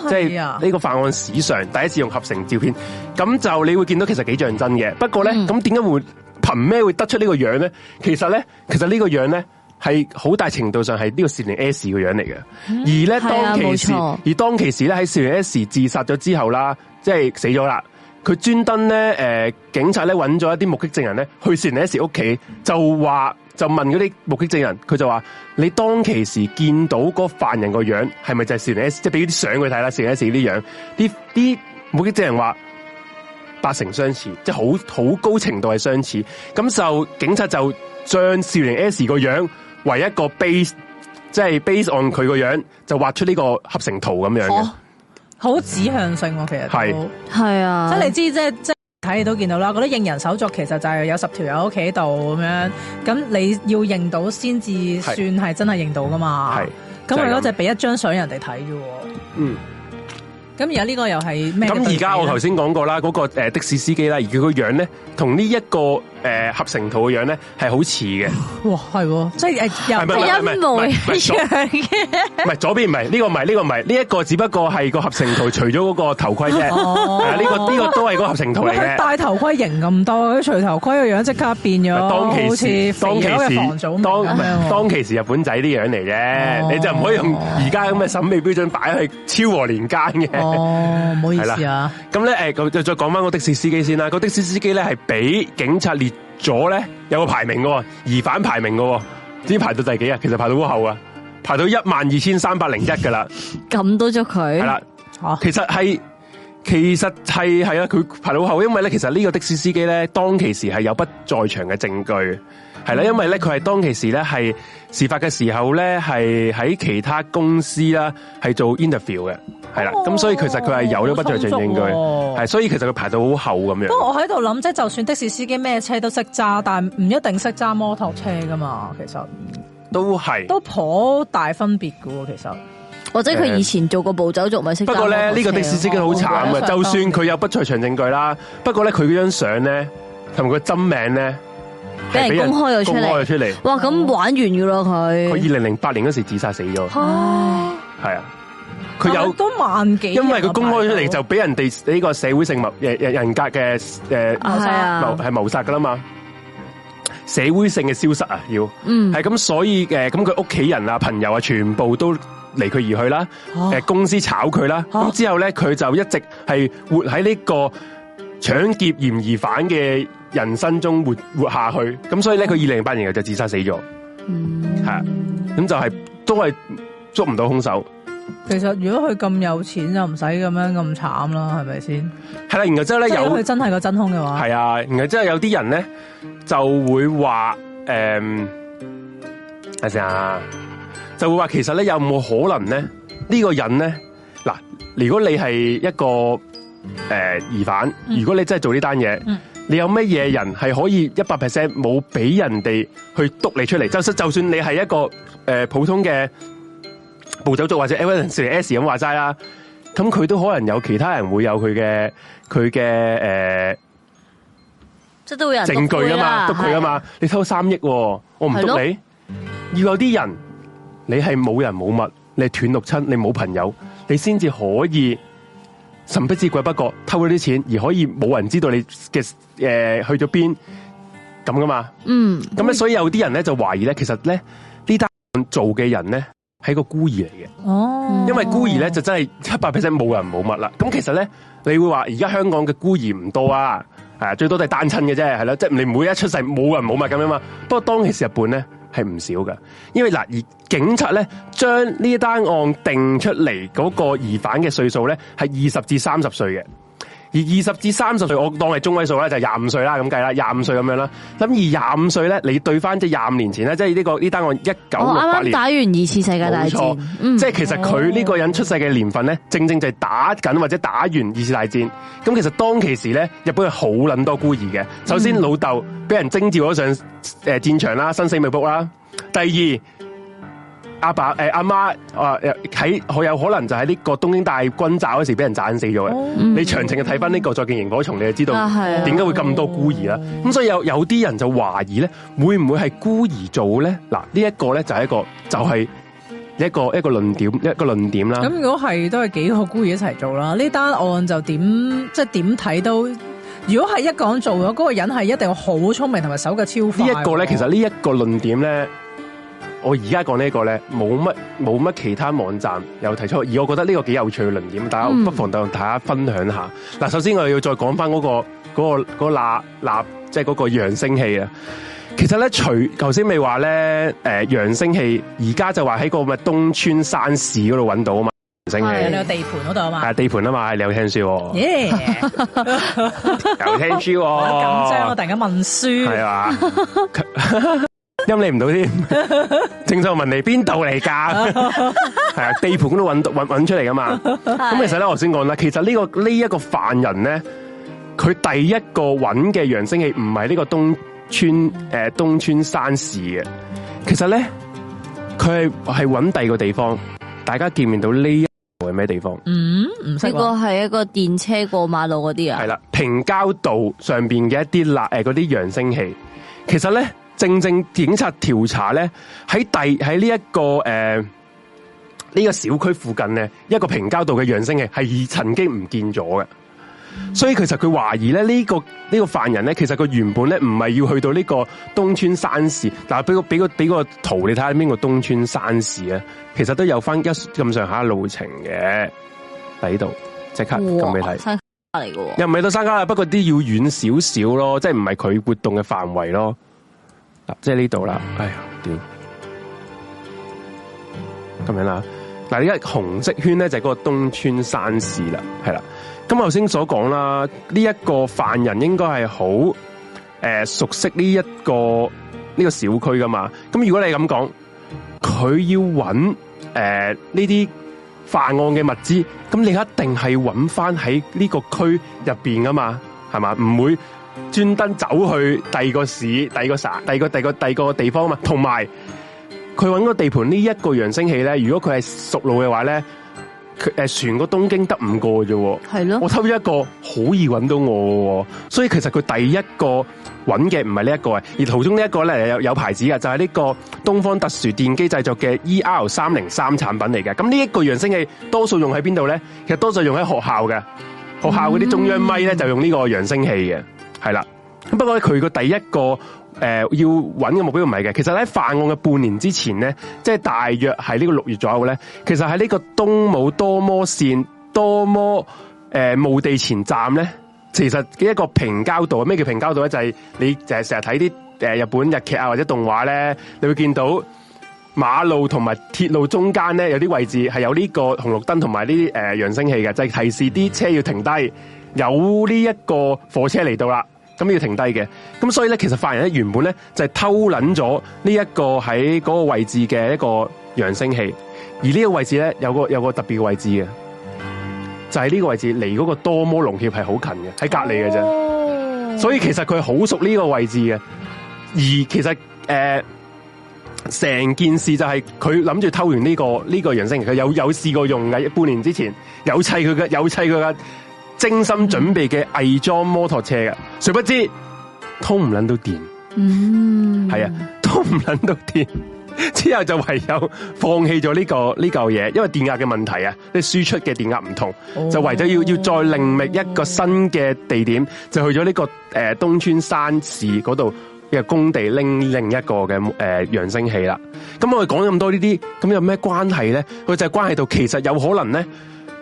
即係呢個犯案史上第一次用合成照片。咁就你會見到其實幾像真嘅。不過咧，咁點解會憑咩會得出呢個樣咧？其實咧，其實呢其實這個樣咧。係好大程度上係呢個少年 S 個樣嚟嘅，而、嗯、咧當其時、啊，而當其時咧喺少年 S 自殺咗之後啦，即、就、係、是、死咗啦，佢專登咧誒，警察咧揾咗一啲目擊證人咧去少年 S 屋企，就話就問嗰啲目擊證人，佢就話你當其時見到個犯人個樣係咪就係少年 S，即係俾啲相佢睇啦，少年 S 啲樣，啲啲目擊證人話八成相似，即係好好高程度係相似，咁就警察就將少年 S 個樣。唯一一個 base，即係 base on 佢個樣就畫出呢個合成圖咁樣嘅，好、哦、指向性咯，啊，其實係係啊，即係你知即係即係睇你都見到啦。嗰啲認人手作其實就係有十條友屋企喺度咁樣，咁你要認到先至算係真係認到噶嘛？係咁佢嗰隻俾一張相人哋睇啫。嗯，咁而家呢個又係咩？咁而家我頭先講過啦，嗰、嗰個誒的士司機啦，而佢，個樣咧同呢一個。誒，合成圖嘅樣咧係好似嘅，係，即係誒，有啲一樣嘅，唔係左邊，唔係呢個，唔係呢個，唔係呢一個，只不過係個、， *laughs* 啊，這個這個，個合成圖，除咗嗰個頭盔啫，呢個呢個都係個合成圖嚟嘅，戴頭盔型咁多，除頭盔嘅樣即刻變咗，當其時當其時當時當其時日本仔啲樣嚟啫， *laughs* 你就唔可以用而家咁嘅審美標準擺去昭和年間嘅，哦 *laughs* 啊，唔好意思，啊，咁咧誒，再講翻個的士司機先啦，個的士司機咧係俾警察列。左咧有個排名嘅，疑犯排名嘅，知，知排到第幾啊？其實排到好後啊，排到一萬二千三百零一噶啦，咁多咗佢係啦。其實係，其實係係啊，佢排到好後，因為咧，其實呢個的士司機咧，當其時係有不在場嘅證據。係啦，因為咧佢係當其時咧係事發嘅時候咧係喺其他公司啦，係做 interview 嘅，係啦，咁、哦、所以其實佢係有咗不在場證據，係所以其實佢排到好厚咁樣。不過我喺度諗，即係就算的士司機咩車都識揸，但係唔一定識揸摩托車噶嘛，其實都係都頗大分別噶喎。其實或者佢以前做過暴走族咪識？不過咧呢、這個的士司機好慘嘅，就算佢有不在場證據啦，不過咧佢嗰張相咧同佢真名咧。俾人公開咗出嚟，出嚟。哇，咁玩完噶咯佢。佢二零零八年嗰時自殺死咗。係，係啊。佢、啊、有都萬幾十十，因為佢公開出嚟就俾人哋呢個社會性物人格嘅誒、呃、謀殺啊謀係謀殺噶啦嘛，社會性嘅消失啊要。嗯，係咁、啊，所以誒咁佢屋企人啊朋友啊全部都離佢而去啦。誒、啊、公司炒佢啦。咁、啊、之後咧佢就一直係活喺呢個搶劫嫌疑犯嘅人生中活活下去，咁所以咧，佢二零零八年嘅就自殺死咗，係、嗯、啊，咁就係都係捉唔到兇手。其實如果佢咁有錢就唔使咁樣咁慘啦，係咪先？係啦，然後之後咧，如果佢真係個真兇嘅話，係啊，然後之後有啲人咧就會話，誒、嗯，阿 Sir，就會話其實咧有冇可能咧呢、這個人咧嗱，如果你係一個誒、呃、疑犯，如果你真係做呢單嘢。嗯嗯你有乜嘢人係可以一百 percent 冇俾人哋去督你出嚟？就算就算你係一個誒、呃、普通嘅暴走族或者 Evidence S 咁話齋啦，咁佢都可能有其他人會有佢嘅佢嘅誒，即都會有證據㗎嘛，督佢㗎嘛，你偷三億，我唔督你，要有啲人，你係冇人冇物，你斷六親，你冇朋友，你先至可以。神不知鬼不覺偷咗啲錢，而可以冇人知道你嘅誒、呃、去咗邊咁噶嘛？嗯，咁、嗯、咧所以有啲人咧就懷疑咧，其實咧呢這單做嘅人咧係一個孤兒嚟嘅。哦，因為孤兒咧就真係七百 percent 冇人冇物啦。咁其實咧你會話而家香港嘅孤兒唔多啊，係、啊、最多都係單親嘅啫，係咯，即、就、係、是、你唔會一出世冇人冇物咁樣嘛。不過當其時日本咧。係唔少嘅，因為嗱，而警察咧將呢單案定出嚟嗰個疑犯嘅歲數咧係二十至三十歲嘅。而二十至三十歲，我當係中位數啦，就廿五歲啦咁計啦，廿五歲咁樣啦。咁而廿五歲咧，你對翻即係廿五年前咧，即係呢、這個呢、這個、單案一九六八年、哦、啱啱打完二次世界大戰，冇錯、嗯、即係其實佢呢個人出世嘅年份咧，正正就係打緊或者打完二次大戰。咁其實當其時咧，日本係好捻多孤兒嘅。首先老豆俾人徵召咗上誒戰場啦，生死未卜啦。第二阿爸誒，阿媽啊，喺好、啊、有可能就喺呢個東京大轟炸嗰時俾人炸死咗嘅、這個。你詳情嘅睇翻呢個《再見螢火蟲》，你就知道點、啊、解、啊、會咁多孤兒啦。咁、啊、所以有有啲人就懷疑咧，會唔會係孤兒做咧？嗱，呢、這、一個咧就係一個，就係、是、一個一個論點，一個論點啦。咁如果係都係幾個孤兒一齊做啦，呢單案就點即係點睇都，如果係一個人做咗，嗰、那個人係一定好聰明同埋手腳超快。呢一個咧，其實論呢一個論點咧。我而家講呢個咧，冇乜冇乜其他網站有提出，而我覺得呢個幾有趣嘅論點，大、嗯、家不妨同大家分享一下。嗱，首先我又要再講翻嗰個嗰、嗰個嗰即係嗰個揚聲器啊。其實咧，除頭先未話咧，誒揚聲器而家就話喺個咪東村山市嗰度揾到啊嘛。揚聲器、啊、你有你地盤嗰度啊嘛。係地盤啊嘛，你有聽書、啊？耶、yeah. *laughs* 聽書、啊， *laughs* 我緊張我突然間問書係嘛？ *laughs* 吧 *laughs* 陰你唔到添，正秀文嚟邊度嚟噶？係啊， *laughs* *laughs* 地盤都搵到揾揾出嚟噶嘛。咁 *laughs* 其實咧，我先講啦、這個這個呃。其實呢個呢一個犯人咧，佢第一個搵嘅揚聲器唔係呢個東村誒東村山市嘅。其實咧，佢係係揾第二個地方。大家見面到呢個係咩地方？嗯，唔識。呢、這個係一個電車過馬路嗰啲啊。係啦，平交道上邊嘅一啲啦誒嗰啲揚聲器。其實咧。正正警察調查咧，喺第喺呢一個誒呢、這個呃這個小區附近咧，一個平交道嘅上升嘅係曾經唔見咗嘅、嗯，所以其實佢懷疑咧、這、呢個呢、這個犯人咧，其實個原本咧唔係要去到呢個東川山市。嗱，俾個俾個俾個圖你睇下邊個東川山市啊，其實都有翻一咁上下路程嘅喺度，即刻咁未睇，山嚟嘅，又唔係到山郊啦，不過啲要遠少少咯，即係唔係佢活動嘅範圍咯。即係呢度啦，哎呀，點咁樣啦？嗱，而家紅色圈咧就係嗰個東川山市啦，係啦。咁頭先所講啦，呢一個犯人應該係好誒熟悉呢一個呢個小區噶嘛。咁如果你咁講，佢要揾誒呢啲犯案嘅物資，咁你一定係揾翻喺呢個區入邊噶嘛，係嘛？唔會。專登走去第二個市、第二個省、第二個、第二個、第二個，個地方啊嘛，同埋佢揾個地盤呢一個揚聲器咧，如果佢係熟路嘅話咧，誒、呃，全個東京得五個啫，係咯，我偷一個好易揾到我，所以其實佢第一個揾嘅唔係呢一個啊，而途中呢一個咧有有牌子嘅，就係、是、呢個東方特殊電機製作嘅 E R 三零三產品嚟嘅。咁呢一個揚聲器多數用喺邊度咧？其實多數用喺學校嘅，學校嗰啲中央咪咧、嗯、就用呢個揚聲器嘅。係啦，咁不過佢個第一個誒要揾嘅目標唔係嘅。其實喺犯案嘅半年之前咧，即係大約係呢個六月左右咧，其實喺呢個東武多摩線多摩誒墓地前站咧，其實嘅一個平交道啊。咩叫平交道咧？就係你成日成日睇啲誒日本日劇啊或者動畫咧，你會見到馬路同埋鐵路中間咧有啲位置係有呢個紅綠燈同埋呢啲誒揚聲器嘅，就係提示啲車要停低，有呢一個火車嚟到啦。咁要停低嘅，咁所以咧，其實犯人咧原本咧就係偷捻咗呢一個喺嗰個位置嘅一個揚聲器，而呢個位置咧有個有個特別嘅位置嘅，就係呢個位置離嗰個多摩龍協係好近嘅，喺隔籬嘅啫。所以其實佢好熟呢個位置嘅，就是 oh.，而其實誒，成、呃、件事就係佢諗住偷完呢、呢個呢、呢個揚聲器，佢有有試過用嘅，半年之前有砌佢嘅，有砌佢嘅。精心準備嘅偽裝摩托車嘅，誰不知通唔捻到電，係啊，通唔捻到電，之後就唯有放棄咗呢個呢嚿嘢，因為電壓嘅問題啊，你輸出嘅電壓唔同，Oh. 就為咗要要再另覓一個新嘅地點，就去咗呢、這個誒、呃、東川山市嗰度嘅工地拎另一個嘅誒揚聲器啦。咁我哋講咁多呢啲，咁有咩關係咧？佢就係關係到其實有可能咧，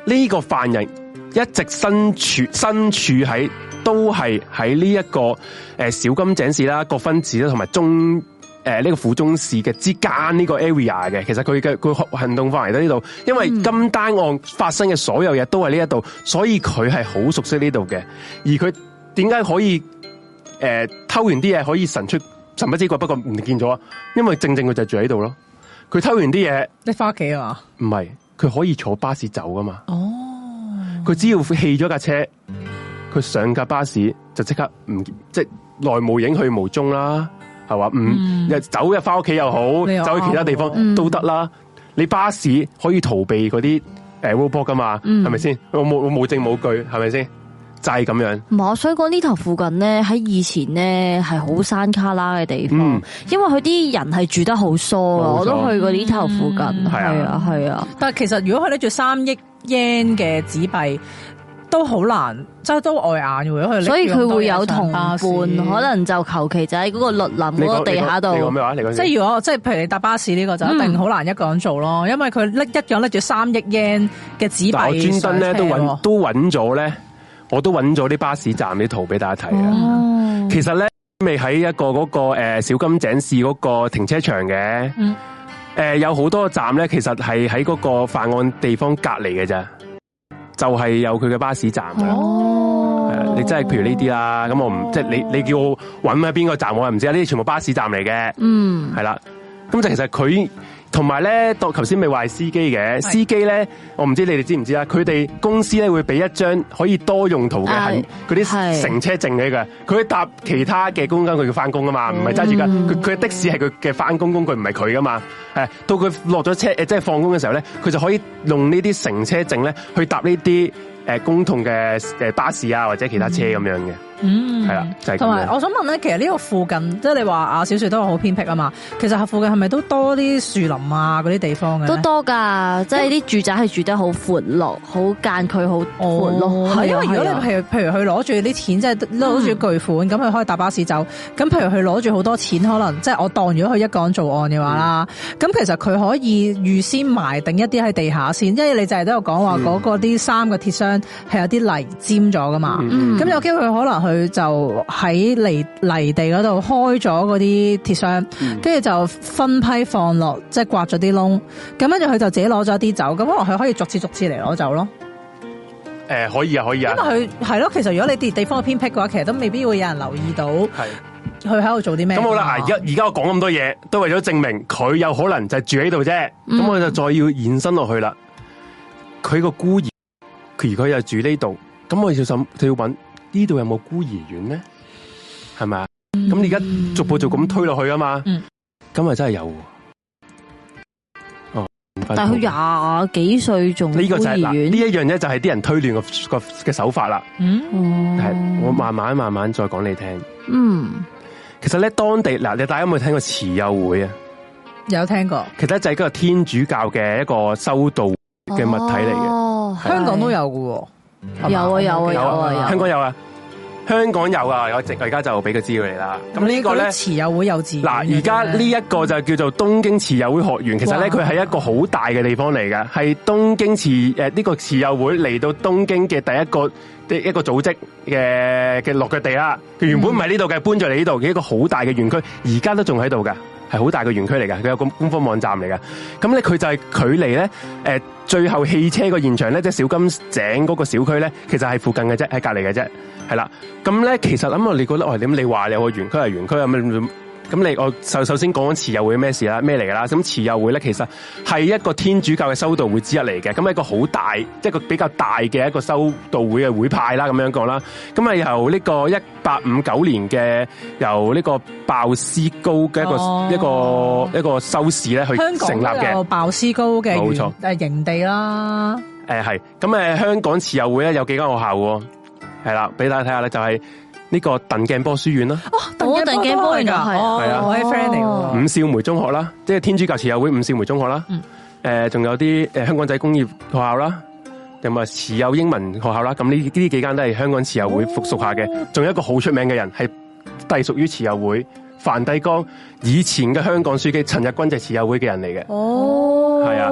呢、這個犯人。一直身處身處喺都係喺呢一個誒、呃、小金井市啦，國分寺啦，同埋中誒呢、呃這個府中市嘅之間呢個 area 嘅，其實佢嘅佢行動翻嚟到呢度，因為金單案發生嘅所有嘢都係呢一度，所以佢係好熟悉呢度嘅。而佢點解可以誒、呃、偷完啲嘢可以神出神不知鬼不覺，不過唔見咗，因為正正佢就住喺度咯。佢偷完啲嘢，你翻屋企啊？唔係，佢可以坐巴士走噶嘛？哦。佢只要棄咗架車，佢上架巴士就即刻唔即嚟無影去無蹤啦，係嘛？唔、嗯、又走又返屋企又好，走去其他地方、嗯、都得啦。你巴士可以逃避嗰啲誒 roadblock 噶嘛？係咪先？我冇我冇證冇據，係咪先？就係、是、咁樣，唔係我想講呢頭附近咧，喺以前咧係好山卡拉嘅地方，嗯、因為佢啲人係住得好疏啊，我都去過呢頭附近，係、嗯、啊係啊，啊。但係其實如果佢拎住三億 yen 嘅紙幣，都好難，即係都礙眼嘅。如果佢，所以佢會有同伴，同可能就求其就喺嗰個綠林嗰個地下度。即係如果即係譬如你搭巴士呢、這個、嗯、就一定好難一個人做咯，因為佢拎一樣，拎住三億 yen 嘅紙幣，我專登咧都揾都揾咗咧。我都揾咗啲巴士站啲圖俾大家睇啊、哦！其實咧未喺一個嗰個誒小金井市嗰個停車場嘅，誒、嗯呃、有好多站咧，其實係喺嗰個犯案地方隔籬嘅咋，就係、是、有佢嘅巴士站㗎喇。你真係譬如呢啲啦，咁我唔即係你你叫我揾喺邊個站，我又唔知啊！呢啲全部巴士站嚟嘅，嗯，係啦，咁就其實佢。同埋咧，到頭先咪話司機嘅司機咧，我唔知你哋知唔知啊。佢哋公司咧會俾一張可以多用途嘅行嗰啲、哎、乘車證嚟嘅，佢搭其他嘅公交佢要翻工啊嘛，唔係揸住㗎。佢嘅的士係佢嘅翻工工具，唔係佢噶嘛。到佢落咗車，即係放工嘅時候咧，佢就可以用呢啲乘車證咧去搭呢啲誒公同嘅巴士啊或者其他車咁樣嘅。嗯嗯，係啦，就係同埋，我想問咧，其實呢個附近，即、就、係、是、你話啊，小樹都係好偏僻啊嘛。其實附近係咪都多啲樹林啊嗰啲地方嘅？都多㗎，即係啲住宅係住得好闊落，好間佢好闊落。係、哦啊啊、因為如果你譬如譬如佢攞住啲錢，即係攞住巨款，咁、嗯、佢可以搭巴士走。咁譬如佢攞住好多錢，可能即係我當如果佢一個人做案嘅話啦。咁、嗯、其實佢可以預先埋定一啲喺地下先，因為你就係都有講話嗰、嗯那個啲三個鐵箱係有啲泥沾咗㗎嘛。咁、嗯嗯、有機會可能佢佢就喺嚟泥地嗰度開咗嗰啲鐵箱，跟、嗯、住就分批放落，即、就、係、是、刮咗啲窿。咁跟住佢就自己攞咗啲酒。咁可能佢可以逐次逐次嚟攞走咯、呃。誒，可以啊，可以啊。因為佢係咯，其實如果你跌地方偏僻嘅話，其實都未必會有人留意到。係、嗯，佢喺度做啲咩？咁好啦，而家而家我講咁多嘢，都為咗證明佢有可能就住喺度啫。咁、嗯、我就再要延伸落去啦。佢個孤兒，而佢又住呢度，咁我要小心，就要品。呢度有冇孤兒院咧？係咪啊？咁你而家逐步就咁推落去啊嘛。今日真係有哦。但係佢廿幾歲仲孤兒院呢？一樣咧就係、是、啲、啊這個、人推亂個嘅手法啦。嗯、mm -hmm.，係我慢慢慢慢再講你聽。嗯、mm -hmm.，其實咧當地嗱，你大家有冇聽過慈幼會啊？有聽過。其實就係個天主教嘅一個修道嘅物體嚟嘅。哦、oh,，香港都有嘅、啊。有啊有啊有啊有，啊有，啊有，啊有，啊有啊！香港有啊，香港有啊，我直我而家就俾個資料你啦。咁呢個咧，慈幼會幼稚園。嗱，而家呢一個就叫做東京慈幼會學園，嗯，其實咧佢係一個好大嘅地方嚟㗎，係東京慈誒呢個慈幼會嚟到東京嘅第一個嘅一個組織嘅嘅落腳地啦。佢原本唔係呢度嘅，搬咗嚟呢度嘅，一個好大嘅園區，而家都仲喺度㗎。係好大嘅園區嚟㗎，佢有個官方網站嚟㗎。咁咧佢就係距離咧，誒最後汽車個現場咧，即係小金井嗰個小區咧，其實係附近嘅啫，喺隔離嘅啫，係啦，咁咧其實諗啊、嗯，你覺得哦，點你話有個園區係園區咁？嗯。咁你我首首先講緊慈幼會咩事啦，咩嚟㗎啦？咁慈幼會咧，其實係一個天主教嘅修道會之一嚟嘅，咁係一個好大，一個比較大嘅一個修道會嘅會派啦，咁樣講啦。咁啊，由呢個一八五九年嘅由呢個鮑斯高嘅一個、哦、一個一個修士咧去成立嘅，香港鮑斯高嘅冇錯誒營地啦。係，咁、嗯呃、香港慈幼會咧有幾間學校喎？係啦，俾大家睇下咧，就係、是。呢、這個鄧鏡波書院啦、啊，哦，我鄧鏡波㗎，係、哦、啊，我係 friend、哦、五少梅中學啦，即係天主教慈幼會五少梅中學啦。誒、嗯，仲、呃、有啲誒、呃、香港仔工業學校啦，同埋慈幼英文學校啦。咁呢呢幾間都係香港慈幼會服屬下嘅。仲、哦、有一個好出名嘅人係，隸屬於慈幼會。梵蒂岡以前嘅香港書記陳日君就係慈幼會嘅人嚟嘅。哦，係啊，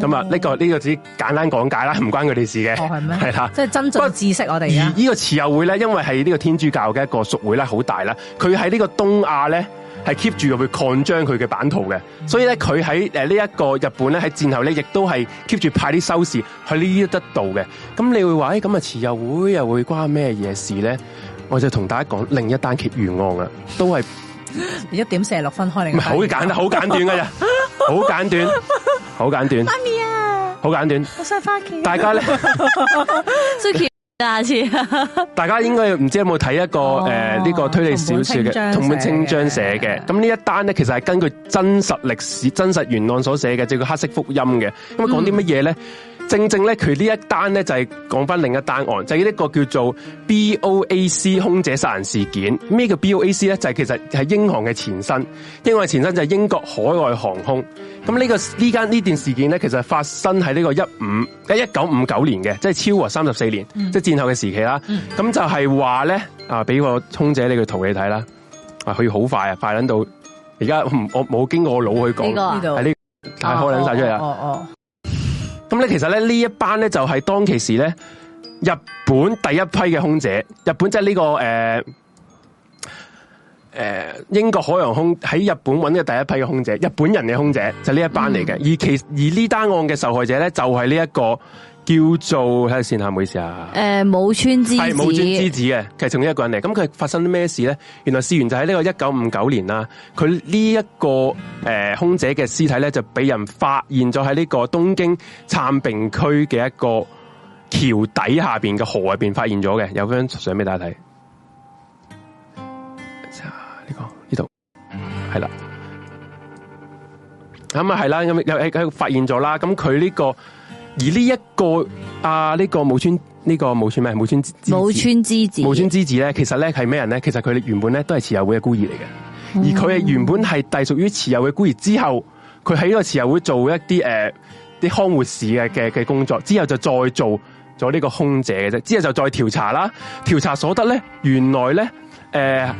咁啊呢個呢個只簡單講解啦，唔關佢哋事嘅。係、哦、咩？係啦，即係、啊、真正不知識我哋而個呢個慈幼會咧，因為係呢個天主教嘅一個屬會啦，好大啦，佢喺呢個東亞咧係 keep 住入去擴張佢嘅版圖嘅。所以咧佢喺誒呢一個日本咧喺戰後咧，亦都係 keep 住派啲修士去呢一得度嘅。咁你會話，咁啊慈幼會又會關咩嘢事咧？我就同大家講另一單遇案啊，都係。一點四六分開嚟，唔係好簡，好簡短噶咋，好簡短，好簡，簡短，媽咪啊，好簡短，好想花旗，大家咧，蘇琪，下次，大家應該唔知有冇睇一個誒呢、哦呃這個推理小說嘅，松本清張寫嘅，咁呢一單咧其實係根據真實歷史、真實原案所寫嘅，就叫黑色福音嘅，咁啊講啲乜嘢咧？嗯正正咧，佢呢一單咧就係講翻另一單案，就呢、是、一個叫做 B O A C 空姐殺人事件。咩叫 B O A C 咧？就係、是、其實係英航嘅前身，英航嘅前身就係英國海外航空。咁呢、這個呢間呢段事件咧，其實發生喺呢個一五一九五九年嘅，即、就、係、是、超過三十四年，即、嗯、係、就是、戰後嘅時期啦。咁、嗯、就係話咧，啊俾個空姐呢個圖你睇啦。啊，佢好快，快、這個、啊，快捻到而家，我冇經過腦去講係呢，太開捻晒出嚟啦。哦、啊、哦。啊啊咁咧，其實咧呢一班咧就係當其時咧日本第一批嘅空姐，日本即係呢、這個誒誒、呃、英國海洋空喺日本揾嘅第一批嘅空姐，日本人嘅空姐就呢一班嚟嘅，嗯，而其而呢單案嘅受害者咧就係呢一個。叫做喺線下，唔好意思啊。誒、呃，武川之子，係武川之子嘅。其實同樣一個人嚟。咁佢發生啲咩事咧？原來事源就喺呢個一九五九年啦。佢呢一個誒、呃、空姐嘅屍體咧，就俾人發現咗喺呢個東京杉並區嘅一個橋底下邊嘅河入邊發現咗嘅。有張相俾大家睇。呢、啊呢個呢度係啦。咁啊係啦，咁又喺喺發現咗啦。咁佢呢個。而呢一個啊，呢、這個武村，呢、這個武村咩？武村武村之子。武村之子咧，其實咧係咩人咧？其實佢原本咧都係慈幼會嘅孤兒嚟嘅，而佢啊原本係隸屬於慈幼會的孤兒，之後佢喺呢個慈幼會做一啲誒啲看護士嘅嘅嘅工作，之後就再做咗呢個空姐嘅啫，之後就再調查啦。調查所得咧，原來咧誒、呃，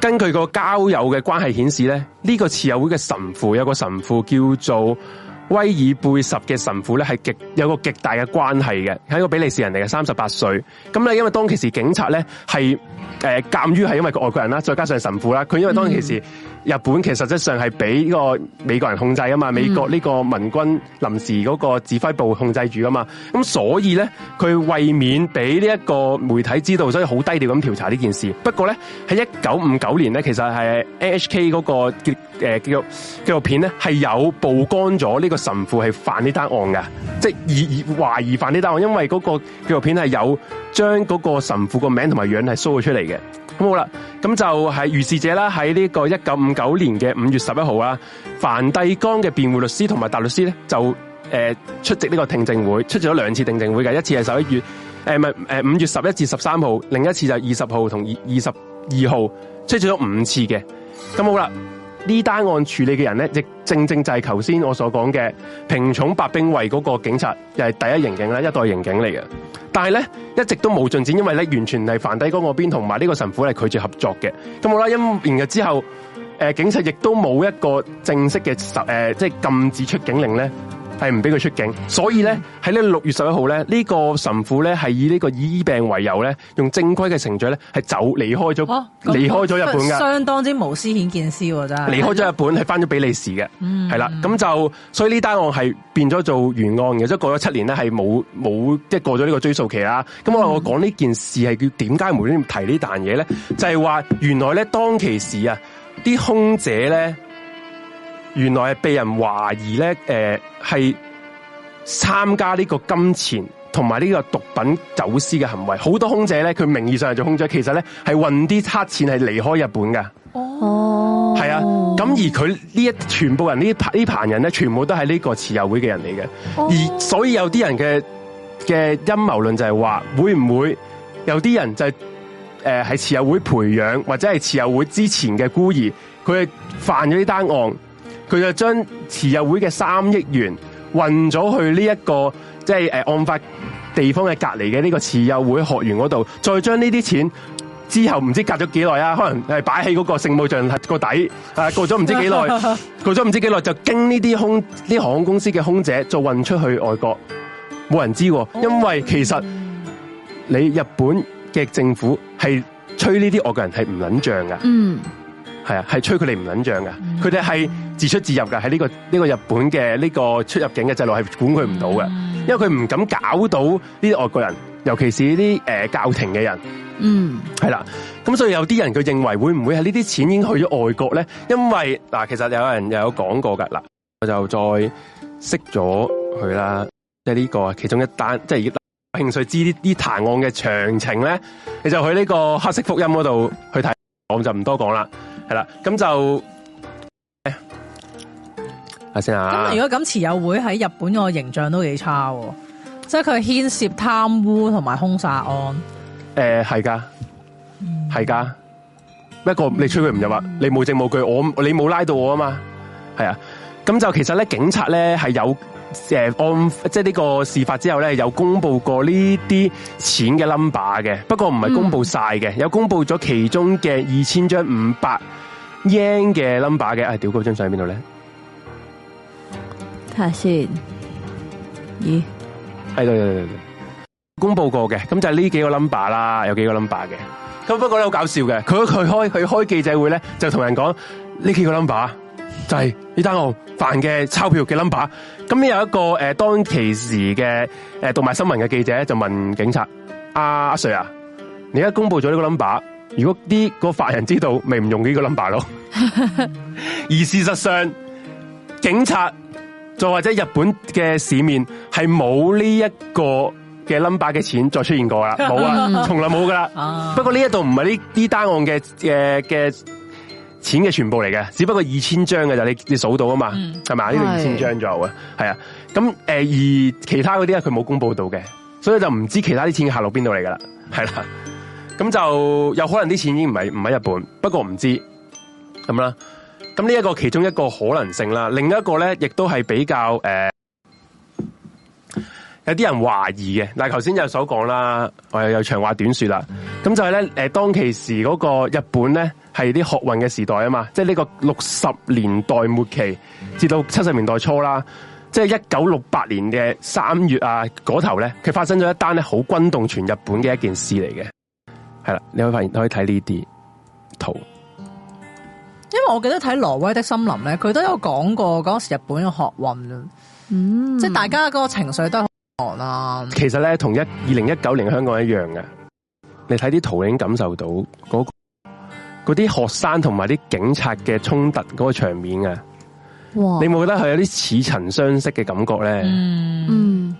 根據個交友嘅關係顯示咧，呢、這個慈幼會嘅神父有個神父叫做。威爾貝什嘅神父咧，係極有個極大嘅關係嘅，係一個比利時人嚟嘅，三十八歲。咁咧因為當其時警察咧係誒鑒於係因為個外國人啦，再加上神父啦，佢因為當其時。日本其實質上係俾呢個美國人控制啊嘛、嗯，美國呢個民軍臨時嗰個指揮部控制住啊嘛，咁所以咧，佢為免俾呢一個媒體知道，所以好低調咁調查呢件事。不過咧，喺一九五九年咧，其實係 NHK 嗰、那個、呃、叫誒叫紀錄片咧，係有曝光咗呢個神父係犯呢單案嘅，即係疑疑懷疑犯呢單案，因為嗰個紀錄片係有將嗰個神父個名同埋樣係 show 咗出嚟嘅。咁好啦，咁就係如是者啦。喺呢個一九五九年嘅五月十一號啦，梵蒂岡嘅辯護律師同埋大律師咧，就誒出席呢個聽證會，出席咗兩次聽證會嘅，一次係十一月誒唔係誒五月十一至十三號，另一次就係二十號同二二十二號，出席咗五次嘅。咁好啦。呢單案處理嘅人咧，亦正正就係頭先我所講嘅平重白兵衛嗰個警察，又係第一刑警啦，一代刑警嚟嘅。但係咧，一直都冇進展，因為咧完全係梵蒂岡嗰邊同埋呢個神父係拒絕合作嘅。咁好啦，因年嘅之後，誒、呃，警察亦都冇一個正式嘅實誒，即係禁止出境令咧。係唔俾佢出境，所以咧喺呢六月十一號咧呢個神父咧係以呢個醫病為由咧，用正規嘅程序咧係走離開咗，離開咗日本㗎、啊啊啊。相當之無私顯見私真係離開咗日本係翻咗比利時嘅，係、嗯、啦，咁就所以呢單案係變咗做懸案嘅，即係過咗七年咧係冇冇即係過咗呢個追訴期啦。咁我我講呢件事係叫點解冇拎提呢單嘢咧？就係、是、話原來咧當其時啊啲空姐咧。原來係被人懷疑咧，誒、呃，係參加呢個金錢同埋呢個毒品走私嘅行為。好多空姐咧，佢名義上係做空姐，其實咧係運啲黑錢係離開日本嘅。哦，係啊。咁而佢呢一全部人呢呢排人咧，全部都係呢個慈幼會嘅人嚟嘅。Oh. 而所以有啲人嘅嘅陰謀論就係話，會唔會有啲人就誒喺慈幼會培養，或者係慈幼會之前嘅孤兒，佢係犯咗啲單案，佢就將慈幼會嘅三億元運咗去呢、這、一個即係誒案發地方嘅隔離嘅呢個慈幼會學員嗰度，再將呢啲錢之後唔知隔咗幾耐啊，可能誒擺喺嗰個聖母像個底，啊過咗唔知幾耐，過咗唔知幾耐 *laughs* 就經呢啲空呢航空公司嘅空姐再運出去外國，冇人知、啊，因為其實你日本嘅政府係吹呢啲外國人係唔捻脹噶。嗯係啊，係吹佢哋唔脹嘅。佢哋係自出自入㗎。喺呢個呢個日本嘅呢個出入境嘅制度係管佢唔到嘅，因為佢唔敢搞到呢啲外國人，尤其是呢啲誒教廷嘅人。嗯，係啦，咁所以有啲人佢認為會唔會係呢啲錢已經去咗外國咧？因為嗱，其實有人又有講過噶啦，我就再識咗佢啦。即係呢個其中一單，即係而家興趣知啲啲彈案嘅詳情咧，你就去呢個黑色福音嗰度去睇，我就唔多講啦。係啦，咁就阿 s 啊。咁、欸、如果咁，持有會喺日本個形象都幾差，即係佢牽涉貪污同埋凶殺案。誒、嗯、係、呃、噶，係噶。一個你吹佢唔入啊、嗯，你冇證冇據，我你冇拉到我啊嘛。係啊，咁就其實咧，警察咧係有。誒，按即係呢個事發之後咧，有公布過呢啲錢嘅 number 嘅，不過唔係公布曬嘅，有公布咗其中嘅二千張五百 yen 嘅 number 嘅。啊，屌嗰張相喺邊度咧？睇下先。咦，對對對對對，公布過嘅，咁就係呢幾個 number 啦，有幾個 number 嘅。咁不過咧，好搞笑嘅，佢佢開佢開記者會咧，就同人講呢幾個 number 就係、是、呢單案犯嘅鈔票嘅 number。咁、嗯、呢有一個誒、呃、當其時嘅誒讀賣新聞嘅記者就問警察阿阿、啊啊、Sir 啊，你而家公布咗呢個 number，如果啲個法人知道，咪唔用呢個 number 咯？ *laughs* 而事實上，警察，再或者日本嘅市面係冇呢一個嘅 number 嘅錢再出現過啦，冇啊，從 *laughs* 來冇噶啦。 *laughs* 不過呢一度唔係呢啲單案嘅嘅嘅。呃錢嘅全部嚟嘅，只不過二千張嘅就你你數到啊嘛，係咪呢度二千張左右嘅？係啊，咁誒、呃、而其他嗰啲咧佢冇公布到嘅，所以就唔知其他啲錢嘅下落邊度嚟噶啦，係啦，咁就有可能啲錢已經唔係唔喺日本，不過唔知咁啦，咁呢一個其中一個可能性啦，另一個咧亦都係比較誒。呃有啲人懷疑嘅，但頭先有所講啦，我又又長話短說啦，咁就係咧，誒當其時嗰個日本咧係啲學運嘅時代啊嘛，即係呢個六十年代末期至到七十年代初啦，即係一九六八年嘅三月啊嗰頭咧，佢發生咗一單咧好轟動全日本嘅一件事嚟嘅，係啦，你有冇可以發現可以睇呢啲圖，因為我記得睇挪威的森林咧，佢都有講過嗰時日本嘅學運啊，嗯，即係大家嗰個情緒都。其實咧，同一二零一九年香港一樣嘅、啊。你睇啲圖已經感受到嗰、那、啲、個、學生同埋啲警察嘅衝突嗰個場面嘅、啊。哇！你有冇覺得係有啲似曾相識嘅感覺咧？嗯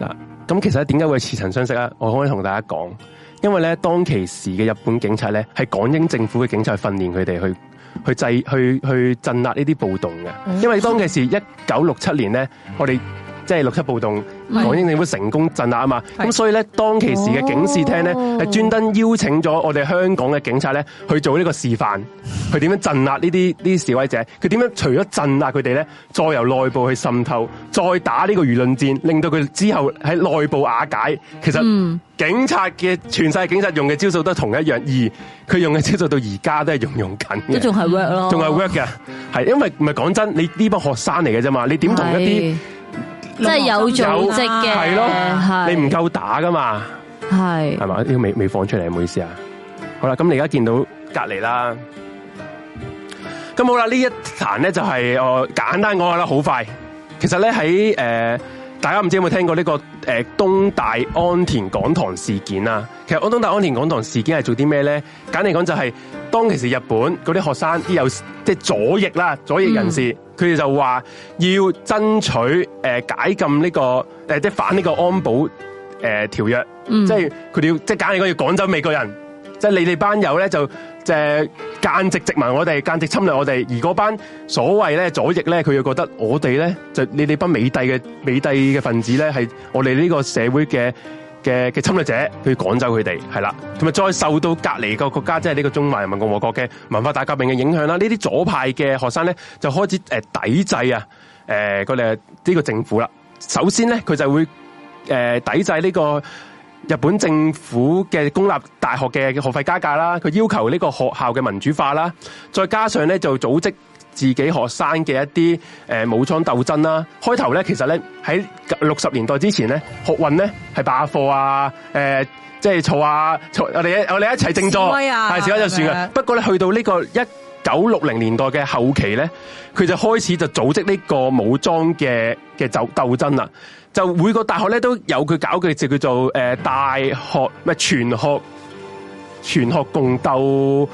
嗱，咁、嗯啊、其實咧，點解會似曾相識啊？我可以同大家講，因為咧，當其時嘅日本警察咧，係港英政府嘅警察訓練佢哋去去制去去鎮壓呢啲暴動嘅。因為當其時一九六七年咧，我、哦、哋 *laughs* 即係六七暴動，港英政府成功鎮壓啊嘛。咁所以咧，當其時嘅警視廳咧，係專登邀請咗我哋香港嘅警察咧，去做呢個示範，佢點樣鎮壓呢啲呢啲示威者，佢點樣除咗鎮壓佢哋咧，再由內部去滲透，再打呢個輿論戰，令到佢之後喺內部瓦解。其實警察嘅、嗯、全世界警察用嘅招數都係同一樣，而佢用嘅招數到而家都係用用緊，都仲係 work 咯，仲係 work 嘅。係因為唔係講真，你呢班學生嚟嘅啫嘛，你點同一啲？即係有組織嘅，係、啊、你唔夠打噶嘛？係係嘛？呢個未未放出嚟，唔好意思啊。好啦，咁你而家見到隔籬啦。咁好啦，呢一談咧就係、是、我簡單講下啦，好快。其實咧喺誒，大家唔知有冇聽過呢個誒東大安田講堂事件啊？其實我東大安田講堂事件係做啲咩咧？簡嚟講就係當其時日本嗰啲學生啲有即係、就是、左翼啦，左翼人士。嗯佢哋就話要爭取誒解禁呢個誒，即反呢個安保誒條約，嗯、即係佢哋要即係簡而言之要趕走美國人，即係你哋班友咧就誒間接殖民我哋，間接侵略我哋，而嗰班所謂咧左翼咧，佢又覺得我哋咧就你哋班美帝嘅美帝嘅分子咧，係我哋呢個社會嘅嘅嘅侵略者，去趕走佢哋，係啦，同埋再受到隔離個國家，即係呢個中華人民共和國嘅文化大革命嘅影響啦。呢啲左派嘅學生咧，就開始誒抵制啊，誒佢哋呢個政府啦。首先咧，佢就會誒、呃、抵制呢個日本政府嘅公立大學嘅學費加價啦。佢要求呢個學校嘅民主化啦，再加上咧就組織。自己學生嘅一啲、呃、武裝鬥爭啦、啊，開頭咧其實咧喺六十年代之前咧，學運咧係罷課啊，即、呃、係、就是、坐，坐，坐啊，坐我哋我哋一齊靜坐係而家就算嘅。不過咧去到呢個一九六零年代嘅後期咧，佢就開始就組織呢個武裝嘅嘅鬥爭啦。就每個大學咧都有佢搞嘅，就叫做、呃、大學咩全學全學共鬥。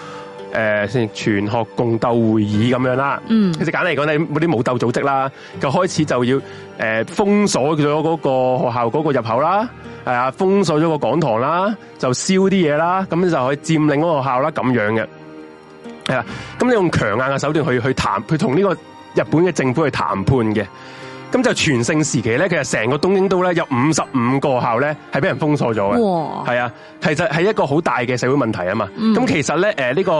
誒、呃，成全學共鬥會議咁樣啦，其、嗯、實簡單嚟講你嗰啲武鬥組織啦，就開始就要誒、呃、封鎖咗嗰個學校嗰個入口啦，係啊，封鎖咗個講堂啦，就燒啲嘢啦，咁就可以佔領嗰個學校啦，咁樣嘅，係啦，咁你用強硬嘅手段去去談，去同呢個日本嘅政府去談判嘅。咁就全盛時期咧，其實成個東京都咧有五十五個校咧係俾人封鎖咗嘅，係啊，其實係一個好大嘅社會問題啊嘛。咁、嗯、其實咧，呢、呃呢個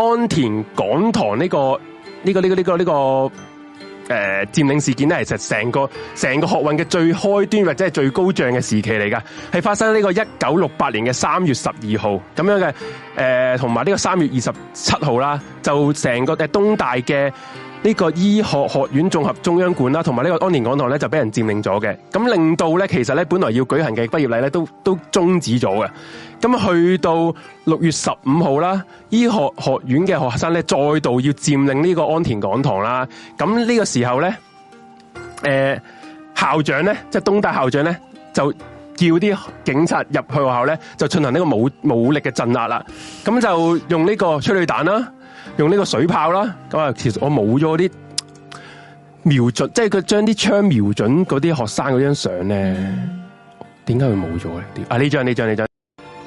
安田講堂呢、呢個呢、呢個呢、呢個呢、呢個呢、呢個誒、呃、佔領事件咧，其實成個成個學運嘅最開端或者係最高漲嘅時期嚟噶，係發生呢個一九六八年嘅三月十二號咁樣嘅同埋呢個三月二十七號啦，就成個誒東大嘅。呢、這個醫學學院綜合中央館啦，同埋呢個安田講堂咧就俾人佔領咗嘅，咁令到咧其實咧本來要舉行嘅畢業禮咧都都終止咗嘅。咁去到六月十五號啦，醫學學院嘅學生咧再度要佔領呢個安田講堂啦。咁、這、呢個時候咧，誒、呃、校長咧即係東大校長咧就叫啲警察入去學校咧就進行呢個武武力嘅鎮壓啦。咁就用呢個催淚彈啦。用呢個水炮啦，咁啊，其實我冇咗啲瞄準，即係佢將啲槍瞄準嗰啲學生嗰張相咧，點解會冇咗咧？啊呢張呢張呢張，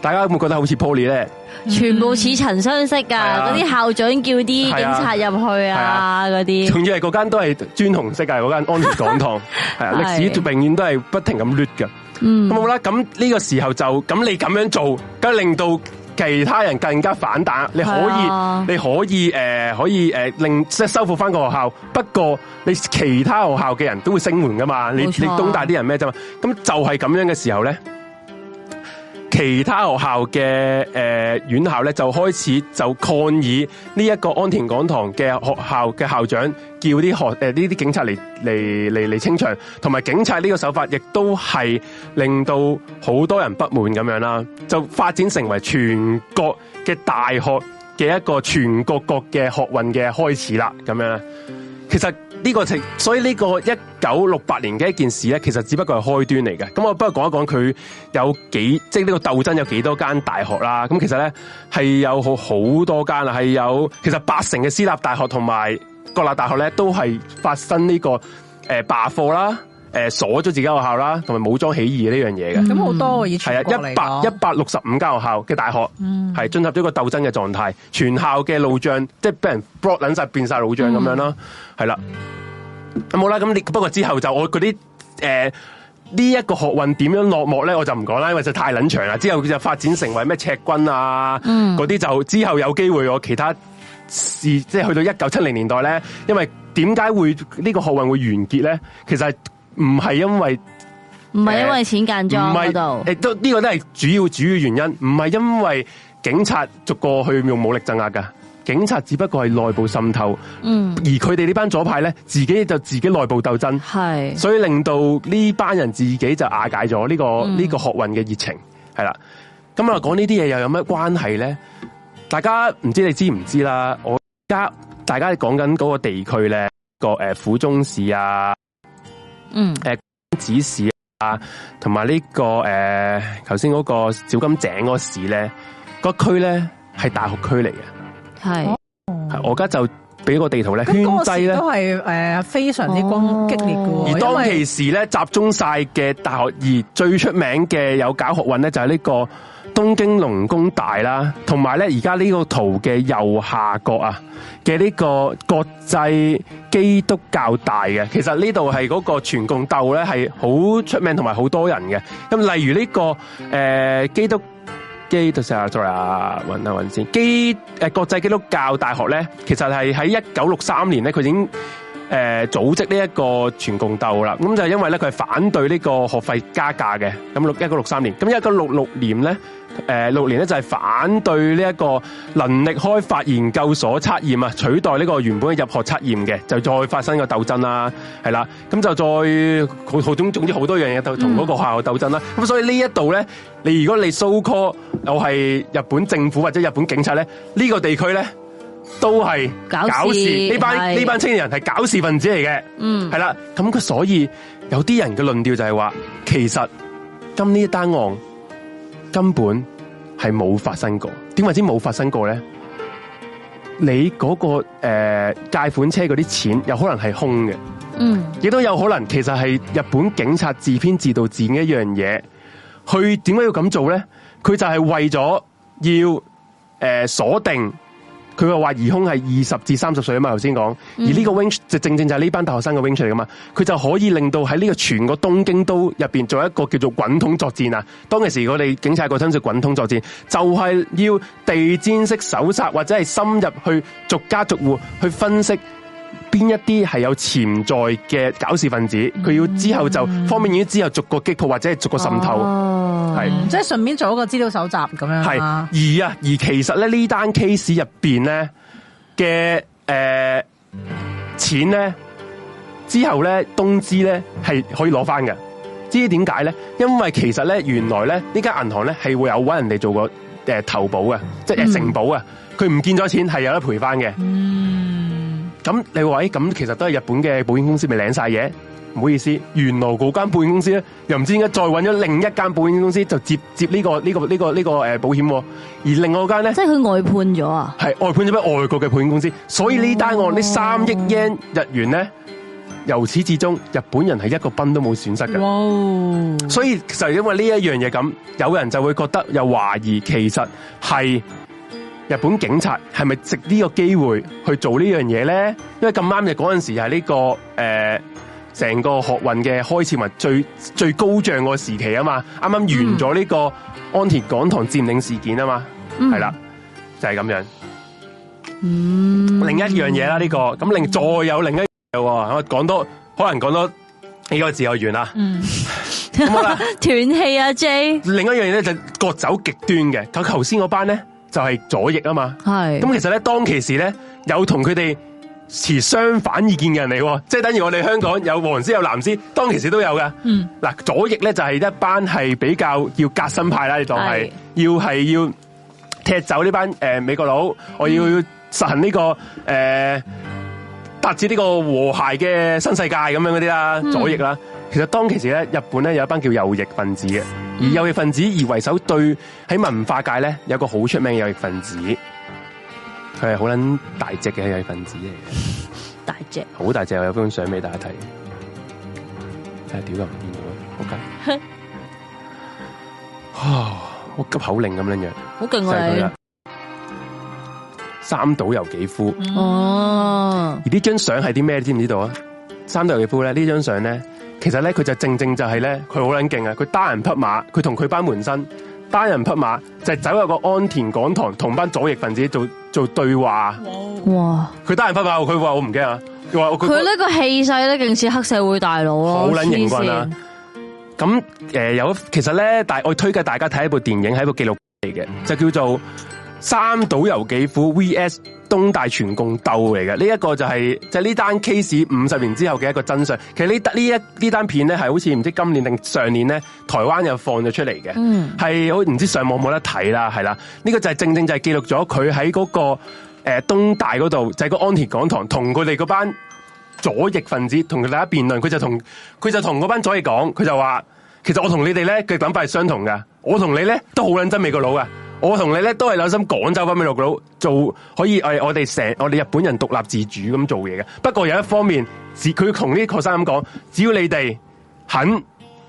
大家有冇會覺得好似 Poly 咧？全部似曾相識噶，嗰啲、啊、校長叫啲警察入去啊，嗰啲、啊，仲、啊、要係嗰間都係磚紅色噶，嗰間安全講堂，係 *laughs* 啊，歷史永遠都係不停咁劣噶，咁、嗯、好啦，咁呢個時候就咁你咁樣做，咁令到。其他人更加反彈，你可以、啊、你可以誒可以誒、呃呃、令即收復翻個學校，不過你其他學校嘅人都會聲援噶嘛，啊、你你東大啲人咩啫嘛，咁就係咁樣嘅時候咧。其他學校嘅誒、呃、院校咧，就開始就抗議呢一個安田講堂嘅學校嘅校長，叫啲學誒呢啲警察嚟嚟嚟嚟清場，同埋警察呢個手法亦都係令到好多人不滿咁樣啦，就發展成為全國嘅大學嘅一個全國國嘅學運嘅開始啦，咁樣，其實。呢個，所以呢個一九六八年嘅一件事咧，其實只不過係開端嚟嘅。咁我不如講一講佢有幾，即係呢個鬥爭有幾多間大學啦。咁其實咧係有好好多間啊，係有其實八成嘅私立大學同埋國立大學咧都係發生呢個誒呃罷課。啦。誒，鎖咗自己嘅學校啦，同埋武裝起義呢樣嘢嘅。咁、嗯、好多啊，以前係啊，一百一百六十五間學校嘅大學，係、嗯、進入咗一個鬥爭嘅狀態，全校嘅路障即係俾人 block 捻晒變晒路障咁樣啦，係啦。咁好啦，咁你不過之後就我嗰啲誒呢一個學運點樣落幕咧，我就唔講啦，因為就太捻長啦。之後佢就發展成為咩赤軍啊，嗰、嗯、啲就之後有機會我其他事，即係去到一九七零年代咧，因為點解會呢個學運會完結咧？其實係。唔係因為唔係因為錢間贓喺度，誒、呃、都呢，這個都係主要主要原因，唔係因為警察逐個去用武力鎮壓嘅，警察只不過係內部滲透，嗯，而佢哋呢班左派咧，自己就自己內部鬥爭，係，所以令到呢班人自己就瓦解咗呢，這個呢，嗯這個學運嘅熱情，係啦，咁啊講呢啲嘢又有咩關係咧？大家唔知你知唔知啦？我而家大家講緊嗰個地區咧，那個誒、呃、府中市啊。嗯，誒、呃，指示啊，同埋呢個誒，頭先嗰個小金井嗰個市咧，嗰區咧係大學區嚟嘅，係、哦，我而家就俾個地圖咧、嗯、圈制咧，那那都係誒、呃、非常之光激烈嘅、哦，而當其時咧集中晒嘅大學，而最出名嘅有搞學運咧就係、是、呢、呢個。東京龍工大啦，同埋咧而家呢個圖嘅右下角啊嘅呢個國際基督教大嘅，其實呢度係嗰個全共鬥咧係好出名同埋好多人嘅。咁例如呢、呢個誒、呃、基督基督教 sorry 啊，揾下先基誒、呃、國際基督教大學咧，其實係喺一九六三年咧，佢已經誒、呃、組織呢一個全共鬥啦。咁就係因為咧佢係反對呢個學費加價嘅。咁六一九六三年，咁一九六六年咧。誒，六年咧就係反對呢一個能力開發研究所測驗啊，取代呢個原本嘅入學測驗嘅，就再發生一個鬥爭啦，係啦，咁就再好總，總之好多樣嘢就同嗰個學校鬥爭啦。咁、嗯、所以呢一度咧，你如果你搜 call 又係日本政府或者日本警察咧，呢、這個地區咧都係搞事，呢班呢班青年人係搞事分子嚟嘅，嗯，係啦，咁佢所以有啲人嘅論調就係話，其實今呢一單案。根本係冇發生過，點或者冇發生過咧？你嗰個誒，借款車嗰啲錢有可能係空嘅，嗯，亦都有可能其實係日本警察自編自導自演一樣嘢，佢點解要咁做咧？佢就係為咗要誒鎖定。佢又話疑兇係二十至三十歲啊嘛，頭先講，而呢個 range 就正正就係呢班大學生嘅 range 嚟噶嘛，佢就可以令到喺呢個全個東京都入邊做一個叫做滾筒作戰啊！當其時我哋警察嗰陣叫滾筒作戰，就係、是、要地毯式搜查或者係深入去逐家逐戶去分析。邊一啲係有潛在嘅搞事分子，佢要之後就、嗯、方便已經之後逐個擊破，或者係逐個滲透，係、哦、即係順便做一個資料搜集咁樣，啊是。係而啊，而其實咧呢單 case 入邊咧嘅誒錢咧之後咧，東芝咧係可以攞翻嘅。知點解咧？因為其實咧原來咧呢間銀行咧係會有搵人哋做過誒、呃、投保嘅，嗯、即係承保啊。佢唔見咗錢係有得賠翻嘅。嗯咁你話咁其實都係日本嘅保險公司咪領晒嘢？唔好意思，原來嗰間保險公司咧，又唔知點解再搵咗另一間保險公司就接接呢個呢個呢個呢個誒保險，而另外間咧，即係佢外判咗啊？係外判咗俾外國嘅保險公司，所以呢單案呢三億英日元咧，由始至終日本人係一個崩都冇損失嘅。Wow. 所以就係、是、因為呢一樣嘢咁，有人就會覺得又懷疑，其實係。日本警察係咪藉呢個機會去做這件事呢樣嘢咧？因為咁啱嘅嗰陣時係呢、這個誒，成、呃、個學運嘅開始或最最高漲個時期啊嘛，啱啱完咗呢個安田講堂佔領事件啊嘛，係、嗯、啦，就係、是、咁樣。嗯，另一樣嘢啦，呢、這個咁另再有另一樣嘢、啊，我講多可能講多呢個自由員啦。嗯， *laughs* 冇啦、啊，斷氣啊 J。另一樣嘢咧就各走極端嘅，咁頭先嗰班咧。就係、是、左翼啊嘛，係，咁其實咧當其時咧有同佢哋持相反意見嘅人嚟，即係等於我哋香港有黃絲有藍絲當其時都有㗎。嗯，嗱，左翼咧就係一班係比較要革新派啦，你當係要係要踢走呢班誒、呃、美國佬、嗯，我要實行呢、這個誒達、呃、至呢個和諧嘅新世界咁樣嗰啲啦，左翼啦。其實當其時咧，日本咧有一班叫右翼分子嘅，而右翼分子而為首對，對喺文化界咧有個好出名嘅右翼分子，佢係好撚大隻嘅右翼分子嚟嘅，大隻，好大隻，我有張相畀大家睇，下、啊、屌又唔見咗，好緊、okay. *laughs* 啊，我急口令咁樣樣，好勁啊！三島由紀夫，哦，而呢張相係啲咩，知唔知道啊？三島由紀夫咧，張呢張相咧。其實咧，佢就正正就係咧，佢好捻勁啊！佢單人匹馬，佢同佢班門生單人匹馬，就走入個安田講堂，同班左翼分子做做對話。哇！佢單人匹馬，佢話我唔驚啊，佢佢呢個氣勢咧，勁似黑社會大佬咯，好捻型啦。咁誒、呃，有其實咧，我推介大家睇一部電影，係一部紀錄嚟嘅，就叫做《三島由紀夫》V S》。東大全共鬥嚟嘅，呢、這、一個就係、是、就呢單 case 五十年之後嘅一個真相。其實呢單呢一呢單片咧，係好似唔知今年定上年咧，台灣又放咗出嚟嘅，係、嗯、好似唔知上網冇得睇啦，係啦。呢、這個就係正正就係記錄咗佢喺嗰個誒、呃、東大嗰度，就係、是、個安田講堂，同佢哋嗰班左翼分子同佢哋一辯論，佢就同佢就同嗰班左翼講，佢就話：「其實我同你哋咧嘅諗法係相同㗎，我同你咧都好撚憎美國佬㗎。」我同你咧都係有心趕走返美國佬，做可以、呃、我哋成我哋日本人獨立自主咁做嘢嘅。不過有一方面，自佢同呢啲學生咁講，只要你哋肯誒、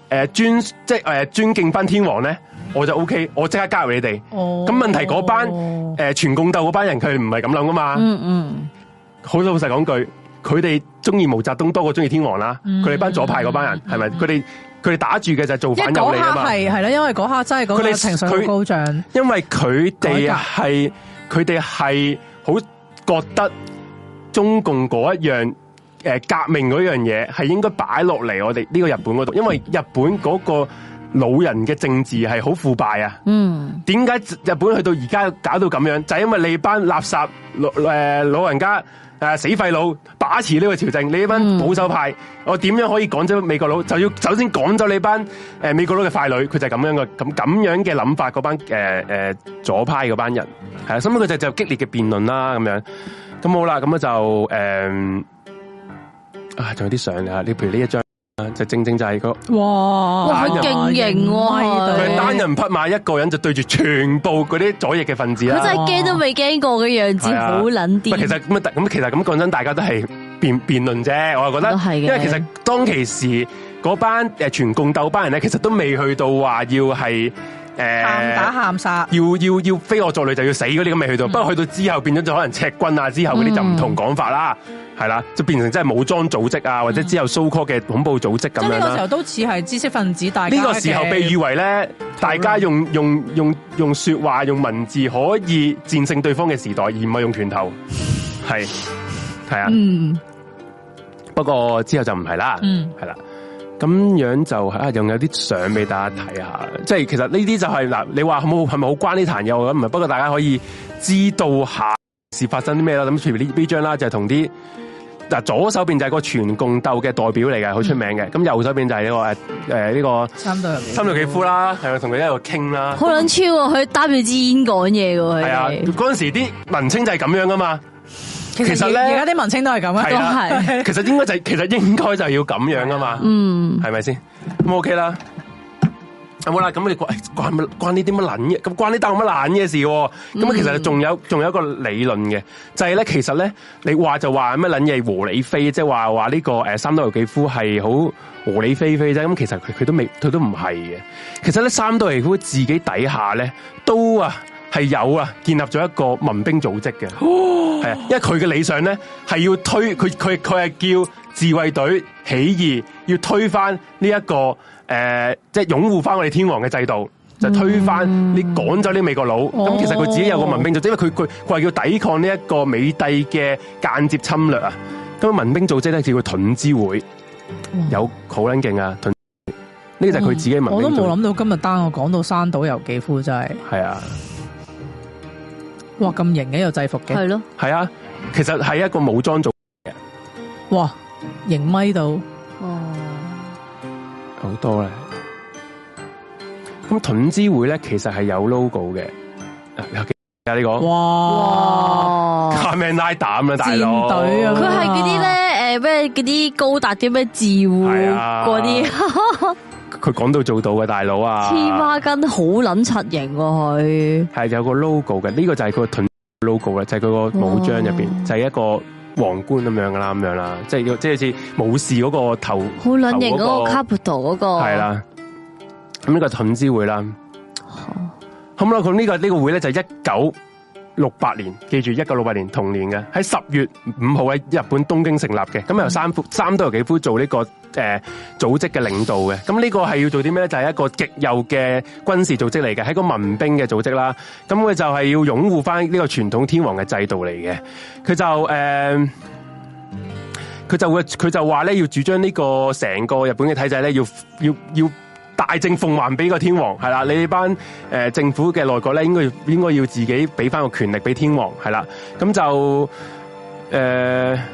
呃、尊，即係誒、呃、尊敬翻天皇咧，我就 O、OK, K，我即刻加入你哋。哦，咁問題嗰班、呃、全共鬥嗰班人，佢唔係咁諗噶嘛。嗯嗯，好老實講句，佢哋中意毛澤東多過中意天皇啦。佢、mm、哋 -hmm. 班左派嗰班人係咪？佢、mm、哋 -hmm.。佢哋打住嘅就係造反有理啊嘛，是，係係啦，因為嗰刻真係嗰個情緒高漲，因為佢哋係佢哋係好覺得中共嗰一樣誒革命嗰樣嘢係應該擺落嚟我哋呢個日本嗰度，因為日本嗰個老人嘅政治係好腐敗啊，嗯，點解日本去到而家搞到咁樣，就係、是、因為呢班垃圾誒老人家。啊、死廢佬，把持呢個朝政，你呢班保守派，嗯、我點樣可以趕走美國佬？就要首先趕走你班、呃、美國佬嘅傀儡，佢就係咁樣嘅咁咁樣嘅諗法，嗰、呃、班、呃、左派嗰班人，係啊，所以佢就就激烈嘅辯論啦，咁樣，咁好啦，咁啊就誒啊，仲、呃、有啲相啊，你譬如呢一張。誒，就是、正正就係個，個哇，哇佢勁型喎，佢單人匹馬一個人就對住全部嗰啲左翼嘅分子啦，佢真係驚都未驚過嘅樣子，好捻啲。其實咁咁其實咁講真，大家都係辯辯論啫，我係覺得，因為其實當其時嗰班誒全共鬥班人咧，其實都未去到話要係。誒，喊打喊殺，要要要非我族類，就要死嗰啲咁，未去到，嗯、不過去到之後變咗就可能赤軍啊，之後嗰啲、嗯、就唔同講法啦，係啦，就變成即係武裝組織啊，或者之後 so c call 嘅恐怖組織咁、嗯、樣。即係呢個時候都似係知識分子大。呢個時候被譽為咧，大家用用用用說話用文字可以戰勝對方嘅時代，而唔係用拳頭，係係啊。嗯。不過之後就唔係啦。嗯。係啦。咁樣就啊，仲有啲相俾大家睇下，即係其實呢啲就係、是、嗱、啊，你話係咪好關呢壇友咁？唔係，不過大家可以知道下是發生啲咩啦。咁隨便呢呢張啦，就係同啲嗱左手邊就係個全共鬥嘅代表嚟嘅，好出名嘅。咁、嗯、右手邊就係呢、呢個、啊啊呢個三島由紀夫啦，係同佢喺度傾啦。好撚超啊！佢擔住支煙講嘢喎。係啊，嗰陣時啲文青就係咁樣噶嘛。其實咧，而家啲文青都係咁啊，都係 *laughs* 。其實應該就、， *laughs* OK 就，哎、就其實應該就要咁樣㗎嘛，嗯，係咪先？咁 OK 啦，咁好啦，咁你關關關呢啲乜撚嘢？咁關呢啲咁乜撚嘢事？咁其實仲有仲有一個理論嘅，就係、是、咧，其實咧，你話就話咩撚嘢和理非，即係話話呢個誒、呃、三刀游幾夫係好和理非非啫。咁其實佢佢都未，佢都唔係嘅。其實咧，三刀游幾夫自己底下咧，都啊。係有啊，建立咗一個民兵組織嘅，係、哦、啊，因為佢嘅理想咧係要推佢佢佢係叫自衛隊起義，要推翻呢、這、一個誒，即係擁護翻我哋天皇嘅制度，就是、推翻你趕走啲美國佬。咁、嗯、其實佢自己有個民兵組織，哦、因為佢佢佢係叫抵抗呢一個美帝嘅間接侵略啊。咁民兵組織咧叫佢楯之會，哦、有好捻勁啊！楯，呢個就係佢自己的民兵組織。嘅民我都冇諗到今日單我講到山島由紀夫真係。係啊。哇，咁型嘅有制服嘅，係咯，係啊，其實係一個武裝組嘅。哇，型咪到，哦，好多呢！咁屯之會咧，其實係有 logo 嘅、啊。有幾有呢個？哇，commander 啊大佬？咩？戰隊啊，佢係嗰啲咧，誒咩嗰啲高達啲咩自護嗰啲。是啊 *laughs* 佢講到做到嘅大佬啊，黐孖筋，好撚柒型喎，佢係有個 logo 嘅，呢、這個就係佢個盾 logo 啦，就係佢個武章入邊就係一個皇冠咁樣噶啦，咁樣啦，即係即係好似武士嗰個頭，好撚型嗰、那個 capitol 嗰、那個係啦。咁呢、那個盾之會啦，好啦，咁呢、這個呢、這個會咧就係一九，六八年，記住一九六八年，同年嘅喺十月五號喺日本東京成立嘅，咁由三夫三島由紀夫做呢、這個誒、呃、組織嘅領導嘅，咁呢個係要做啲咩咧？就係、是、一個極右嘅軍事組織嚟嘅，係個民兵嘅組織啦，咁佢就係要擁護翻呢個傳統天皇嘅制度嚟嘅，佢就誒，佢、呃、就會佢就話咧要主張呢個成個日本嘅體制咧要要要。要要大政奉還俾個天王係啦，你哋班誒、呃、政府嘅內閣咧，應該應該要自己俾翻個權力俾天王係啦，咁就誒佢、呃、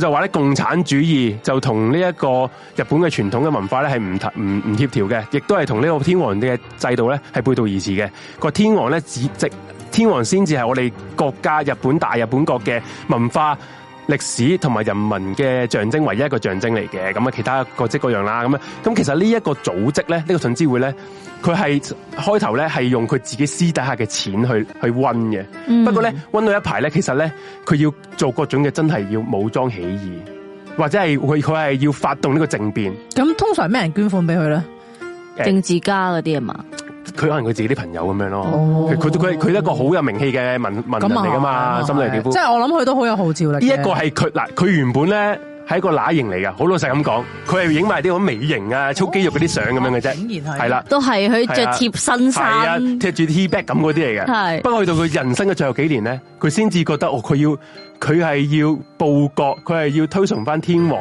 就話咧，共產主義就同呢一個日本嘅傳統嘅文化咧係唔唔唔協調嘅，亦都係同呢個天皇嘅制度咧係背道而馳嘅。個天皇咧只即天皇先至係我哋國家日本大日本國嘅文化。歷史同埋人民嘅象徵，唯一一個象徵嚟嘅，咁啊，其他各式各樣啦，咁啊，咁其實呢一個組織咧，呢、這個信之會咧，佢係開頭咧係用佢自己私底下嘅錢去去溫嘅、嗯，不過咧溫到一排咧，其實咧佢要做各種嘅，真係要武裝起義，或者係佢佢係要發動呢個政變。咁通常咩人捐款俾佢咧？政治家嗰啲啊嘛。欸佢可能佢自己啲朋友咁樣咯，佢佢佢一個好有名氣嘅文文人嚟噶嘛，心裏幾、嗯嗯嗯嗯、即係我諗佢都好有號召力。呢一個係佢嗱，佢原本咧係一個乸型嚟噶，好老實咁講，佢係影埋啲好美型啊、粗肌肉嗰啲相咁樣嘅啫，係、哦、啦，都係佢着貼身衫，貼住 T back 咁嗰啲嚟嘅。係、啊、不過去到佢人生嘅最後幾年咧，佢先至覺得哦，佢要佢係要報國，佢係要推崇翻天皇。」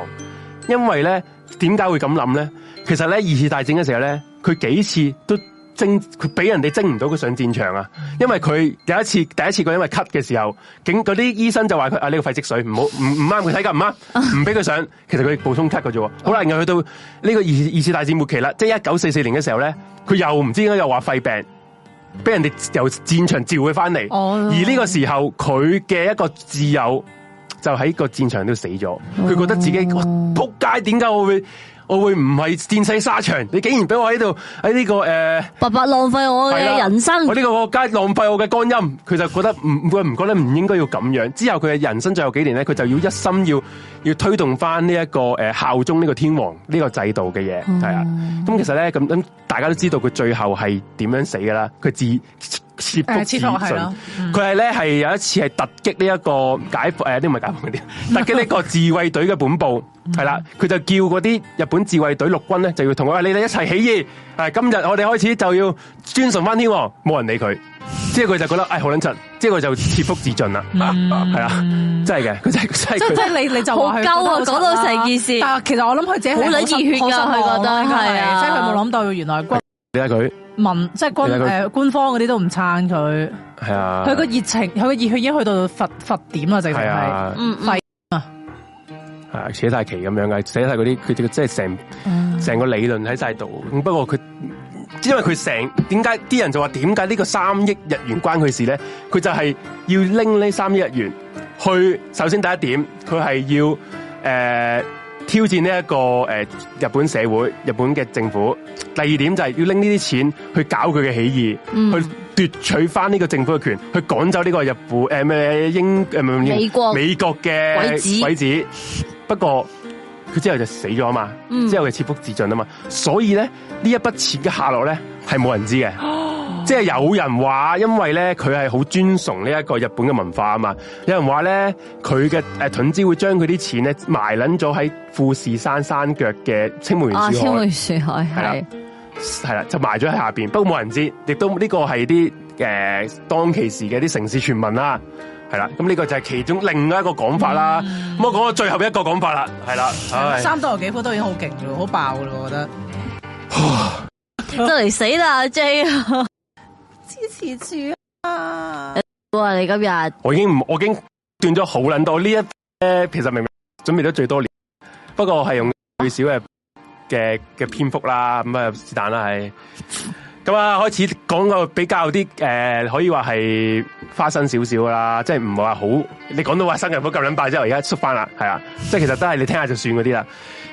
因為咧點解會咁諗咧？其實咧二次大戰嘅時候咧，佢幾次都。徵佢俾人哋徵唔到佢上戰場啊，因為佢有一次第一次佢因為咳嘅時候，警嗰啲醫生就話佢啊呢、這個肺積水，唔好唔唔啱佢睇，唔啱，唔俾佢上。 *laughs* 其實佢補充咳嘅啫，好啦，然後去到呢個二二次大戰末期啦，即係一九四四年嘅時候咧，佢又唔知點解又話肺病，俾人哋由戰場召佢翻嚟，oh、而呢個時候佢嘅一個摯友就喺個戰場度死咗，佢覺得自己扑街，點解我會？我會唔係戰死沙場？你竟然俾我喺度喺呢個誒、呃，白白浪費我嘅人生。我呢個我皆浪費我嘅光陰。佢就覺得唔會唔覺得唔應該要咁樣。之後佢嘅人生最後幾年咧，佢就要一心要要推動翻呢一個誒效忠呢個天皇呢、呢個制度嘅嘢，係、嗯、啊。咁其實咧咁咁大家都知道佢最後係點樣死噶啦。佢自切腹自盡，佢係咧係有一次係突擊呢一個解放，誒啲唔係解放嗰啲，突擊呢個自衛隊嘅本部，係 *laughs* 啦，佢就叫嗰啲日本自衛隊陸軍咧就要同我、哎，你哋一齊起,起義，係、哎、今日我哋開始就要遵順翻添，冇人理佢，即係佢就覺得，唉、哎，好卵柒，即係佢就切腹自盡啦，係、嗯、 *laughs* 啊，真係嘅，佢真係真係你你就好鳩啊，講到成件事，但其實我諗佢自己好卵熱血噶，佢覺得係，即係佢冇諗到原來是，你睇佢。民即係官誒、呃，官方嗰啲都唔撐佢。係啊，佢個熱情，佢個熱血已經去到佛佛點啦，直情係廢啊！係、啊、扯晒旗咁樣嘅，寫晒嗰啲佢啲，即係成成個理論喺晒度。不過佢，因為佢成點解啲人就話點解呢個三億日元關佢事咧？佢就係要拎呢三億日元去。首先第一點，佢係要誒。呃挑戰呢、這、一個誒、呃、日本社會、日本嘅政府。第二點就係要拎呢啲錢去搞佢嘅起義，嗯、去奪取翻呢個政府嘅權，去趕走呢個日本誒咩、呃、英誒、呃、美國美國嘅鬼子、鬼子。不過佢之後就死咗啊嘛、嗯，之後佢切腹自盡啊嘛。所以咧呢一筆錢嘅下落咧係冇人知嘅。即係有人話，因為咧佢係好尊崇呢一個日本嘅文化啊嘛。有人話咧，佢嘅誒盾子，會將佢啲錢咧埋捻咗喺富士山山腳嘅青梅樹海、啊。青梅樹海係係啦，就埋咗喺下邊。不過冇人知，亦都呢個係啲誒當其時嘅啲城市傳聞啦。係啦，咁呢個就係其中另外一個講法啦。咁、嗯、我講個最後一個講法啦，係啦。三刀幾都已經好勁咯，好爆啦，我覺得。都 *laughs* 嚟 *laughs* 死啦，阿 J。Jay *laughs* 支持住啊！哇，你今日我已經唔，我已經斷咗好捻多呢一咧。其實明明準備咗最多年，不過係用最少嘅嘅嘅篇幅啦，咁啊是但啦係。咁啊開始講個比較啲誒、呃，可以話係花生少少啦，即係唔話好。你講到話新人好咁捻爆之後，而家縮翻啦，係啊，即係其實都係你聽下就算嗰啲啦。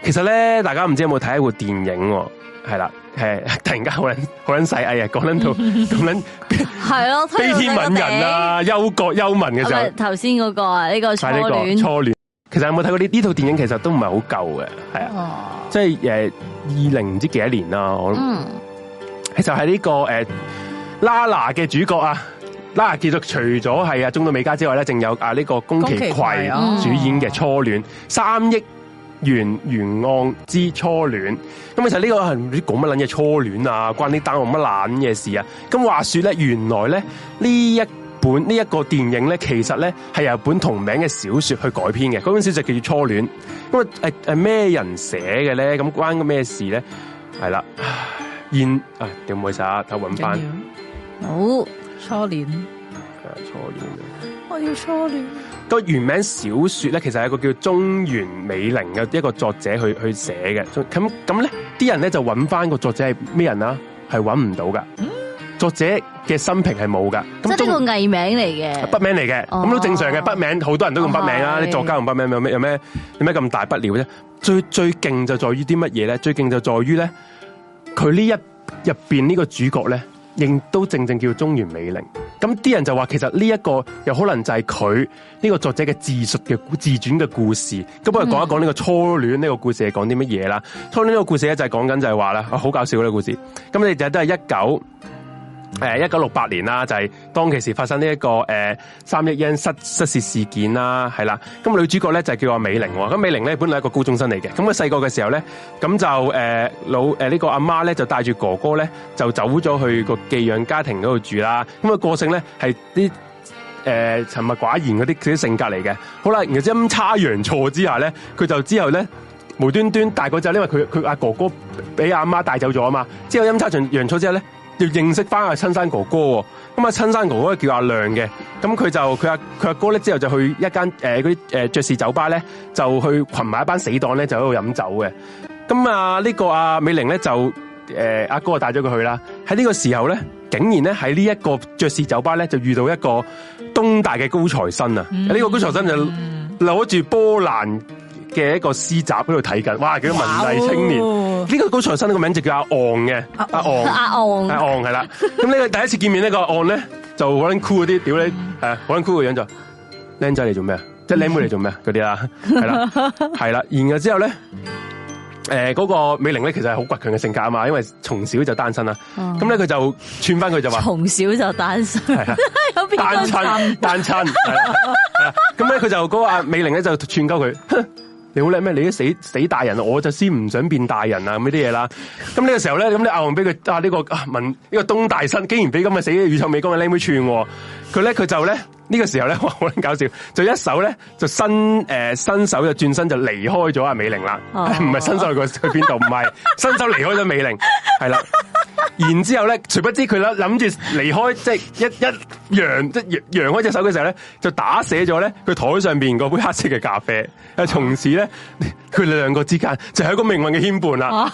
其實咧，大家唔知有冇睇一部電影係啦。誒，突然間好捻好捻細，哎呀，講捻到捻係咯，悲天憫人啊，憂國憂民嘅時候。頭先嗰個啊，呢、這個初戀初戀，其實有冇睇過呢？呢套電影其實都唔係好舊嘅，係啊，啊，即係誒二零唔知幾多年啦、啊，我、嗯，就係、是、呢、這個誒拉娜嘅主角啊，拉娜結束，除咗係阿中島美嘉之外咧，仲有阿、啊、呢、這個宮崎，崎葵主演嘅初戀三億。原懸岸之初戀》，咁其實呢個係唔知講乜捻嘢初戀啊，關啲單案乜捻嘢事啊？咁話說咧，原來咧呢一本呢一個電影咧，其實咧係由本同名嘅小說去改編嘅，嗰本小說叫初戀緊緊緊《初戀》。咁啊誒誒，咩人寫嘅咧？咁關個咩事咧？係啦，現啊，點會晒？我揾翻好初戀，啊，初戀，我要初戀。那個原名小說咧，其實係一個叫中原美玲嘅一個作者去去寫嘅。咁咁咧，啲人咧就揾翻個作者係咩人啦，啊，係揾唔到噶。作者嘅生平係冇噶。即係呢個藝名嚟嘅，筆名嚟嘅。咁、哦、都正常嘅，筆名好多人都用筆名啊。啲、哦、作家用筆名有咩有咩有咩咁大不了啫？最最勁就在於啲乜嘢咧？最勁就在於咧，佢呢一入邊呢個主角咧。亦都正正叫中原美玲，咁啲人就話其實呢一個有可能就係佢呢個作者嘅自述嘅自傳嘅故事，咁不如講一講呢個初戀呢個故事係講啲乜嘢啦？嗯、初戀呢個故事咧就係講緊就係話啦，好、啊、搞笑呢、啊這個故事，咁你哋就都係一九。誒、呃，一九六八年啦，就係、是、當其時發生呢一個誒、呃、三億圓失失事事件啦，係啦。咁女主角咧就叫阿美玲，咁、呃、美玲咧本來係一個高中生嚟嘅。咁佢細個嘅時候咧，咁就誒、呃、老誒、呃這個、呢個阿媽咧就帶住哥哥咧就走咗去個寄養家庭嗰度住啦。咁、那、啊個性咧係啲誒沉默寡言嗰啲佢啲性格嚟嘅。好啦，然後陰差陽錯之下咧，佢就之後咧無端端大個之後，因為佢佢阿哥哥俾阿媽帶走咗啊嘛。之後陰差陽陽錯之後咧。要認識翻阿親生哥哥喎，咁啊親生哥哥叫阿亮嘅，咁佢就佢阿佢阿哥咧，之後就去一間誒嗰啲誒爵士酒吧咧，就去群埋一班死黨咧，就喺度飲酒嘅。咁啊呢個阿美玲咧就誒阿、呃、哥帶咗佢去啦。喺呢個時候咧，竟然咧喺呢一個爵士酒吧咧，就遇到一個東大嘅高材生啊！呢、嗯這個高材生就攞住波蘭嘅一個詩集喺度睇緊，哇！幾多文藝青年。呢個高材生呢個名就叫阿昂嘅，阿昂，阿昂，阿昂，係啦。咁呢個第一次見面呢個昂咧就好捻 cool 嗰啲，屌你，係好酷個樣嘅樣就，靚仔嚟做咩啊？即係靚妹嚟做咩嗰啲啦？係啦，係啦、就是嗯。然後之後咧，誒，嗰個美玲咧其實係好倔強嘅性格啊嘛，因為從小就單身啦。咁咧佢就串翻佢就話，從小就單身，有邊個單親？單親。咁咧佢就嗰個美玲咧就串鳩佢。你好叻咩？你啲死死大人，我就先唔想變大人啊！咁啲嘢啦，咁呢個時候咧，咁你阿黃俾佢啊呢、呢個文呢、啊呢個東大生竟然俾咁嘅死嘅乳臭未乾嘅靚妹串，佢咧佢就咧。呢、這個時候咧，好搞笑，就一手咧就伸誒、呃、伸手就轉身就離開咗阿美玲啦，唔、oh. 係伸手去去邊度，唔係 *laughs* 伸手離開咗美玲，係啦。 *laughs* 然之後咧，殊不知佢諗諗住離開，即、就、係、是、一一揚即揚，揚開隻手嘅時候咧，就打死咗咧佢台上邊嗰杯黑色嘅咖啡。啊，從此咧佢哋兩個之間就係一個命運嘅牽絆啦。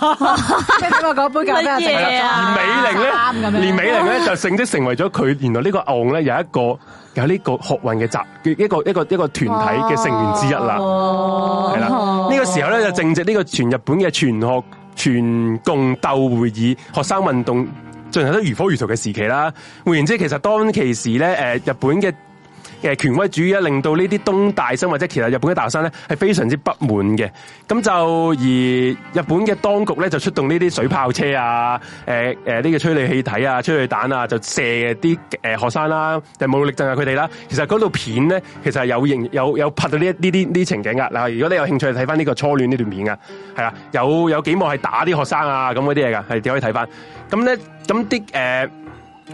即係邊個嗰杯咖啡咁嘅嘢啊？而美玲咧， *laughs* 連美玲咧就成即成為咗佢，原來這個呢個案咧有一個。有呢個學運嘅集，一個一個一個團體嘅成員之一啦，係、啊、啦，呢、啊呢個時候咧就正值呢個全日本嘅全學全共鬥會議，學生運動進行得如火如荼嘅時期啦。換言之，其實當其時咧，誒，日本嘅。誒，權威主義令到呢啲東大生或者其實日本嘅大學生咧，係非常之不滿嘅。咁就而日本嘅當局咧，就出動呢啲水炮車啊，誒、呃、誒，呢、呃、個催淚氣體啊、催淚彈啊，就射啲誒、呃、學生啦、啊，就冇力鎮壓佢哋啦。其實嗰套片咧，其實係有影有有拍到呢一呢啲呢情景噶。嗱，如果你有興趣睇翻呢個初戀呢段片噶，係啊，有有幾幕係打啲學生啊咁嗰啲嘢噶，係可以睇翻。咁咧，咁啲誒。呃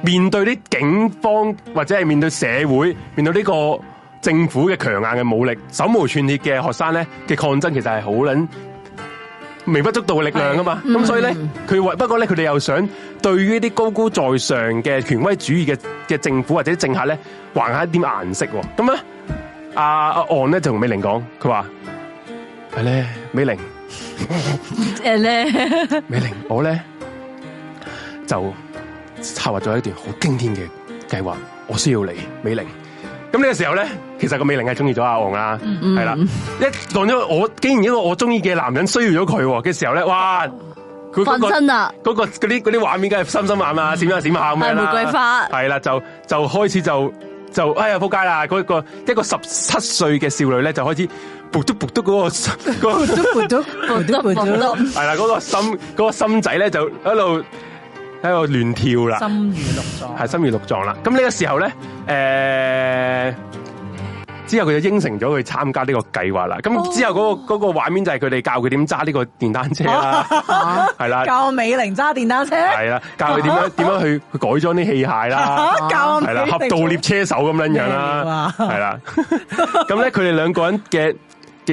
面對啲警方或者係面對社會、面對呢個政府嘅強硬嘅武力、手無寸鐵嘅學生咧嘅抗爭，其實係好捻微不足道嘅力量㗎嘛！咁所以咧，佢、嗯、不過咧，佢哋又想對於啲高高在上嘅權威主義嘅嘅政府或者政客咧，還下一點顏色、哦。咁、嗯、咧，阿、啊、阿、啊、岸咧就同美玲講，佢話：，係咧，美玲，誒 *laughs* 咧是呢， *laughs* 美玲，我咧就。策劃咗一段好驚天嘅計劃，我需要你，美玲。咁呢個時候咧，其實個美玲係中意咗阿王啦，係、嗯、啦、嗯。一講咗我，竟然一個我中意嘅男人需要咗佢嘅時候咧，哇！那個、翻身啦！嗰、那個啲嗰啲畫面梗係心心眼啦、啊，閃下閃下咩啦？玫瑰、啊啊啊啊、花係啦，就就開始就就哎呀仆街啦！那個一個十七歲嘅少女咧，就開始扑嘟扑嘟嗰、那個嗰個係啦，嗰 *laughs* 噗、 *laughs* 那個心嗰、那個心仔咧就一路。喺度亂跳啦，心如鹿撞，係心如鹿撞啦。咁呢個時候咧，誒、欸、之後佢就應承咗去參加呢個計劃啦。咁之後嗰、那個 oh. 個畫個畫面就係佢哋教佢點揸呢個電單車啦，係、oh. 啦，教美玲揸電單車，係啦，教佢點樣點、oh. 樣去，去改裝啲器械啦，係、oh. 啦，俠盜獵車手咁樣樣啦，係、oh. 啦。咁咧，佢哋兩個人嘅。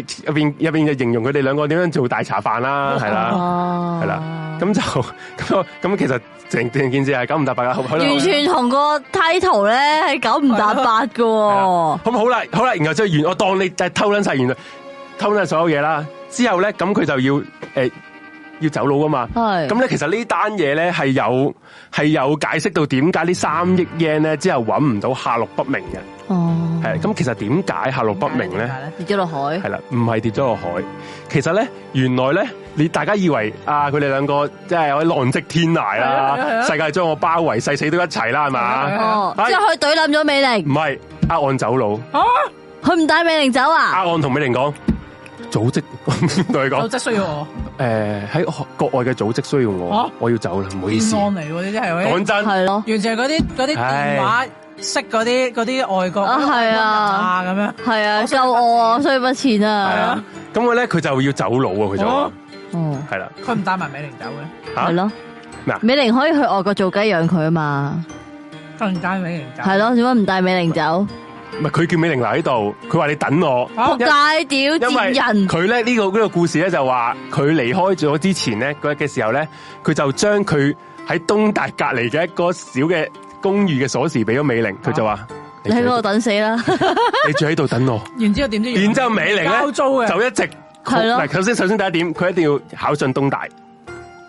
入邊入邊就形容佢哋兩個點樣做大茶飯啦，係、uh、啦 -huh.，係、uh、啦 -huh.，咁就咁咁，其實成成件事係九唔搭八噶，完全同個 title 咧係九唔搭八噶。咁好啦，好啦、啊，然後就係完，我當你就、呃、偷捻晒原來，偷捻晒所有嘢啦。之後咧，咁佢就要誒。呃要走佬噶嘛？係咁咧，其實呢單嘢咧係有係有解釋到點解呢三億 yen 咧之後搵唔到下落不明嘅。哦，係咁其實點解下落不明咧？跌咗落海係啦，唔係跌咗落海。其實咧，原來咧，你大家以為啊，佢哋兩個即係浪跡天涯啦，世界將我包圍，誓死都一齊啦，係嘛？哦，即係佢懟冧咗美玲。唔係阿岸走佬，吓佢唔帶美玲走啊？阿岸同美玲講。組織對你講，組織需要我。誒，喺國外嘅組織需要我，我要走啦，唔好意思。案嚟，呢啲係講真，係咯，完全係嗰啲嗰啲馬識嗰啲嗰啲外國啊，係啊，咁樣係啊，夠我需要筆錢啊。咁我咧，佢就要走佬啊，佢就哦，係啦，佢唔帶埋美玲走嘅，係咯，美玲可以去外國做雞養佢啊嘛，佢唔帶美玲走，係咯，點解唔帶美玲走？唔係佢叫美玲留喺度，佢話你等我。撲街屌賤人！佢咧呢個呢個故事咧就話佢離開咗之前咧嗰日嘅時候咧，佢就將佢喺東大隔籬嘅一個小嘅公寓嘅鎖匙俾咗美玲，佢、啊、就話你喺度等死啦，你住喺度等，等我。然之後點知？然之後美玲咧就一直係咯。首先首先第一點，佢一定要考上東大。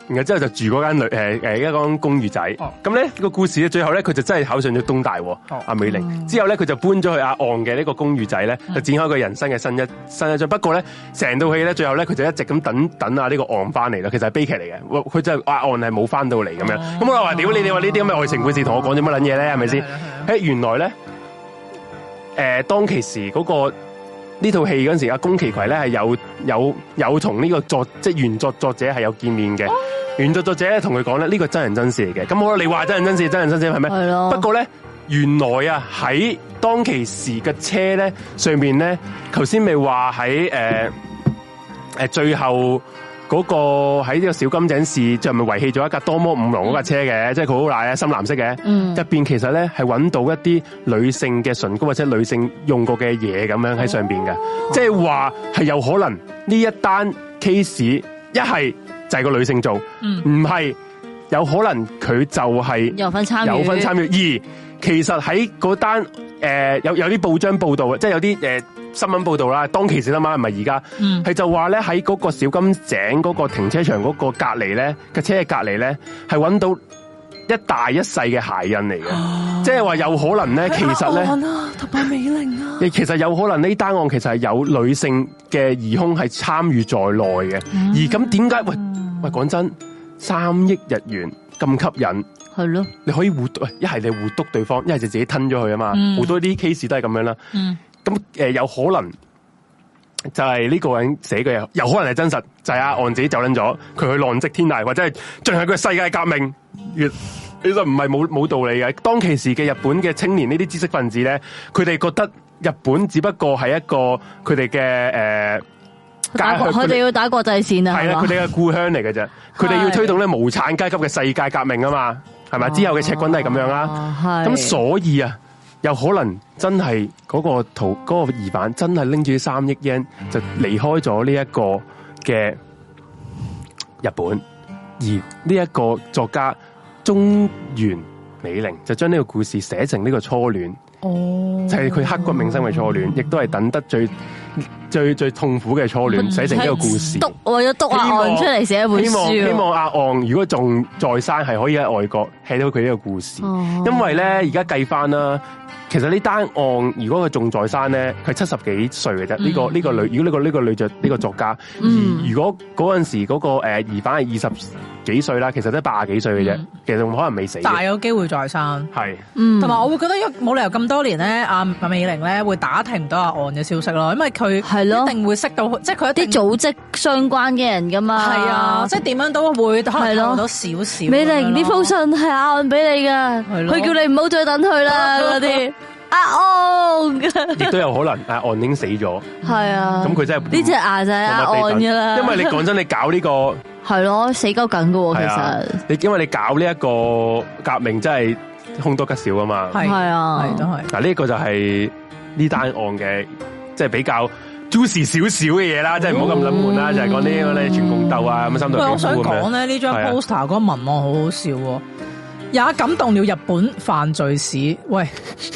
然後之後就住嗰間誒誒一間公寓仔，咁、哦、咧、這個故事咧最後咧佢就真係考上咗東大了，阿、哦、美玲之後咧佢就搬咗去阿岸嘅呢個公寓仔咧，就展開一個人生嘅新一新一章。不過咧成套戲咧最後咧佢就一直咁等等啊呢個岸翻嚟啦，其實係悲劇嚟嘅，佢真係阿岸係冇翻到嚟咁樣。咁、嗯、我話屌、嗯、你，你話呢啲咁嘅愛情故事，同我講咗乜撚嘢咧？係咪先？誒，原來咧，誒、呃、當其時嗰、那個。呢套戲嗰時，阿宮崎葵咧係有有有同呢個作即係原作作者係有見面嘅。原作作者咧同佢講咧，呢個真人真事嚟嘅。咁我你話真人真事，真人真事係咩？係咯。不過咧，原來啊喺當其時嘅車咧上邊咧，頭先咪話喺誒誒最後。嗰、那個喺呢個小金井市，就係咪遺棄咗一架多摩五龍嗰架車嘅、嗯？即係佢好奶啊，深藍色嘅。嗯，入面其實咧係揾到一啲女性嘅唇膏或者女性用過嘅嘢咁樣喺上面嘅、哦。即係話係有可能呢一單 case 一係就係個女性做，唔、嗯、係有可能佢就係有份參與，有份參與，而其實喺嗰單、呃、有有啲報章報導嘅，即係有啲誒。呃新聞報道啦，當其時啦嘛唔係而家係就話咧喺嗰個小金井嗰個停車場嗰個隔離咧嘅車嘅隔離咧係揾到一大一細嘅鞋印嚟嘅，即係話有可能咧，其實咧，同、啊、埋、啊、美玲啊，亦其實有可能呢單案其實係有女性嘅疑兇係參與在內嘅、嗯，而咁點解喂、嗯、喂講真，三億日元咁吸引，係咯，你可以互一係你互篤對方，一係就自己吞咗佢啊嘛，好、嗯、多啲 case 都係咁樣啦。嗯咁誒、呃，有可能就係呢個人寫嘅，有可能係真實。就係阿岸自己走甩咗，佢去浪跡天涯，或者係進行佢嘅世界革命。呢個唔係冇冇道理嘅。當其時嘅日本嘅青年呢啲知識分子咧，佢哋覺得日本只不過係一個佢哋嘅，誒，打佢哋要打國際線啊，係啦，佢哋嘅故鄉嚟嘅啫。佢 *laughs* 哋要推動咧無產階級嘅世界革命啊嘛，係咪？之後嘅赤軍都係咁樣啦。咁、啊、所以啊。有可能真係嗰個圖嗰、那個疑犯真係拎住三億日圓就離開咗呢一個嘅日本，而呢一個作家中原美玲就將呢個故事寫成呢個初戀，就係佢刻骨銘心嘅初戀，亦都係等得最最最痛苦嘅初戀，寫成呢個故事。讀咗要讀阿出嚟，寫一本書，希望阿昂如果仲在生，係可以喺外國寫到佢呢個故事。因為咧，而家計翻啦。其實呢單案，如果佢仲在生咧，佢七十幾歲嘅啫。呢、嗯這個呢、這個女，如果呢、這個呢、這個、女著呢、這個作家，而如果嗰陣時嗰、那個誒疑犯係二十幾歲啦？其實都係八廿幾歲嘅啫，其實仲可能未死。大有機會再生，係，嗯，同埋我會覺得冇理由咁多年咧，阿阿美玲咧會打聽唔到阿岸嘅消息咯，因為佢係咯，一定會識到，即係佢一啲組織相關嘅人噶嘛，係啊，即係點樣都會，可能差唔多少少。美玲，呢封信係阿岸俾你噶，佢叫你唔好再等佢啦嗰啲。阿、啊、岸，亦、哦、都有可能阿岸已經死咗，係啊，咁、嗯、佢、啊、真係呢隻牙仔阿岸噶啦，因為你講真，你搞呢個係咯死鳩緊噶，其實你因為你搞呢一個革命真係凶多吉少噶嘛，係啊，係都係嗱呢一個就係呢單案嘅，即、就、係、是、比較 juicy 少少嘅嘢啦，即係唔好咁撚悶啦，就係講呢咁嘅全共鬥啊咁嘅心態。但係我想講咧，呢張 poster 嗰個文案好好笑。也感動了日本犯罪史。喂，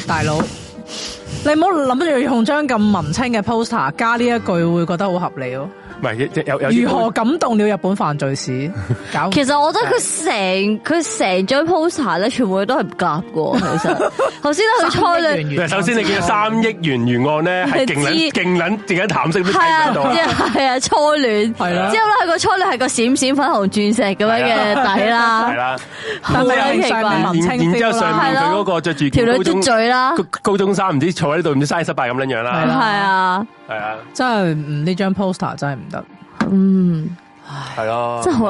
大佬，你唔好諗住用張咁文青嘅 poster 加呢一句，會覺得好合理哦。唔係，有有如何感動了日本犯罪史？其實我覺得佢成佢成張 poster 咧，全部都係唔夾嘅。其實頭先咧，佢 *laughs* 初戀。首先，你見三億元懸案咧，係勁捻勁捻，點喺淡色都係啊係啊，初戀。係啦。之後咧，個初戀係個閃閃粉紅鑽石咁樣嘅底啦。係啦。好奇怪，然之後上面佢個着住條女嘴啦，高中生唔知坐喺呢度唔知嘥失敗咁樣樣啦。係啊。係啊。真係呢張 poster 真係唔。得，嗯，係咯，真係好，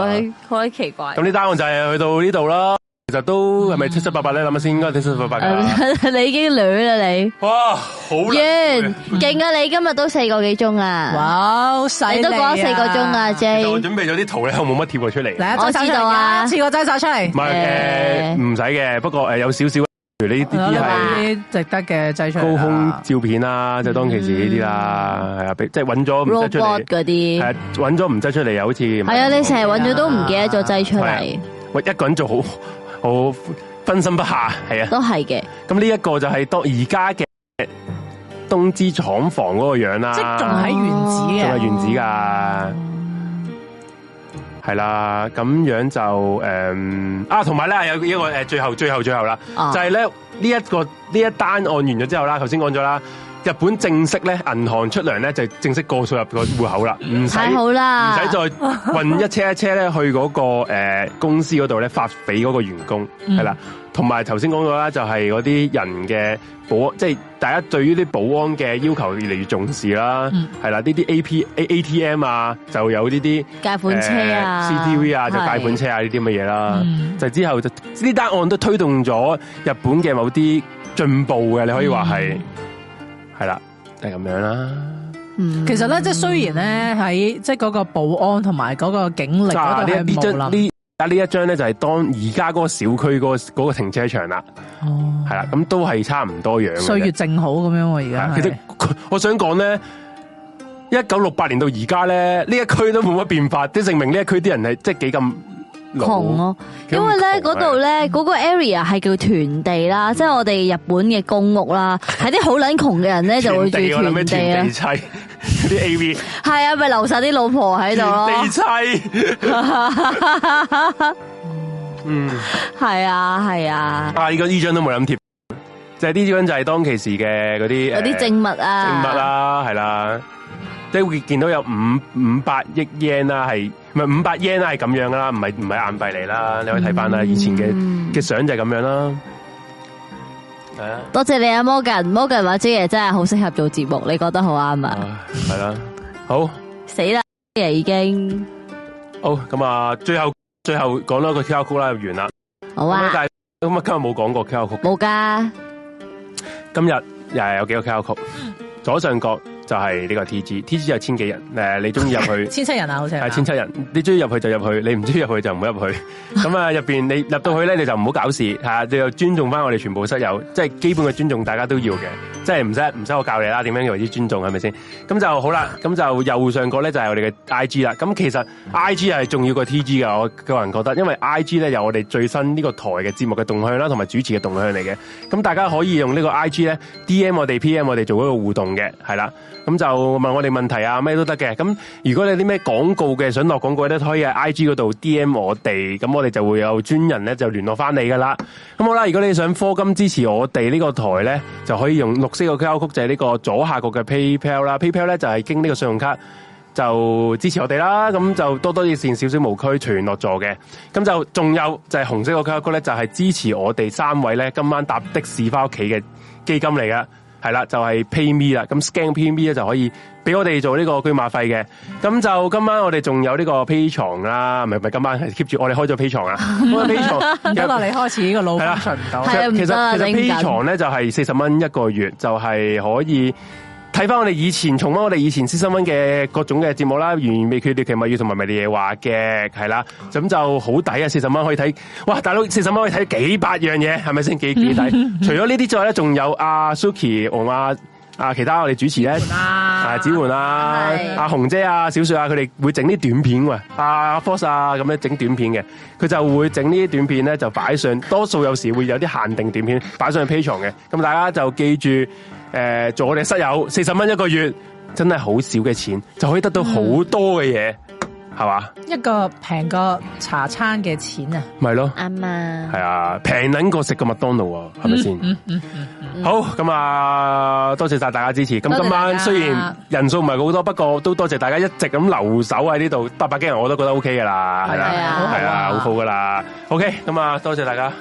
好鬼奇怪。咁呢單案就係去到呢度啦。其實都係咪七七八八咧？諗下先，應該七七八八。你已經累啦，你。哇，好，耶，勁啊！你今日都四個幾鐘啊？哇，犀利啊！你都過咗四個鐘啊，姐。我準備咗啲圖咧，你冇乜貼出嚟。我知道啊，切我摘晒出嚟。唔使嘅，不過誒，有少少。如呢啲係值得嘅製出高空照片啦，就係當其時呢啲啦，係啊，即係揾咗唔出啲，係揾咗唔擠出嚟，又好似係啊，你成日揾咗都唔記得咗擠出嚟。喂，一個人做好好分心不下，係啊，都係嘅。咁呢一個就係當而家嘅東芝廠房嗰個樣啦，即仲喺原址啊，仲係原址噶。係啦，咁樣就誒、嗯，啊，同埋咧有一個誒，最後、最後、最後啦、哦，就係咧呢一個呢一、這個、單案完咗之後啦，頭先講咗啦，日本正式咧銀行出糧咧就正式過數入個戶口啦，唔使好啦，唔使再運一車一車咧去嗰個誒公司嗰度咧發俾嗰個員工係啦。嗯同埋頭先講咗啦，就係嗰啲人嘅保安，即、就、係、是、大家對於啲保安嘅要求越嚟越重視啦。係、嗯、啦，呢啲 A P A T M 啊，就有呢啲解款車啊、呃、，C T V 啊，就解款車啊呢啲咁嘅嘢啦。就之後就呢單案都推動咗日本嘅某啲進步嘅，你可以話係係啦，係、嗯、咁樣啦、嗯。其實咧，即係雖然咧喺即嗰個保安同埋嗰個警力嗰啊！呢一張咧就係當而家嗰個小區嗰個嗰個停車場啦，oh，哦，係啦，咁都係差唔多樣，歲月靜好咁樣喎啊。而家其實我想講咧，一九六八年到而家咧，呢一區都冇乜變化，即係證明呢一區啲人係即係幾咁窮咯。因為咧嗰度咧嗰個 area 係叫團地啦，即、就、係、是、我哋日本嘅公屋啦，係啲好捻窮嘅人咧就會住團地啊。 *laughs* 啲 A V 係啊，咪留晒啲老婆喺度咯，地妻。嗯，係啊，係啊。啊，呢個呢張都冇諗貼，就係呢張就係當其時嘅嗰啲嗰啲證物啊，證物啦，係啦。都會見到有五五百億 yen 啦，係唔係五百 yen 啦，係咁樣噶啦，唔係唔係硬幣嚟啦。你可以睇翻啦，以前嘅嘅相就係咁樣啦。多謝你啊，Morgan 阿摩根，摩根話朱爺真係好適合做節目，你覺得好啱啊？係啦，好死啦，爺已經好咁啊！最後最後講多一個、KR、曲啦，完啦。好啊，咁啊今日冇講過 KR 曲，冇㗎，今，天今天日又係有幾個、KR、曲，左上角。就係、是、呢個 T G，T G 有千幾人。誒，你中意入去？ *laughs* 千七人啊，好似係千七人。你中意入去就入去，你唔中意入去就唔好入去。咁 *laughs* 啊，入面你入到去咧，你就唔好搞事吓。你要尊重翻我哋全部室友，即係基本嘅尊重，大家都要嘅。即係唔使唔使我教你啦，點樣為之尊重係咪先？咁就好啦。咁就右上角咧就係我哋嘅 I G 啦。咁其實 I G 係重要過 T G 㗎。我個人覺得，因為 I G 咧有我哋最新呢個台嘅節目嘅動向啦，同埋主持嘅動向嚟嘅。咁大家可以用呢個 I G 咧 D M 我哋 P M 我哋做嗰個互動嘅，係啦。咁就問我哋問題啊，咩都得嘅。咁如果你有啲咩廣告嘅想落廣告咧，都可以喺 I G 嗰度 D M 我哋，咁我哋就會有專人咧就聯絡翻你噶啦。咁好啦，如果你想科金支持我哋呢個台咧，就可以用綠色嘅卡曲就係、是、呢個左下角嘅 PayPal 啦 *music* ，PayPal 咧就係、是、經呢個信用卡就支持我哋啦。咁就多多益善，少少無區，隨緣落座嘅。咁就仲有就係、是、紅色嘅卡曲咧，就係、是、支持我哋三位咧今晚搭的士翻屋企嘅基金嚟噶。係啦，就係、是、PayMe 啦，咁 Scan PayMe 咧就可以俾我哋做呢個居碼費嘅。咁就今晚我哋仲有呢個 Pay 床啦，唔係唔係？今晚係 keep 住我哋開咗 Pay 床啊，Pay 床由落嚟開始呢個老陳，係 *laughs* 因為 Patreon, *laughs* 其實 *laughs* 其實 Pay 床咧就係四十蚊一個月，就係、是、可以。睇翻我哋以前，重溫我哋以前四十蚊嘅各種嘅節目啦，完完美缺掉嘅咪要同埋咪哋嘢話嘅，係啦，咁就好抵啊！四十蚊可以睇，哇！大佬四十蚊可以睇幾百樣嘢，係咪先？幾幾抵？ *laughs* 除咗呢啲之外咧，仲有阿、啊、Suki 同阿啊，啊其他我哋主持咧、啊，啊子煥啊，阿、啊、紅姐啊、小雪啊，佢哋會整啲短片嘅，阿 Force 啊咁咧整短片嘅，佢就會整呢啲短片咧就擺上，多數有時會有啲限定短片擺上去 Patreon 嘅，咁大家就記住。誒，做我哋室友四十蚊一個月，真係好少嘅錢，就可以得到好多嘅嘢，係、嗯、嘛？一個平過茶餐嘅錢啊，咪、就、咯、是，啱啊？係啊，平捻過食個麥當勞啊，係咪先？好，咁啊，多謝晒大家支持。咁今晚雖然人數唔係好多，不過都多謝大家一直咁留守喺呢度，八百幾人我都覺得 O K 噶啦，係啦，係啊，好好噶啦。O K，咁啊，多謝大家。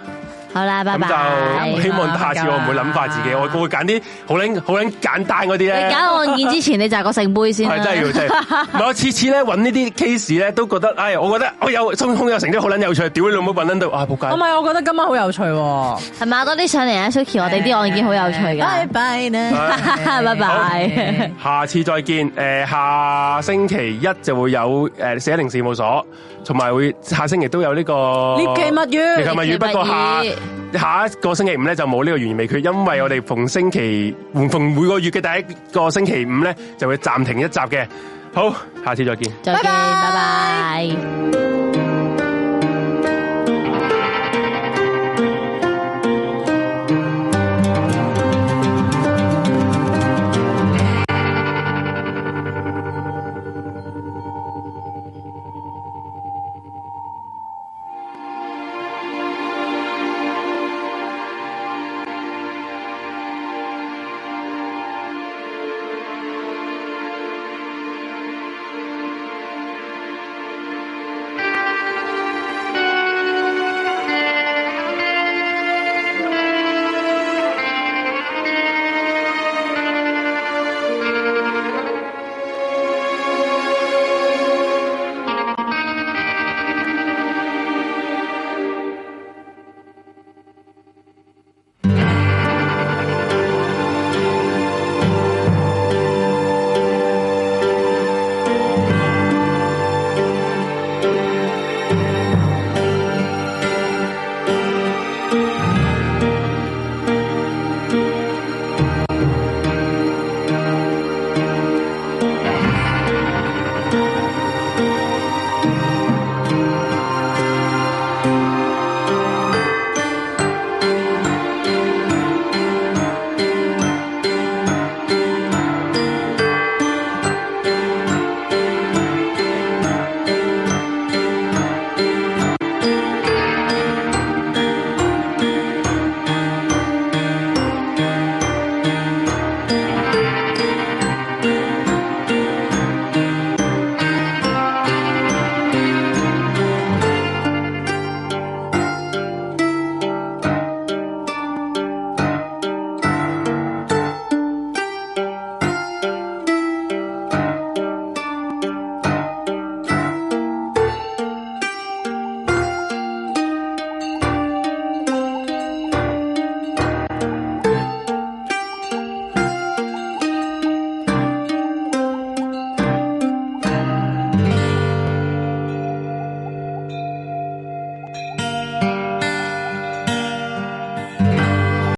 好啦，拜拜。咁就希望下次我唔會諗返自己，我我會揀啲好捻好捻簡單嗰啲咧。你揀案件之前，你就係個聖杯先啦。係真係要真係。唔係我次次咧揾呢啲 case 咧，都覺得，哎，我覺得我有胸有成績，好捻有趣。屌你老母揾撚到，哇仆街！我唔係，我覺得今晚好有趣，係咪？多啲上嚟啊，Suki，我哋啲案件好有趣噶。拜拜啦，拜拜。下次再見。誒，下星期一就會有誒，寫一零事務所，同埋會下星期都有呢個獵奇物語，獵奇物語不過下。下一個星期五咧就冇呢個懸疑未決，因為我哋逢星期、每逢每個月嘅第一個星期五咧就會暫停一集嘅。好，下次再見，再見，再見，拜拜。拜拜。